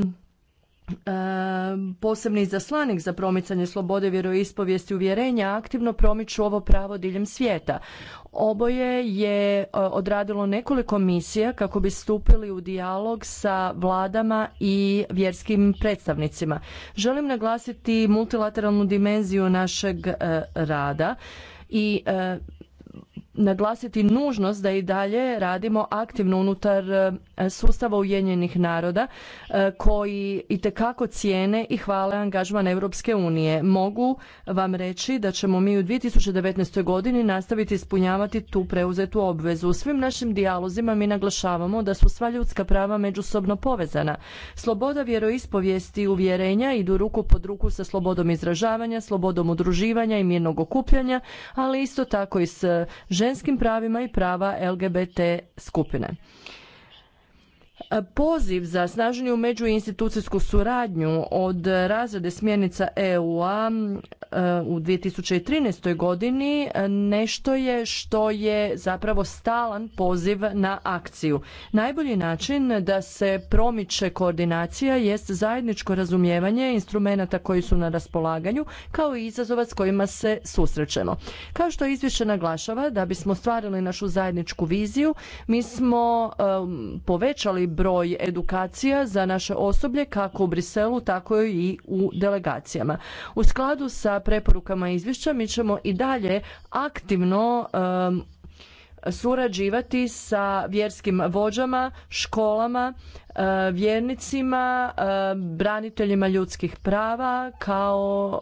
posebni zaslanik za promicanje slobode vjeroispovijesti i uvjerenja aktivno promiču ovo pravo diljem svijeta. Oboje je e, odradilo nekoliko misija kako bi stupili u dijalog sa vladama i vjerskim predstavnicima. Želim naglasiti multilateralnu dimenziju našeg e, rada i e, naglasiti nužnost da i dalje radimo aktivno unutar e, sustava Ujedinjenih naroda e, koji itekako cijene i hvale angažman Europske unije. Mogu vam reći da ćemo mi u 2019. godini nastaviti ispunjavati tu preuzetu obvezu. U svim našim dijalozima mi naglašavamo da su sva ljudska prava međusobno povezana. Sloboda vjeroispovijesti i uvjerenja idu ruku pod ruku sa slobodom izražavanja, slobodom udruživanja i mirnog okupljanja, ali isto tako i s ženskim pravima i prava LGBT skupine. E, poziv za snažniju međuinstitucijsku suradnju od razrede smjernica EU-a u 2013. E, godini e, nešto je što je zapravo stalan poziv na akciju. Najbolji način da se promiče koordinacija jest zajedničko razumijevanje instrumenata koji su na raspolaganju kao i izazova s kojima se susrećemo. Kao što izvješće naglašava, da bismo stvarili našu zajedničku viziju, mi smo povećali broj edukacija za naše osoblje kako u Briselu tako i u delegacijama. U skladu sa preporukama izvješća mi ćemo i dalje aktivno um, surađivati sa vjerskim vođama, školama, Eh, vjernicima, eh, braniteljima ljudskih prava kao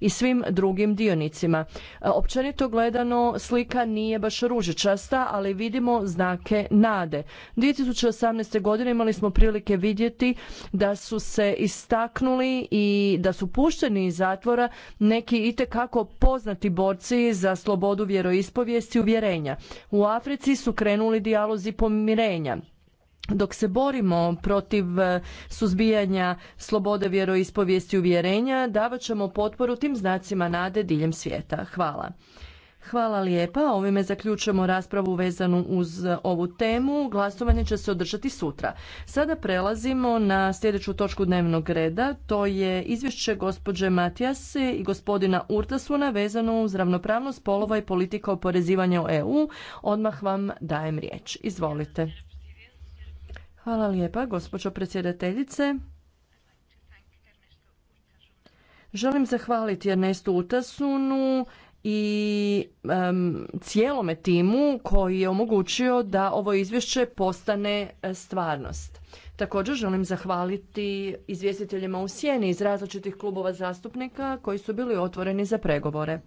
i svim drugim dionicima. Eh, općenito gledano slika nije baš ružičasta, ali vidimo znake nade. 2018. godine imali smo prilike vidjeti da su se istaknuli i da su pušteni iz zatvora neki itekako poznati borci za slobodu vjeroispovijesti i uvjerenja. U Africi su krenuli dijalozi pomirenja dok se borimo protiv e, suzbijanja slobode vjeroispovijesti uvjerenja, davat ćemo potporu tim znacima nade diljem svijeta. Hvala. Hvala lijepa. Ovime zaključujemo raspravu vezanu uz e, ovu temu. Glasovanje će se održati sutra. Sada prelazimo na sljedeću točku dnevnog reda. To je izvješće gospođe Matijase i gospodina Urtasuna vezano uz ravnopravnost polova i politika oporezivanja u EU. Odmah vam dajem riječ. Izvolite. Hvala lijepa, gospođo predsjedateljice. Želim zahvaliti Ernestu Utasunu i cijelome timu koji je omogućio da ovo izvješće postane e, stvarnost. Također želim zahvaliti izvjestiteljima u sjeni iz različitih klubova zastupnika koji su bili otvoreni za pregovore.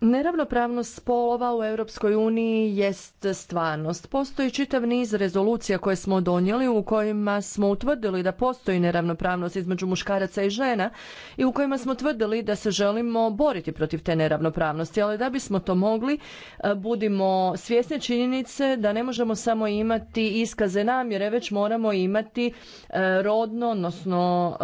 Neravnopravnost spolova u Europskoj uniji jest stvarnost. Postoji čitav niz rezolucija koje smo donijeli u kojima smo utvrdili da postoji neravnopravnost između muškaraca i žena i u kojima smo tvrdili da se želimo boriti protiv te neravnopravnosti, ali da bismo to mogli e, budimo svjesni činjenice da ne možemo samo imati iskaze namjere, već moramo imati e, rodno, odnosno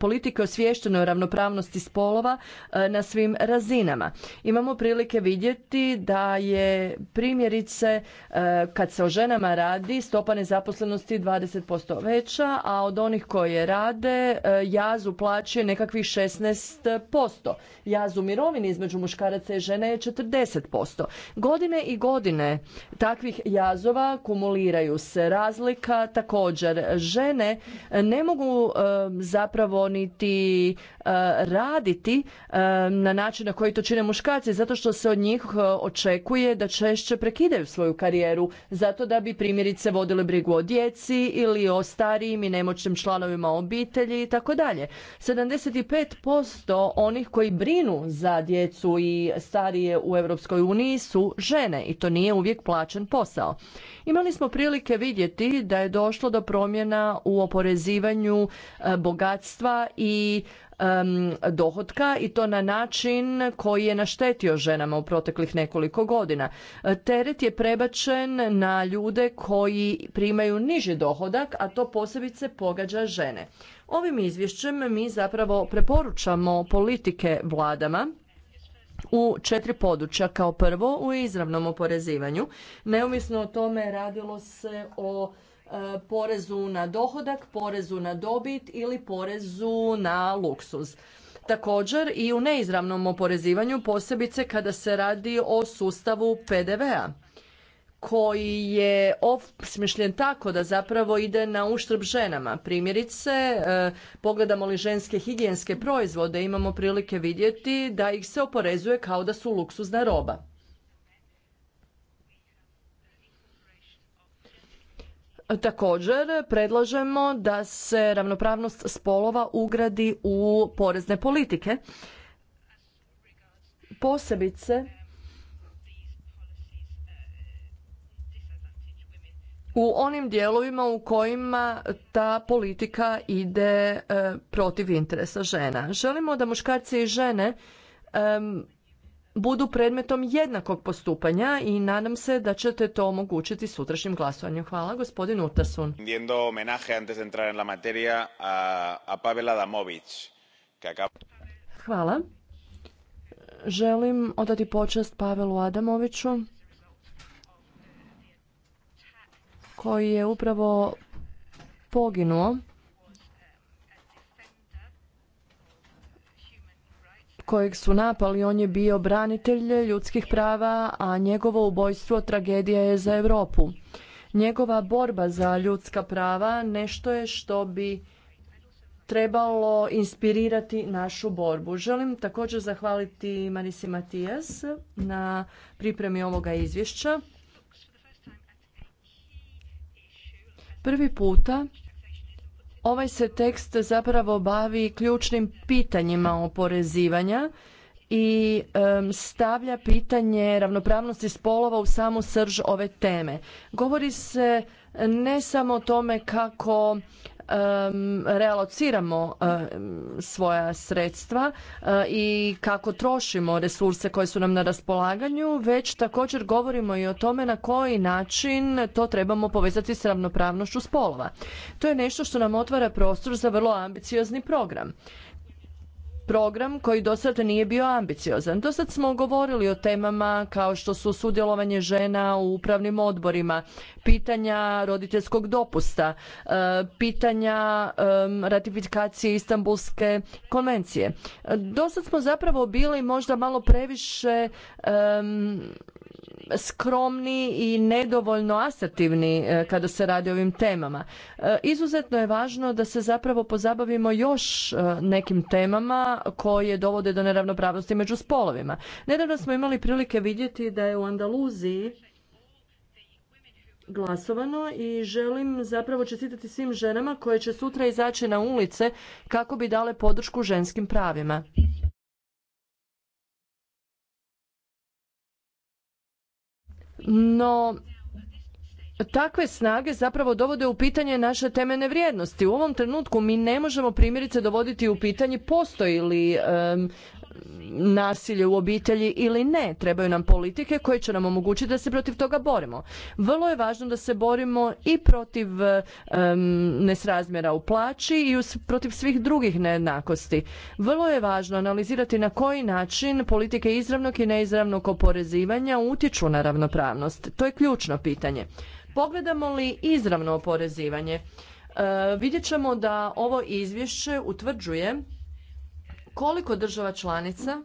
politike osviještene o ravnopravnosti spolova e, na svim razinama. Imamo prilike vidjeti da je primjerice e, kad se o ženama radi stopa nezaposlenosti 20% veća, a od onih koje rade e, jaz u plaći je nekakvih 16%. Jaz u mirovini između muškaraca i žene je 40%. Godine i godine takvih jazova kumuliraju se. Razlika također. Žene ne mogu e, zapravo niti raditi na način na koji to će čine muškarci zato što se od njih e, očekuje da češće prekidaju svoju karijeru zato da bi primjerice vodile brigu o djeci ili o starijim i nemoćnim članovima obitelji i tako dalje. 75% onih koji brinu za djecu i starije u Europskoj su žene i to nije uvijek plaćen posao. Imali smo prilike vidjeti da je došlo do promjena u oporezivanju e, bogatstva i dohotka i to na način koji je naštetio ženama u proteklih nekoliko godina. E, teret je prebačen na ljude koji primaju niži dohodak, a to posebice pogađa žene. Ovim izvješćem mi zapravo preporučamo politike vladama u četiri područja. Kao prvo u izravnom oporezivanju. Neovisno o tome radilo se o e, porezu na dohodak, porezu na dobit ili porezu na luksuz. Također i u neizravnom oporezivanju, posebice kada se radi o sustavu PDV-a koji je osmišljen tako da zapravo ide na uštrb ženama. Primjerice, e, pogledamo li ženske higijenske proizvode, imamo prilike vidjeti da ih se oporezuje kao da su luksuzna roba. Također predlažemo da se ravnopravnost spolova ugradi u porezne politike. Posebice u onim dijelovima u kojima ta politika ide e, protiv interesa žena. Želimo da muškarci i žene budu predmetom jednakog postupanja i nadam se da ćete to omogućiti sutrašnjim glasovanjem. Hvala, gospodin Utasun. homenaje antes de entrar en la a, a Pavel Adamović. Hvala. Želim odati počast Pavelu Adamoviću koji je upravo poginuo kojeg su napali, on je bio branitelj ljudskih prava, a njegovo ubojstvo tragedija je za Europu. Njegova borba za ljudska prava nešto je što bi trebalo inspirirati našu borbu. Želim također zahvaliti Marisi Matijas na pripremi ovoga izvješća. Prvi puta ovaj se tekst zapravo bavi ključnim pitanjima oporezivanja i stavlja pitanje ravnopravnosti spolova u samu srž ove teme. Govori se ne samo o tome kako realociramo svoja sredstva eh, i kako trošimo resurse koje su nam na raspolaganju, već također govorimo i o tome na koji način to trebamo povezati s ravnopravnošću spolova. To je nešto što nam otvara prostor za vrlo ambiciozni program program koji do sada nije bio ambiciozan. Do smo govorili o temama kao što su sudjelovanje žena u upravnim odborima, pitanja roditeljskog dopusta, e, pitanja e, ratifikacije Istanbulske konvencije. Do smo zapravo bili možda malo previše e, skromni i nedovoljno asertivni e, kada se radi o ovim temama. E, izuzetno je važno da se zapravo pozabavimo još e, nekim temama koje dovode do neravnopravnosti među spolovima. Nedavno smo imali prilike vidjeti da je u Andaluziji glasovano i želim zapravo čestitati svim ženama koje će sutra izaći na ulice kako bi dale podršku ženskim pravima. No, takve snage zapravo dovode u pitanje naše temeljne vrijednosti. U ovom trenutku mi ne možemo primjerice dovoditi u pitanje postoji li nasilje u obitelji ili ne. Trebaju nam politike koje će nam omogućiti da se protiv toga borimo. Vrlo je važno da se borimo i protiv nesrazmjera u plaći i protiv svih drugih nejednakosti. Vrlo je važno analizirati na koji način politike izravnog i neizravnog oporezivanja utječu na ravnopravnost. To je ključno pitanje. Pogledamo li izravno oporezivanje, e, vidjet ćemo da ovo izvješće utvrđuje koliko država članica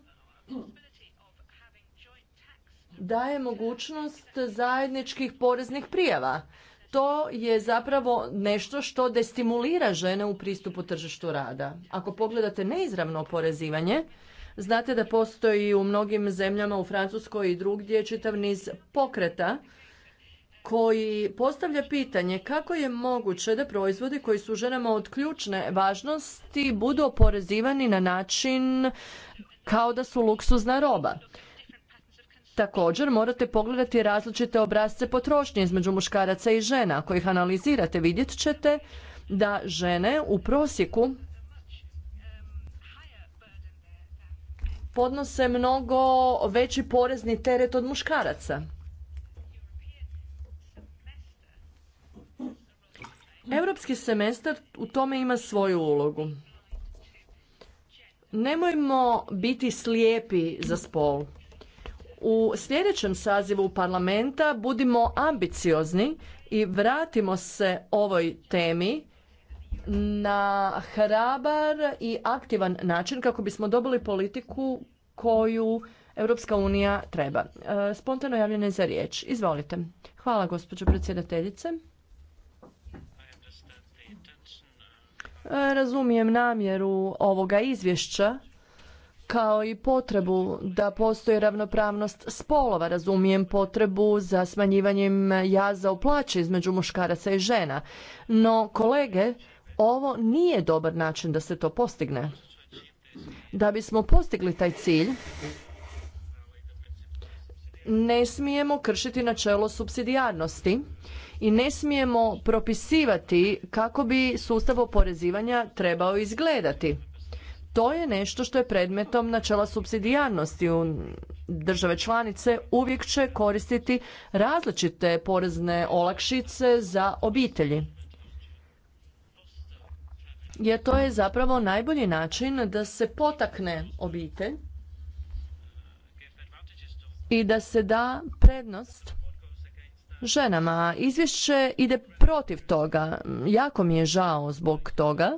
daje mogućnost zajedničkih poreznih prijava. To je zapravo nešto što destimulira žene u pristupu tržištu rada. Ako pogledate neizravno oporezivanje, znate da postoji u mnogim zemljama, u Francuskoj i drugdje, čitav niz pokreta koji postavlja pitanje kako je moguće da proizvodi koji su ženama od ključne važnosti budu oporezivani na način kao da su luksuzna roba. Također morate pogledati različite obrazce potrošnje između muškaraca i žena. Ako ih analizirate vidjet ćete da žene u prosjeku podnose mnogo veći porezni teret od muškaraca. Europski semestar u tome ima svoju ulogu. Nemojmo biti slijepi za spol. U sljedećem sazivu parlamenta budimo ambiciozni i vratimo se ovoj temi na hrabar i aktivan način kako bismo dobili politiku koju Europska unija treba. E, spontano javljene za riječ. Izvolite. Hvala gospođo predsjedateljice. Razumijem namjeru ovoga izvješća kao i potrebu da postoji ravnopravnost spolova. Razumijem potrebu za smanjivanjem jaza u plaći između muškaraca i žena. No, kolege, ovo nije dobar način da se to postigne. Da bismo postigli taj cilj, ne smijemo kršiti načelo supsidijarnosti i ne smijemo propisivati kako bi sustav oporezivanja trebao izgledati. To je nešto što je predmetom načela subsidijarnosti u države članice uvijek će koristiti različite porezne olakšice za obitelji. Jer to je zapravo najbolji način da se potakne obitelj i da se da prednost ženama. Izvješće ide protiv toga. Jako mi je žao zbog toga.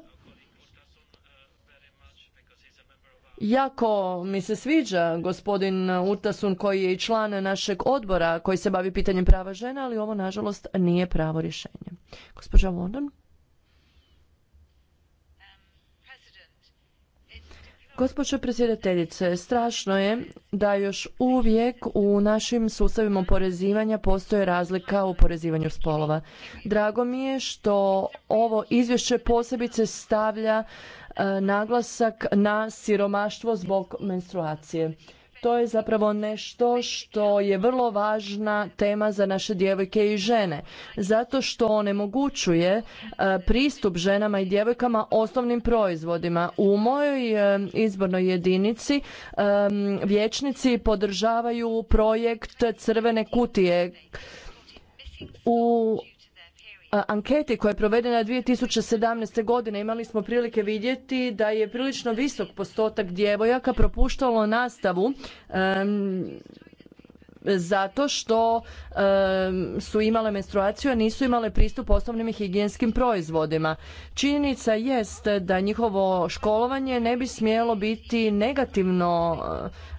Jako mi se sviđa gospodin Utasun koji je i član našeg odbora koji se bavi pitanjem prava žena, ali ovo nažalost nije pravo rješenje. Gospođa London. Gospođo predsjedateljice, strašno je da još uvijek u našim sustavima oporezivanja postoje razlika u oporezivanju spolova. Drago mi je što ovo izvješće posebice stavlja e, naglasak na siromaštvo zbog menstruacije to je zapravo nešto što je vrlo važna tema za naše djevojke i žene zato što onemogućuje e, pristup ženama i djevojkama osnovnim proizvodima. U mojoj e, izbornoj jedinici e, vječnici podržavaju projekt crvene kutije u anketi koja je provedena 2017. godine imali smo prilike vidjeti da je prilično visok postotak djevojaka propuštalo nastavu zato što su imale menstruaciju, a nisu imale pristup osnovnim higijenskim proizvodima. Činjenica jest da njihovo školovanje ne bi smjelo biti negativno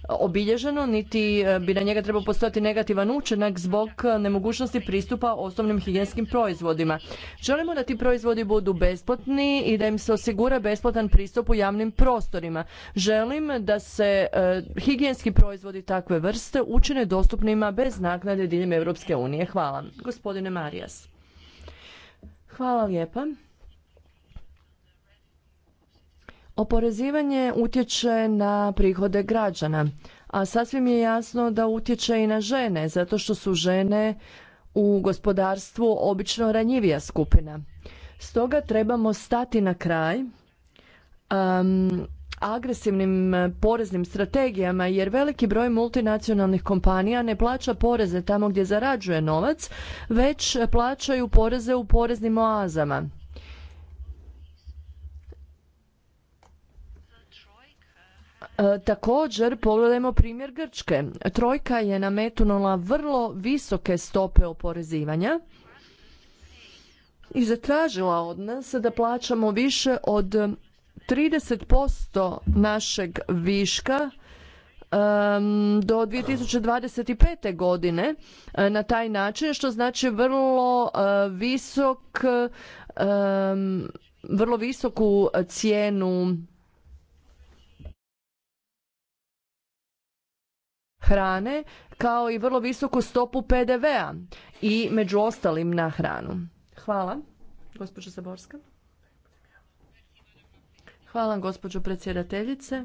obilježeno, niti e, bi na njega trebao postojati negativan učinak zbog e, nemogućnosti pristupa osnovnim higijenskim proizvodima. Želimo da ti proizvodi budu besplatni i da im se osigura besplatan pristup u javnim prostorima. Želim da se e, higijenski proizvodi takve vrste učine dostupnima bez naknade diljem Europske unije. Hvala. Gospodine Marijas. Hvala lijepa. Oporezivanje utječe na prihode građana, a sasvim je jasno da utječe i na žene, zato što su žene u gospodarstvu obično ranjivija skupina. Stoga trebamo stati na kraj um, agresivnim eh, poreznim strategijama jer veliki broj multinacionalnih kompanija ne plaća poreze tamo gdje zarađuje novac, već plaćaju poreze u poreznim oazama. E, također pogledajmo primjer Grčke. Trojka je nametnula vrlo visoke stope oporezivanja i zatražila od nas da plaćamo više od 30% našeg viška do 2025. godine e, na taj način što znači vrlo e, visok vrlo visoku cijenu hrane kao i vrlo visoku stopu PDV-a i među ostalim na hranu. Hvala. Gospođo Zaborska. Hvala gospođo predsjedateljice.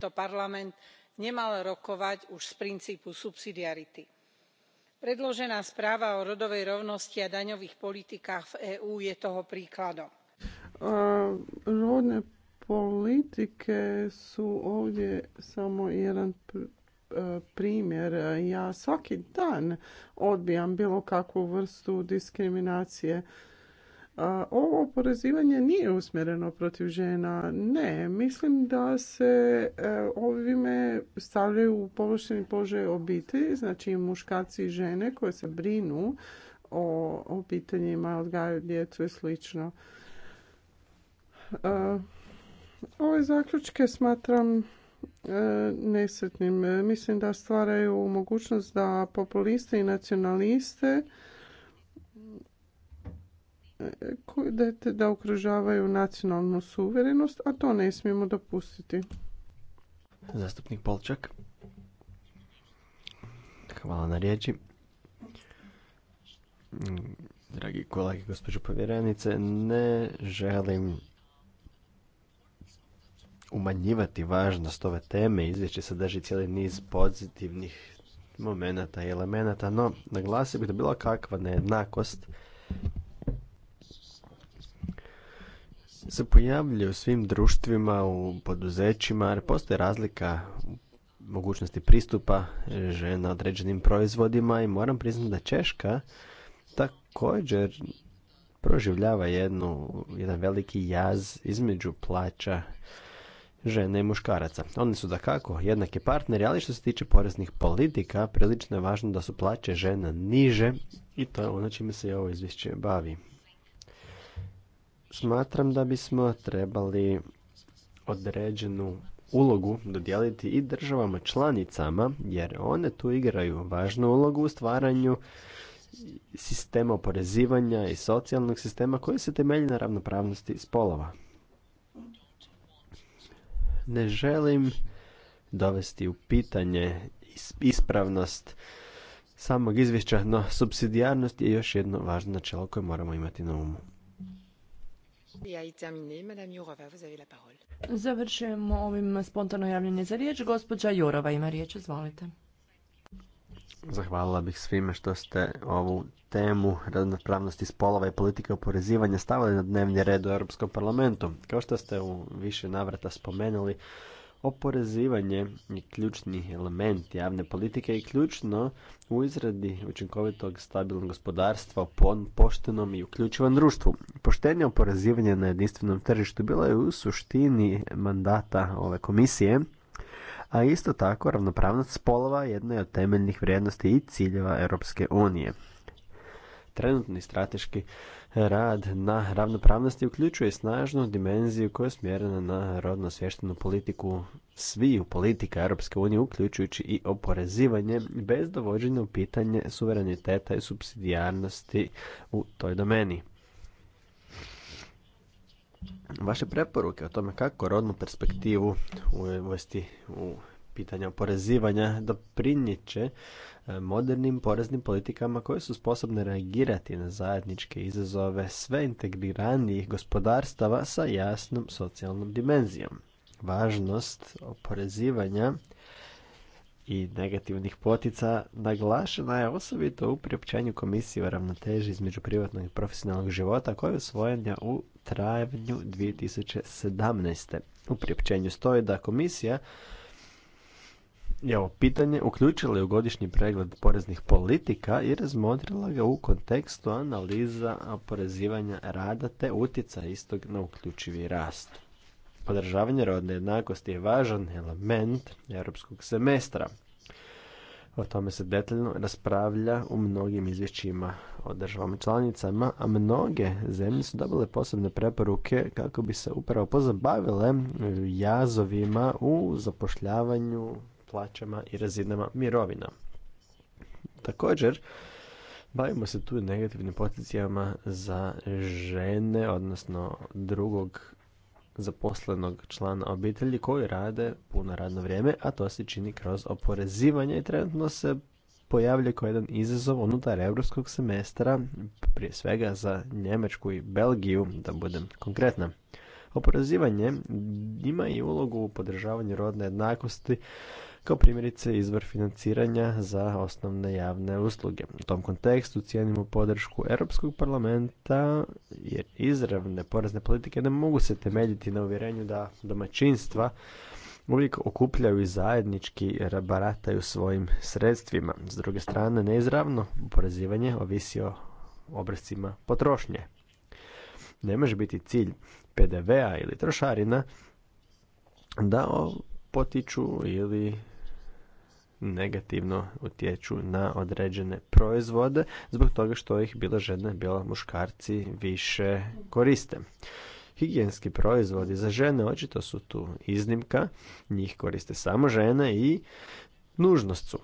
to parlament nemal rokovať už z principu subsidiarity. predložená správa o rodovej rovnosti a daňových politikách v EU je toho príkladom rodne politike su ovdje samo jedan e, primjer. Ja svaki dan odbijam bilo kakvu vrstu diskriminacije. Ovo oporezivanje nije usmjereno protiv žena. Ne, mislim da se e, ovime stavljaju u površini položaj obitelji, znači muškarci i žene koje se brinu o obiteljima, odgajaju djecu i slično. Ove zaključke smatram e, nesretnim. E, mislim da stvaraju mogućnost da populiste i nacionaliste e, da okružavaju nacionalnu suverenost, a to ne smijemo dopustiti. Zastupnik Polčak. Hvala na riječi. Mm, dragi kolege, gospođo povjerenice, ne želim umanjivati važnost ove teme. Izvješće sadrži cijeli niz pozitivnih momenata i elemenata, no naglasio bih da bila kakva nejednakost se pojavljuje u svim društvima, u poduzećima, jer postoji razlika mogućnosti pristupa žena određenim proizvodima i moram priznati da Češka također proživljava jednu, jedan veliki jaz između plaća žene i muškaraca. Oni su da kako jednaki partneri, ali što se tiče poreznih politika, prilično je važno da su plaće žena niže i to je ono čime se i ovo izvješće bavi. Smatram da bismo trebali određenu ulogu dodijeliti i državama članicama, jer one tu igraju važnu ulogu u stvaranju sistema oporezivanja i socijalnog sistema koji se temelji na ravnopravnosti spolova. Ne želim dovesti u pitanje ispravnost samog izvješća, no subsidijarnost je još jedno važno načelo koje moramo imati na umu. Završujemo ovim spontano javljanje za riječ. Gospođa Jurova ima riječ, izvolite. Zahvalila bih svime što ste ovu temu ravnopravnosti spolova i politike oporezivanja stavili na dnevni red u Europskom parlamentu. Kao što ste u više navrata spomenuli, oporezivanje je ključni element javne politike i ključno u izradi učinkovitog stabilnog gospodarstva po poštenom i uključivom društvu. Poštenje oporezivanje na jedinstvenom tržištu bilo je u suštini mandata ove komisije – a isto tako, ravnopravnost spolova jedna je od temeljnih vrijednosti i ciljeva Europske unije. Trenutni strateški rad na ravnopravnosti uključuje snažnu dimenziju koja je smjerena na rodno svještenu politiku sviju politika Europske unije, uključujući i oporezivanje, bez dovođenja u pitanje suvereniteta i subsidijarnosti u toj domeni vaše preporuke o tome kako rodnu perspektivu uvesti u pitanja oporezivanja će e, modernim poreznim politikama koje su sposobne reagirati na zajedničke izazove sve integriranijih gospodarstava sa jasnom socijalnom dimenzijom. Važnost oporezivanja i negativnih potica naglašena je osobito u priopćenju komisije o ravnoteži između privatnog i profesionalnog života koja je usvojena u travnju 2017. U priopćenju stoji da komisija je ovo pitanje uključila je u godišnji pregled poreznih politika i razmotrila ga u kontekstu analiza oporezivanja rada te utjeca istog na uključivi rast podržavanje rodne jednakosti je važan element europskog semestra. O tome se detaljno raspravlja u mnogim izvješćima o državama članicama, a mnoge zemlje su dobile posebne preporuke kako bi se upravo pozabavile jazovima u zapošljavanju, plaćama i razinama mirovina. Također, bavimo se tu negativnim potencijama za žene, odnosno drugog zaposlenog člana obitelji koji rade puno radno vrijeme, a to se čini kroz oporezivanje i trenutno se pojavlja kao jedan izazov unutar europskog semestra, prije svega za Njemačku i Belgiju, da budem konkretna. Oporezivanje ima i ulogu u podržavanju rodne jednakosti, kao primjerice izvor financiranja za osnovne javne usluge. U tom kontekstu cijenimo podršku Europskog parlamenta jer izravne porezne politike ne mogu se temeljiti na uvjerenju da domaćinstva uvijek okupljaju i zajednički barataju svojim sredstvima. S druge strane, neizravno oporezivanje ovisi o obrazcima potrošnje. Ne može biti cilj PDV-a ili trošarina da potiču ili negativno utječu na određene proizvode zbog toga što ih bilo žene, bilo muškarci više koriste. Higijenski proizvodi za žene očito su tu iznimka, njih koriste samo žene i nužnost su.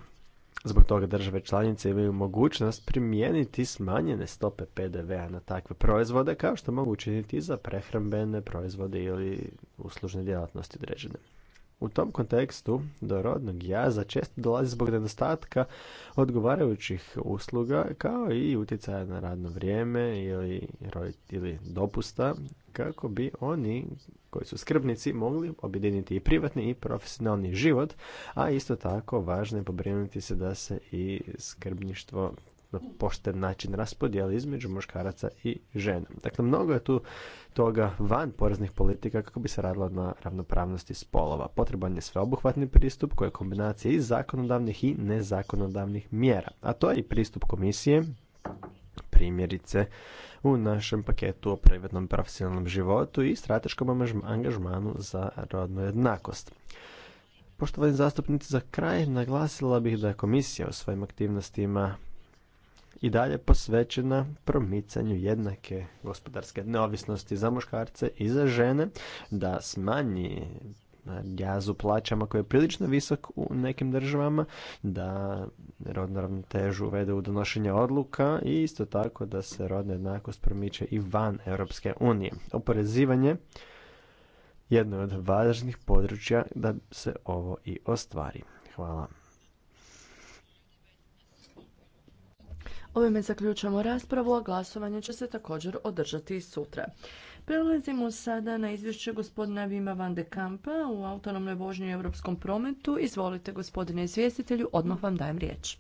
Zbog toga države članice imaju mogućnost primijeniti smanjene stope PDV-a na takve proizvode kao što mogu učiniti za prehrambene proizvode ili uslužne djelatnosti određene. U tom kontekstu do rodnog jaza često dolazi zbog nedostatka odgovarajućih usluga kao i utjecaja na radno vrijeme ili, ili dopusta kako bi oni koji su skrbnici mogli objediniti i privatni i profesionalni život, a isto tako važno je pobrinuti se da se i skrbništvo na pošten način raspodijeli između muškaraca i žena. Dakle, mnogo je tu toga van poreznih politika kako bi se radilo na ravnopravnosti spolova. Potreban je sveobuhvatni pristup koji je kombinacija i zakonodavnih i nezakonodavnih mjera. A to je i pristup komisije primjerice u našem paketu o privatnom profesionalnom životu i strateškom angažmanu za rodnu jednakost. Poštovani zastupnici, za kraj naglasila bih da je komisija u svojim aktivnostima i dalje posvećena promicanju jednake gospodarske neovisnosti za muškarce i za žene, da smanji jazu plaćama koji je prilično visok u nekim državama, da rodnu ravnotežu uvede u donošenje odluka i isto tako da se rodna jednakost promiče i van Europske unije. Oporezivanje jedno je od važnih područja da se ovo i ostvari. Hvala. Ovime zaključujemo raspravu, a glasovanje će se također održati i sutra. Prelazimo sada na izvješće gospodina Vima van de Kampa u autonomnoj vožnji u europskom prometu. Izvolite gospodine izvjestitelju, odmah vam dajem riječ.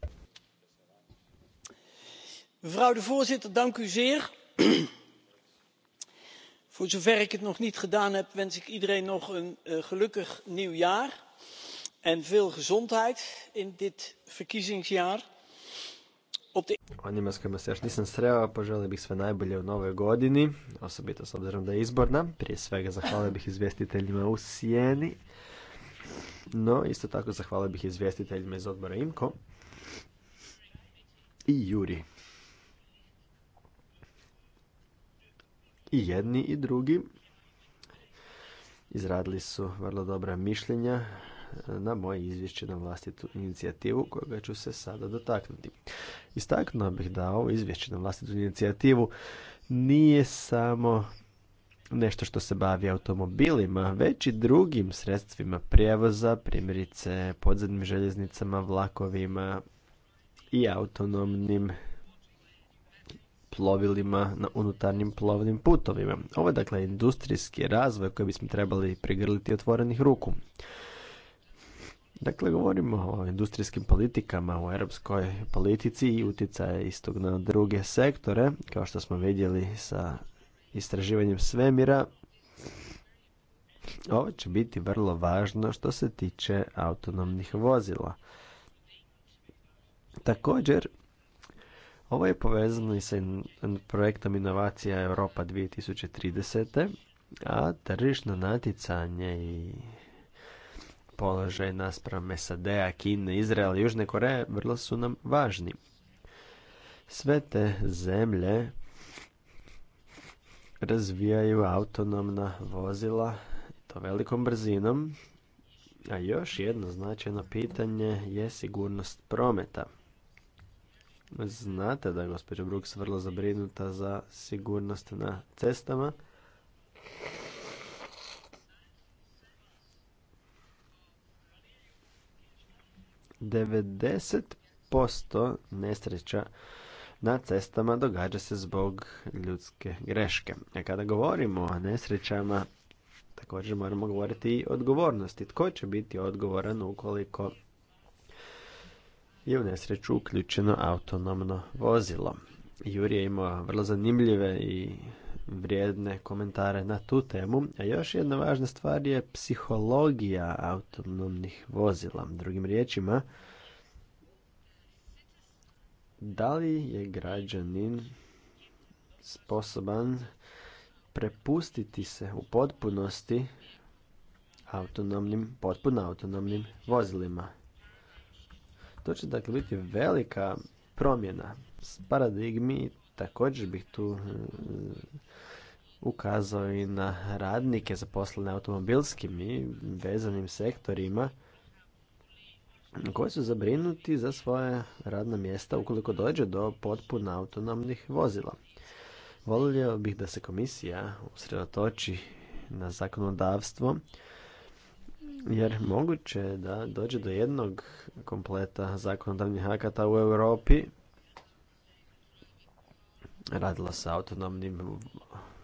Mevrouw de voorzitter, dank u zeer. Voor zover ik het nog niet gedaan heb, wens ik iedereen nog een eh, gelukkig nieuwjaar en veel gezondheid in dit verkiezingsjaar s kojima se još nisam sreo, poželio bih sve najbolje u novoj godini, osobito s obzirom da je izborna. Prije svega zahvalio bih izvjestiteljima u Sijeni, no isto tako zahvalio bih izvjestiteljima iz odbora IMKO i Juri. I jedni i drugi izradili su vrlo dobra mišljenja na moje izvješće na vlastitu inicijativu kojega ću se sada dotaknuti. Istaknuo bih da ovo izvješće na vlastitu inicijativu nije samo nešto što se bavi automobilima, već i drugim sredstvima prijevoza, primjerice podzemnim željeznicama, vlakovima i autonomnim plovilima na unutarnjim plovnim putovima. Ovo je dakle industrijski razvoj koji bismo trebali prigrliti otvorenih ruku. Dakle, govorimo o industrijskim politikama u europskoj politici i utjecaje istog na druge sektore, kao što smo vidjeli sa istraživanjem svemira. Ovo će biti vrlo važno što se tiče autonomnih vozila. Također, ovo je povezano i sa projektom inovacija Europa 2030. A tržišno natjecanje i položaj naspram SAD-a, Kine, Izraela i Južne Koreje vrlo su nam važni. Sve te zemlje razvijaju autonomna vozila to velikom brzinom. A još jedno značajno pitanje je sigurnost prometa. Znate da je gospođa Brooks vrlo zabrinuta za sigurnost na cestama. 90% nesreća na cestama događa se zbog ljudske greške. A e, kada govorimo o nesrećama, također moramo govoriti i o odgovornosti. Tko će biti odgovoran ukoliko je u nesreću uključeno autonomno vozilo. Jurije je imao vrlo zanimljive i vrijedne komentare na tu temu. A još jedna važna stvar je psihologija autonomnih vozila. Drugim riječima, da li je građanin sposoban prepustiti se u potpunosti autonomnim, potpuno autonomnim vozilima. To će dakle biti velika promjena s paradigmi, također bih tu eh, ukazao i na radnike zaposlene automobilskim i vezanim sektorima koji su zabrinuti za svoje radna mjesta ukoliko dođe do potpuna autonomnih vozila. Volio bih da se komisija usredotoči na zakonodavstvo jer moguće je da dođe do jednog kompleta zakonodavnih akata u Europi radilo se autonomnim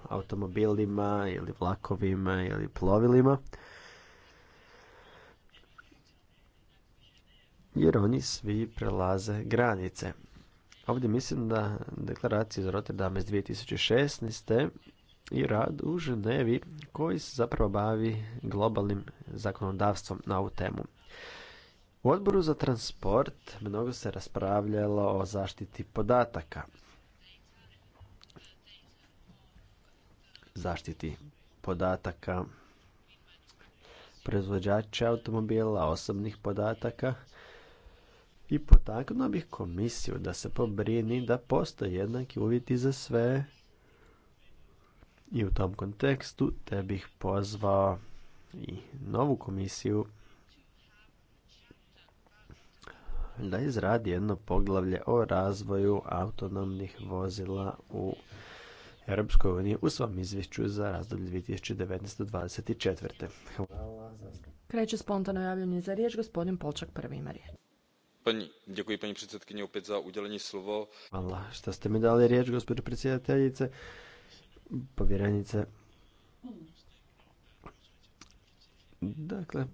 automobilima ili vlakovima ili plovilima. Jer oni svi prelaze granice. Ovdje mislim da deklaracija za Rotterdam iz 2016. i rad u Ženevi koji se zapravo bavi globalnim zakonodavstvom na ovu temu. U odboru za transport mnogo se raspravljalo o zaštiti podataka. zaštiti podataka proizvođača automobila, osobnih podataka i potaknuo bih komisiju da se pobrini da postoje jednaki uvjeti za sve i u tom kontekstu te bih pozvao i novu komisiju da izradi jedno poglavlje o razvoju autonomnih vozila u Europskoj uniji u svom izvješću za razdoblje 2019-2024. Hvala. Kreće spontano javljanje za riječ. Gospodin Polčak prvi ima riječ. Pani, děkuji pani predsjedatkinje opet za udělení slovo. Hvala što ste mi dali riječ, gospodin predsjedateljice. Povjerenice. Dakle,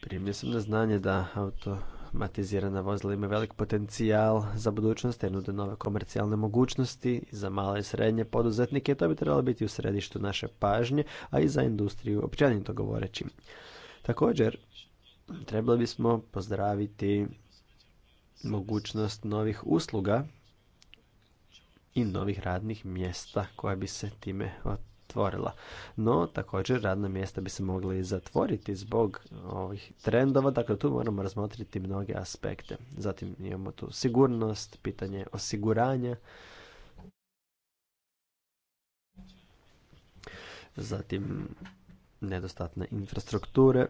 primio sam na znanje da auto automatizirana vozila imaju velik potencijal za budućnost jer nude nove komercijalne mogućnosti za male i srednje poduzetnike. To bi trebalo biti u središtu naše pažnje, a i za industriju općenito govoreći. Također, trebali bismo pozdraviti mogućnost novih usluga i novih radnih mjesta koja bi se time no, također radna mjesta bi se mogli zatvoriti zbog ovih trendova, dakle tu moramo razmotriti mnoge aspekte. Zatim imamo tu sigurnost, pitanje osiguranja, zatim nedostatne infrastrukture.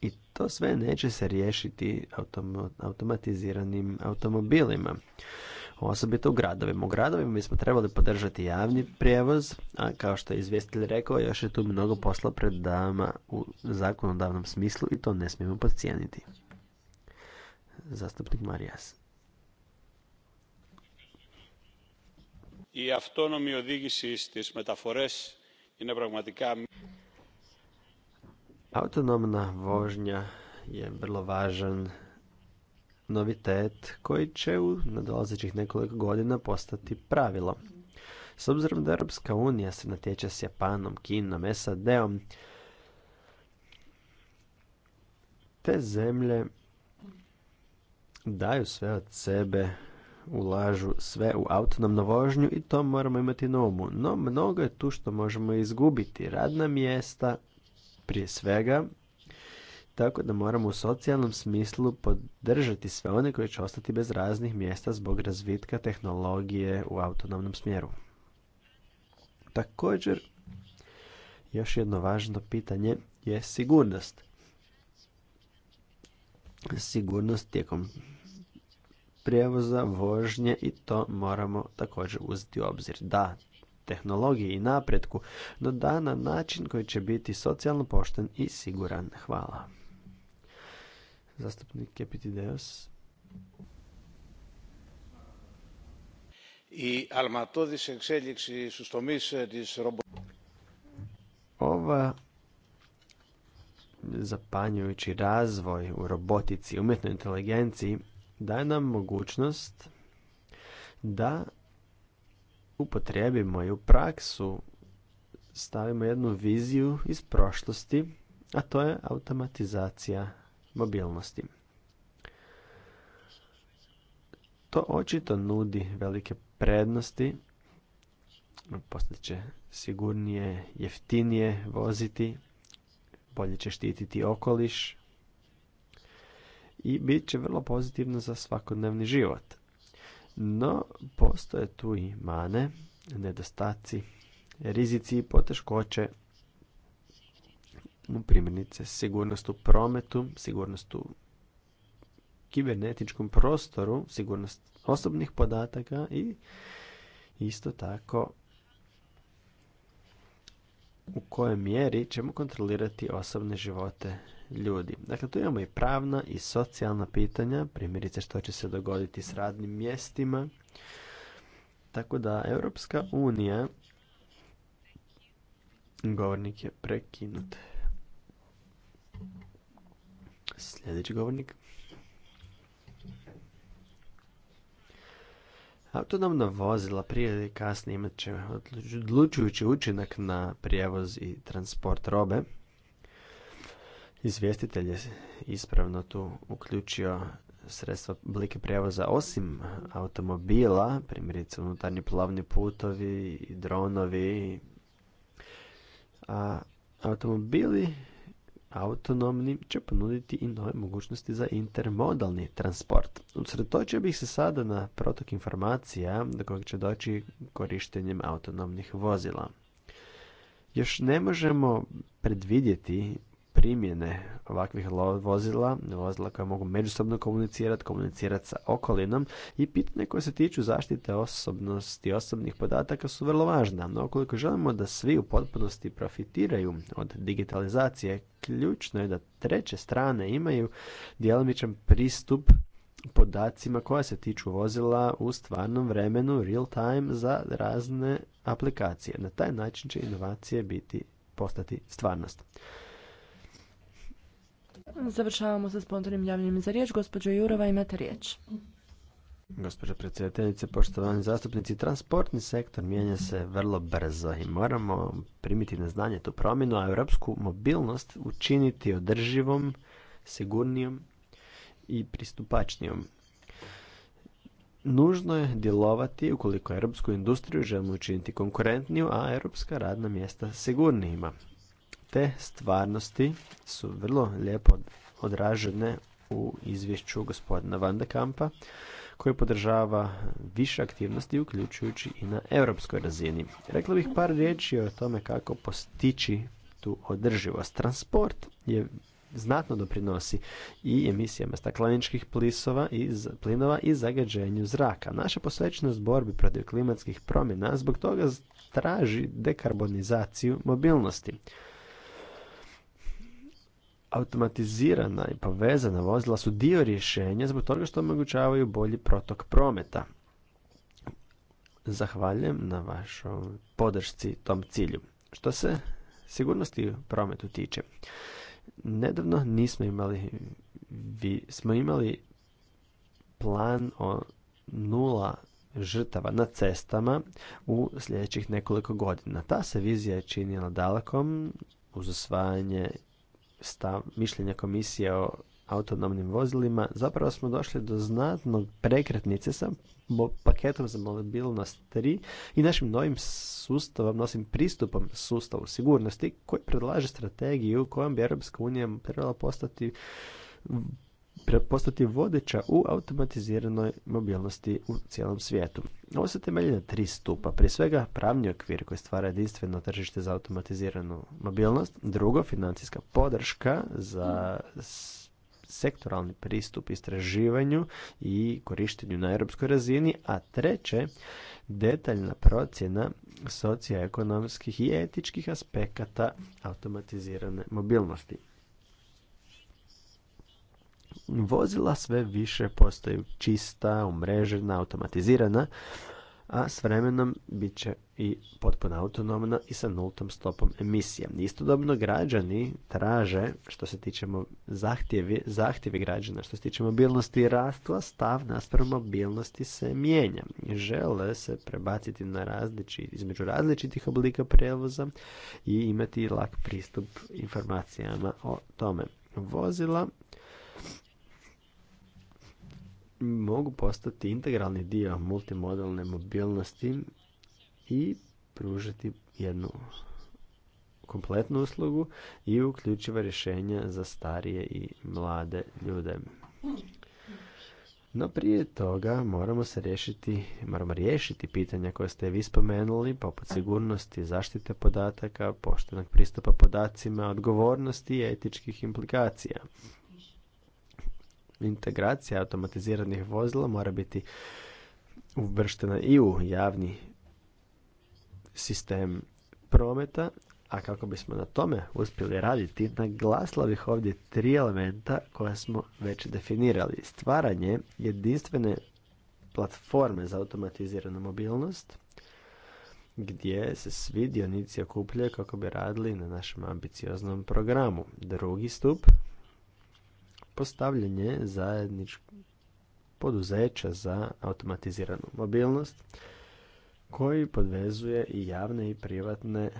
I to sve neće se riješiti automatiziranim automobilima osobito u gradovima. U gradovima bismo trebali podržati javni prijevoz, a kao što je izvjestitelj rekao, još je tu mnogo posla pred dama u zakonodavnom smislu i to ne smijemo podcijeniti. Zastupnik Marijas. I autonomi odigisi stis metafores i nepragmatika... Autonomna vožnja je vrlo važan novitet koji će u nadolazećih nekoliko godina postati pravilo. S obzirom da Europska unija se natječe s Japanom, Kinom, SAD-om, te zemlje daju sve od sebe, ulažu sve u autonomnu vožnju i to moramo imati na umu. No, mnogo je tu što možemo izgubiti. Radna mjesta, prije svega, tako da moramo u socijalnom smislu podržati sve one koji će ostati bez raznih mjesta zbog razvitka tehnologije u autonomnom smjeru. Također, još jedno važno pitanje je sigurnost. Sigurnost tijekom prijevoza, vožnje i to moramo također uzeti u obzir. Da, tehnologije i napretku, no da na način koji će biti socijalno pošten i siguran. Hvala. Zastupnik Epitideos. I almatodis su tis robot... Ova zapanjujući razvoj u robotici i umjetnoj inteligenciji daje nam mogućnost da upotrijebimo i u praksu stavimo jednu viziju iz prošlosti, a to je automatizacija mobilnosti. To očito nudi velike prednosti, postat sigurnije, jeftinije voziti, bolje će štititi okoliš i bit će vrlo pozitivno za svakodnevni život. No, postoje tu i mane, nedostaci, rizici i poteškoće primjerice sigurnost u prometu, sigurnost u kibernetičkom prostoru, sigurnost osobnih podataka i isto tako u kojoj mjeri ćemo kontrolirati osobne živote ljudi. Dakle, tu imamo i pravna i socijalna pitanja, primjerice što će se dogoditi s radnim mjestima. Tako da, Europska unija, govornik je prekinut. Sljedeći govornik. Autonomna vozila prije ili kasnije imat će odlučujući učinak na prijevoz i transport robe. Izvjestitelj je ispravno tu uključio sredstva oblike prijevoza osim automobila, primjerice unutarnji plavni putovi i dronovi. A automobili autonomni će ponuditi i nove mogućnosti za intermodalni transport. Usredotočio bih se sada na protok informacija do kojeg će doći korištenjem autonomnih vozila. Još ne možemo predvidjeti primjene ovakvih vozila, vozila koja mogu međusobno komunicirati, komunicirati sa okolinom i pitanje koje se tiču zaštite osobnosti, osobnih podataka su vrlo važna. No, ukoliko želimo da svi u potpunosti profitiraju od digitalizacije, ključno je da treće strane imaju djelomičan pristup podacima koja se tiču vozila u stvarnom vremenu, real time, za razne aplikacije. Na taj način će inovacije biti postati stvarnost. Završavamo sa spontanim javljanjem za riječ. Gospođo Jurova, imate riječ. Gospođo predsjedateljice, poštovani zastupnici, transportni sektor mijenja se vrlo brzo i moramo primiti na znanje tu promjenu, a europsku mobilnost učiniti održivom, sigurnijom i pristupačnijom. Nužno je djelovati ukoliko europsku industriju želimo učiniti konkurentniju, a europska radna mjesta sigurnijima te stvarnosti su vrlo lijepo odražene u izvješću gospodina Van de Kampa koji podržava više aktivnosti uključujući i na europskoj razini. Rekla bih par riječi o tome kako postići tu održivost. Transport je znatno doprinosi i emisijama stakleničkih plisova i plinova i zagađenju zraka. Naša posvećenost borbi protiv klimatskih promjena zbog toga traži dekarbonizaciju mobilnosti. Automatizirana i povezana vozila su dio rješenja zbog toga što omogućavaju bolji protok prometa. Zahvaljujem na vašoj podršci tom cilju. Što se sigurnosti u prometu tiče, nedavno nismo imali, smo imali plan o nula žrtava na cestama u sljedećih nekoliko godina. Ta se vizija je činila dalekom uz osvajanje stav, mišljenja komisije o autonomnim vozilima, zapravo smo došli do znatnog prekretnice sa paketom za mobilnost tri i našim novim sustavom, nosim pristupom sustavu sigurnosti koji predlaže strategiju kojom bi Europska unija trebala postati postati vodeća u automatiziranoj mobilnosti u cijelom svijetu. Ovo se temelji na tri stupa. Prije svega pravni okvir koji stvara jedinstveno tržište za automatiziranu mobilnost. Drugo, financijska podrška za sektoralni pristup istraživanju i korištenju na europskoj razini, a treće, detaljna procjena socioekonomskih i etičkih aspekata automatizirane mobilnosti vozila sve više postaju čista, umrežena, automatizirana, a s vremenom bit će i potpuno autonomna i sa nultom stopom emisija. Istodobno građani traže, što se tiče zahtjevi, zahtjevi građana, što se tiče mobilnosti i rastva, stav naspram mobilnosti se mijenja. Žele se prebaciti na različi, između različitih oblika prevoza i imati lak pristup informacijama o tome. Vozila mogu postati integralni dio multimodalne mobilnosti i pružiti jednu kompletnu uslugu i uključiva rješenja za starije i mlade ljude. No prije toga moramo se riješiti, moramo riješiti pitanja koje ste vi spomenuli, poput sigurnosti, zaštite podataka, poštenog pristupa podacima, odgovornosti i etičkih implikacija. Integracija automatiziranih vozila mora biti uvrštena i u javni sistem prometa, a kako bismo na tome uspjeli raditi, naglasila bih ovdje tri elementa koja smo već definirali. Stvaranje jedinstvene platforme za automatiziranu mobilnost, gdje se svi dionici okupljaju kako bi radili na našem ambicioznom programu. Drugi stup postavljanje zajedničkog poduzeća za automatiziranu mobilnost koji podvezuje i javne i privatne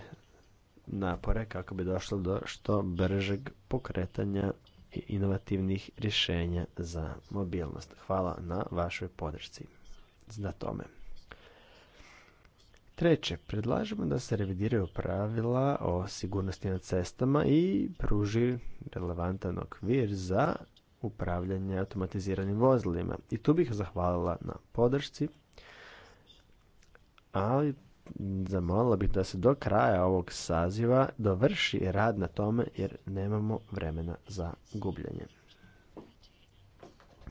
napore kako bi došlo do što bržeg pokretanja i inovativnih rješenja za mobilnost. Hvala na vašoj podršci Za tome. Treće, predlažemo da se revidiraju pravila o sigurnosti na cestama i pruži relevantan okvir za upravljanje automatiziranim vozilima. I tu bih zahvalila na podršci, ali zamolila bih da se do kraja ovog saziva dovrši rad na tome jer nemamo vremena za gubljenje.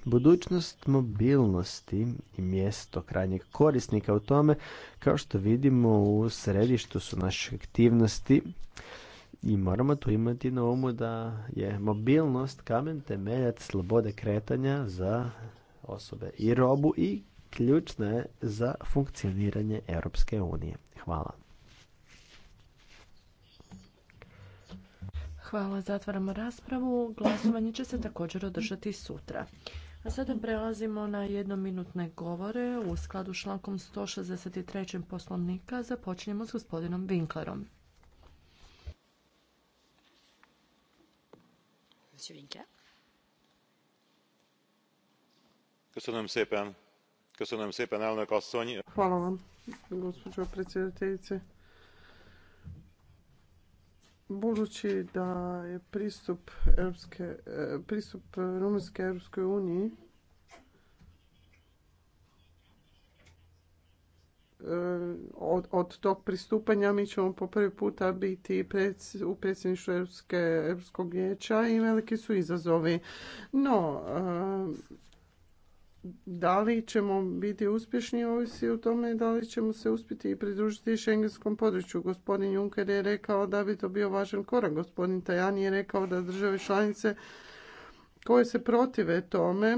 Budućnost mobilnosti i mjesto krajnjeg korisnika u tome, kao što vidimo u središtu su naše aktivnosti i moramo tu imati na umu da je mobilnost kamen temeljac slobode kretanja za osobe i robu i ključna je za funkcioniranje Europske unije. Hvala. Hvala, zatvaramo raspravu. Glasovanje će se također održati sutra. A sada prelazimo na jednominutne govore u skladu s člankom 163. poslovnika. Započinjemo s gospodinom Winklerom. Winkler. Hvala vam, gospođo predsjedateljice. Budući da je pristup, eh, pristup Rumunjske Europskoj uniji eh, od, od tog pristupanja mi ćemo po prvi puta biti u predsjedništvu Europskog vijeća i veliki su izazovi. No, eh, da li ćemo biti uspješni ovisi o tome da li ćemo se uspjeti i pridružiti šengenskom području. Gospodin Juncker je rekao da bi to bio važan korak. Gospodin Tajani je rekao da države članice koje se protive tome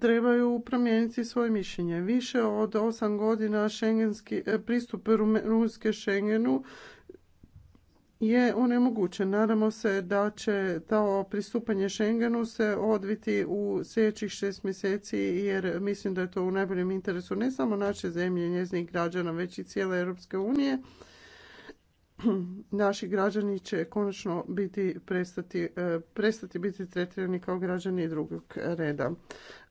trebaju promijeniti svoje mišljenje. Više od osam godina šengenski, pristup Rumunjske Schengenu je onemogućen. Nadamo se da će to pristupanje Schengenu se odviti u sljedećih šest mjeseci jer mislim da je to u najboljem interesu ne samo naše zemlje njeznih građana već i cijele Europske unije. Naši građani će konačno biti, prestati, e, prestati biti tretirani kao građani drugog reda.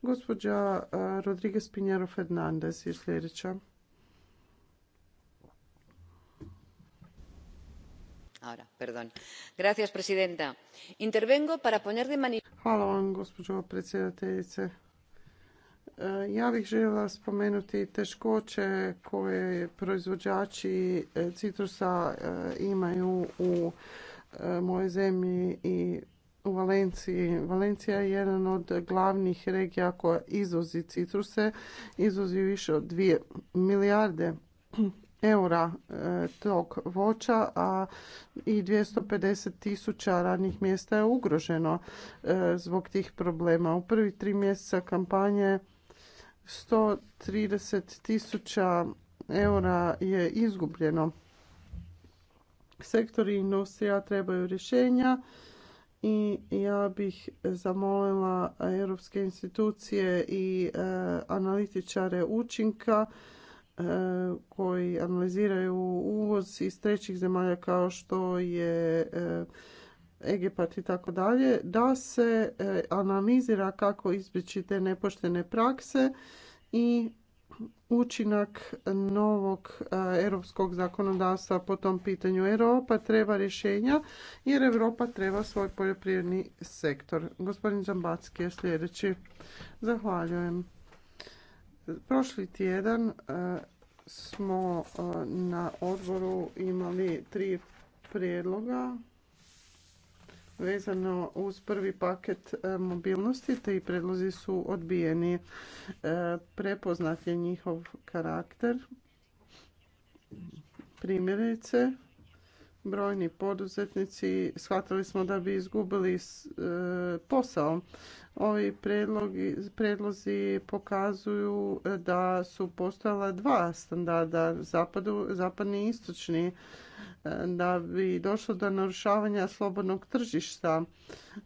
Gospođa e, Rodriguez Pinjero Fernandez je sljedeća. gospođo predsjednice intervengo para poner de hvala vam gospođo predsjedateljice. E, ja bih željela spomenuti teškoće koje proizvođači e, citrusa e, imaju u mojoj zemlji i u Valenciji. Valencija je jedan od glavnih regija koja izvozi citruse, izvozi više od dvije milijarde eura e, tog voća, a i 250 tisuća radnih mjesta je ugroženo e, zbog tih problema. U prvi tri mjeseca kampanje 130 tisuća eura je izgubljeno. Sektori industrija trebaju rješenja i ja bih zamolila europske institucije i e, analitičare učinka E, koji analiziraju uvoz iz trećih zemalja kao što je e, Egipat i tako dalje, da se e, analizira kako izbjeći te nepoštene prakse i učinak novog europskog zakonodavstva po tom pitanju. Europa treba rješenja jer Europa treba svoj poljoprivredni sektor. Gospodin Zambacki je sljedeći. Zahvaljujem. Prošli tjedan e, smo e, na odboru imali tri prijedloga vezano uz prvi paket e, mobilnosti. Te i predlozi su odbijeni. Prepoznat je njihov karakter. Primjerice, brojni poduzetnici shvatili smo da bi izgubili e, posao. Ovi predlozi pokazuju da su postojala dva standarda, zapadni i istočni, e, da bi došlo do narušavanja slobodnog tržišta,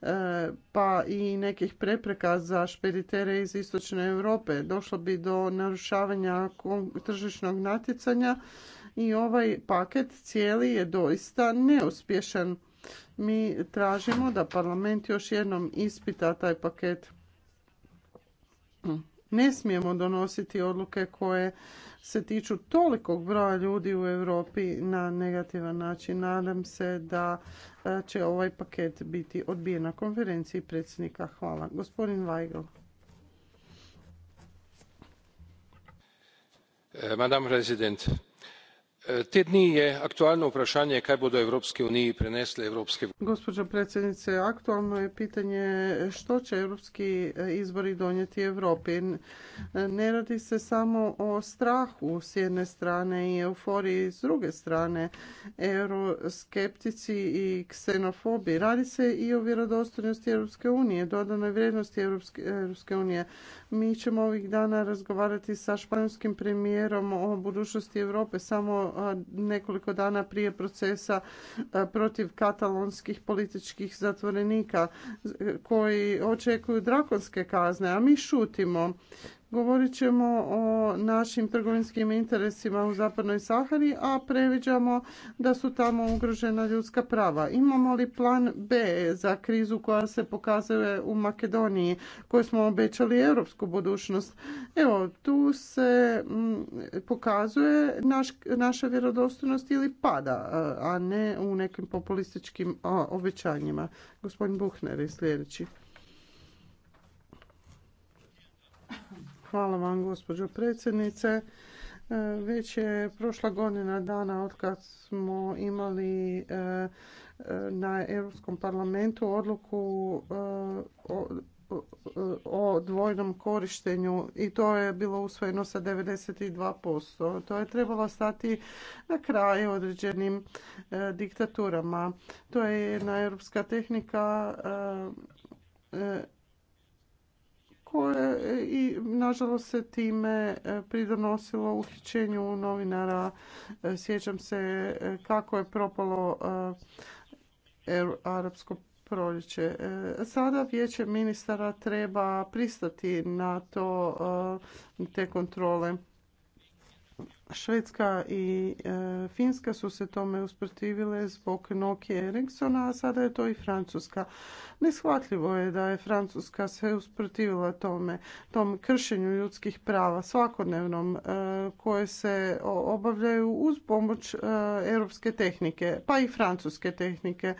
e, pa i nekih prepreka za špeditere iz istočne Europe. Došlo bi do narušavanja tržišnog natjecanja i ovaj paket cijeli je doista neuspješan. Mi tražimo da parlament još jednom ispita taj paket. Ne smijemo donositi odluke koje se tiču tolikog broja ljudi u Europi na negativan način. Nadam se da e, će ovaj paket biti odbijen na konferenciji predsjednika. Hvala. Gospodin Weigl. E, Madame President, E, te dni je aktualno vprašanje kaj bodo evropski uniji prenesle evropske Gospođo predsjednice, aktualno je pitanje što će europski e, izbori donijeti Europi. E, ne radi se samo o strahu s jedne strane i euforiji s druge strane, euroskeptici i ksenofobi. Radi se i o vjerodostojnosti Europske unije, dodanoj vrijednosti Europske unije. Mi ćemo ovih dana razgovarati sa španjolskim premijerom o budućnosti Europe. Samo nekoliko dana prije procesa protiv katalonskih političkih zatvorenika koji očekuju drakonske kazne, a mi šutimo. Govorit ćemo o našim trgovinskim interesima u Zapadnoj Sahari, a previđamo da su tamo ugrožena ljudska prava. Imamo li plan B za krizu koja se pokazuje u Makedoniji, koju smo obećali europsku budućnost? Evo, tu se mm, pokazuje naš, naša vjerodostojnost ili pada, a ne u nekim populističkim obećanjima. Gospodin Buhner je sljedeći. Hvala vam, gospođo predsjednice. E, već je prošla godina dana od kad smo imali e, e, na Europskom parlamentu odluku o dvojnom korištenju i to je bilo usvojeno sa 92%. To je trebalo stati na kraju određenim diktaturama. To je jedna europska tehnika E, i nažalost se time e, pridonosilo uhićenju novinara. E, sjećam se kako je propalo er, arapsko proljeće. Sada vijeće ministara treba pristati na to te kontrole. Švedska i e, Finska su se tome usprotivile zbog Nokia Ericssona, a sada je to i Francuska. Neshvatljivo je da je Francuska se usprotivila tome, tom kršenju ljudskih prava svakodnevnom e, koje se obavljaju uz pomoć e, europske tehnike, pa i francuske tehnike.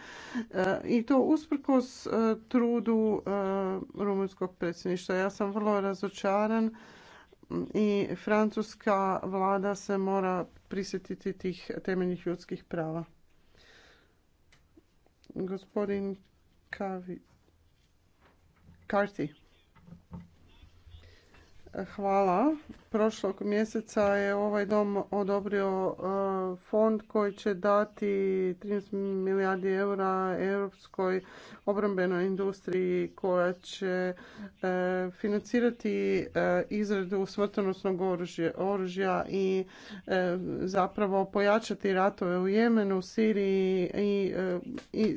I to usprkos trudu rumunjskog predsjedništva. Ja sam vrlo razočaran i francuska vlada se mora prisjetiti tih temeljnih ljudskih prava. Gospodin Kavi... Karti. Hvala. Prošlog mjeseca je ovaj dom odobrio e, fond koji će dati 13 milijardi eura europskoj obrambenoj industriji koja će e, financirati e, izradu smrtonosnog oružja i zapravo pojačati ratove u Jemenu, Siriji i, i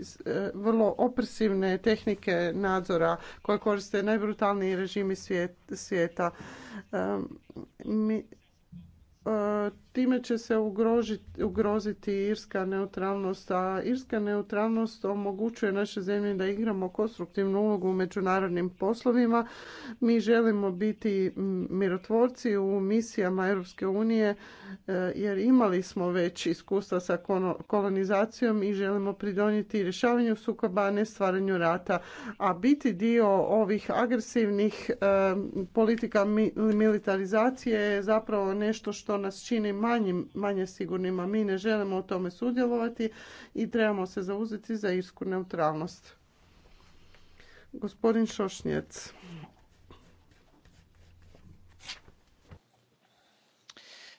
vrlo opresivne tehnike nadzora koje koriste najbrutalniji režimi svijeta Um, mi, uh, Time će se ugroziti irska neutralnost, a irska neutralnost omogućuje naše zemlje da igramo konstruktivnu ulogu u međunarodnim poslovima. Mi želimo biti mirotvorci u misijama Europske unije e, jer imali smo već iskustva sa kolonizacijom i želimo pridonijeti rješavanju sukoba, ne stvaranju rata. A biti dio ovih agresivnih e, politika militarizacije je zapravo nešto što nas čini manje sigurnima. Mi ne želimo u tome sudjelovati i trebamo se zauzeti za irsku neutralnost. Gospodin Šošnjec.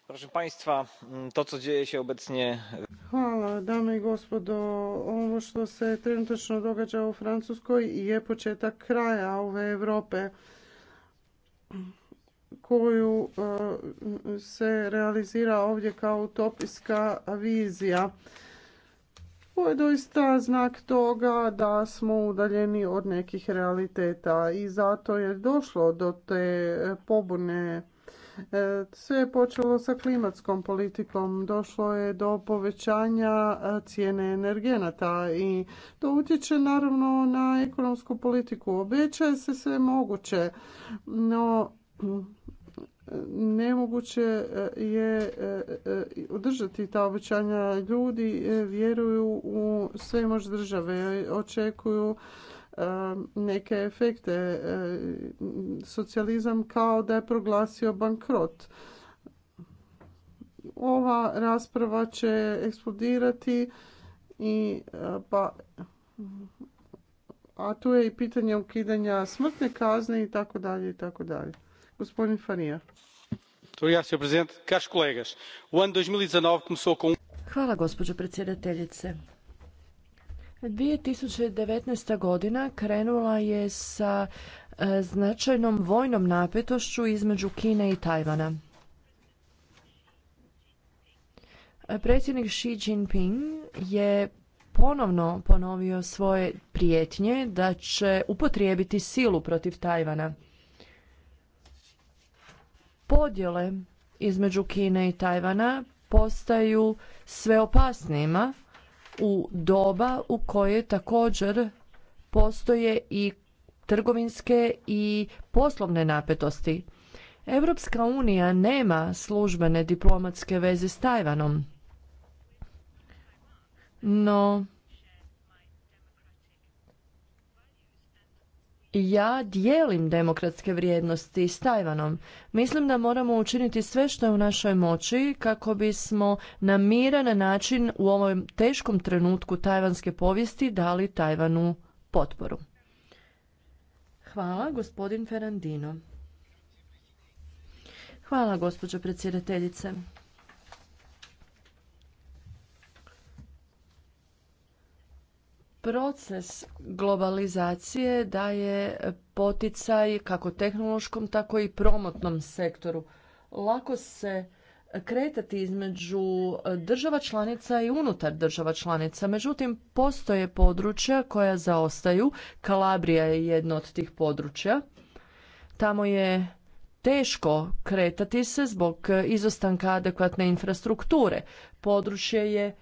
proszę państwa to co dzieje się obecnie Hvala, dame i gospodo. Ovo što se trenutačno događa u Francuskoj je početak kraja ove Europe koju e, se realizira ovdje kao utopijska vizija. Ovo je doista znak toga da smo udaljeni od nekih realiteta i zato je došlo do te pobune. E, sve je počelo sa klimatskom politikom, došlo je do povećanja e, cijene energenata i to utječe naravno na ekonomsku politiku. Obećaje se sve moguće, no nemoguće e, je e, e, održati ta obećanja. Ljudi vjeruju u sve moć države, očekuju neke efekte. Socijalizam kao da je proglasio bankrot. Ova rasprava će eksplodirati i pa a tu je i pitanje ukidanja smrtne kazne i tako dalje i tako dalje. Gospodin Fanija. E um Hvala gospođo predsjedateljice. 2019. godina krenula je sa e, značajnom vojnom napetošću između Kine i Tajvana. Predsjednik Xi Jinping je ponovno ponovio svoje prijetnje da će upotrijebiti silu protiv Tajvana podjele između Kine i Tajvana postaju sve opasnijima u doba u koje također postoje i trgovinske i poslovne napetosti. Europska unija nema službene diplomatske veze s Tajvanom. No ja dijelim demokratske vrijednosti s Tajvanom. Mislim da moramo učiniti sve što je u našoj moći kako bismo na miran način u ovom teškom trenutku tajvanske povijesti dali Tajvanu potporu. Hvala, gospodin Ferandino. Hvala, gospođo predsjedateljice. proces globalizacije daje poticaj kako tehnološkom tako i promotnom sektoru. Lako se kretati između država članica i unutar država članica. Međutim, postoje područja koja zaostaju. Kalabrija je jedno od tih područja. Tamo je teško kretati se zbog izostanka adekvatne infrastrukture. Područje je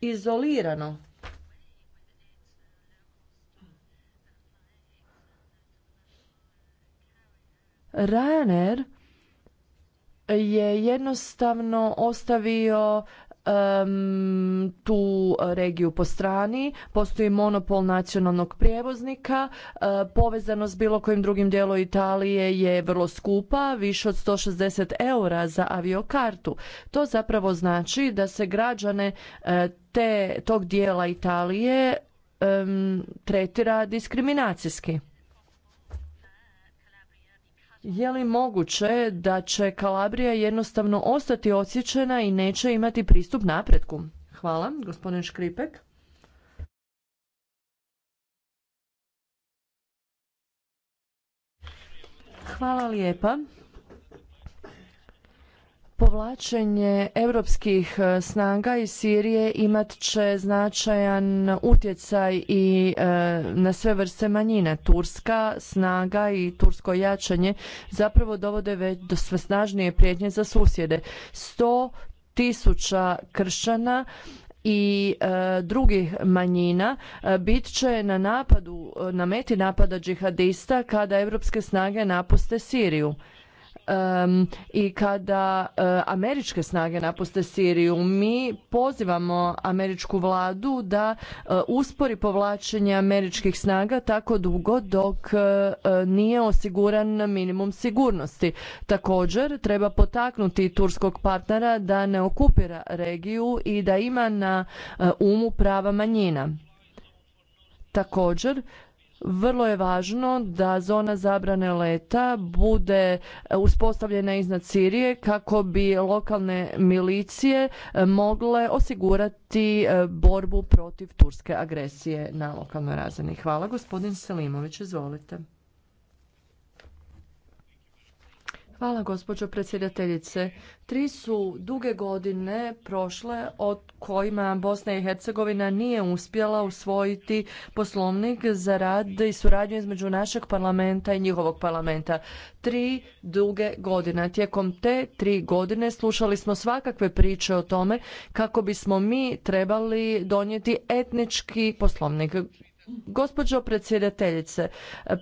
izolirano Ryanair je jednostavno ostavio tu regiju po strani, postoji monopol nacionalnog prijevoznika, povezano povezanost s bilo kojim drugim dijelom Italije je vrlo skupa, više od 160 eura za aviokartu. To zapravo znači da se građane e, te, tog dijela Italije tretira diskriminacijski je li moguće da će Kalabrija jednostavno ostati osjećena i neće imati pristup napretku? Hvala, gospodin Škripek. Hvala lijepa povlačenje europskih e, snaga iz Sirije imat će značajan utjecaj i e, na sve vrste manjina. Turska snaga i tursko jačanje zapravo dovode već do sve snažnije prijetnje za susjede. Sto tisuća kršćana i e, drugih manjina bit će na napadu, na meti napada džihadista kada europske snage napuste Siriju i kada e, američke snage napuste Siriju, mi pozivamo američku vladu da e, uspori povlačenje američkih snaga tako dugo dok e, nije osiguran minimum sigurnosti. Također treba potaknuti turskog partnera da ne okupira regiju i da ima na umu prava manjina. Također vrlo je važno da zona zabrane leta bude e, uspostavljena iznad Sirije kako bi lokalne milicije e, mogle osigurati e, borbu protiv turske agresije na lokalnoj razini. Hvala gospodin Selimović, izvolite. Hvala gospođo predsjedateljice. Tri su duge godine prošle od kojima Bosna i Hercegovina nije uspjela usvojiti poslovnik za rad i suradnju između našeg parlamenta i njihovog parlamenta. Tri duge godine. Tijekom te tri godine slušali smo svakakve priče o tome kako bismo mi trebali donijeti etnički poslovnik. Gospođo predsjedateljice,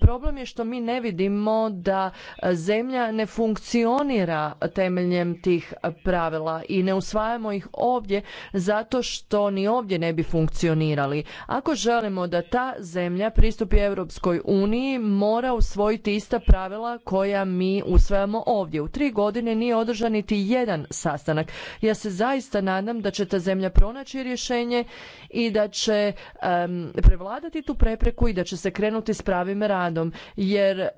problem je što mi ne vidimo da zemlja ne funkcionira temeljem tih pravila i ne usvajamo ih ovdje zato što ni ovdje ne bi funkcionirali. Ako želimo da ta zemlja pristupi Europskoj uniji, mora usvojiti ista pravila koja mi usvajamo ovdje. U tri godine nije održan niti jedan sastanak. Ja se zaista nadam da će ta zemlja pronaći rješenje i da će prevladati tu prepreku i da će se krenuti s pravim radom jer e,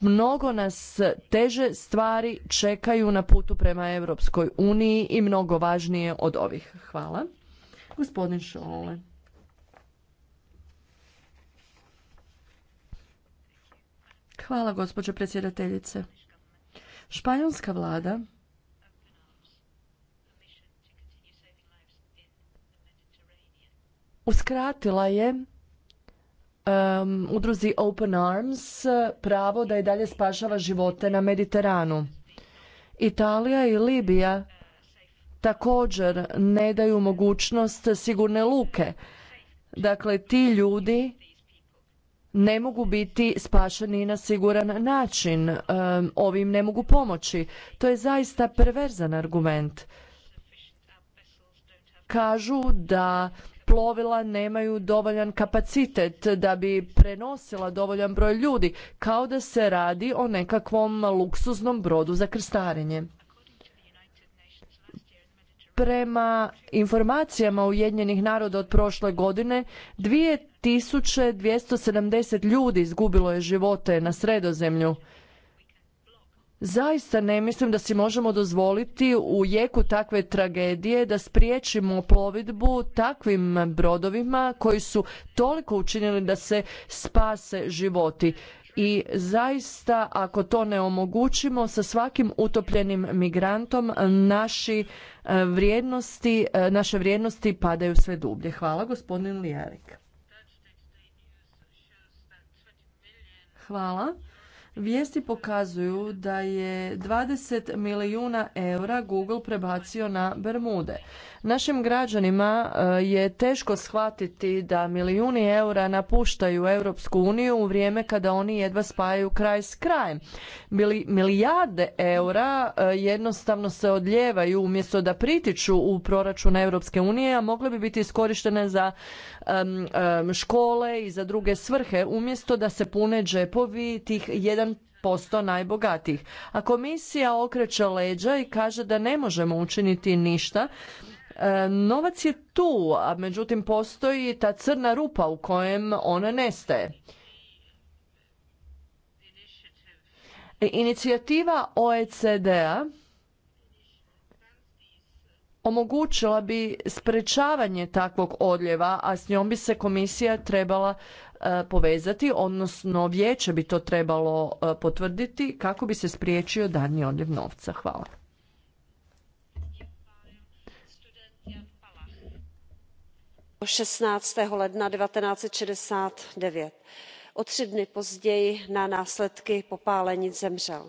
mnogo nas teže stvari čekaju na putu prema Europskoj uniji i mnogo važnije od ovih. Hvala. Gospodin Šole. Hvala gospođo predsjedateljice. Španjolska vlada uskratila je udruzi Open Arms pravo da i dalje spašava živote na Mediteranu. Italija i Libija također ne daju mogućnost sigurne luke. Dakle, ti ljudi ne mogu biti spašeni na siguran način. ovim ne mogu pomoći. To je zaista perverzan argument kažu da plovila nemaju dovoljan kapacitet da bi prenosila dovoljan broj ljudi, kao da se radi o nekakvom luksuznom brodu za krstarenje prema informacijama Ujedinjenih naroda od prošle godine 2270 ljudi izgubilo je živote na sredozemlju. Zaista ne mislim da si možemo dozvoliti u jeku takve tragedije da spriječimo plovidbu takvim brodovima koji su toliko učinili da se spase životi. I zaista ako to ne omogućimo sa svakim utopljenim migrantom naši e, vrijednosti, e, naše vrijednosti padaju sve dublje. Hvala gospodin Lijarik. Hvala. Vijesti pokazuju da je 20 milijuna eura Google prebacio na Bermude. Našim građanima e, je teško shvatiti da milijuni eura napuštaju Europsku uniju u vrijeme kada oni jedva spajaju kraj s krajem. milijarde eura e, jednostavno se odljevaju umjesto da pritiču u proračun Europske unije, a mogle bi biti iskorištene za škole i za druge svrhe umjesto da se pune džepovi tih jedan posto najbogatijih. A komisija okreće leđa i kaže da ne možemo učiniti ništa, e, novac je tu, a međutim postoji ta crna rupa u kojem ona nestaje. E, inicijativa OECD-a omogućila bi sprečavanje takvog odljeva, a s njom bi se komisija trebala E, povezati, odnosno vijeće bi to trebalo e, potvrditi kako bi se spriječio danji odljev novca. Hvala. sixteen ledna 1969, o tři na následky popálení zemřel.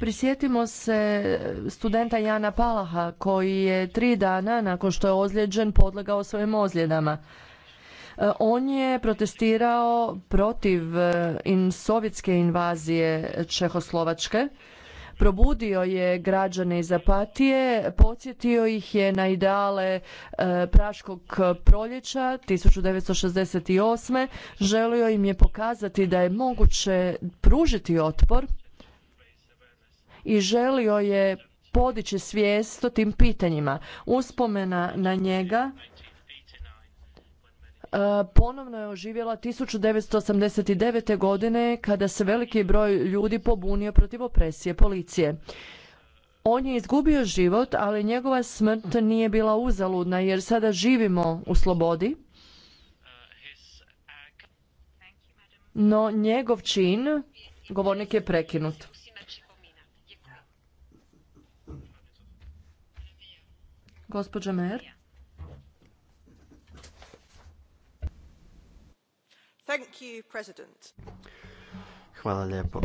Prisjetimo se studenta Jana Palaha koji je tri dana nakon što je ozlijeđen podlegao svojim ozljedama. E, on je protestirao protiv e, sovjetske invazije Čehoslovačke, probudio je građane iz apatije, podsjetio ih je na ideale e, Praškog proljeća 1968. Želio im je pokazati da je moguće pružiti otpor i želio je podići svijest o tim pitanjima. Uspomena na njega e, ponovno je oživjela 1989. godine kada se veliki broj ljudi pobunio protiv opresije policije. On je izgubio život, ali njegova smrt nije bila uzaludna jer sada živimo u slobodi. No njegov čin, govornik je prekinut. Gospođa Mer. Hvala lijepo.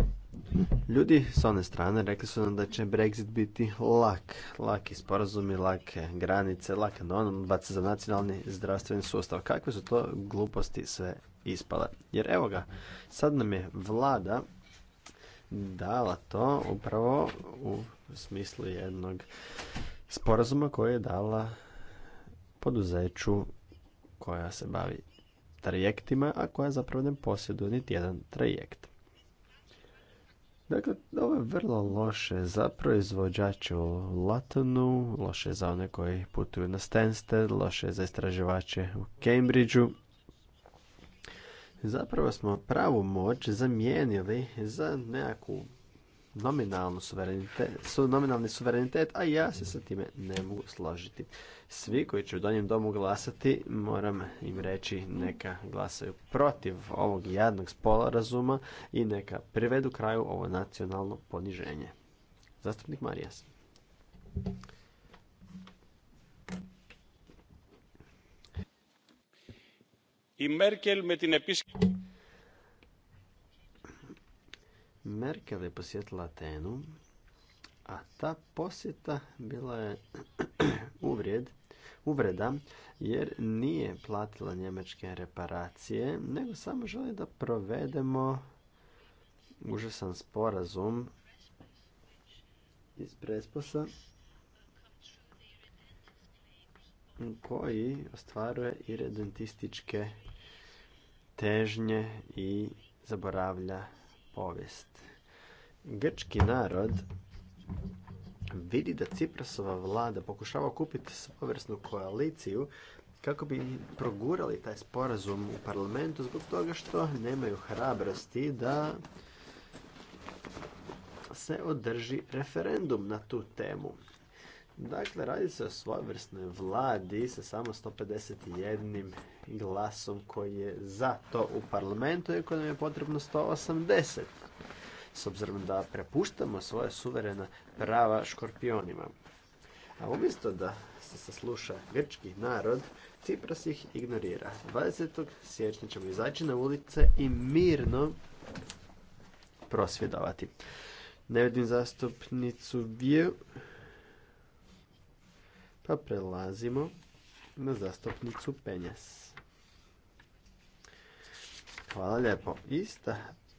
Ljudi s one strane rekli su nam da će Brexit biti lak. Laki sporazumi, lake granice, laka baca za nacionalni zdravstveni sustav. Kakve su to gluposti sve ispale? Jer evo ga, sad nam je vlada dala to upravo u smislu jednog sporazuma koje je dala poduzeću koja se bavi trajektima, a koja zapravo ne posjeduje niti jedan trajekt. Dakle, ovo je vrlo loše za proizvođače u Latonu, loše za one koji putuju na Stansted, loše za istraživače u Cambridgeu. Zapravo smo pravu moć zamijenili za nekakvu nominalni suverenitet, a ja se sa time ne mogu složiti. Svi koji će u Donjem domu glasati, moram im reći neka glasaju protiv ovog jadnog sporazuma i neka privedu kraju ovo nacionalno poniženje. Zastupnik Marijas. I Merkel me Merkel je posjetila Atenu, a ta posjeta bila je uvreda jer nije platila njemačke reparacije, nego samo želi da provedemo užasan sporazum iz Presposa koji ostvaruje redentističke težnje i zaboravlja povijest. Grčki narod vidi da Ciprasova vlada pokušava kupiti svojevrsnu koaliciju kako bi progurali taj sporazum u parlamentu zbog toga što nemaju hrabrosti da se održi referendum na tu temu. Dakle, radi se o svojevrsnoj vladi sa samo 151 glasom koji je za to u parlamentu, iako nam je potrebno 180. S obzirom da prepuštamo svoje suverena prava škorpionima. A umjesto da se sasluša grčki narod, Cipras ih ignorira. 20. siječnja ćemo izaći na ulice i mirno prosvjedovati. Ne vidim zastupnicu Viju. Pa prelazimo na zastupnicu Penjas. Hvala lijepo. Ista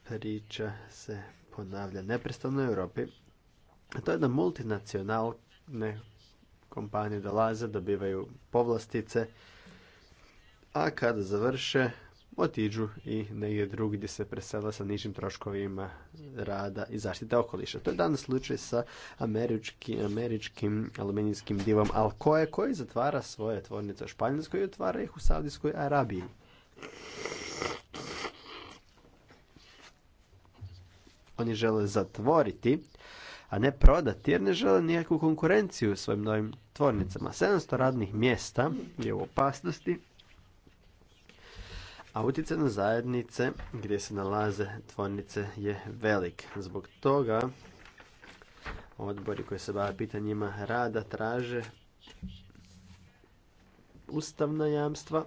priča se ponavlja neprestano u Europi. A to je da multinacionalne kompanije dolaze, dobivaju povlastice, a kada završe otiđu i negdje drugdje se presela sa nižim troškovima rada i zaštite okoliša. To je danas slučaj sa američki, američkim aluminijskim divom Alcoa koji zatvara svoje tvornice u Španjolskoj i otvara ih u Saudijskoj Arabiji. Oni žele zatvoriti, a ne prodati jer ne žele nikakvu konkurenciju svojim novim tvornicama. 700 radnih mjesta je u opasnosti a na zajednice gdje se nalaze tvornice je velik. Zbog toga odbori koji se bave pitanjima rada traže ustavna jamstva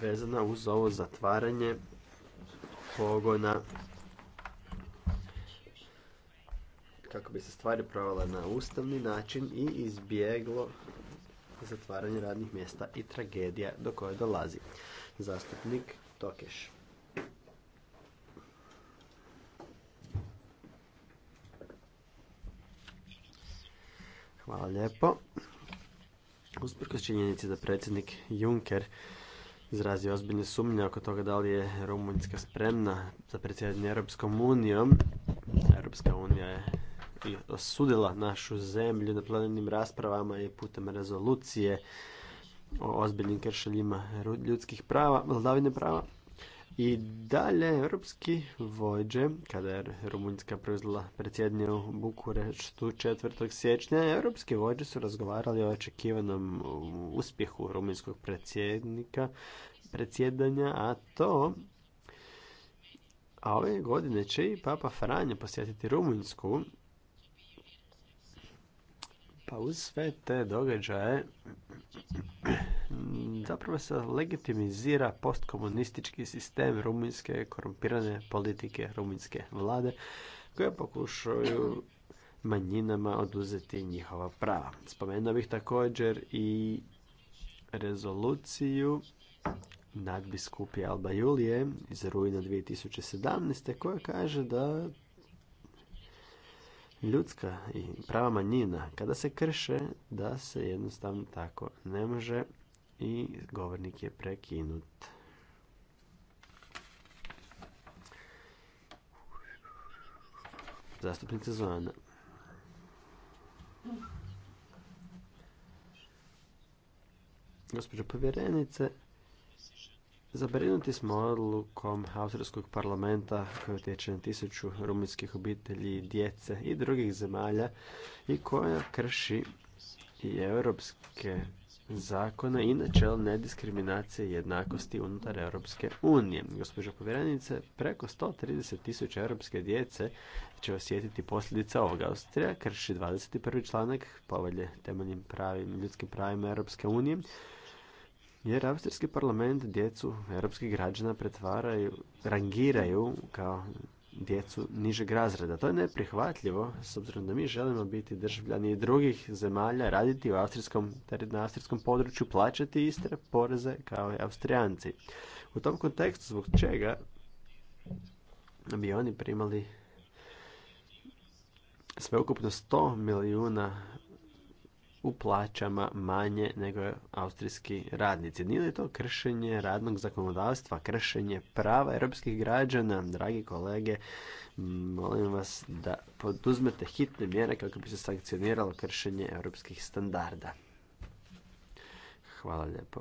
vezana uz ovo zatvaranje pogona kako bi se stvari provala na ustavni način i izbjeglo zatvaranje radnih mjesta i tragedija do koje dolazi. Zastupnik Tokeš. Hvala lijepo. Usprkos činjenici da predsjednik Juncker izrazio ozbiljne sumnje oko toga da li je Rumunjska spremna za predsjedanje Europskom unijom. Europska unija je i osudila našu zemlju na planinim raspravama i putem rezolucije o ozbiljnim kršeljima ljudskih prava, vladavine prava. I dalje, europski vođe, kada je Rumunjska preuzela predsjednje u Bukureštu 4. siječnja, europski vođe su razgovarali o očekivanom uspjehu rumunjskog predsjednika, predsjedanja, a to a ove godine će i Papa Franja posjetiti Rumunjsku pa uz sve te događaje zapravo se legitimizira postkomunistički sistem rumunjske korumpirane politike rumunjske vlade koje pokušaju manjinama oduzeti njihova prava. Spomenuo bih također i rezoluciju nadbiskupije Alba Julije iz rujna 2017. koja kaže da ljudska i prava manjina kada se krše da se jednostavno tako ne može i govornik je prekinut. Zastupnica Zvana. Gospođo povjerenice, Zabrinuti smo odlukom Austrijskog parlamenta koja utječe na tisuću rumunjskih obitelji, djece i drugih zemalja i koja krši i europske zakone i načelo nediskriminacije i jednakosti unutar Europske unije. Gospođo povjerenice, preko 130 tisuća europske djece će osjetiti posljedica ovoga. Austrija krši 21. članak povelje temeljnim pravim ljudskim pravima Europske unije jer Austrijski parlament djecu europskih građana pretvaraju, rangiraju kao djecu nižeg razreda. To je neprihvatljivo, s obzirom da mi želimo biti državljani drugih zemalja, raditi u austrijskom, na austrijskom području, plaćati iste poreze kao i austrijanci. U tom kontekstu, zbog čega bi oni primali sveukupno 100 milijuna u plaćama manje nego austrijski radnici. Nije li to kršenje radnog zakonodavstva, kršenje prava europskih građana, dragi kolege? Molim vas da poduzmete hitne mjere kako bi se sankcioniralo kršenje europskih standarda. Hvala lijepo.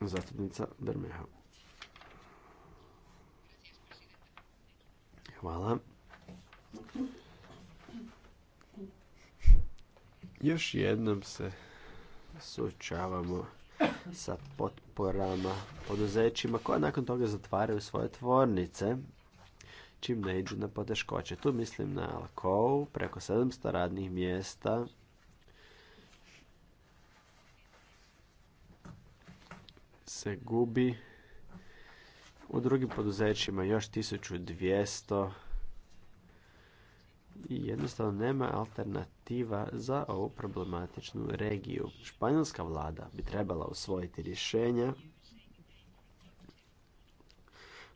Zastupnica Hvala. Hvala. Još jednom se suočavamo sa potporama poduzećima koja nakon toga zatvaraju svoje tvornice čim ne iđu na poteškoće. Tu mislim na Alcov, preko 700 radnih mjesta. Se gubi u drugim poduzećima još 1200 i jednostavno nema alternativa za ovu problematičnu regiju. Španjolska vlada bi trebala usvojiti rješenja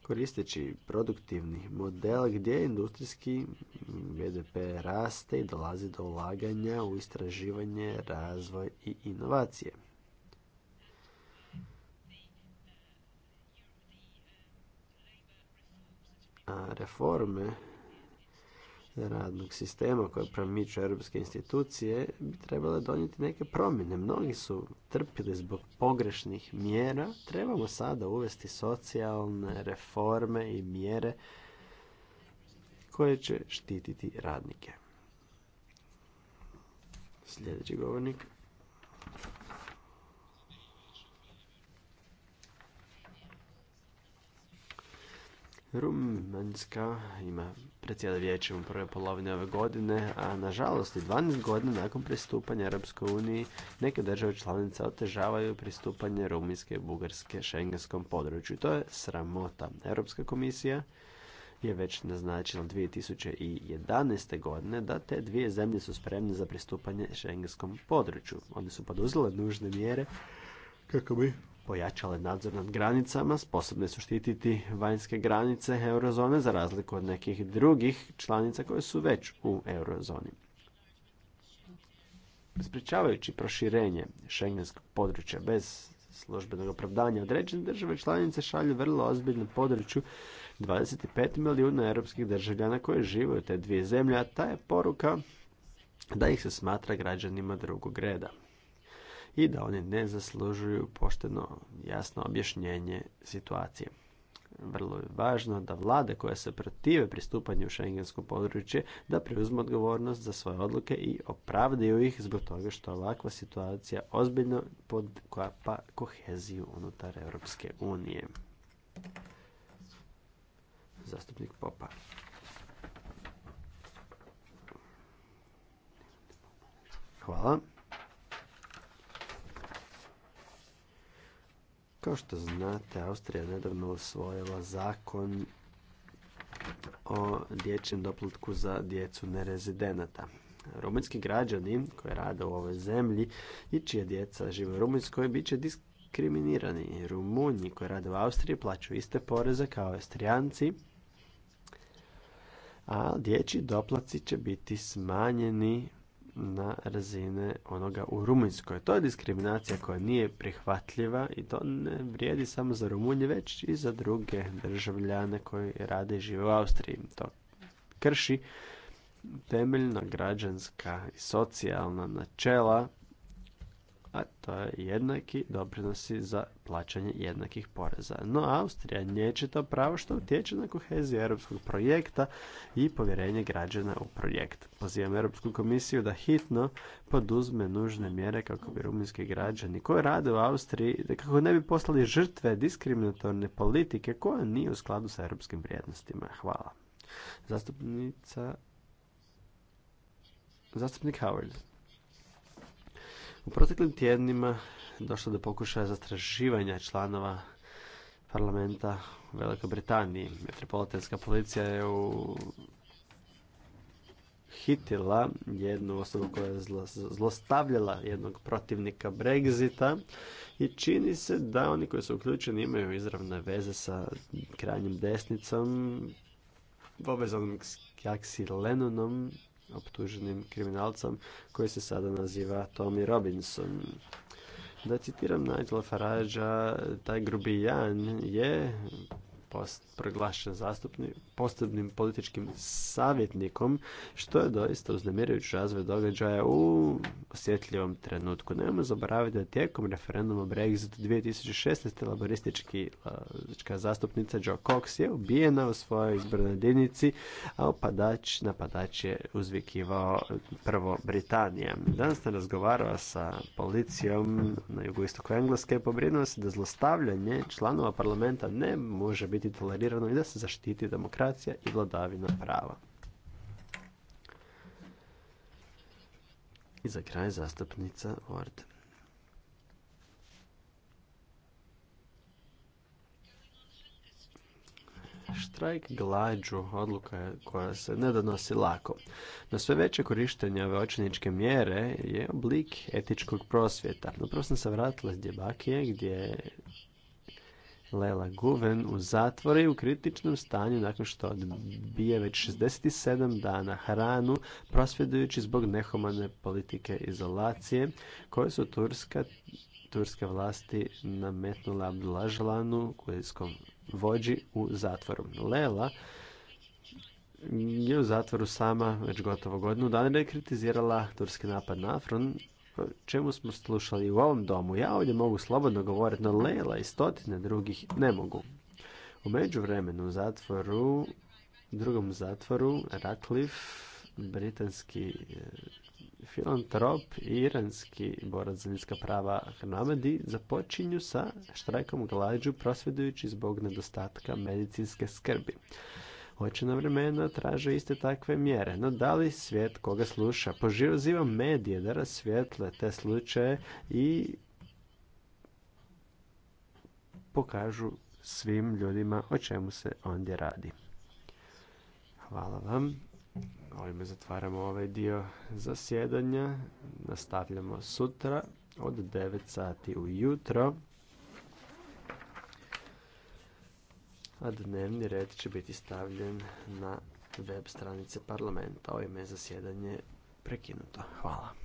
koristeći produktivni model gdje industrijski BDP raste i dolazi do ulaganja u istraživanje, razvoj i inovacije. A reforme radnog sistema koje promiču europske institucije bi trebale donijeti neke promjene. Mnogi su trpili zbog pogrešnih mjera. Trebamo sada uvesti socijalne reforme i mjere koje će štititi radnike. Sljedeći govornik. Rumunjska ima predsjeda vijećem u prvoj polovini ove godine, a nažalost i 12 godina nakon pristupanja Europskoj uniji neke države članice otežavaju pristupanje Rumunjske i Bugarske šengenskom području. To je sramota. Europska komisija je već naznačila 2011. godine da te dvije zemlje su spremne za pristupanje šengenskom području. Oni su poduzele nužne mjere kako bi pojačale nadzor nad granicama, sposobne su štititi vanjske granice eurozone za razliku od nekih drugih članica koje su već u eurozoni. Sprečavajući proširenje šengenskog područja bez službenog opravdanja određene države članice šalju vrlo ozbiljnu području 25 milijuna europskih državljana koji žive u te dvije zemlje, a ta je poruka da ih se smatra građanima drugog reda i da oni ne zaslužuju pošteno jasno objašnjenje situacije. Vrlo je važno da vlade koje se protive pristupanju u šengensko područje da preuzmu odgovornost za svoje odluke i opravdaju ih zbog toga što ovakva situacija ozbiljno podkapa koheziju unutar Europske unije. Zastupnik Popa. Hvala. Kao što znate, Austrija nedavno usvojila zakon o dječjem doplatku za djecu nerezidenata. Rumunjski građani koji rade u ovoj zemlji i čija djeca žive u Rumunjskoj bit će diskriminirani. Rumunji koji rade u Austriji plaćaju iste poreze kao Austrijanci, a dječji doplaci će biti smanjeni na razine onoga u Rumunjskoj. To je diskriminacija koja nije prihvatljiva i to ne vrijedi samo za Rumunje, već i za druge državljane koji rade i žive u Austriji. To krši temeljna građanska i socijalna načela a to je jednaki doprinosi za plaćanje jednakih poreza. No, Austrija neće to pravo što utječe na koheziju europskog projekta i povjerenje građana u projekt. Pozivam Europsku komisiju da hitno poduzme nužne mjere kako bi rumunjski građani koji rade u Austriji kako ne bi postali žrtve diskriminatorne politike koja nije u skladu sa europskim vrijednostima. Hvala. Zastupnica Zastupnik Howard. U proteklim tjednima došlo do pokušaja zastrašivanja članova parlamenta u Velikoj Britaniji. Metropolitanska policija je u hitila jednu osobu koja je zlostavljala jednog protivnika Brexita i čini se da oni koji su uključeni imaju izravne veze sa krajnjim desnicom, povezanom s Jaksi Lennonom optuženim kriminalcom, koji se sada naziva Tommy Robinson. Da citiram Nigel Faragea, taj grubijan je proglašen zastupnim, posebnim političkim savjetnikom, što je doista uznemirujući razvoj događaja u osjetljivom trenutku. Nemojmo zaboraviti da tijekom referenduma Brexit Brexitu 2016. laboristička zastupnica Joe Cox je ubijena u svojoj izbornoj jedinici, a opadač, napadač je uzvikivao prvo Britanija. Danas sam razgovarao sa policijom na jugoistoku Engleske pobrinuo se da zlostavljanje članova parlamenta ne može biti biti tolerirano i da se zaštiti demokracija i vladavina prava. I za kraj zastupnica Ward. Štrajk glađu odluka koja se ne donosi lako. Na sve veće korištenje ove očiničke mjere je oblik etičkog prosvjeta. Naprosto sam se vratila iz Djebakije gdje Lela Guven u zatvore i u kritičnom stanju nakon što odbije već 67 dana hranu prosvjedujući zbog nehumane politike izolacije koje su Turska turske vlasti nametnula Abdulažlanu, kurdijskom vođi, u zatvoru. Lela je u zatvoru sama već gotovo godinu dana je kritizirala turski napad na Afron čemu smo slušali u ovom domu. Ja ovdje mogu slobodno govoriti, no Leila i stotine drugih ne mogu. U međuvremenu u zatvoru, drugom zatvoru, Ratcliffe, britanski e, filantrop i iranski borac za ljudska prava Hnamedi započinju sa štrajkom glađu prosvjedujući zbog nedostatka medicinske skrbi očena vremena traže iste takve mjere. No da li svijet koga sluša? poživo medije da rasvijetle te slučaje i pokažu svim ljudima o čemu se ondje radi. Hvala vam. Ovime zatvaramo ovaj dio zasjedanja. Nastavljamo sutra od 9 sati ujutro. a dnevni red će biti stavljen na web stranice parlamenta. Ovime je zasjedanje prekinuto. Hvala.